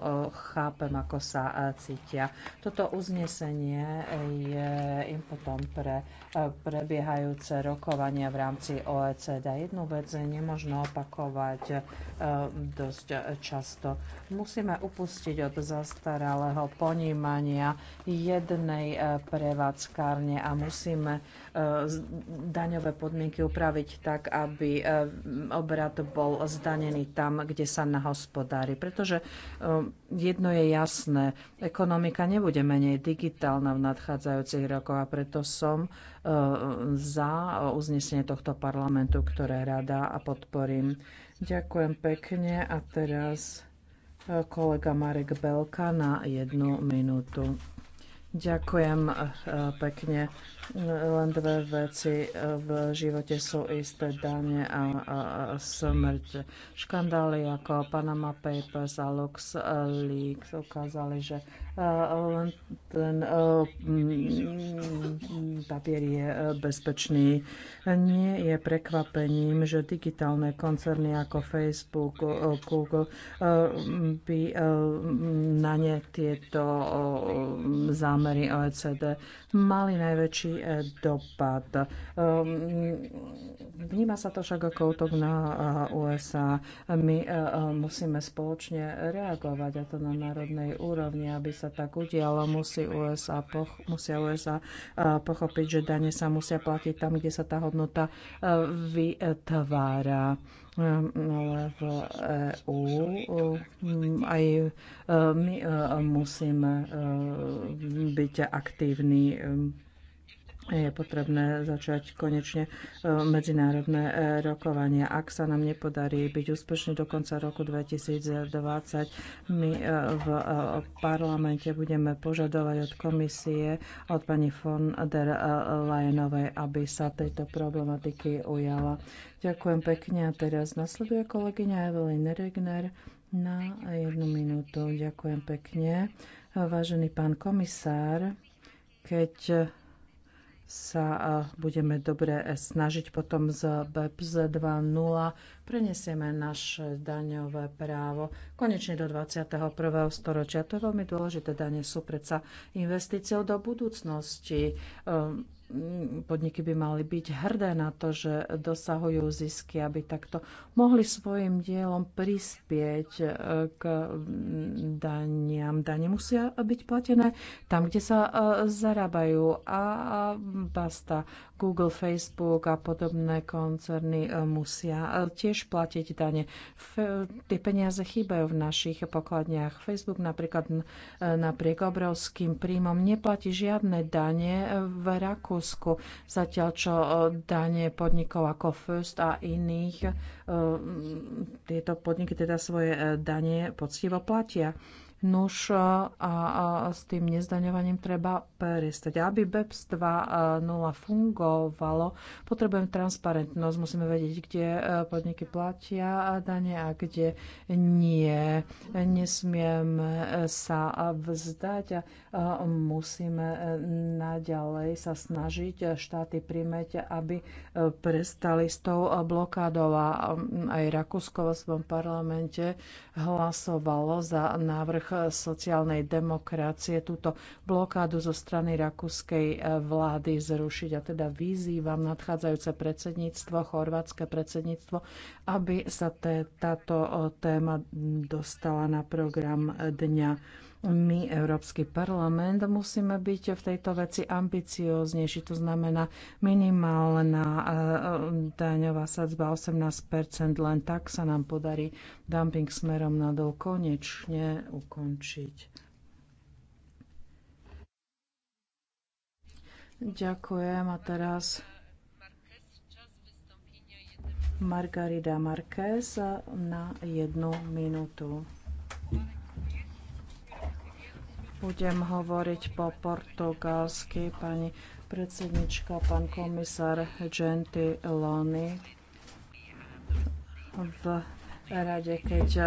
chápem, ako sa e, cítia. Toto uznesenie e, je im potom pre prebiehajúce rokovania v rámci OECD. Jednu vec nemožno opakovať dosť často. Musíme upustiť od zastaralého ponímania jednej prevádzkárne a musíme daňové podmienky upraviť tak, aby e, obrad bol zdanený tam, kde sa nahospodári. Pretože e, jedno je jasné, ekonomika nebude menej digitálna v nadchádzajúcich rokoch a preto som e, za uznesenie tohto parlamentu, ktoré rada a podporím. Ďakujem pekne a teraz kolega Marek Belka na jednu minútu. Ďakujem eh, pekne. Len dve veci v živote sú isté, dane a smrť. Škandály ako Panama Papers a LuxLeaks ukázali, že len ten papier je e, bezpečný. Nie je prekvapením, že digitálne koncerny ako Facebook, Google e, by e, na ne tieto zámery OECD mali najväčší dopad. Vníma sa to však ako útok na USA. My musíme spoločne reagovať a to na národnej úrovni, aby sa tak udialo, musí USA poch- musia USA pochopiť, že dane sa musia platiť tam, kde sa tá hodnota vytvára hm, ale v EU hm, aj hm, my e, musíme e, byť aktívni je potrebné začať konečne e, medzinárodné e, rokovania. Ak sa nám nepodarí byť úspešní do konca roku 2020, my e, v parlamente budeme požadovať od komisie, od pani von der Leyenovej, aby sa tejto problematiky ujala. Ďakujem pekne a teraz nasleduje kolegyňa Evelyn Regner na jednu minútu. Ďakujem pekne. Vážený pán komisár, keď sa budeme dobre snažiť potom z BEPS 2.0 prenesieme naše daňové právo konečne do 21. storočia. To je veľmi dôležité. Dane sú predsa investíciou do budúcnosti. Ehm, podniky by mali byť hrdé na to, že dosahujú zisky, aby takto mohli svojim dielom prispieť e, k mm, daniam. Dane musia byť platené tam, kde sa e, zarábajú a basta. Google, Facebook a podobné koncerny e, musia tiež platiť dane. Tie peniaze chýbajú v našich pokladniach. Facebook napríklad napriek obrovským príjmom neplatí žiadne dane v Rakúsku Rakúsku, zatiaľ čo e, dane podnikov ako First a iných e, tieto podniky teda svoje e, dane poctivo platia. Nuž a s tým nezdaňovaním treba prestať. Aby BEPS 2.0 fungovalo, potrebujem transparentnosť. Musíme vedieť, kde e, podniky platia dane a kde nie. Nesmieme e, sa vzdať a musíme e, naďalej sa snažiť štáty príjmeť, aby prestali s tou blokádou a aj Rakúsko vo svojom parlamente hlasovalo za návrh Eh, sociálnej demokracie túto blokádu zo strany rakúskej eh, vlády zrušiť. A teda vyzývam nadchádzajúce predsedníctvo, chorvátske predsedníctvo, aby sa táto eh, téma dostala na program dňa my, Európsky parlament, musíme byť v tejto veci ambicioznejší. To znamená minimálna e, e, daňová sadzba 18 len tak sa nám podarí dumping smerom nadol konečne ukončiť. Ďakujem a teraz Margarida Marquez na jednu minútu. Budem hovoriť po portugalsky, pani predsednička, pán komisár Gentiloni. V rade, keď e,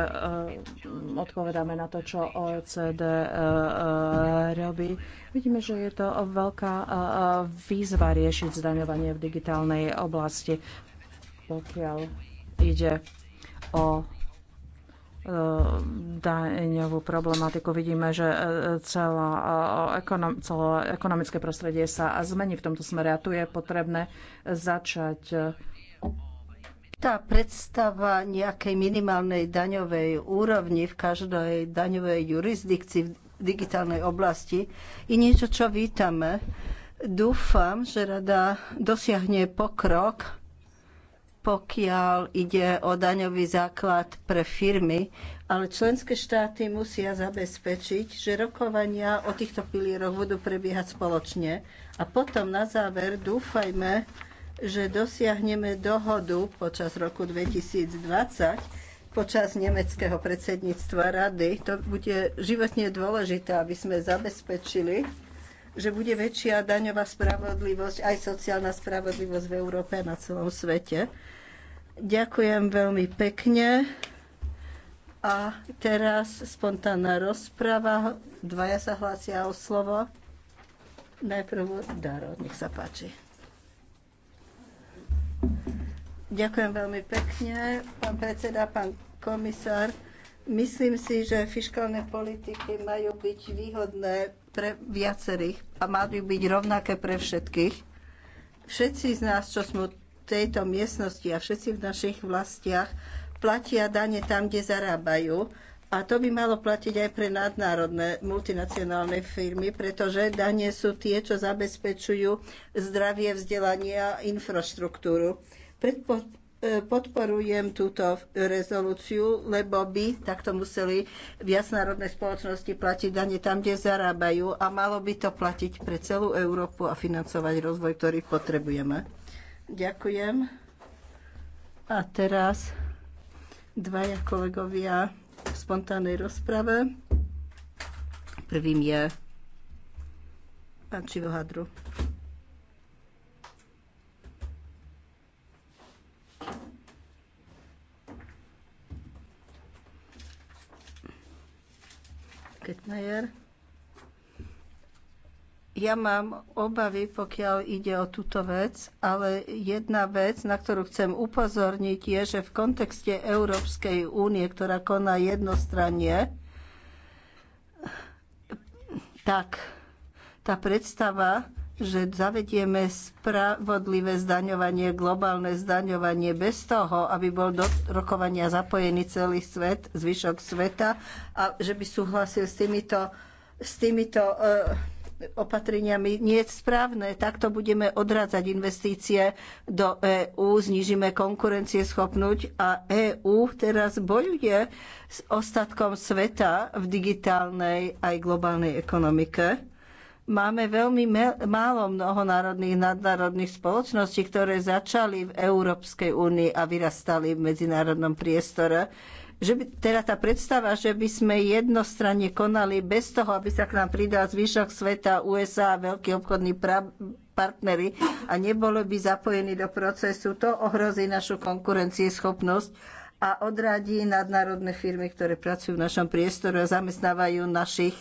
odpovedáme na to, čo OECD e, e, robí. Vidíme, že je to veľká výzva riešiť zdaňovanie v digitálnej oblasti, pokiaľ ide o E, daňovú problematiku. Vidíme, že e, celá, e, ekonom, celé ekonomické prostredie sa zmení v tomto smere a tu je potrebné začať tá predstava nejakej minimálnej daňovej úrovni v každej daňovej jurisdikcii v digitálnej oblasti je niečo, čo vítame. Dúfam, že rada dosiahne pokrok pokiaľ ide o daňový základ pre firmy, ale členské štáty musia zabezpečiť, že rokovania o týchto pilieroch budú prebiehať spoločne. A potom na záver dúfajme, že dosiahneme dohodu počas roku 2020, počas nemeckého predsedníctva rady. To bude životne dôležité, aby sme zabezpečili, že bude väčšia daňová spravodlivosť, aj sociálna spravodlivosť v Európe a na celom svete Ďakujem veľmi pekne. A teraz spontánna rozprava. Dvaja sa hlásia o slovo. Najprv Daro, nech sa páči. Ďakujem veľmi pekne, pán predseda, pán komisár. Myslím si, že fiskálne politiky majú byť výhodné pre viacerých a majú byť rovnaké pre všetkých. Všetci z nás, čo sme tejto miestnosti a všetci v našich vlastiach platia dane tam, kde zarábajú. A to by malo platiť aj pre nadnárodné multinacionálne firmy, pretože dane sú tie, čo zabezpečujú zdravie, vzdelanie a infraštruktúru. Predpo- e, podporujem túto rezolúciu, lebo by takto museli viac národné spoločnosti platiť dane tam, kde zarábajú a malo by to platiť pre celú Európu a financovať rozvoj, ktorý potrebujeme. Ďakujem. A teraz dvaja kolegovia v spontánnej rozprave. Prvým je pán Čivohadru. Kettner. Ja mám obavy, pokiaľ ide o túto vec, ale jedna vec, na ktorú chcem upozorniť, je, že v kontexte Európskej únie, ktorá koná jednostranne, tak tá predstava, že zavedieme spravodlivé zdaňovanie, globálne zdaňovanie bez toho, aby bol do rokovania zapojený celý svet, zvyšok sveta a že by súhlasil s týmito, s týmito e, opatreniami nie je správne. Takto budeme odrádzať investície do EÚ, znižíme konkurencieschopnúť a EÚ teraz bojuje s ostatkom sveta v digitálnej aj globálnej ekonomike. Máme veľmi málo mnohonárodných nadnárodných spoločností, ktoré začali v Európskej únii a vyrastali v medzinárodnom priestore že by, teda tá predstava, že by sme jednostranne konali bez toho, aby sa k nám pridal zvyšok sveta, USA a veľkí obchodní pra- partnery a neboli by zapojení do procesu, to ohrozí našu konkurencieschopnosť a odradí nadnárodné firmy, ktoré pracujú v našom priestore a zamestnávajú našich,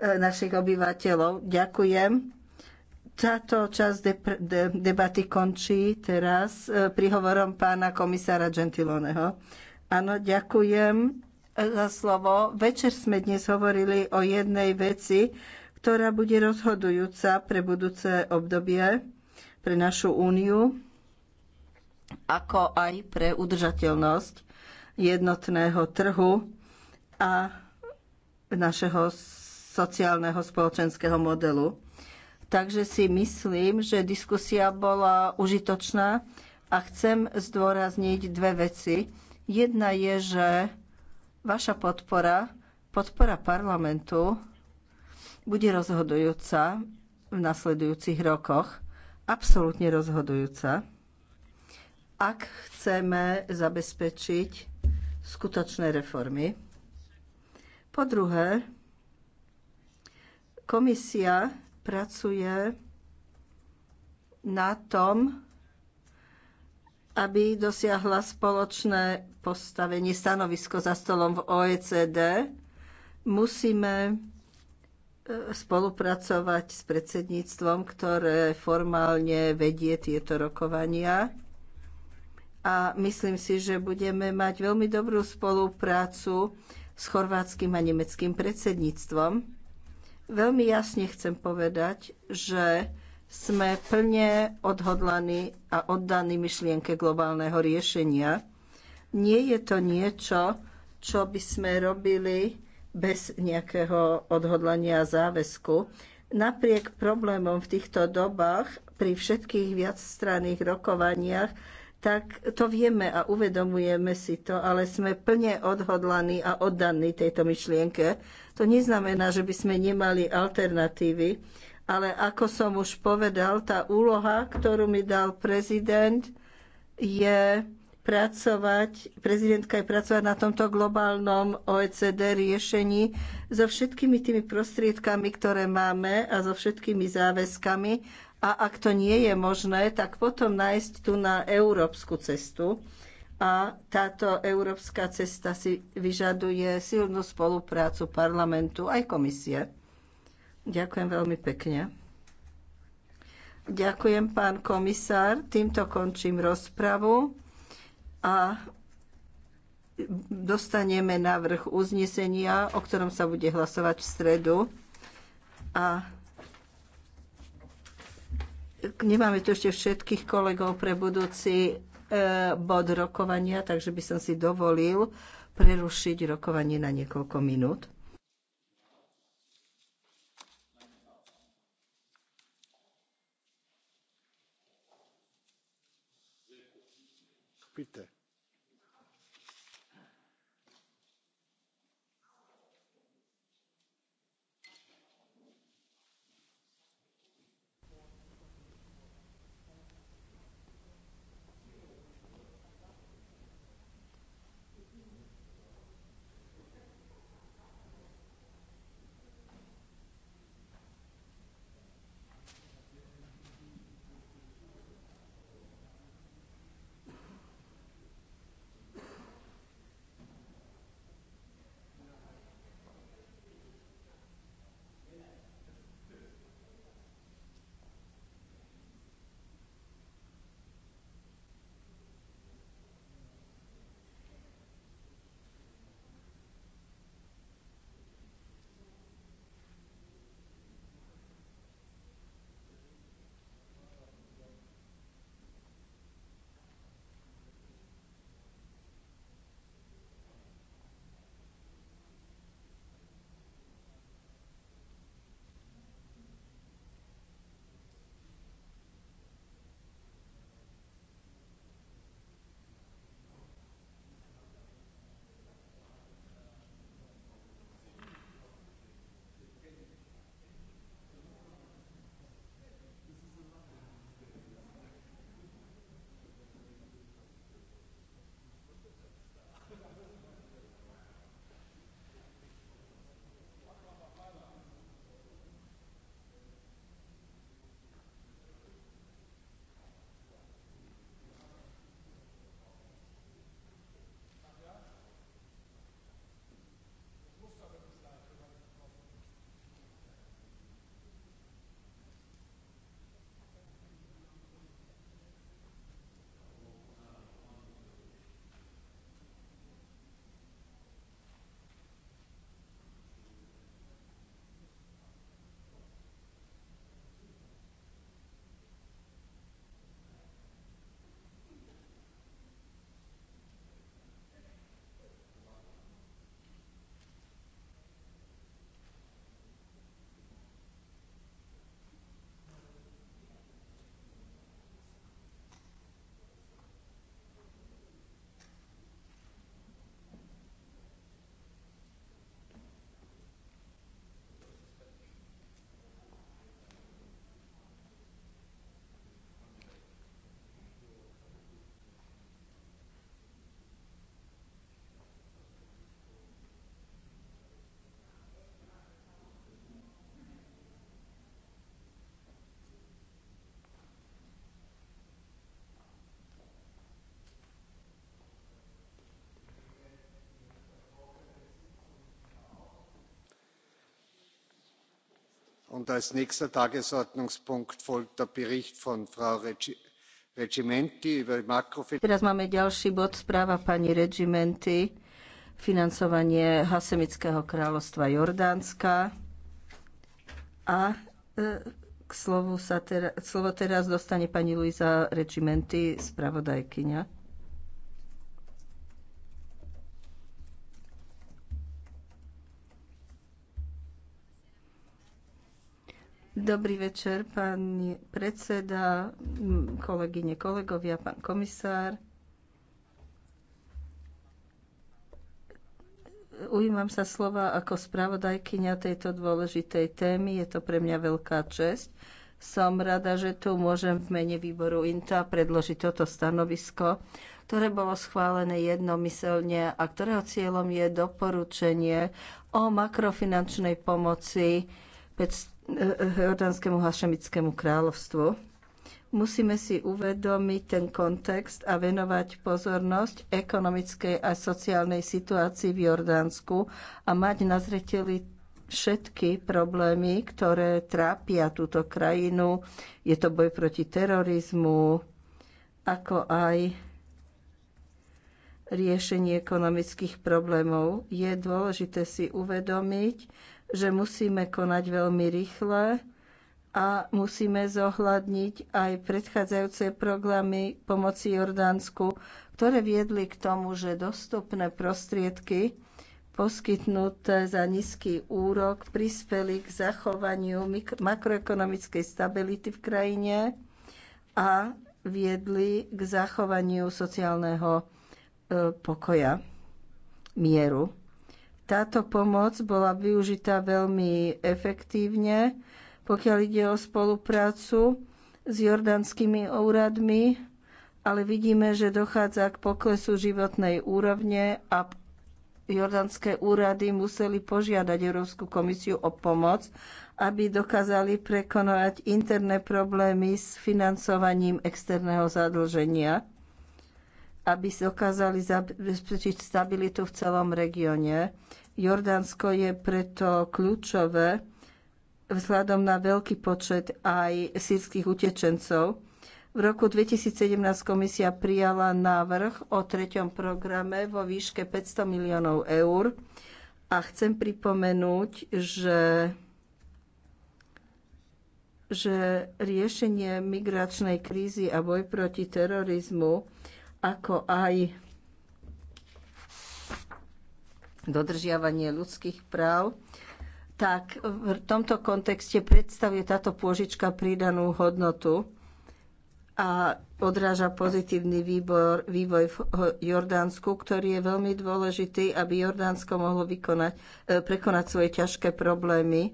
e, našich obyvateľov. Ďakujem. Táto časť de- de- debaty končí teraz e, prihovorom pána komisára Gentiloneho. Áno, ďakujem za slovo. Večer sme dnes hovorili o jednej veci, ktorá bude rozhodujúca pre budúce obdobie, pre našu úniu, ako aj pre udržateľnosť jednotného trhu a našeho sociálneho spoločenského modelu. Takže si myslím, že diskusia bola užitočná a chcem zdôrazniť dve veci Jedna je, že vaša podpora, podpora parlamentu, bude rozhodujúca v nasledujúcich rokoch, absolútne rozhodujúca, ak chceme zabezpečiť skutočné reformy. Po druhé, komisia pracuje na tom, aby dosiahla spoločné postavenie stanovisko za stolom v OECD, musíme e, spolupracovať s predsedníctvom, ktoré formálne vedie tieto rokovania. A myslím si, že budeme mať veľmi dobrú spoluprácu s chorvátskym a nemeckým predsedníctvom. Veľmi jasne chcem povedať, že sme plne odhodlaní a oddaní myšlienke globálneho riešenia. Nie je to niečo, čo by sme robili bez nejakého odhodlania a záväzku. Napriek problémom v týchto dobách, pri všetkých viacstranných rokovaniach, tak to vieme a uvedomujeme si to, ale sme plne odhodlaní a oddaní tejto myšlienke. To neznamená, že by sme nemali alternatívy ale ako som už povedal, tá úloha, ktorú mi dal prezident, je pracovať, prezidentka je pracovať na tomto globálnom OECD riešení so všetkými tými prostriedkami, ktoré máme a so všetkými záväzkami. A ak to nie je možné, tak potom nájsť tu na európsku cestu. A táto európska cesta si vyžaduje silnú spoluprácu parlamentu aj komisie. Ďakujem veľmi pekne. Ďakujem, pán komisár. Týmto končím rozpravu a dostaneme návrh uznesenia, o ktorom sa bude hlasovať v stredu. A nemáme tu ešte všetkých kolegov pre budúci e, bod rokovania, takže by som si dovolil prerušiť rokovanie na niekoľko minút. und als nächster tagesordnungspunkt folgt der bericht von frau regimenti über makrofinanzierung. Teraz máme ďalší bod správa pani Regimenti financovanie Hasemického kráľovstva Jordánska. A e, k slovu sa teraz, slovo teraz dostane pani Luisa Regimenti, spravodajkyňa. Dobrý večer, pán predseda, kolegyne, kolegovia, pán komisár. Ujímam sa slova ako spravodajkyňa tejto dôležitej témy. Je to pre mňa veľká česť. Som rada, že tu môžem v mene výboru INTA predložiť toto stanovisko, ktoré bolo schválené jednomyselne a ktorého cieľom je doporučenie o makrofinančnej pomoci Eh, eh, jordánskému hašemickému kráľovstvu. Musíme si uvedomiť ten kontext a venovať pozornosť ekonomickej a sociálnej situácii v Jordánsku a mať na zreteli všetky problémy, ktoré trápia túto krajinu. Je to boj proti terorizmu, ako aj riešenie ekonomických problémov. Je dôležité si uvedomiť, že musíme konať veľmi rýchle a musíme zohľadniť aj predchádzajúce programy pomoci Jordánsku, ktoré viedli k tomu, že dostupné prostriedky poskytnuté za nízky úrok prispeli k zachovaniu makroekonomickej stability v krajine a viedli k zachovaniu sociálneho e, pokoja, mieru. Táto pomoc bola využitá veľmi efektívne, pokiaľ ide o spoluprácu s jordanskými úradmi, ale vidíme, že dochádza k poklesu životnej úrovne a jordanské úrady museli požiadať Európsku komisiu o pomoc, aby dokázali prekonať interné problémy s financovaním externého zadlženia aby dokázali zabezpečiť stabilitu v celom regióne. Jordánsko je preto kľúčové vzhľadom na veľký počet aj sírskych utečencov. V roku 2017 komisia prijala návrh o treťom programe vo výške 500 miliónov eur a chcem pripomenúť, že že riešenie migračnej krízy a boj proti terorizmu ako aj dodržiavanie ľudských práv, tak v tomto kontexte predstavuje táto pôžička pridanú hodnotu a odráža pozitívny výbor, vývoj v Jordánsku, ktorý je veľmi dôležitý, aby Jordánsko mohlo vykonať, e, prekonať svoje ťažké problémy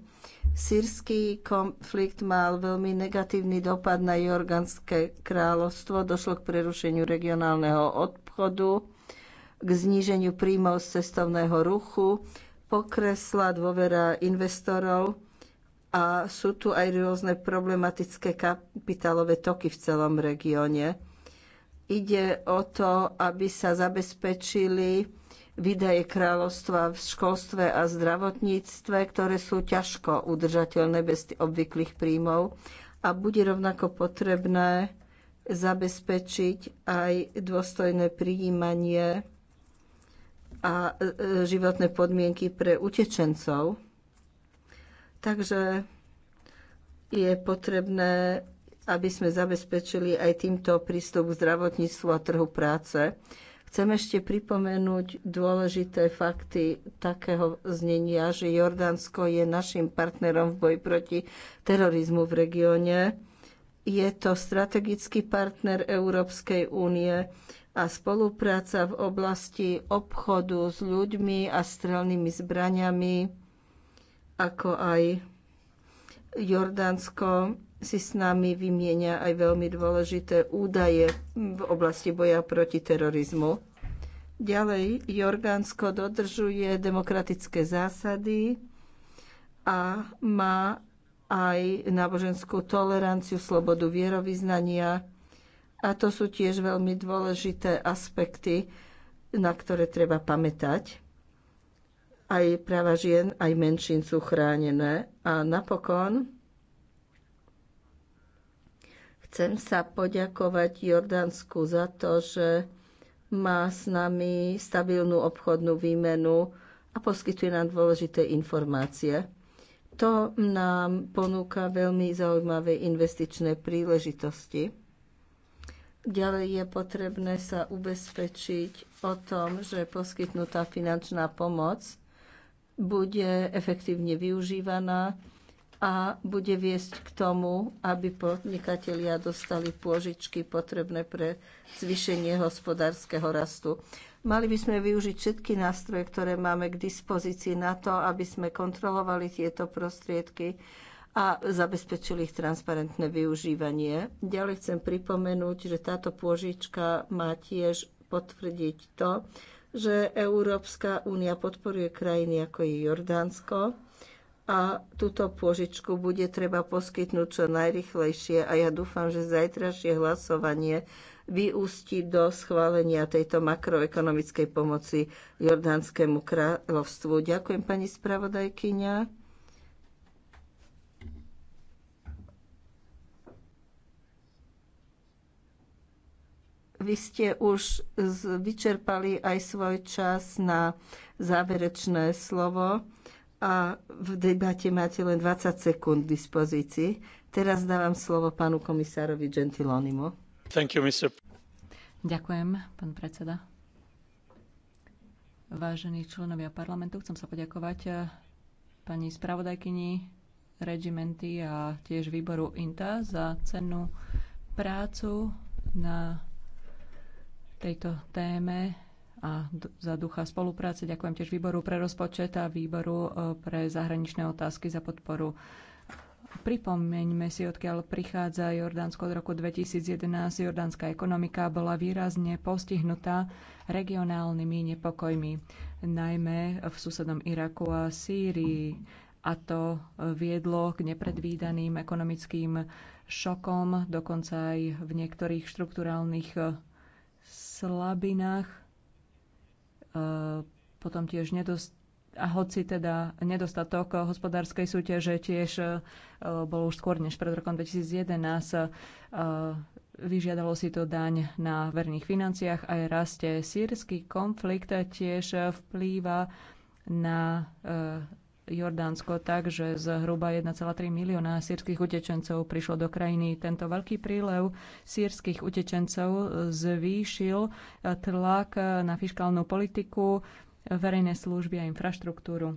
Sýrsky konflikt mal veľmi negatívny dopad na Jordanské kráľovstvo. Došlo k prerušeniu regionálneho obchodu, k zníženiu príjmov z cestovného ruchu, pokresla dôvera investorov a sú tu aj rôzne problematické kapitálové toky v celom regióne. Ide o to, aby sa zabezpečili výdaje kráľovstva v školstve a zdravotníctve, ktoré sú ťažko udržateľné bez obvyklých príjmov a bude rovnako potrebné zabezpečiť aj dôstojné prijímanie a e, životné podmienky pre utečencov. Takže je potrebné, aby sme zabezpečili aj týmto prístup k zdravotníctvu a trhu práce. Chcem ešte pripomenúť dôležité fakty takého znenia, že Jordánsko je našim partnerom v boji proti terorizmu v regióne. Je to strategický partner Európskej únie a spolupráca v oblasti obchodu s ľuďmi a strelnými zbraniami, ako aj Jordánsko si s nami vymieňa aj veľmi dôležité údaje v oblasti boja proti terorizmu. Ďalej, Jorgánsko dodržuje demokratické zásady a má aj náboženskú toleranciu, slobodu vierovýznania. A to sú tiež veľmi dôležité aspekty, na ktoré treba pamätať. Aj práva žien, aj menšín sú chránené. A napokon chcem sa poďakovať Jordánsku za to, že má s nami stabilnú obchodnú výmenu a poskytuje nám dôležité informácie. To nám ponúka veľmi zaujímavé investičné príležitosti. Ďalej je potrebné sa ubezpečiť o tom, že poskytnutá finančná pomoc bude efektívne využívaná a bude viesť k tomu, aby podnikatelia dostali pôžičky potrebné pre zvýšenie hospodárskeho rastu. Mali by sme využiť všetky nástroje, ktoré máme k dispozícii na to, aby sme kontrolovali tieto prostriedky a zabezpečili ich transparentné využívanie. Ďalej chcem pripomenúť, že táto pôžička má tiež potvrdiť to, že Európska únia podporuje krajiny ako je Jordánsko, a túto požičku bude treba poskytnúť čo najrychlejšie a ja dúfam, že zajtrašie hlasovanie vyústi do schválenia tejto makroekonomickej pomoci Jordánskému kráľovstvu. Ďakujem pani spravodajkyňa. Vy ste už vyčerpali aj svoj čas na záverečné slovo a v debate máte len 20 sekúnd k dispozícii. Teraz dávam slovo pánu komisárovi Gentilonimo. Thank you, Mr. Ďakujem, pán predseda. Vážení členovia parlamentu, chcem sa poďakovať eh, pani spravodajkyni regimenty a tiež výboru INTA za cennú prácu na tejto téme a za ducha spolupráce. Ďakujem tiež výboru pre rozpočet a výboru e, pre zahraničné otázky za podporu. Pripomeňme si, odkiaľ prichádza Jordánsko od roku 2011. Jordánska ekonomika bola výrazne postihnutá regionálnymi nepokojmi, najmä v susednom Iraku a Sýrii. A to viedlo k nepredvídaným ekonomickým šokom, dokonca aj v niektorých štruktúrálnych slabinách Eh, potom tiež nedost a hoci teda nedostatok hospodárskej súťaže tiež eh, bol už skôr než pred rokom 2011, eh, vyžiadalo si to daň na verných financiách aj raste. Sírsky konflikt tiež vplýva na Jordánsko tak, že zhruba 1,3 milióna sírskych utečencov prišlo do krajiny. Tento veľký prílev sírskych utečencov zvýšil tlak na fiskálnu politiku, verejné služby a infraštruktúru.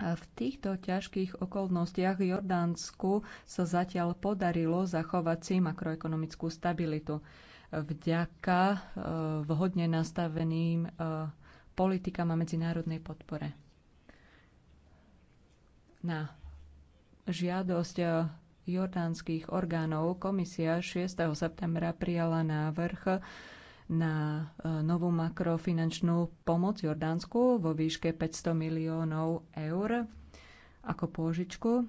A v týchto ťažkých okolnostiach Jordánsku sa zatiaľ podarilo zachovať si makroekonomickú stabilitu. Vďaka eh, vhodne nastaveným eh, politikám a medzinárodnej podpore. Na žiadosť eh, jordánskych orgánov komisia 6. septembra prijala návrh na eh, novú makrofinančnú pomoc Jordánsku vo výške 500 miliónov eur ako pôžičku. Eh,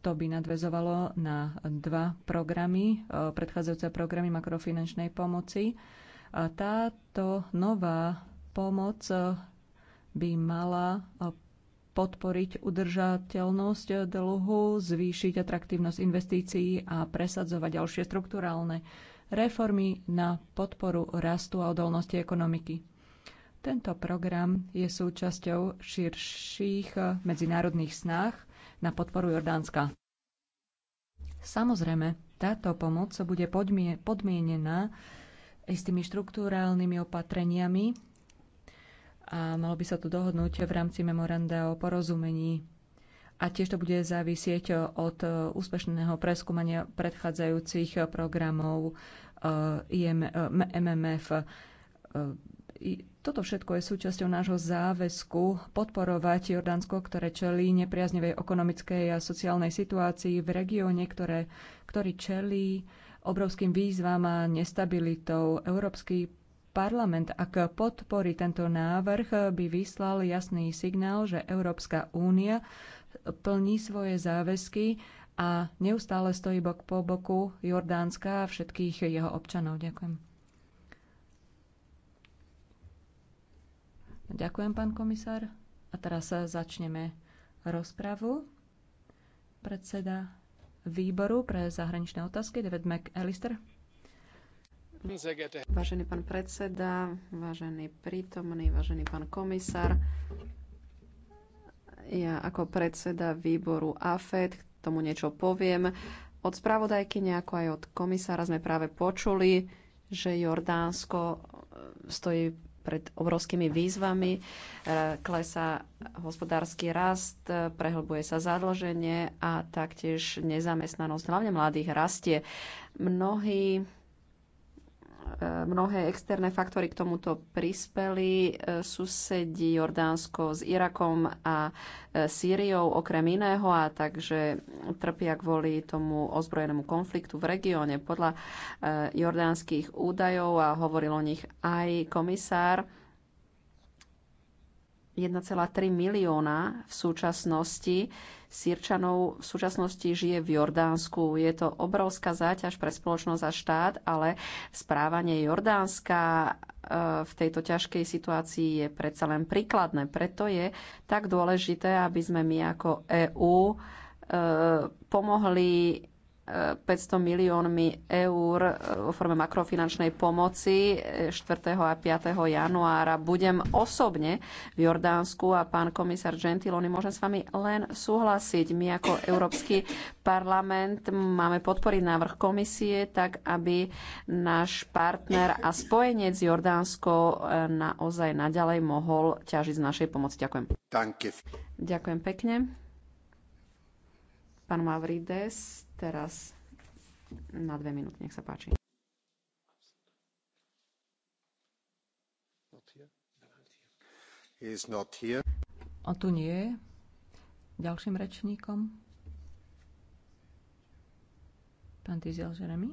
to by nadvezovalo na dva programy, predchádzajúce programy makrofinančnej pomoci. Táto nová pomoc by mala podporiť udržateľnosť dlhu, zvýšiť atraktívnosť investícií a presadzovať ďalšie štruktúrálne reformy na podporu rastu a odolnosti ekonomiky. Tento program je súčasťou širších medzinárodných snách na podporu Jordánska. Samozrejme, táto pomoc bude podmienená istými štruktúrálnymi opatreniami a malo by sa to dohodnúť v rámci memoranda o porozumení. A tiež to bude závisieť od úspešného preskúmania predchádzajúcich programov eh, MMF. Eh, eh, toto všetko je súčasťou nášho záväzku podporovať Jordánsko, ktoré čelí nepriaznevej ekonomickej a sociálnej situácii v regióne, ktoré, ktorý čelí obrovským výzvam a nestabilitou. Európsky Parlament, ak podporí tento návrh, by vyslal jasný signál, že Európska únia plní svoje záväzky a neustále stojí bok po boku Jordánska a všetkých jeho občanov. Ďakujem. Ďakujem, pán komisár. A teraz začneme rozpravu. Predseda výboru pre zahraničné otázky David McAllister. Vážený pán predseda, vážený prítomný, vážený pán komisár, ja ako predseda výboru AFED k tomu niečo poviem. Od spravodajky, ako aj od komisára sme práve počuli, že Jordánsko eh, stojí pred obrovskými výzvami. Eh, klesá hospodársky rast, eh, prehlbuje sa zadlženie a taktiež nezamestnanosť, hlavne mladých, rastie. Mnohí mnohé externé faktory k tomuto prispeli. E, susedí Jordánsko s Irakom a e, Sýriou okrem iného a takže trpia kvôli tomu ozbrojenému konfliktu v regióne. Podľa e, jordánskych údajov a hovoril o nich aj komisár, 1,3 milióna v súčasnosti Sýrčanov v súčasnosti žije v Jordánsku. Je to obrovská záťaž pre spoločnosť a štát, ale správanie Jordánska e, v tejto ťažkej situácii je predsa len príkladné. Preto je tak dôležité, aby sme my ako EÚ e, pomohli 500 miliónmi eur e, vo forme makrofinančnej pomoci 4. E, a 5. januára. Budem osobne v Jordánsku a pán komisár Gentiloni, môžem s vami len súhlasiť. My ako Európsky parlament máme podporiť návrh komisie tak, aby náš partner a spojenec Jordánsko e, naozaj naďalej mohol ťažiť z našej pomoci. Ďakujem. Ďakujem pekne. Pán Mavrides, Teraz na dve minúty, nech sa páči. A tu nie je. Ďalším rečníkom. Pán Tiziel Žeremi.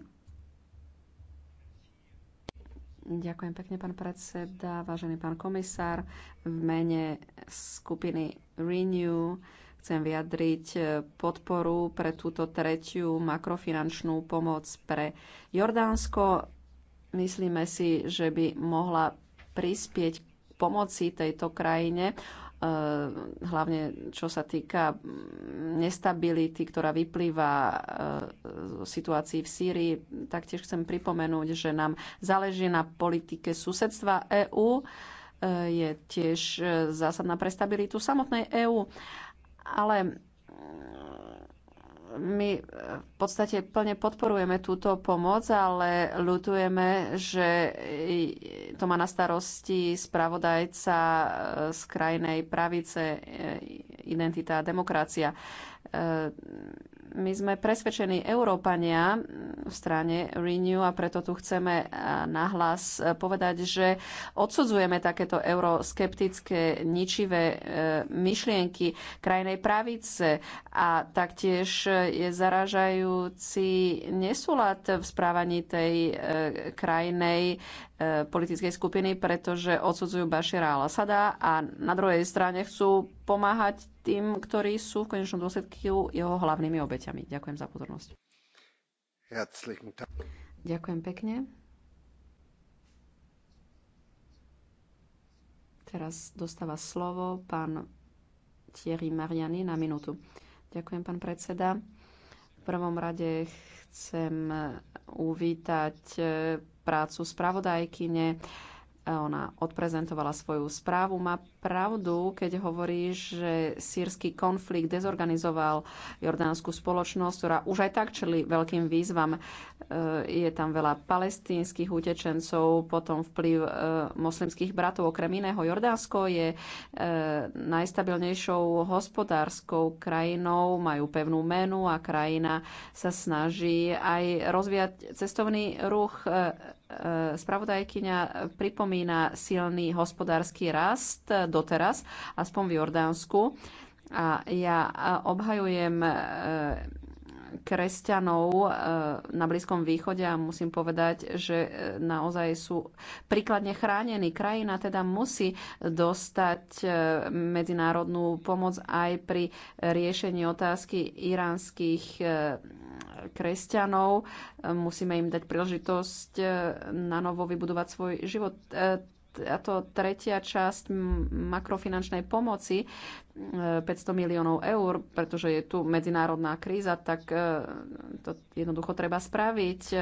Ďakujem pekne, pán predseda, vážený pán komisár. V mene skupiny Renew Chcem vyjadriť e, podporu pre túto tretiu makrofinančnú pomoc pre Jordánsko. Myslíme si, že by mohla prispieť k pomoci tejto krajine, e, hlavne čo sa týka nestability, ktorá vyplýva e, z situácií v Sýrii. Taktiež chcem pripomenúť, že nám záleží na politike susedstva EÚ je tiež zásadná pre stabilitu samotnej EÚ. Ale mm, my e, v podstate plne podporujeme túto pomoc, ale ľutujeme, že e, to má na starosti spravodajca e, z krajnej pravice Identita a demokracia my sme presvedčení Európania v strane Renew a preto tu chceme eh, nahlas eh, povedať, že odsudzujeme takéto euroskeptické ničivé eh, myšlienky krajnej pravice a taktiež je zaražajúci nesúlad v správaní tej krajnej politickej skupiny, pretože odsudzujú Bašira al-Asada a na druhej strane chcú pomáhať tým, ktorí sú v konečnom dôsledku jeho hlavnými obeťami. Ďakujem za pozornosť. Ďakujem pekne. Teraz dostáva slovo pán Thierry Mariani na minútu. Ďakujem, pán predseda. V prvom rade chcem uvítať eh, prácu spravodajkyne ona odprezentovala svoju správu, má pravdu, keď hovorí, že sírsky konflikt dezorganizoval jordánsku spoločnosť, ktorá už aj tak čeli veľkým výzvam. E, je tam veľa palestínskych utečencov, potom vplyv e, moslimských bratov. Okrem iného, Jordánsko je e, najstabilnejšou hospodárskou krajinou, majú pevnú menu a krajina sa snaží aj rozvíjať cestovný ruch spravodajkyňa pripomína silný hospodársky rast doteraz, aspoň v Jordánsku. A ja obhajujem kresťanov eh, na Blízkom východe a musím povedať, že eh, naozaj sú príkladne chránení. Krajina teda musí dostať eh, medzinárodnú pomoc aj pri riešení otázky iránskych kresťanov. Musíme im dať príležitosť na novo vybudovať svoj život táto tretia časť makrofinančnej pomoci 500 e, miliónov eur, pretože je tu medzinárodná kríza, tak e, to jednoducho treba spraviť. E,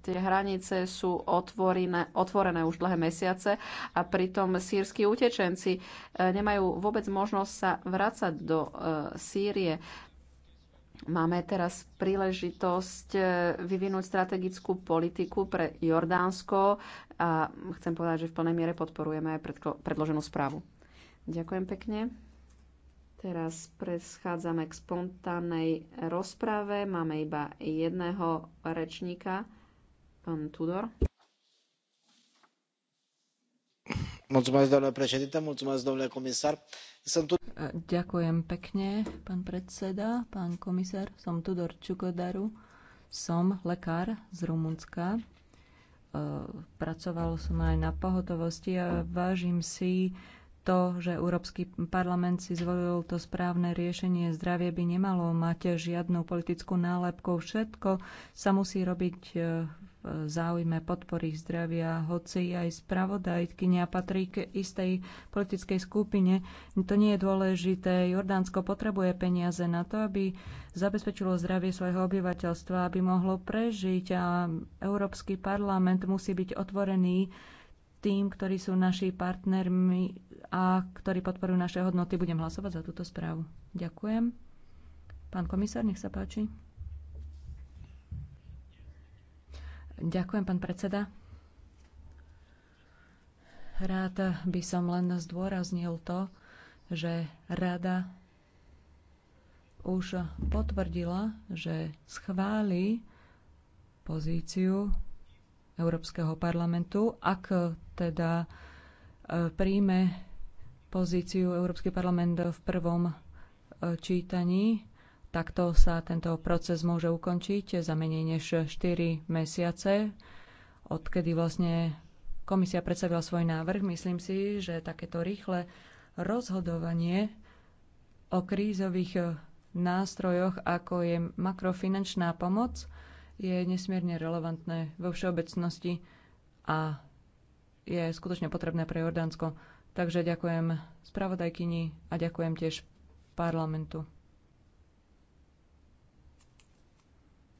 tie hranice sú otvorené, otvorené už dlhé mesiace a pritom sírsky utečenci nemajú vôbec možnosť sa vrácať do Sýrie. Máme teraz príležitosť eh, vyvinúť strategickú politiku pre Jordánsko a chcem povedať, že v plnej miere podporujeme aj predloženú správu. Ďakujem pekne. Teraz preschádzame k spontánnej rozprave. Máme iba jedného rečníka, pán Tudor. domnule președinte mulțumesc domnule comisar sunt. ďakujem pekne pán predseda pán komisár som tudor čukodaru som lekár z rumunska pracoval som aj na pohotovosti a vážim si to, že Európsky parlament si zvolil to správne riešenie, zdravie by nemalo mať žiadnu politickú nálepku. Všetko sa musí robiť e, záujme podpory zdravia, hoci aj spravodajkynia patrí k istej politickej skupine. To nie je dôležité. Jordánsko potrebuje peniaze na to, aby zabezpečilo zdravie svojho obyvateľstva, aby mohlo prežiť a Európsky parlament musí byť otvorený tým, ktorí sú naši partnermi a ktorí podporujú naše hodnoty. Budem hlasovať za túto správu. Ďakujem. Pán komisár, nech sa páči. Ďakujem, pán predseda. Rád by som len zdôraznil to, že rada už potvrdila, že schváli pozíciu Európskeho parlamentu, ak teda e, príjme pozíciu Európsky parlament v prvom e, čítaní Takto sa tento proces môže ukončiť za menej než 4 mesiace, odkedy vlastne komisia predstavila svoj návrh. Myslím si, že takéto rýchle rozhodovanie o krízových nástrojoch, ako je makrofinančná pomoc, je nesmierne relevantné vo všeobecnosti a je skutočne potrebné pre Jordánsko. Takže ďakujem spravodajkyni a ďakujem tiež parlamentu.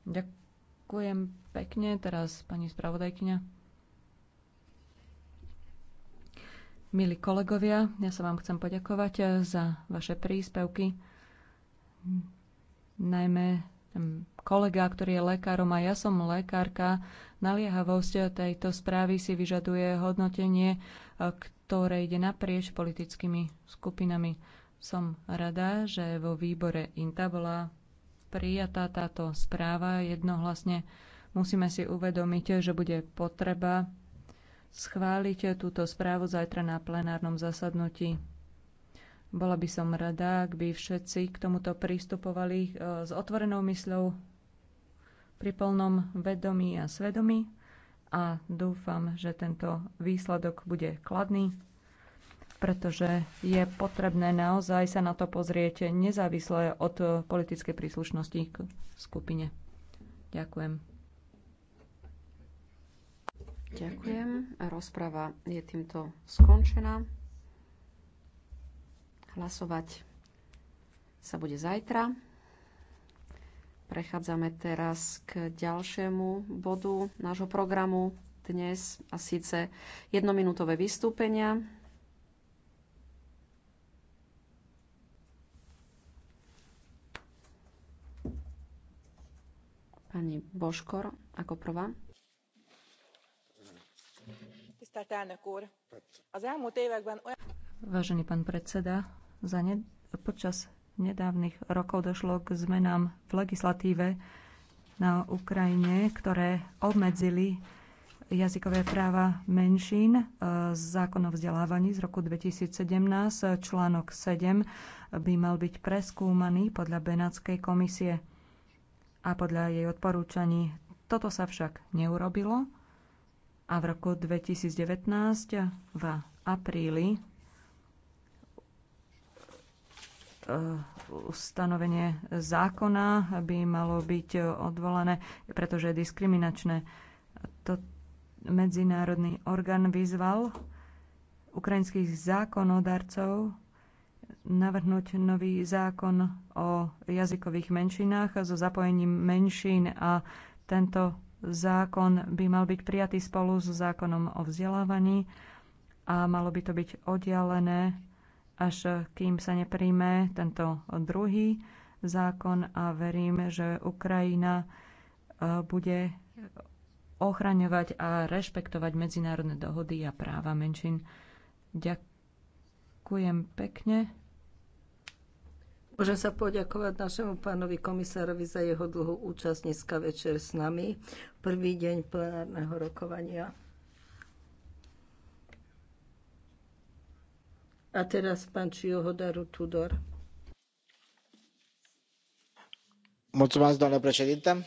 Ďakujem pekne. Teraz pani spravodajkyňa. Milí kolegovia, ja sa vám chcem poďakovať eh, za vaše príspevky. Najmä mm, kolega, ktorý je lekárom a ja som lekárka, naliehavosť tejto správy si vyžaduje hodnotenie, eh, ktoré ide naprieč politickými skupinami. Som rada, že vo výbore INTA bola prijatá táto správa jednohlasne, musíme si uvedomiť, že bude potreba schváliť túto správu zajtra na plenárnom zasadnutí. Bola by som rada, ak by všetci k tomuto pristupovali eh, s otvorenou mysľou, pri plnom vedomí a svedomí a dúfam, že tento výsledok bude kladný pretože je potrebné naozaj sa na to pozrieť nezávisle od politickej príslušnosti k skupine. Ďakujem. Ďakujem. Rozprava je týmto skončená. Hlasovať sa bude zajtra. Prechádzame teraz k ďalšiemu bodu nášho programu dnes a síce jednominútové vystúpenia. Pani Boškor, ako prvá. Vážený pán predseda, za ne, počas nedávnych rokov došlo k zmenám v legislatíve na Ukrajine, ktoré obmedzili jazykové práva menšín e, z zákonov o vzdelávaní z roku 2017. Článok 7 by mal byť preskúmaný podľa Benátskej komisie a podľa jej odporúčaní. Toto sa však neurobilo a v roku 2019 v apríli e, ustanovenie zákona by malo byť odvolané, pretože je diskriminačné. To medzinárodný orgán vyzval ukrajinských zákonodarcov navrhnúť nový zákon o jazykových menšinách so zapojením menšín a tento zákon by mal byť prijatý spolu s zákonom o vzdelávaní a malo by to byť oddialené, až kým sa nepríjme tento druhý zákon a verím, že Ukrajina e, bude ochraňovať a rešpektovať medzinárodné dohody a práva menšín. Ďakujem pekne. Môžem sa poďakovať našemu pánovi komisárovi za jeho dlhú účasť dneska večer s nami. Prvý deň plenárneho rokovania. A teraz pán Čiohodaru Tudor. Moc Mulțumesc, doamnă președintă.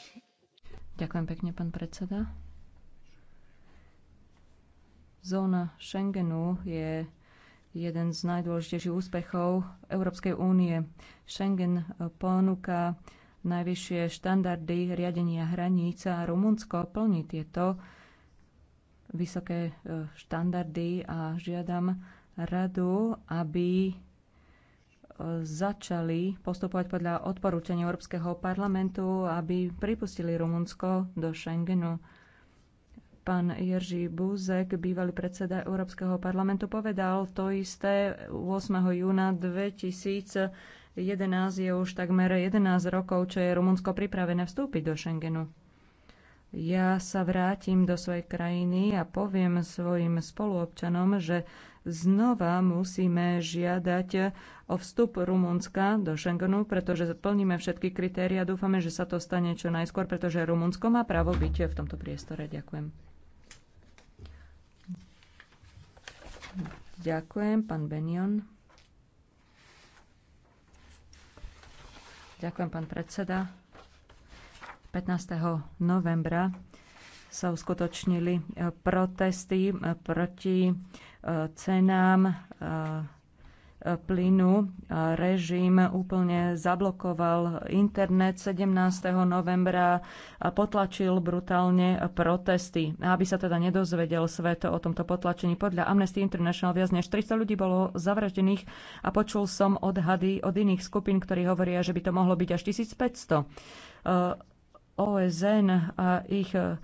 Ďakujem pekne, pán predseda. Zóna Schengenu je jeden z najdôležitejších úspechov Európskej únie. Schengen eh, ponúka najvyššie štandardy riadenia hraníc a Rumunsko plní tieto vysoké eh, štandardy a žiadam radu, aby eh, začali postupovať podľa odporúčania Európskeho parlamentu, aby pripustili Rumunsko do Schengenu. Pán Jerzy Buzek, bývalý predseda Európskeho parlamentu, povedal to isté 8. júna 2011. Je už takmer 11 rokov, čo je Rumunsko pripravené vstúpiť do Schengenu. Ja sa vrátim do svojej krajiny a poviem svojim spoluobčanom, že znova musíme žiadať o vstup Rumunska do Schengenu, pretože plníme všetky kritéria. Dúfame, že sa to stane čo najskôr, pretože Rumunsko má právo byť v tomto priestore. Ďakujem. Ďakujem, pán Benion. Ďakujem, pán predseda. 15. novembra sa uskutočnili protesty proti eh, cenám eh, plynu. Režim úplne zablokoval internet 17. novembra a potlačil brutálne protesty. Aby sa teda nedozvedel svet o tomto potlačení, podľa Amnesty International viac než 300 ľudí bolo zavraždených a počul som odhady od iných skupín, ktorí hovoria, že by to mohlo byť až 1500 OSN a ich e,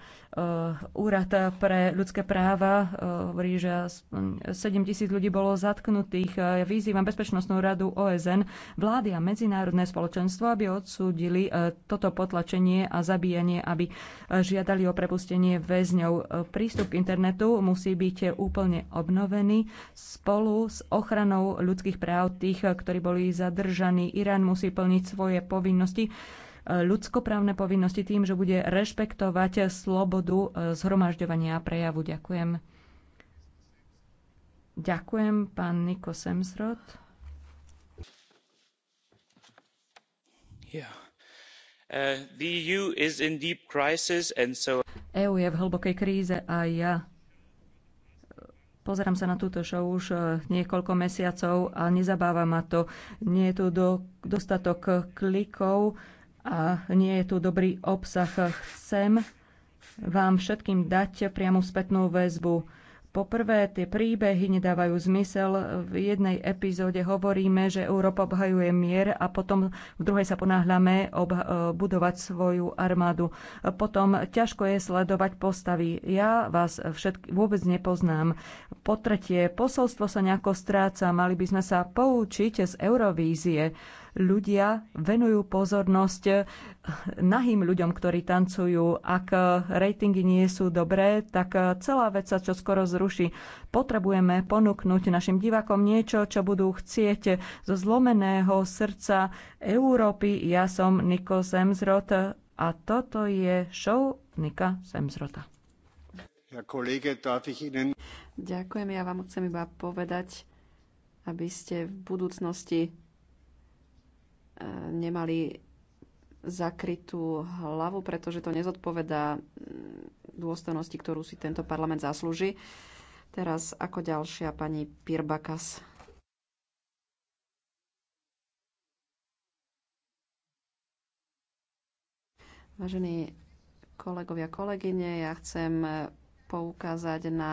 úrad pre ľudské práva e, hovorí, že 7 tisíc ľudí bolo zatknutých. E, ja vyzývam Bezpečnostnú radu OSN, vlády a medzinárodné spoločenstvo, aby odsúdili toto potlačenie a zabíjanie, aby žiadali o prepustenie väzňov. Prístup k internetu musí byť úplne obnovený spolu s ochranou ľudských práv tých, ktorí boli zadržaní. Irán musí plniť svoje povinnosti ľudskoprávne povinnosti tým, že bude rešpektovať slobodu e, zhromažďovania a prejavu. Ďakujem. Ďakujem, pán Niko Semsrod. Yeah. Uh, EU, e so... EU je v hlbokej kríze a ja e, Pozerám sa na túto show už niekoľko mesiacov a nezabáva ma to. Nie je tu do, dostatok klikov a nie je tu dobrý obsah. Chcem vám všetkým dať priamu spätnú väzbu. Poprvé, tie príbehy nedávajú zmysel. V jednej epizóde hovoríme, že Európa obhajuje mier a potom v druhej sa ponáhľame budovať svoju armádu. Potom ťažko je sledovať postavy. Ja vás všetky vôbec nepoznám. Po tretie, posolstvo sa nejako stráca. Mali by sme sa poučiť z Eurovízie ľudia venujú pozornosť nahým ľuďom, ktorí tancujú. Ak rejtingy nie sú dobré, tak celá vec sa čo skoro zruší. Potrebujeme ponúknuť našim divákom niečo, čo budú chcieť zo zlomeného srdca Európy. Ja som Niko Semzrot a toto je show Nika Semzrota. Ďakujem, ja vám chcem iba povedať, aby ste v budúcnosti nemali zakrytú hlavu, pretože to nezodpovedá mm, dôstojnosti, ktorú si tento parlament zaslúži. Teraz ako ďalšia pani Pirbakas. Vážení kolegovia, kolegyne, ja chcem poukázať na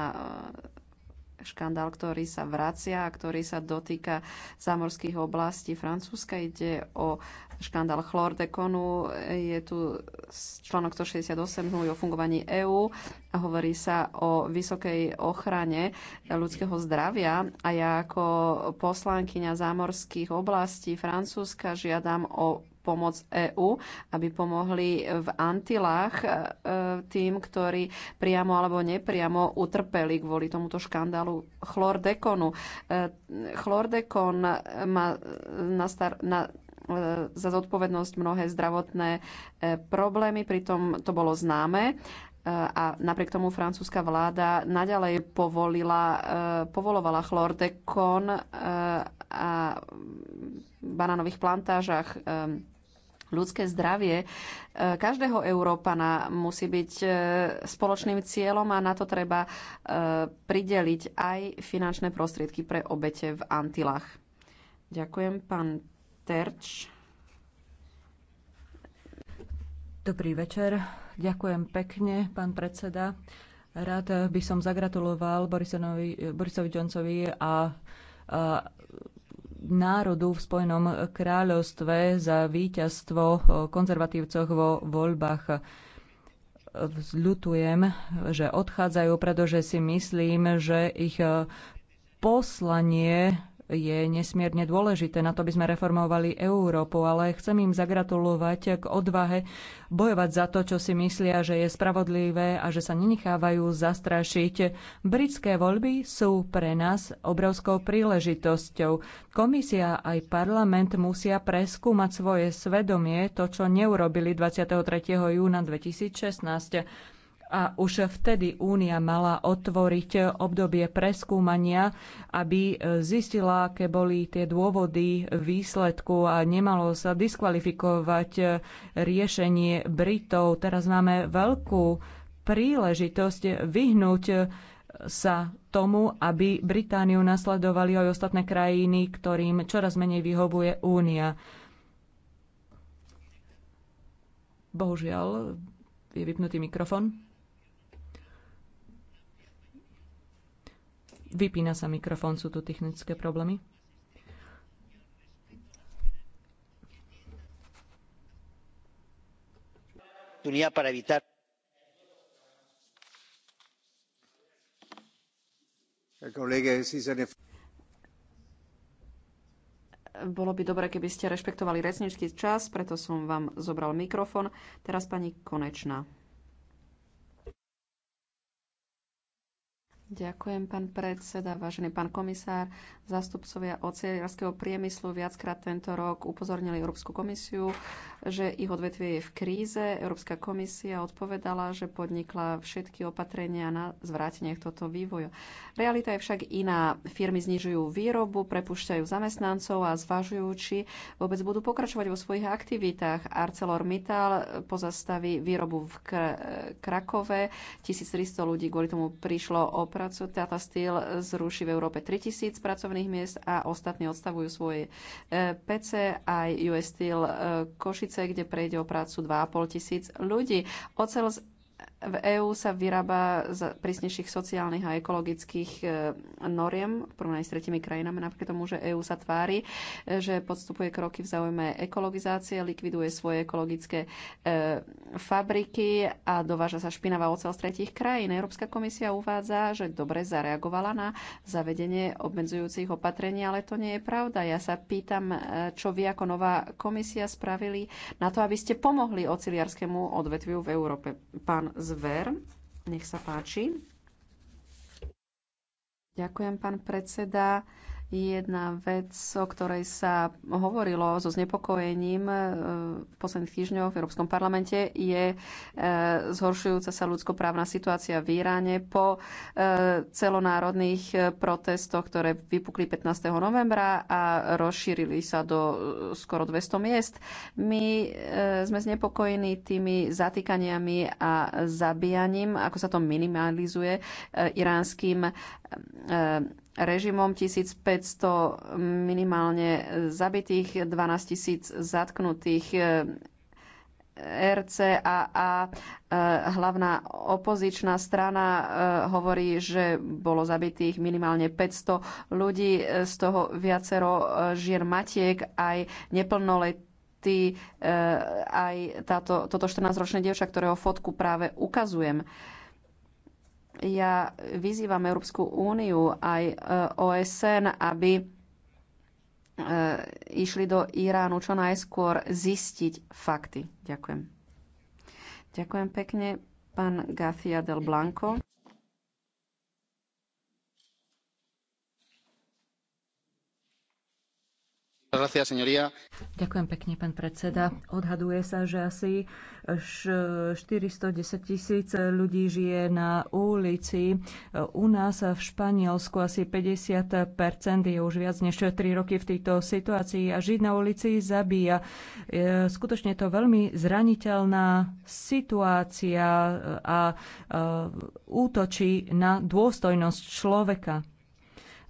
škandál, ktorý sa vracia a ktorý sa dotýka zamorských oblastí Francúzska. Ide o škandál chlordekonu. Je tu článok 168 zmluvy o fungovaní EÚ a hovorí sa o vysokej ochrane ľudského zdravia. A ja ako poslankyňa zamorských oblastí Francúzska žiadam o pomoc EÚ, aby pomohli v Antilách e, tým, ktorí priamo alebo nepriamo utrpeli kvôli tomuto škandálu chlordekonu. E, chlordekon má na, star- na e, za zodpovednosť mnohé zdravotné problémy, pritom to bolo známe a napriek tomu francúzska vláda naďalej povolila, povolovala chlordekon a banánových plantážach ľudské zdravie e, každého Európana musí byť e, spoločným cieľom a na to treba e, prideliť aj finančné prostriedky pre obete v Antilách. Ďakujem, pán Terč. Dobrý večer. Ďakujem pekne, pán predseda. Rád by som zagratuloval Borisovi Johncovi a národu v Spojenom kráľovstve za víťazstvo konzervatívcoch vo voľbách. Zľutujem, že odchádzajú, pretože si myslím, že ich poslanie je nesmierne dôležité na to, by sme reformovali Európu, ale chcem im zagratulovať k odvahe bojovať za to, čo si myslia, že je spravodlivé a že sa nenechávajú zastrašiť. Britské voľby sú pre nás obrovskou príležitosťou. Komisia aj parlament musia preskúmať svoje svedomie, to, čo neurobili 23. júna 2016 a už vtedy Únia mala otvoriť obdobie preskúmania, aby e, zistila, aké boli tie dôvody výsledku a nemalo sa diskvalifikovať e, riešenie Britov. Teraz máme veľkú príležitosť vyhnúť e, sa tomu, aby Britániu nasledovali aj ostatné krajiny, ktorým čoraz menej vyhovuje Únia. Bohužiaľ, je vypnutý mikrofon. Vypína sa mikrofón, sú tu technické problémy. Bolo by dobre, keby ste rešpektovali rečnícky čas, preto som vám zobral mikrofón. Teraz pani Konečná. Ďakujem, pán predseda, vážený pán komisár. Zástupcovia oceliarského priemyslu viackrát tento rok upozornili Európsku komisiu, že ich odvetvie je v kríze. Európska komisia odpovedala, že podnikla všetky opatrenia na zvrátenie tohto vývoja. Realita je však iná. Firmy znižujú výrobu, prepušťajú zamestnancov a zvažujú, či vôbec budú pokračovať vo svojich aktivitách. ArcelorMittal pozastaví výrobu v Krakove. 1300 ľudí kvôli tomu prišlo o prácu, Tata Steel zruší v Európe 3000 pracovných miest a ostatní odstavujú svoje e, PC. Aj US Steel e, Košice, kde prejde o prácu 2500 ľudí. Ocel z v EÚ sa vyrába z prísnejších sociálnych a ekologických e, noriem, v porovnaní s tretimi krajinami, napriek tomu, že EÚ sa tvári, e, že podstupuje kroky v záujme ekologizácie, likviduje svoje ekologické e, fabriky a dováža sa špinavá oceľ z tretich krajín. Európska komisia uvádza, že dobre zareagovala na zavedenie obmedzujúcich opatrení, ale to nie je pravda. Ja sa pýtam, čo vy ako nová komisia spravili na to, aby ste pomohli oceliarskému odvetviu v Európe. Pán Z Zver. Nech sa páči. Ďakujem, pán predseda. Jedna vec, o ktorej sa hovorilo so znepokojením e, v posledných týždňoch v Európskom parlamente, je e, zhoršujúca sa ľudskoprávna situácia v Iráne po e, celonárodných protestoch, ktoré vypukli 15. novembra a rozšírili sa do skoro 200 miest. My sme znepokojení tými zatýkaniami a zabíjaním, ako sa to minimalizuje iránskym E, režimom 1500 minimálne zabitých, 12 tisíc zatknutých e, RCAA, e, hlavná opozičná strana, hovorí, že bolo zabitých minimálne 500 ľudí, z toho viacero žier matiek, aj neplnoletí, aj táto, toto 14-ročné dievča, ktorého fotku práve ukazujem ja vyzývam Európsku úniu aj e, OSN, aby e, išli do Iránu čo najskôr zistiť fakty. Ďakujem. Ďakujem pekne, pán Gafia del Blanco. Ďakujem pekne, pán predseda. Odhaduje sa, že asi 410 tisíc ľudí žije na ulici. U nás v Španielsku asi 50 je už viac než 3 roky v tejto situácii a žiť na ulici zabíja. Skutočne to veľmi zraniteľná situácia a útočí na dôstojnosť človeka.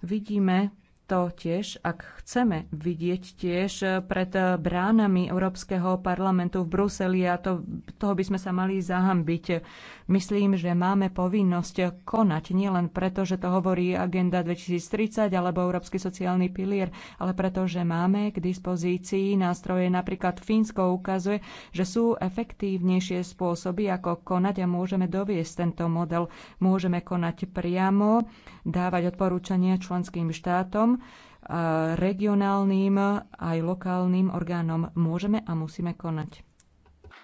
Vidíme, to tiež, ak chceme vidieť tiež pred bránami Európskeho parlamentu v Bruseli a to, toho by sme sa mali zahambiť. Myslím, že máme povinnosť konať nielen preto, že to hovorí Agenda 2030 alebo Európsky sociálny pilier, ale preto, že máme k dispozícii nástroje. Napríklad Fínsko ukazuje, že sú efektívnejšie spôsoby, ako konať a môžeme doviesť tento model. Môžeme konať priamo, dávať odporúčania členským štátom, Eh, regionálnym aj lokálnym orgánom môžeme a musíme konať.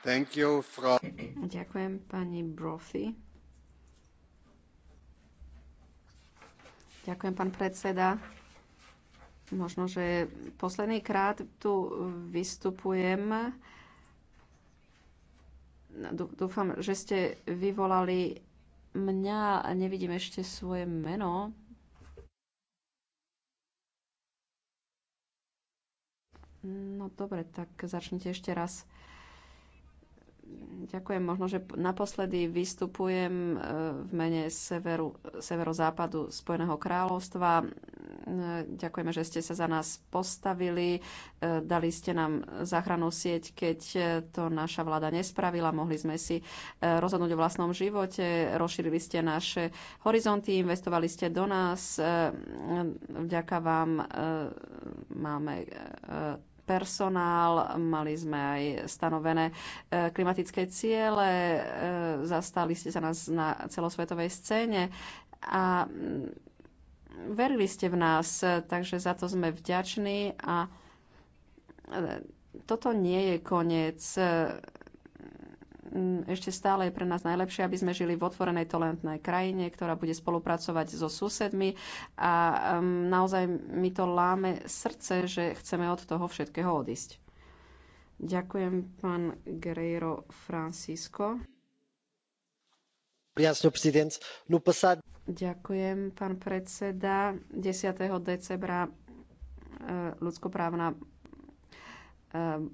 Thank you, Frau. Ďakujem pani Brophy. Ďakujem, pán predseda. Možno, že posledný krát tu vystupujem. No, dúfam, že ste vyvolali mňa a nevidím ešte svoje meno. No dobre, tak začnite ešte raz. Ďakujem. Možno, že naposledy vystupujem e, v mene severu, severozápadu Spojeného kráľovstva. E, ďakujeme, že ste sa za nás postavili. E, dali ste nám záchranu sieť, keď to naša vláda nespravila. Mohli sme si rozhodnúť o vlastnom živote. Rozšírili ste naše horizonty, investovali ste do nás. Vďaka vám máme personál, mali sme aj stanovené e, klimatické ciele, e, zastali ste sa nás na celosvetovej scéne a mm, verili ste v nás, takže za to sme vďační a e, toto nie je koniec ešte stále je pre nás najlepšie, aby sme žili v otvorenej, tolerantnej krajine, ktorá bude spolupracovať so susedmi a naozaj mi to láme srdce, že chceme od toho všetkého odísť. Ďakujem, pán Guerreiro Francisco. No, Ďakujem, pán predseda. 10. decembra e, ľudskoprávna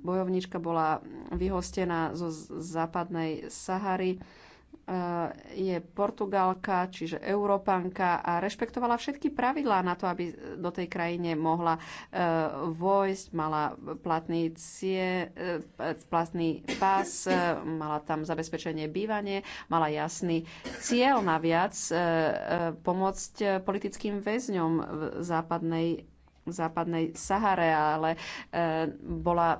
bojovnička bola vyhostená zo západnej Sahary. E, je Portugalka, čiže Európanka a rešpektovala všetky pravidlá na to, aby do tej krajine mohla e, vojsť, mala platný, cie, e, platný pás, mala tam zabezpečenie bývanie, mala jasný cieľ naviac pomôcť politickým väzňom v západnej západnej Sahare, ale e, bola e,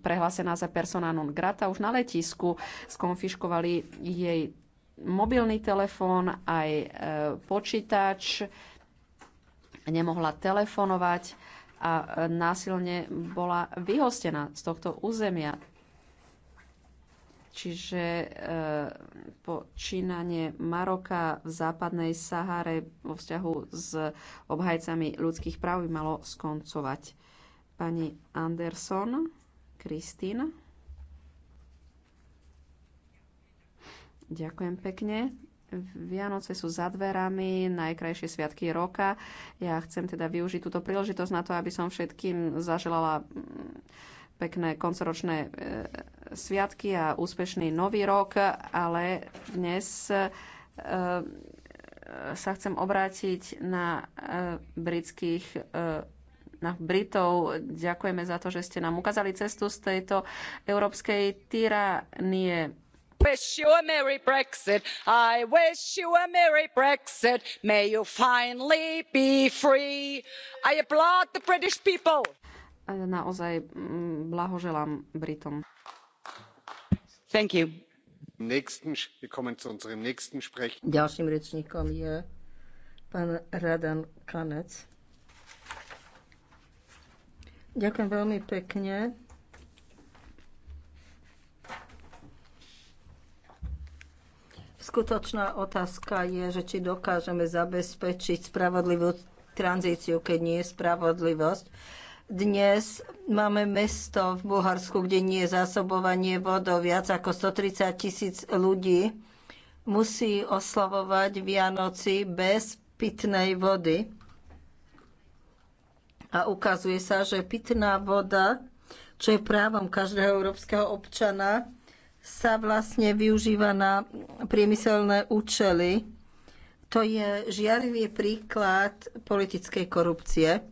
prehlásená za persona non grata. Už na letisku skonfiškovali jej mobilný telefón, aj e, počítač, nemohla telefonovať a násilne bola vyhostená z tohto územia. Čiže e, počínanie Maroka v západnej Sahare vo vzťahu s obhajcami ľudských práv by malo skoncovať. Pani Anderson, Kristín. Ďakujem pekne. Vianoce sú za dverami, najkrajšie sviatky roka. Ja chcem teda využiť túto príležitosť na to, aby som všetkým zaželala mm, pekné koncoročné e, sviatky a úspešný nový rok, ale dnes e, e, sa chcem obrátiť na e, britských na Britov. Ďakujeme za to, že ste nám ukázali cestu z tejto európskej tyranie. Wish you a merry Brexit. I wish you a merry Brexit. May you finally be free. I applaud the British people. Naozaj blahoželám Britom ďalším rečníkom je pán radan kanec. Ďakujem veľmi pekne. Skutočná otázka je, že či dokážeme zabezpečiť spravodlivú tranzíciu, keď nie je spravodlivosť dnes máme mesto v Bulharsku, kde nie je zásobovanie vodou. Viac ako 130 tisíc ľudí musí oslavovať Vianoci bez pitnej vody. A ukazuje sa, že pitná voda, čo je právom každého európskeho občana, sa vlastne využíva na priemyselné účely. To je žiarivý príklad politickej korupcie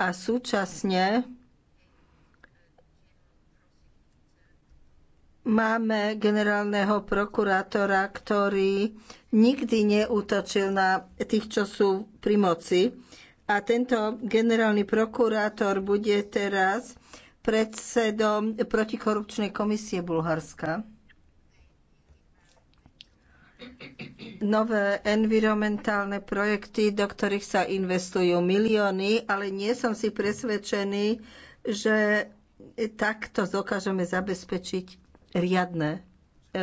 a súčasne máme generálneho prokurátora, ktorý nikdy neútočil na tých, čo sú pri moci. A tento generálny prokurátor bude teraz predsedom protikorupčnej komisie Bulharska nové environmentálne projekty, do ktorých sa investujú milióny, ale nie som si presvedčený, že takto dokážeme zabezpečiť riadne e, e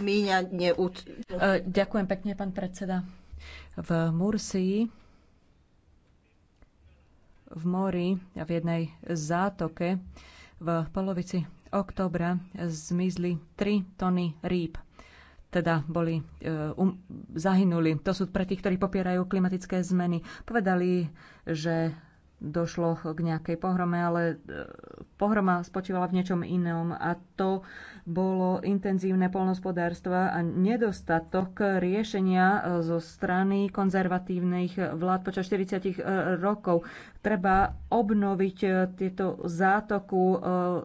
míňanie. E, ďakujem pekne, pán predseda. V Mursii v mori a v jednej zátoke v polovici oktobra zmizli 3 tony rýb teda boli e, um, zahynuli. To sú pre tých, ktorí popierajú klimatické zmeny. Povedali, že došlo k nejakej pohrome, ale e, pohroma spočívala v niečom inom a to bolo intenzívne polnospodárstva a nedostatok riešenia e, zo strany konzervatívnych vlád počas 40 rokov. Treba obnoviť tieto zátoku,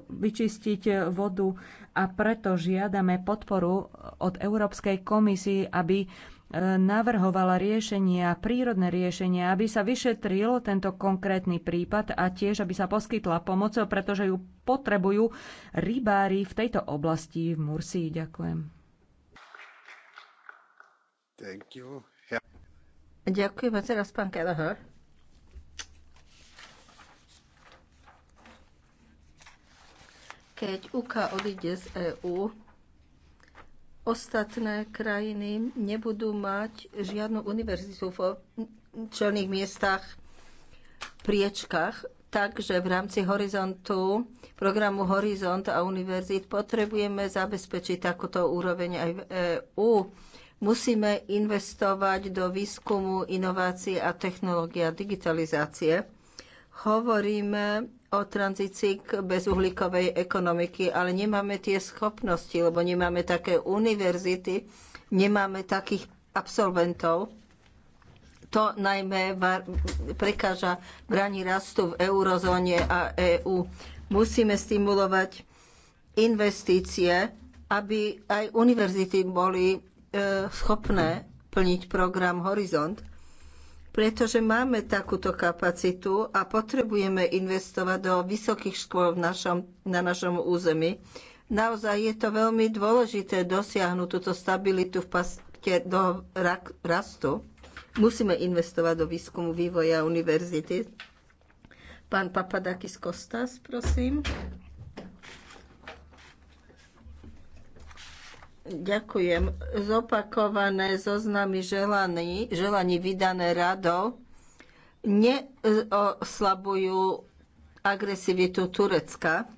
vyčistiť vodu a preto žiadame podporu od Európskej komisii, aby e, navrhovala riešenia, prírodné riešenia, aby sa vyšetril tento konkrétny prípad a tiež, aby sa poskytla pomoc, pretože ju potrebujú rybári v tejto oblasti v Mursii. Ďakujem. Thank you. Ďakujem. teraz pán Kelleher. keď UK odíde z EÚ, ostatné krajiny nebudú mať žiadnu univerzitu v čelných miestach priečkach, takže v rámci horizontu, programu Horizont a univerzít potrebujeme zabezpečiť takúto úroveň aj v EÚ. Musíme investovať do výskumu, inovácií a technológia digitalizácie. Hovoríme o tranzícii k bezuhlíkovej ekonomiky, ale nemáme tie schopnosti, lebo nemáme také univerzity, nemáme takých absolventov. To najmä prekáža bráni rastu v eurozóne a EÚ. EU. Musíme stimulovať investície, aby aj univerzity boli e, schopné plniť program Horizont pretože máme takúto kapacitu a potrebujeme investovať do vysokých škôl v našom, na našom území. Naozaj je to veľmi dôležité dosiahnuť túto stabilitu v paste do rastu. Musíme investovať do výskumu, vývoja univerzity. Pán Papadakis Kostas, prosím. Ďakujem. Zopakované zoznamy želaní, želaní vydané radou neoslabujú agresivitu Turecka.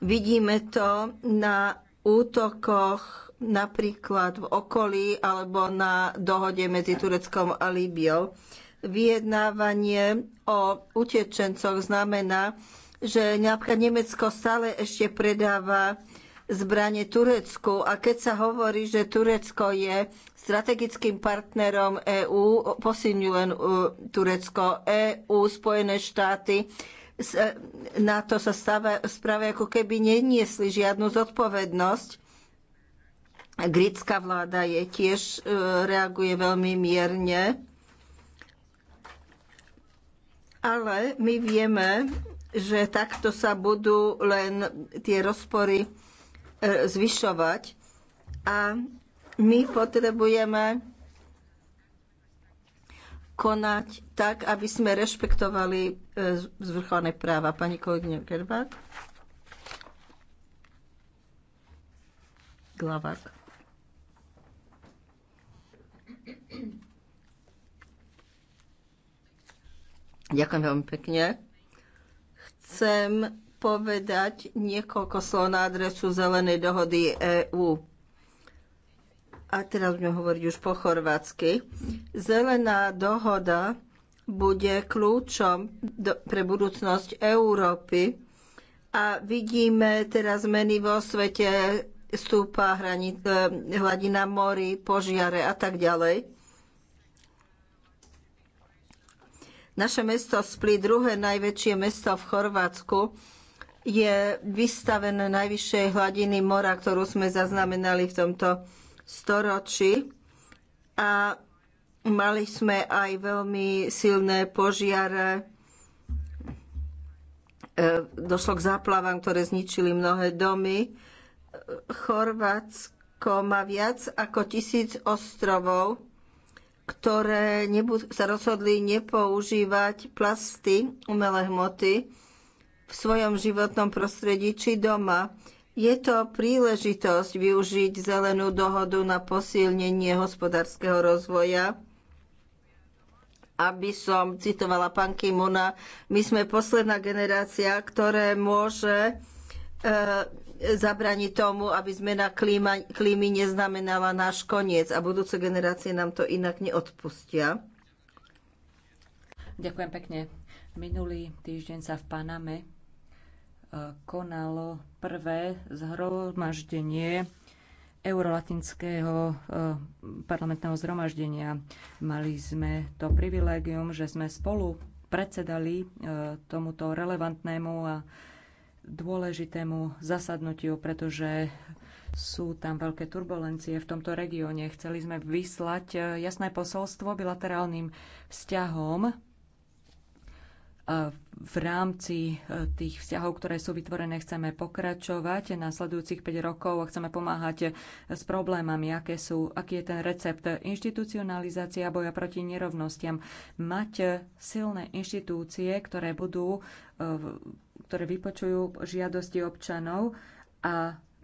Vidíme to na útokoch napríklad v okolí alebo na dohode medzi Tureckom a Líbiou. Vyjednávanie o utečencoch znamená, že napríklad Nemecko stále ešte predáva zbranie Turecku. A keď sa hovorí, že Turecko je strategickým partnerom EÚ, posilňujú len Turecko, EÚ, Spojené štáty, e, na to sa stáva, správa, ako keby neniesli žiadnu zodpovednosť. Grická vláda je tiež e, reaguje veľmi mierne. Ale my vieme, že takto sa budú len tie rozpory E, zvyšovať. A my potrebujeme konať tak, aby sme rešpektovali e, zvrchované práva. Pani kolegyňa Gerbák. Glavák. Ďakujem veľmi pekne. Chcem povedať niekoľko slov na adresu Zelenej dohody EÚ. A teraz budem hovoriť už po chorvátsky. Zelená dohoda bude kľúčom do, pre budúcnosť Európy a vidíme teraz zmeny vo svete, stúpa hrani, e, hladina mori, požiare a tak ďalej. Naše mesto Split, druhé najväčšie mesto v Chorvátsku, je vystavené najvyššej hladiny mora, ktorú sme zaznamenali v tomto storočí. A mali sme aj veľmi silné požiare. E, došlo k záplavám, ktoré zničili mnohé domy. Chorvátsko má viac ako tisíc ostrovov, ktoré sa rozhodli nepoužívať plasty, umelé hmoty, v svojom životnom prostredí či doma. Je to príležitosť využiť zelenú dohodu na posilnenie hospodárskeho rozvoja. Aby som citovala pán Kimuna, my sme posledná generácia, ktoré môže e, zabraniť tomu, aby zmena klíma, klímy neznamenala náš koniec a budúce generácie nám to inak neodpustia. Ďakujem pekne. Minulý týždeň sa v Paname konalo prvé zhromaždenie Eurolatinského eh, parlamentného zhromaždenia. Mali sme to privilégium, že sme spolu predsedali eh, tomuto relevantnému a dôležitému zasadnutiu, pretože sú tam veľké turbulencie v tomto regióne. Chceli sme vyslať eh, jasné posolstvo bilaterálnym vzťahom v rámci e, tých vzťahov, ktoré sú vytvorené, chceme pokračovať následujúcich 5 rokov a chceme pomáhať e, s problémami, aké sú, aký je ten recept. Inštitucionalizácia boja proti nerovnostiam. Mať e, silné inštitúcie, ktoré budú, ktoré vypočujú žiadosti občanov a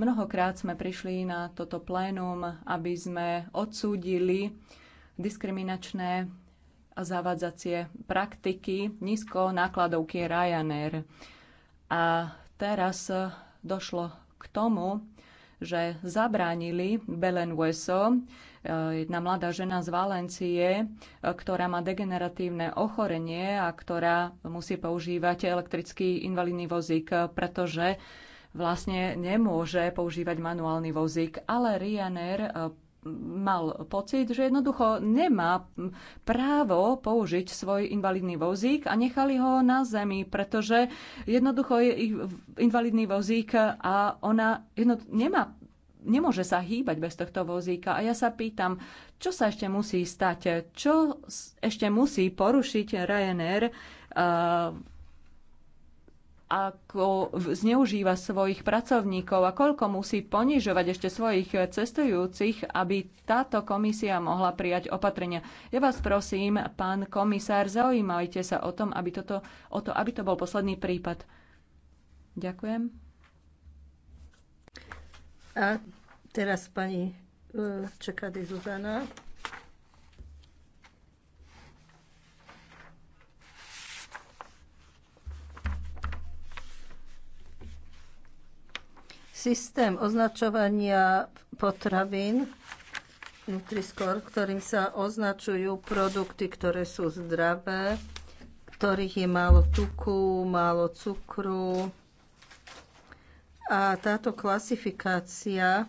Mnohokrát sme prišli na toto plénum, aby sme odsúdili diskriminačné a zavadzacie praktiky nízko nákladovky Ryanair. A teraz došlo k tomu, že zabránili Belen Weso, e, jedna mladá žena z Valencie, e, ktorá má degeneratívne ochorenie a ktorá musí používať elektrický invalidný vozík, pretože vlastne nemôže používať manuálny vozík, ale Ryanair e, mal pocit, že jednoducho nemá právo použiť svoj invalidný vozík a nechali ho na zemi, pretože jednoducho je ich invalidný vozík a ona nemá nemôže sa hýbať bez tohto vozíka. A ja sa pýtam, čo sa ešte musí stať? Čo ešte musí porušiť Ryanair, e, ako zneužíva svojich pracovníkov a koľko musí ponižovať ešte svojich cestujúcich, aby táto komisia mohla prijať opatrenia. Ja vás prosím, pán komisár, zaujímajte sa o, tom, aby toto, o to, aby to bol posledný prípad. Ďakujem. A teraz pani e, Čekady Zuzana. Systém označovania potravín Nutriscore, ktorým sa označujú produkty, ktoré sú zdravé, ktorých je málo tuku, málo cukru. A táto klasifikácia e,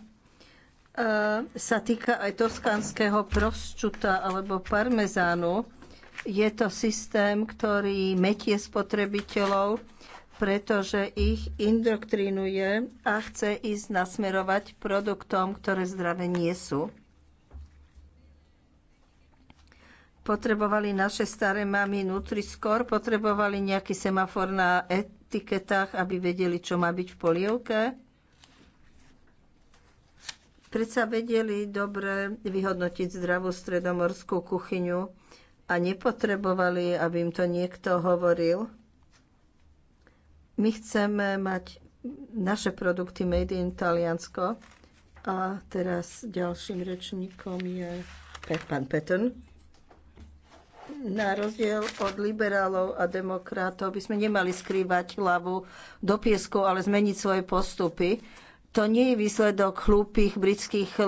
sa týka aj toskanského prosčuta alebo parmezánu. Je to systém, ktorý metie spotrebiteľov pretože ich indoktrinuje a chce ísť nasmerovať produktom, ktoré zdravé nie sú. Potrebovali naše staré mamy Nutriscore, potrebovali nejaký semafor na etiketách, aby vedeli, čo má byť v polievke. Predsa vedeli dobre vyhodnotiť zdravú stredomorskú kuchyňu a nepotrebovali, aby im to niekto hovoril. My chceme mať naše produkty Made in Taliansko. A teraz ďalším rečníkom je pán Patton. Na rozdiel od liberálov a demokratov by sme nemali skrývať hlavu do piesku, ale zmeniť svoje postupy. To nie je výsledok hlúpých britských e,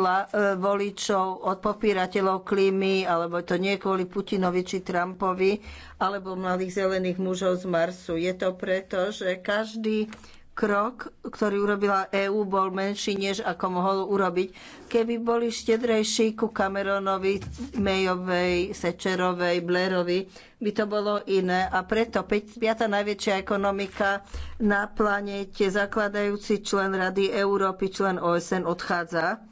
voličov od popírateľov klímy, alebo to nie je kvôli Putinovi či Trumpovi, alebo mladých zelených mužov z Marsu. Je to preto, že každý krok, ktorý urobila EÚ, bol menší, než ako mohol urobiť. Keby boli štedrejší ku Cameronovi, Mayovej, Sečerovej, Blairovi, by to bolo iné. A preto 5, najväčšia ekonomika na planete, zakladajúci člen Rady Európy, člen OSN odchádza.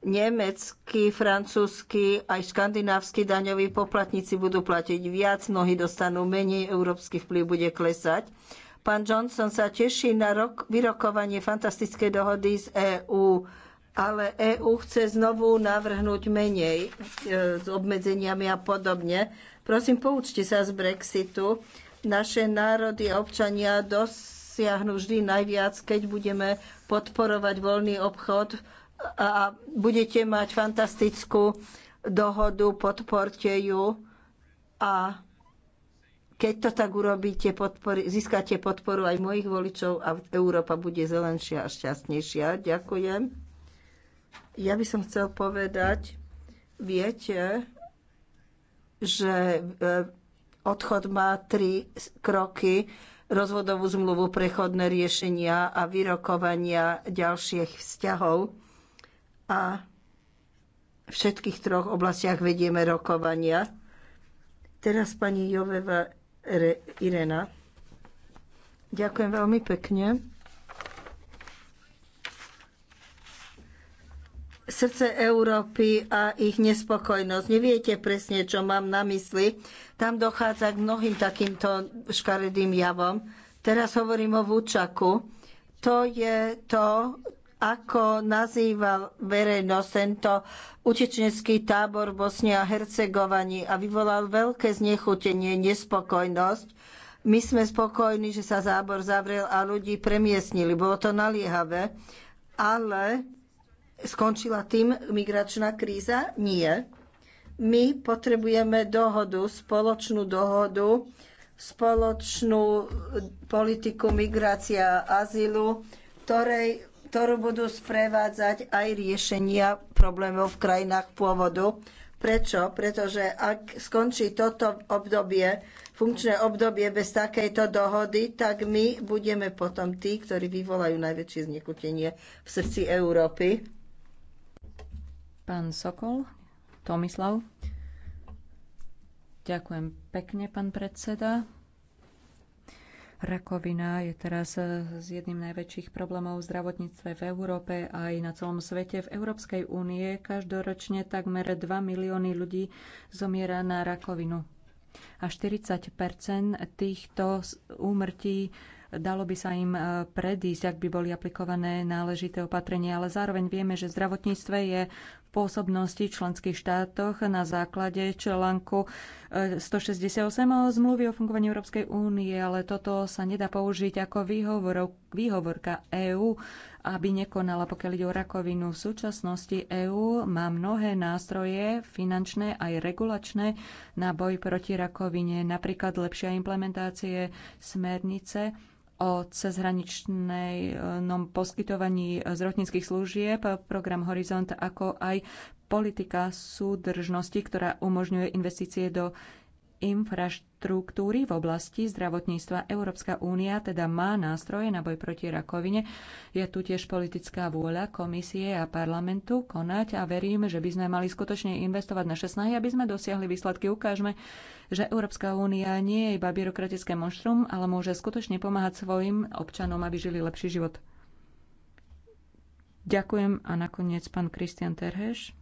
Nemeckí, francúzsky aj škandinávsky daňoví poplatníci budú platiť viac, mnohí dostanú menej, európsky vplyv bude klesať Pán Johnson sa teší na rok, vyrokovanie fantastickej dohody z EÚ, ale EÚ chce znovu navrhnúť menej e, s obmedzeniami a podobne. Prosím, poučte sa z Brexitu. Naše národy a občania dosiahnu vždy najviac, keď budeme podporovať voľný obchod a budete mať fantastickú dohodu, podporte ju a keď to tak urobíte, podpory, získate podporu aj mojich voličov a Európa bude zelenšia a šťastnejšia. Ďakujem. Ja by som chcel povedať, viete, že e, odchod má tri kroky rozvodovú zmluvu, prechodné riešenia a vyrokovania ďalších vzťahov. A v všetkých troch oblastiach vedieme rokovania. Teraz pani Joveva Re, Irena. Ďakujem veľmi pekne. srdce Európy a ich nespokojnosť. Neviete presne, čo mám na mysli. Tam dochádza k mnohým takýmto škaredým javom. Teraz hovorím o Vúčaku. To je to, ako nazýval verejnosť tento utečenský tábor v Bosne a Hercegovani a vyvolal veľké znechutenie, nespokojnosť. My sme spokojní, že sa zábor zavrel a ľudí premiestnili. Bolo to naliehavé, ale skončila tým migračná kríza? Nie. My potrebujeme dohodu, spoločnú dohodu, spoločnú politiku migrácia a azylu, ktorej ktorú budú sprevádzať aj riešenia problémov v krajinách pôvodu. Prečo? Pretože ak skončí toto obdobie, funkčné obdobie bez takejto dohody, tak my budeme potom tí, ktorí vyvolajú najväčšie znekutenie v srdci Európy. Pán Sokol, Tomislav. Ďakujem pekne, pán predseda. Rakovina je teraz eh, s jedným najväčších problémov v zdravotníctve v Európe a aj na celom svete. V Európskej únie každoročne takmer 2 milióny ľudí zomiera na rakovinu. A 40 týchto úmrtí eh, dalo by sa im eh, predísť, ak by boli aplikované náležité opatrenia, ale zároveň vieme, že zdravotníctve je pôsobnosti členských štátoch na základe článku 168 e, zmluvy o fungovaní Európskej únie, ale toto sa nedá použiť ako výhovor, výhovorka EÚ, aby nekonala, pokiaľ ide o rakovinu. V súčasnosti EÚ má mnohé nástroje, finančné aj regulačné, na boj proti rakovine, napríklad lepšia implementácie smernice o cezhraničnom e, poskytovaní e, zdravotníckých služieb, program Horizont, ako aj politika súdržnosti, ktorá umožňuje investície do infraštruktúry štruktúry v oblasti zdravotníctva. Európska únia teda má nástroje na boj proti rakovine. Je tu tiež politická vôľa komisie a parlamentu konať a verím, že by sme mali skutočne investovať naše snahy, aby sme dosiahli výsledky. Ukážme, že Európska únia nie je iba byrokratické monštrum, ale môže skutočne pomáhať svojim občanom, aby žili lepší život. Ďakujem a nakoniec pán Kristian Terheš.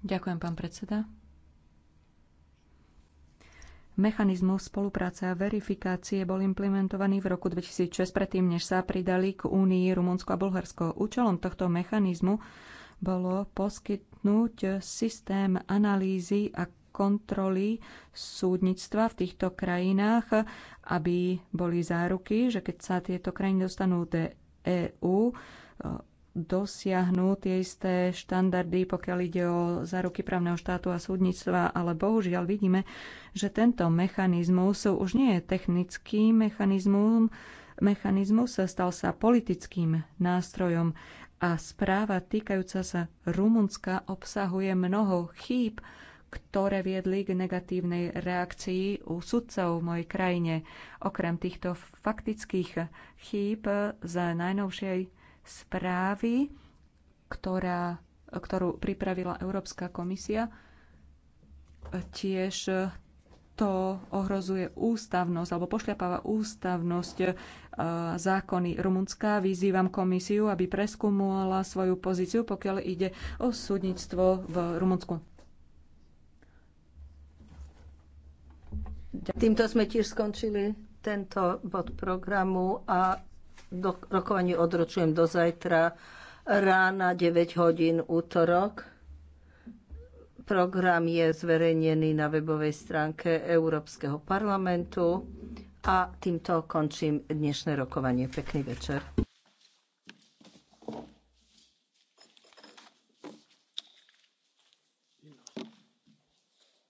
Ďakujem, pán predseda. Mechanizmus spolupráce a verifikácie bol implementovaný v roku 2006, predtým než sa pridali k Únii Rumunsko a Bulharsko. Účelom tohto mechanizmu bolo poskytnúť systém analýzy a kontroly súdnictva v týchto krajinách, aby boli záruky, že keď sa tieto krajiny dostanú do EÚ, dosiahnu tie isté štandardy, pokiaľ ide o záruky právneho štátu a súdnictva, ale bohužiaľ vidíme, že tento mechanizmus už nie je technický mechanizmus, mechanizmus stal sa politickým nástrojom a správa týkajúca sa Rumunska obsahuje mnoho chýb, ktoré viedli k negatívnej reakcii u sudcov v mojej krajine. Okrem týchto faktických chýb za najnovšej správy, ktorá, ktorú pripravila Európska komisia. Tiež to ohrozuje ústavnosť alebo pošľapáva ústavnosť e, zákony Rumunska. Vyzývam komisiu, aby preskúmala svoju pozíciu, pokiaľ ide o súdnictvo v Rumunsku. Týmto sme tiež skončili tento bod programu a do, rokovanie odročujem do zajtra rána 9 hodín útorok. Program je zverejnený na webovej stránke Európskeho parlamentu a týmto končím dnešné rokovanie. Pekný večer.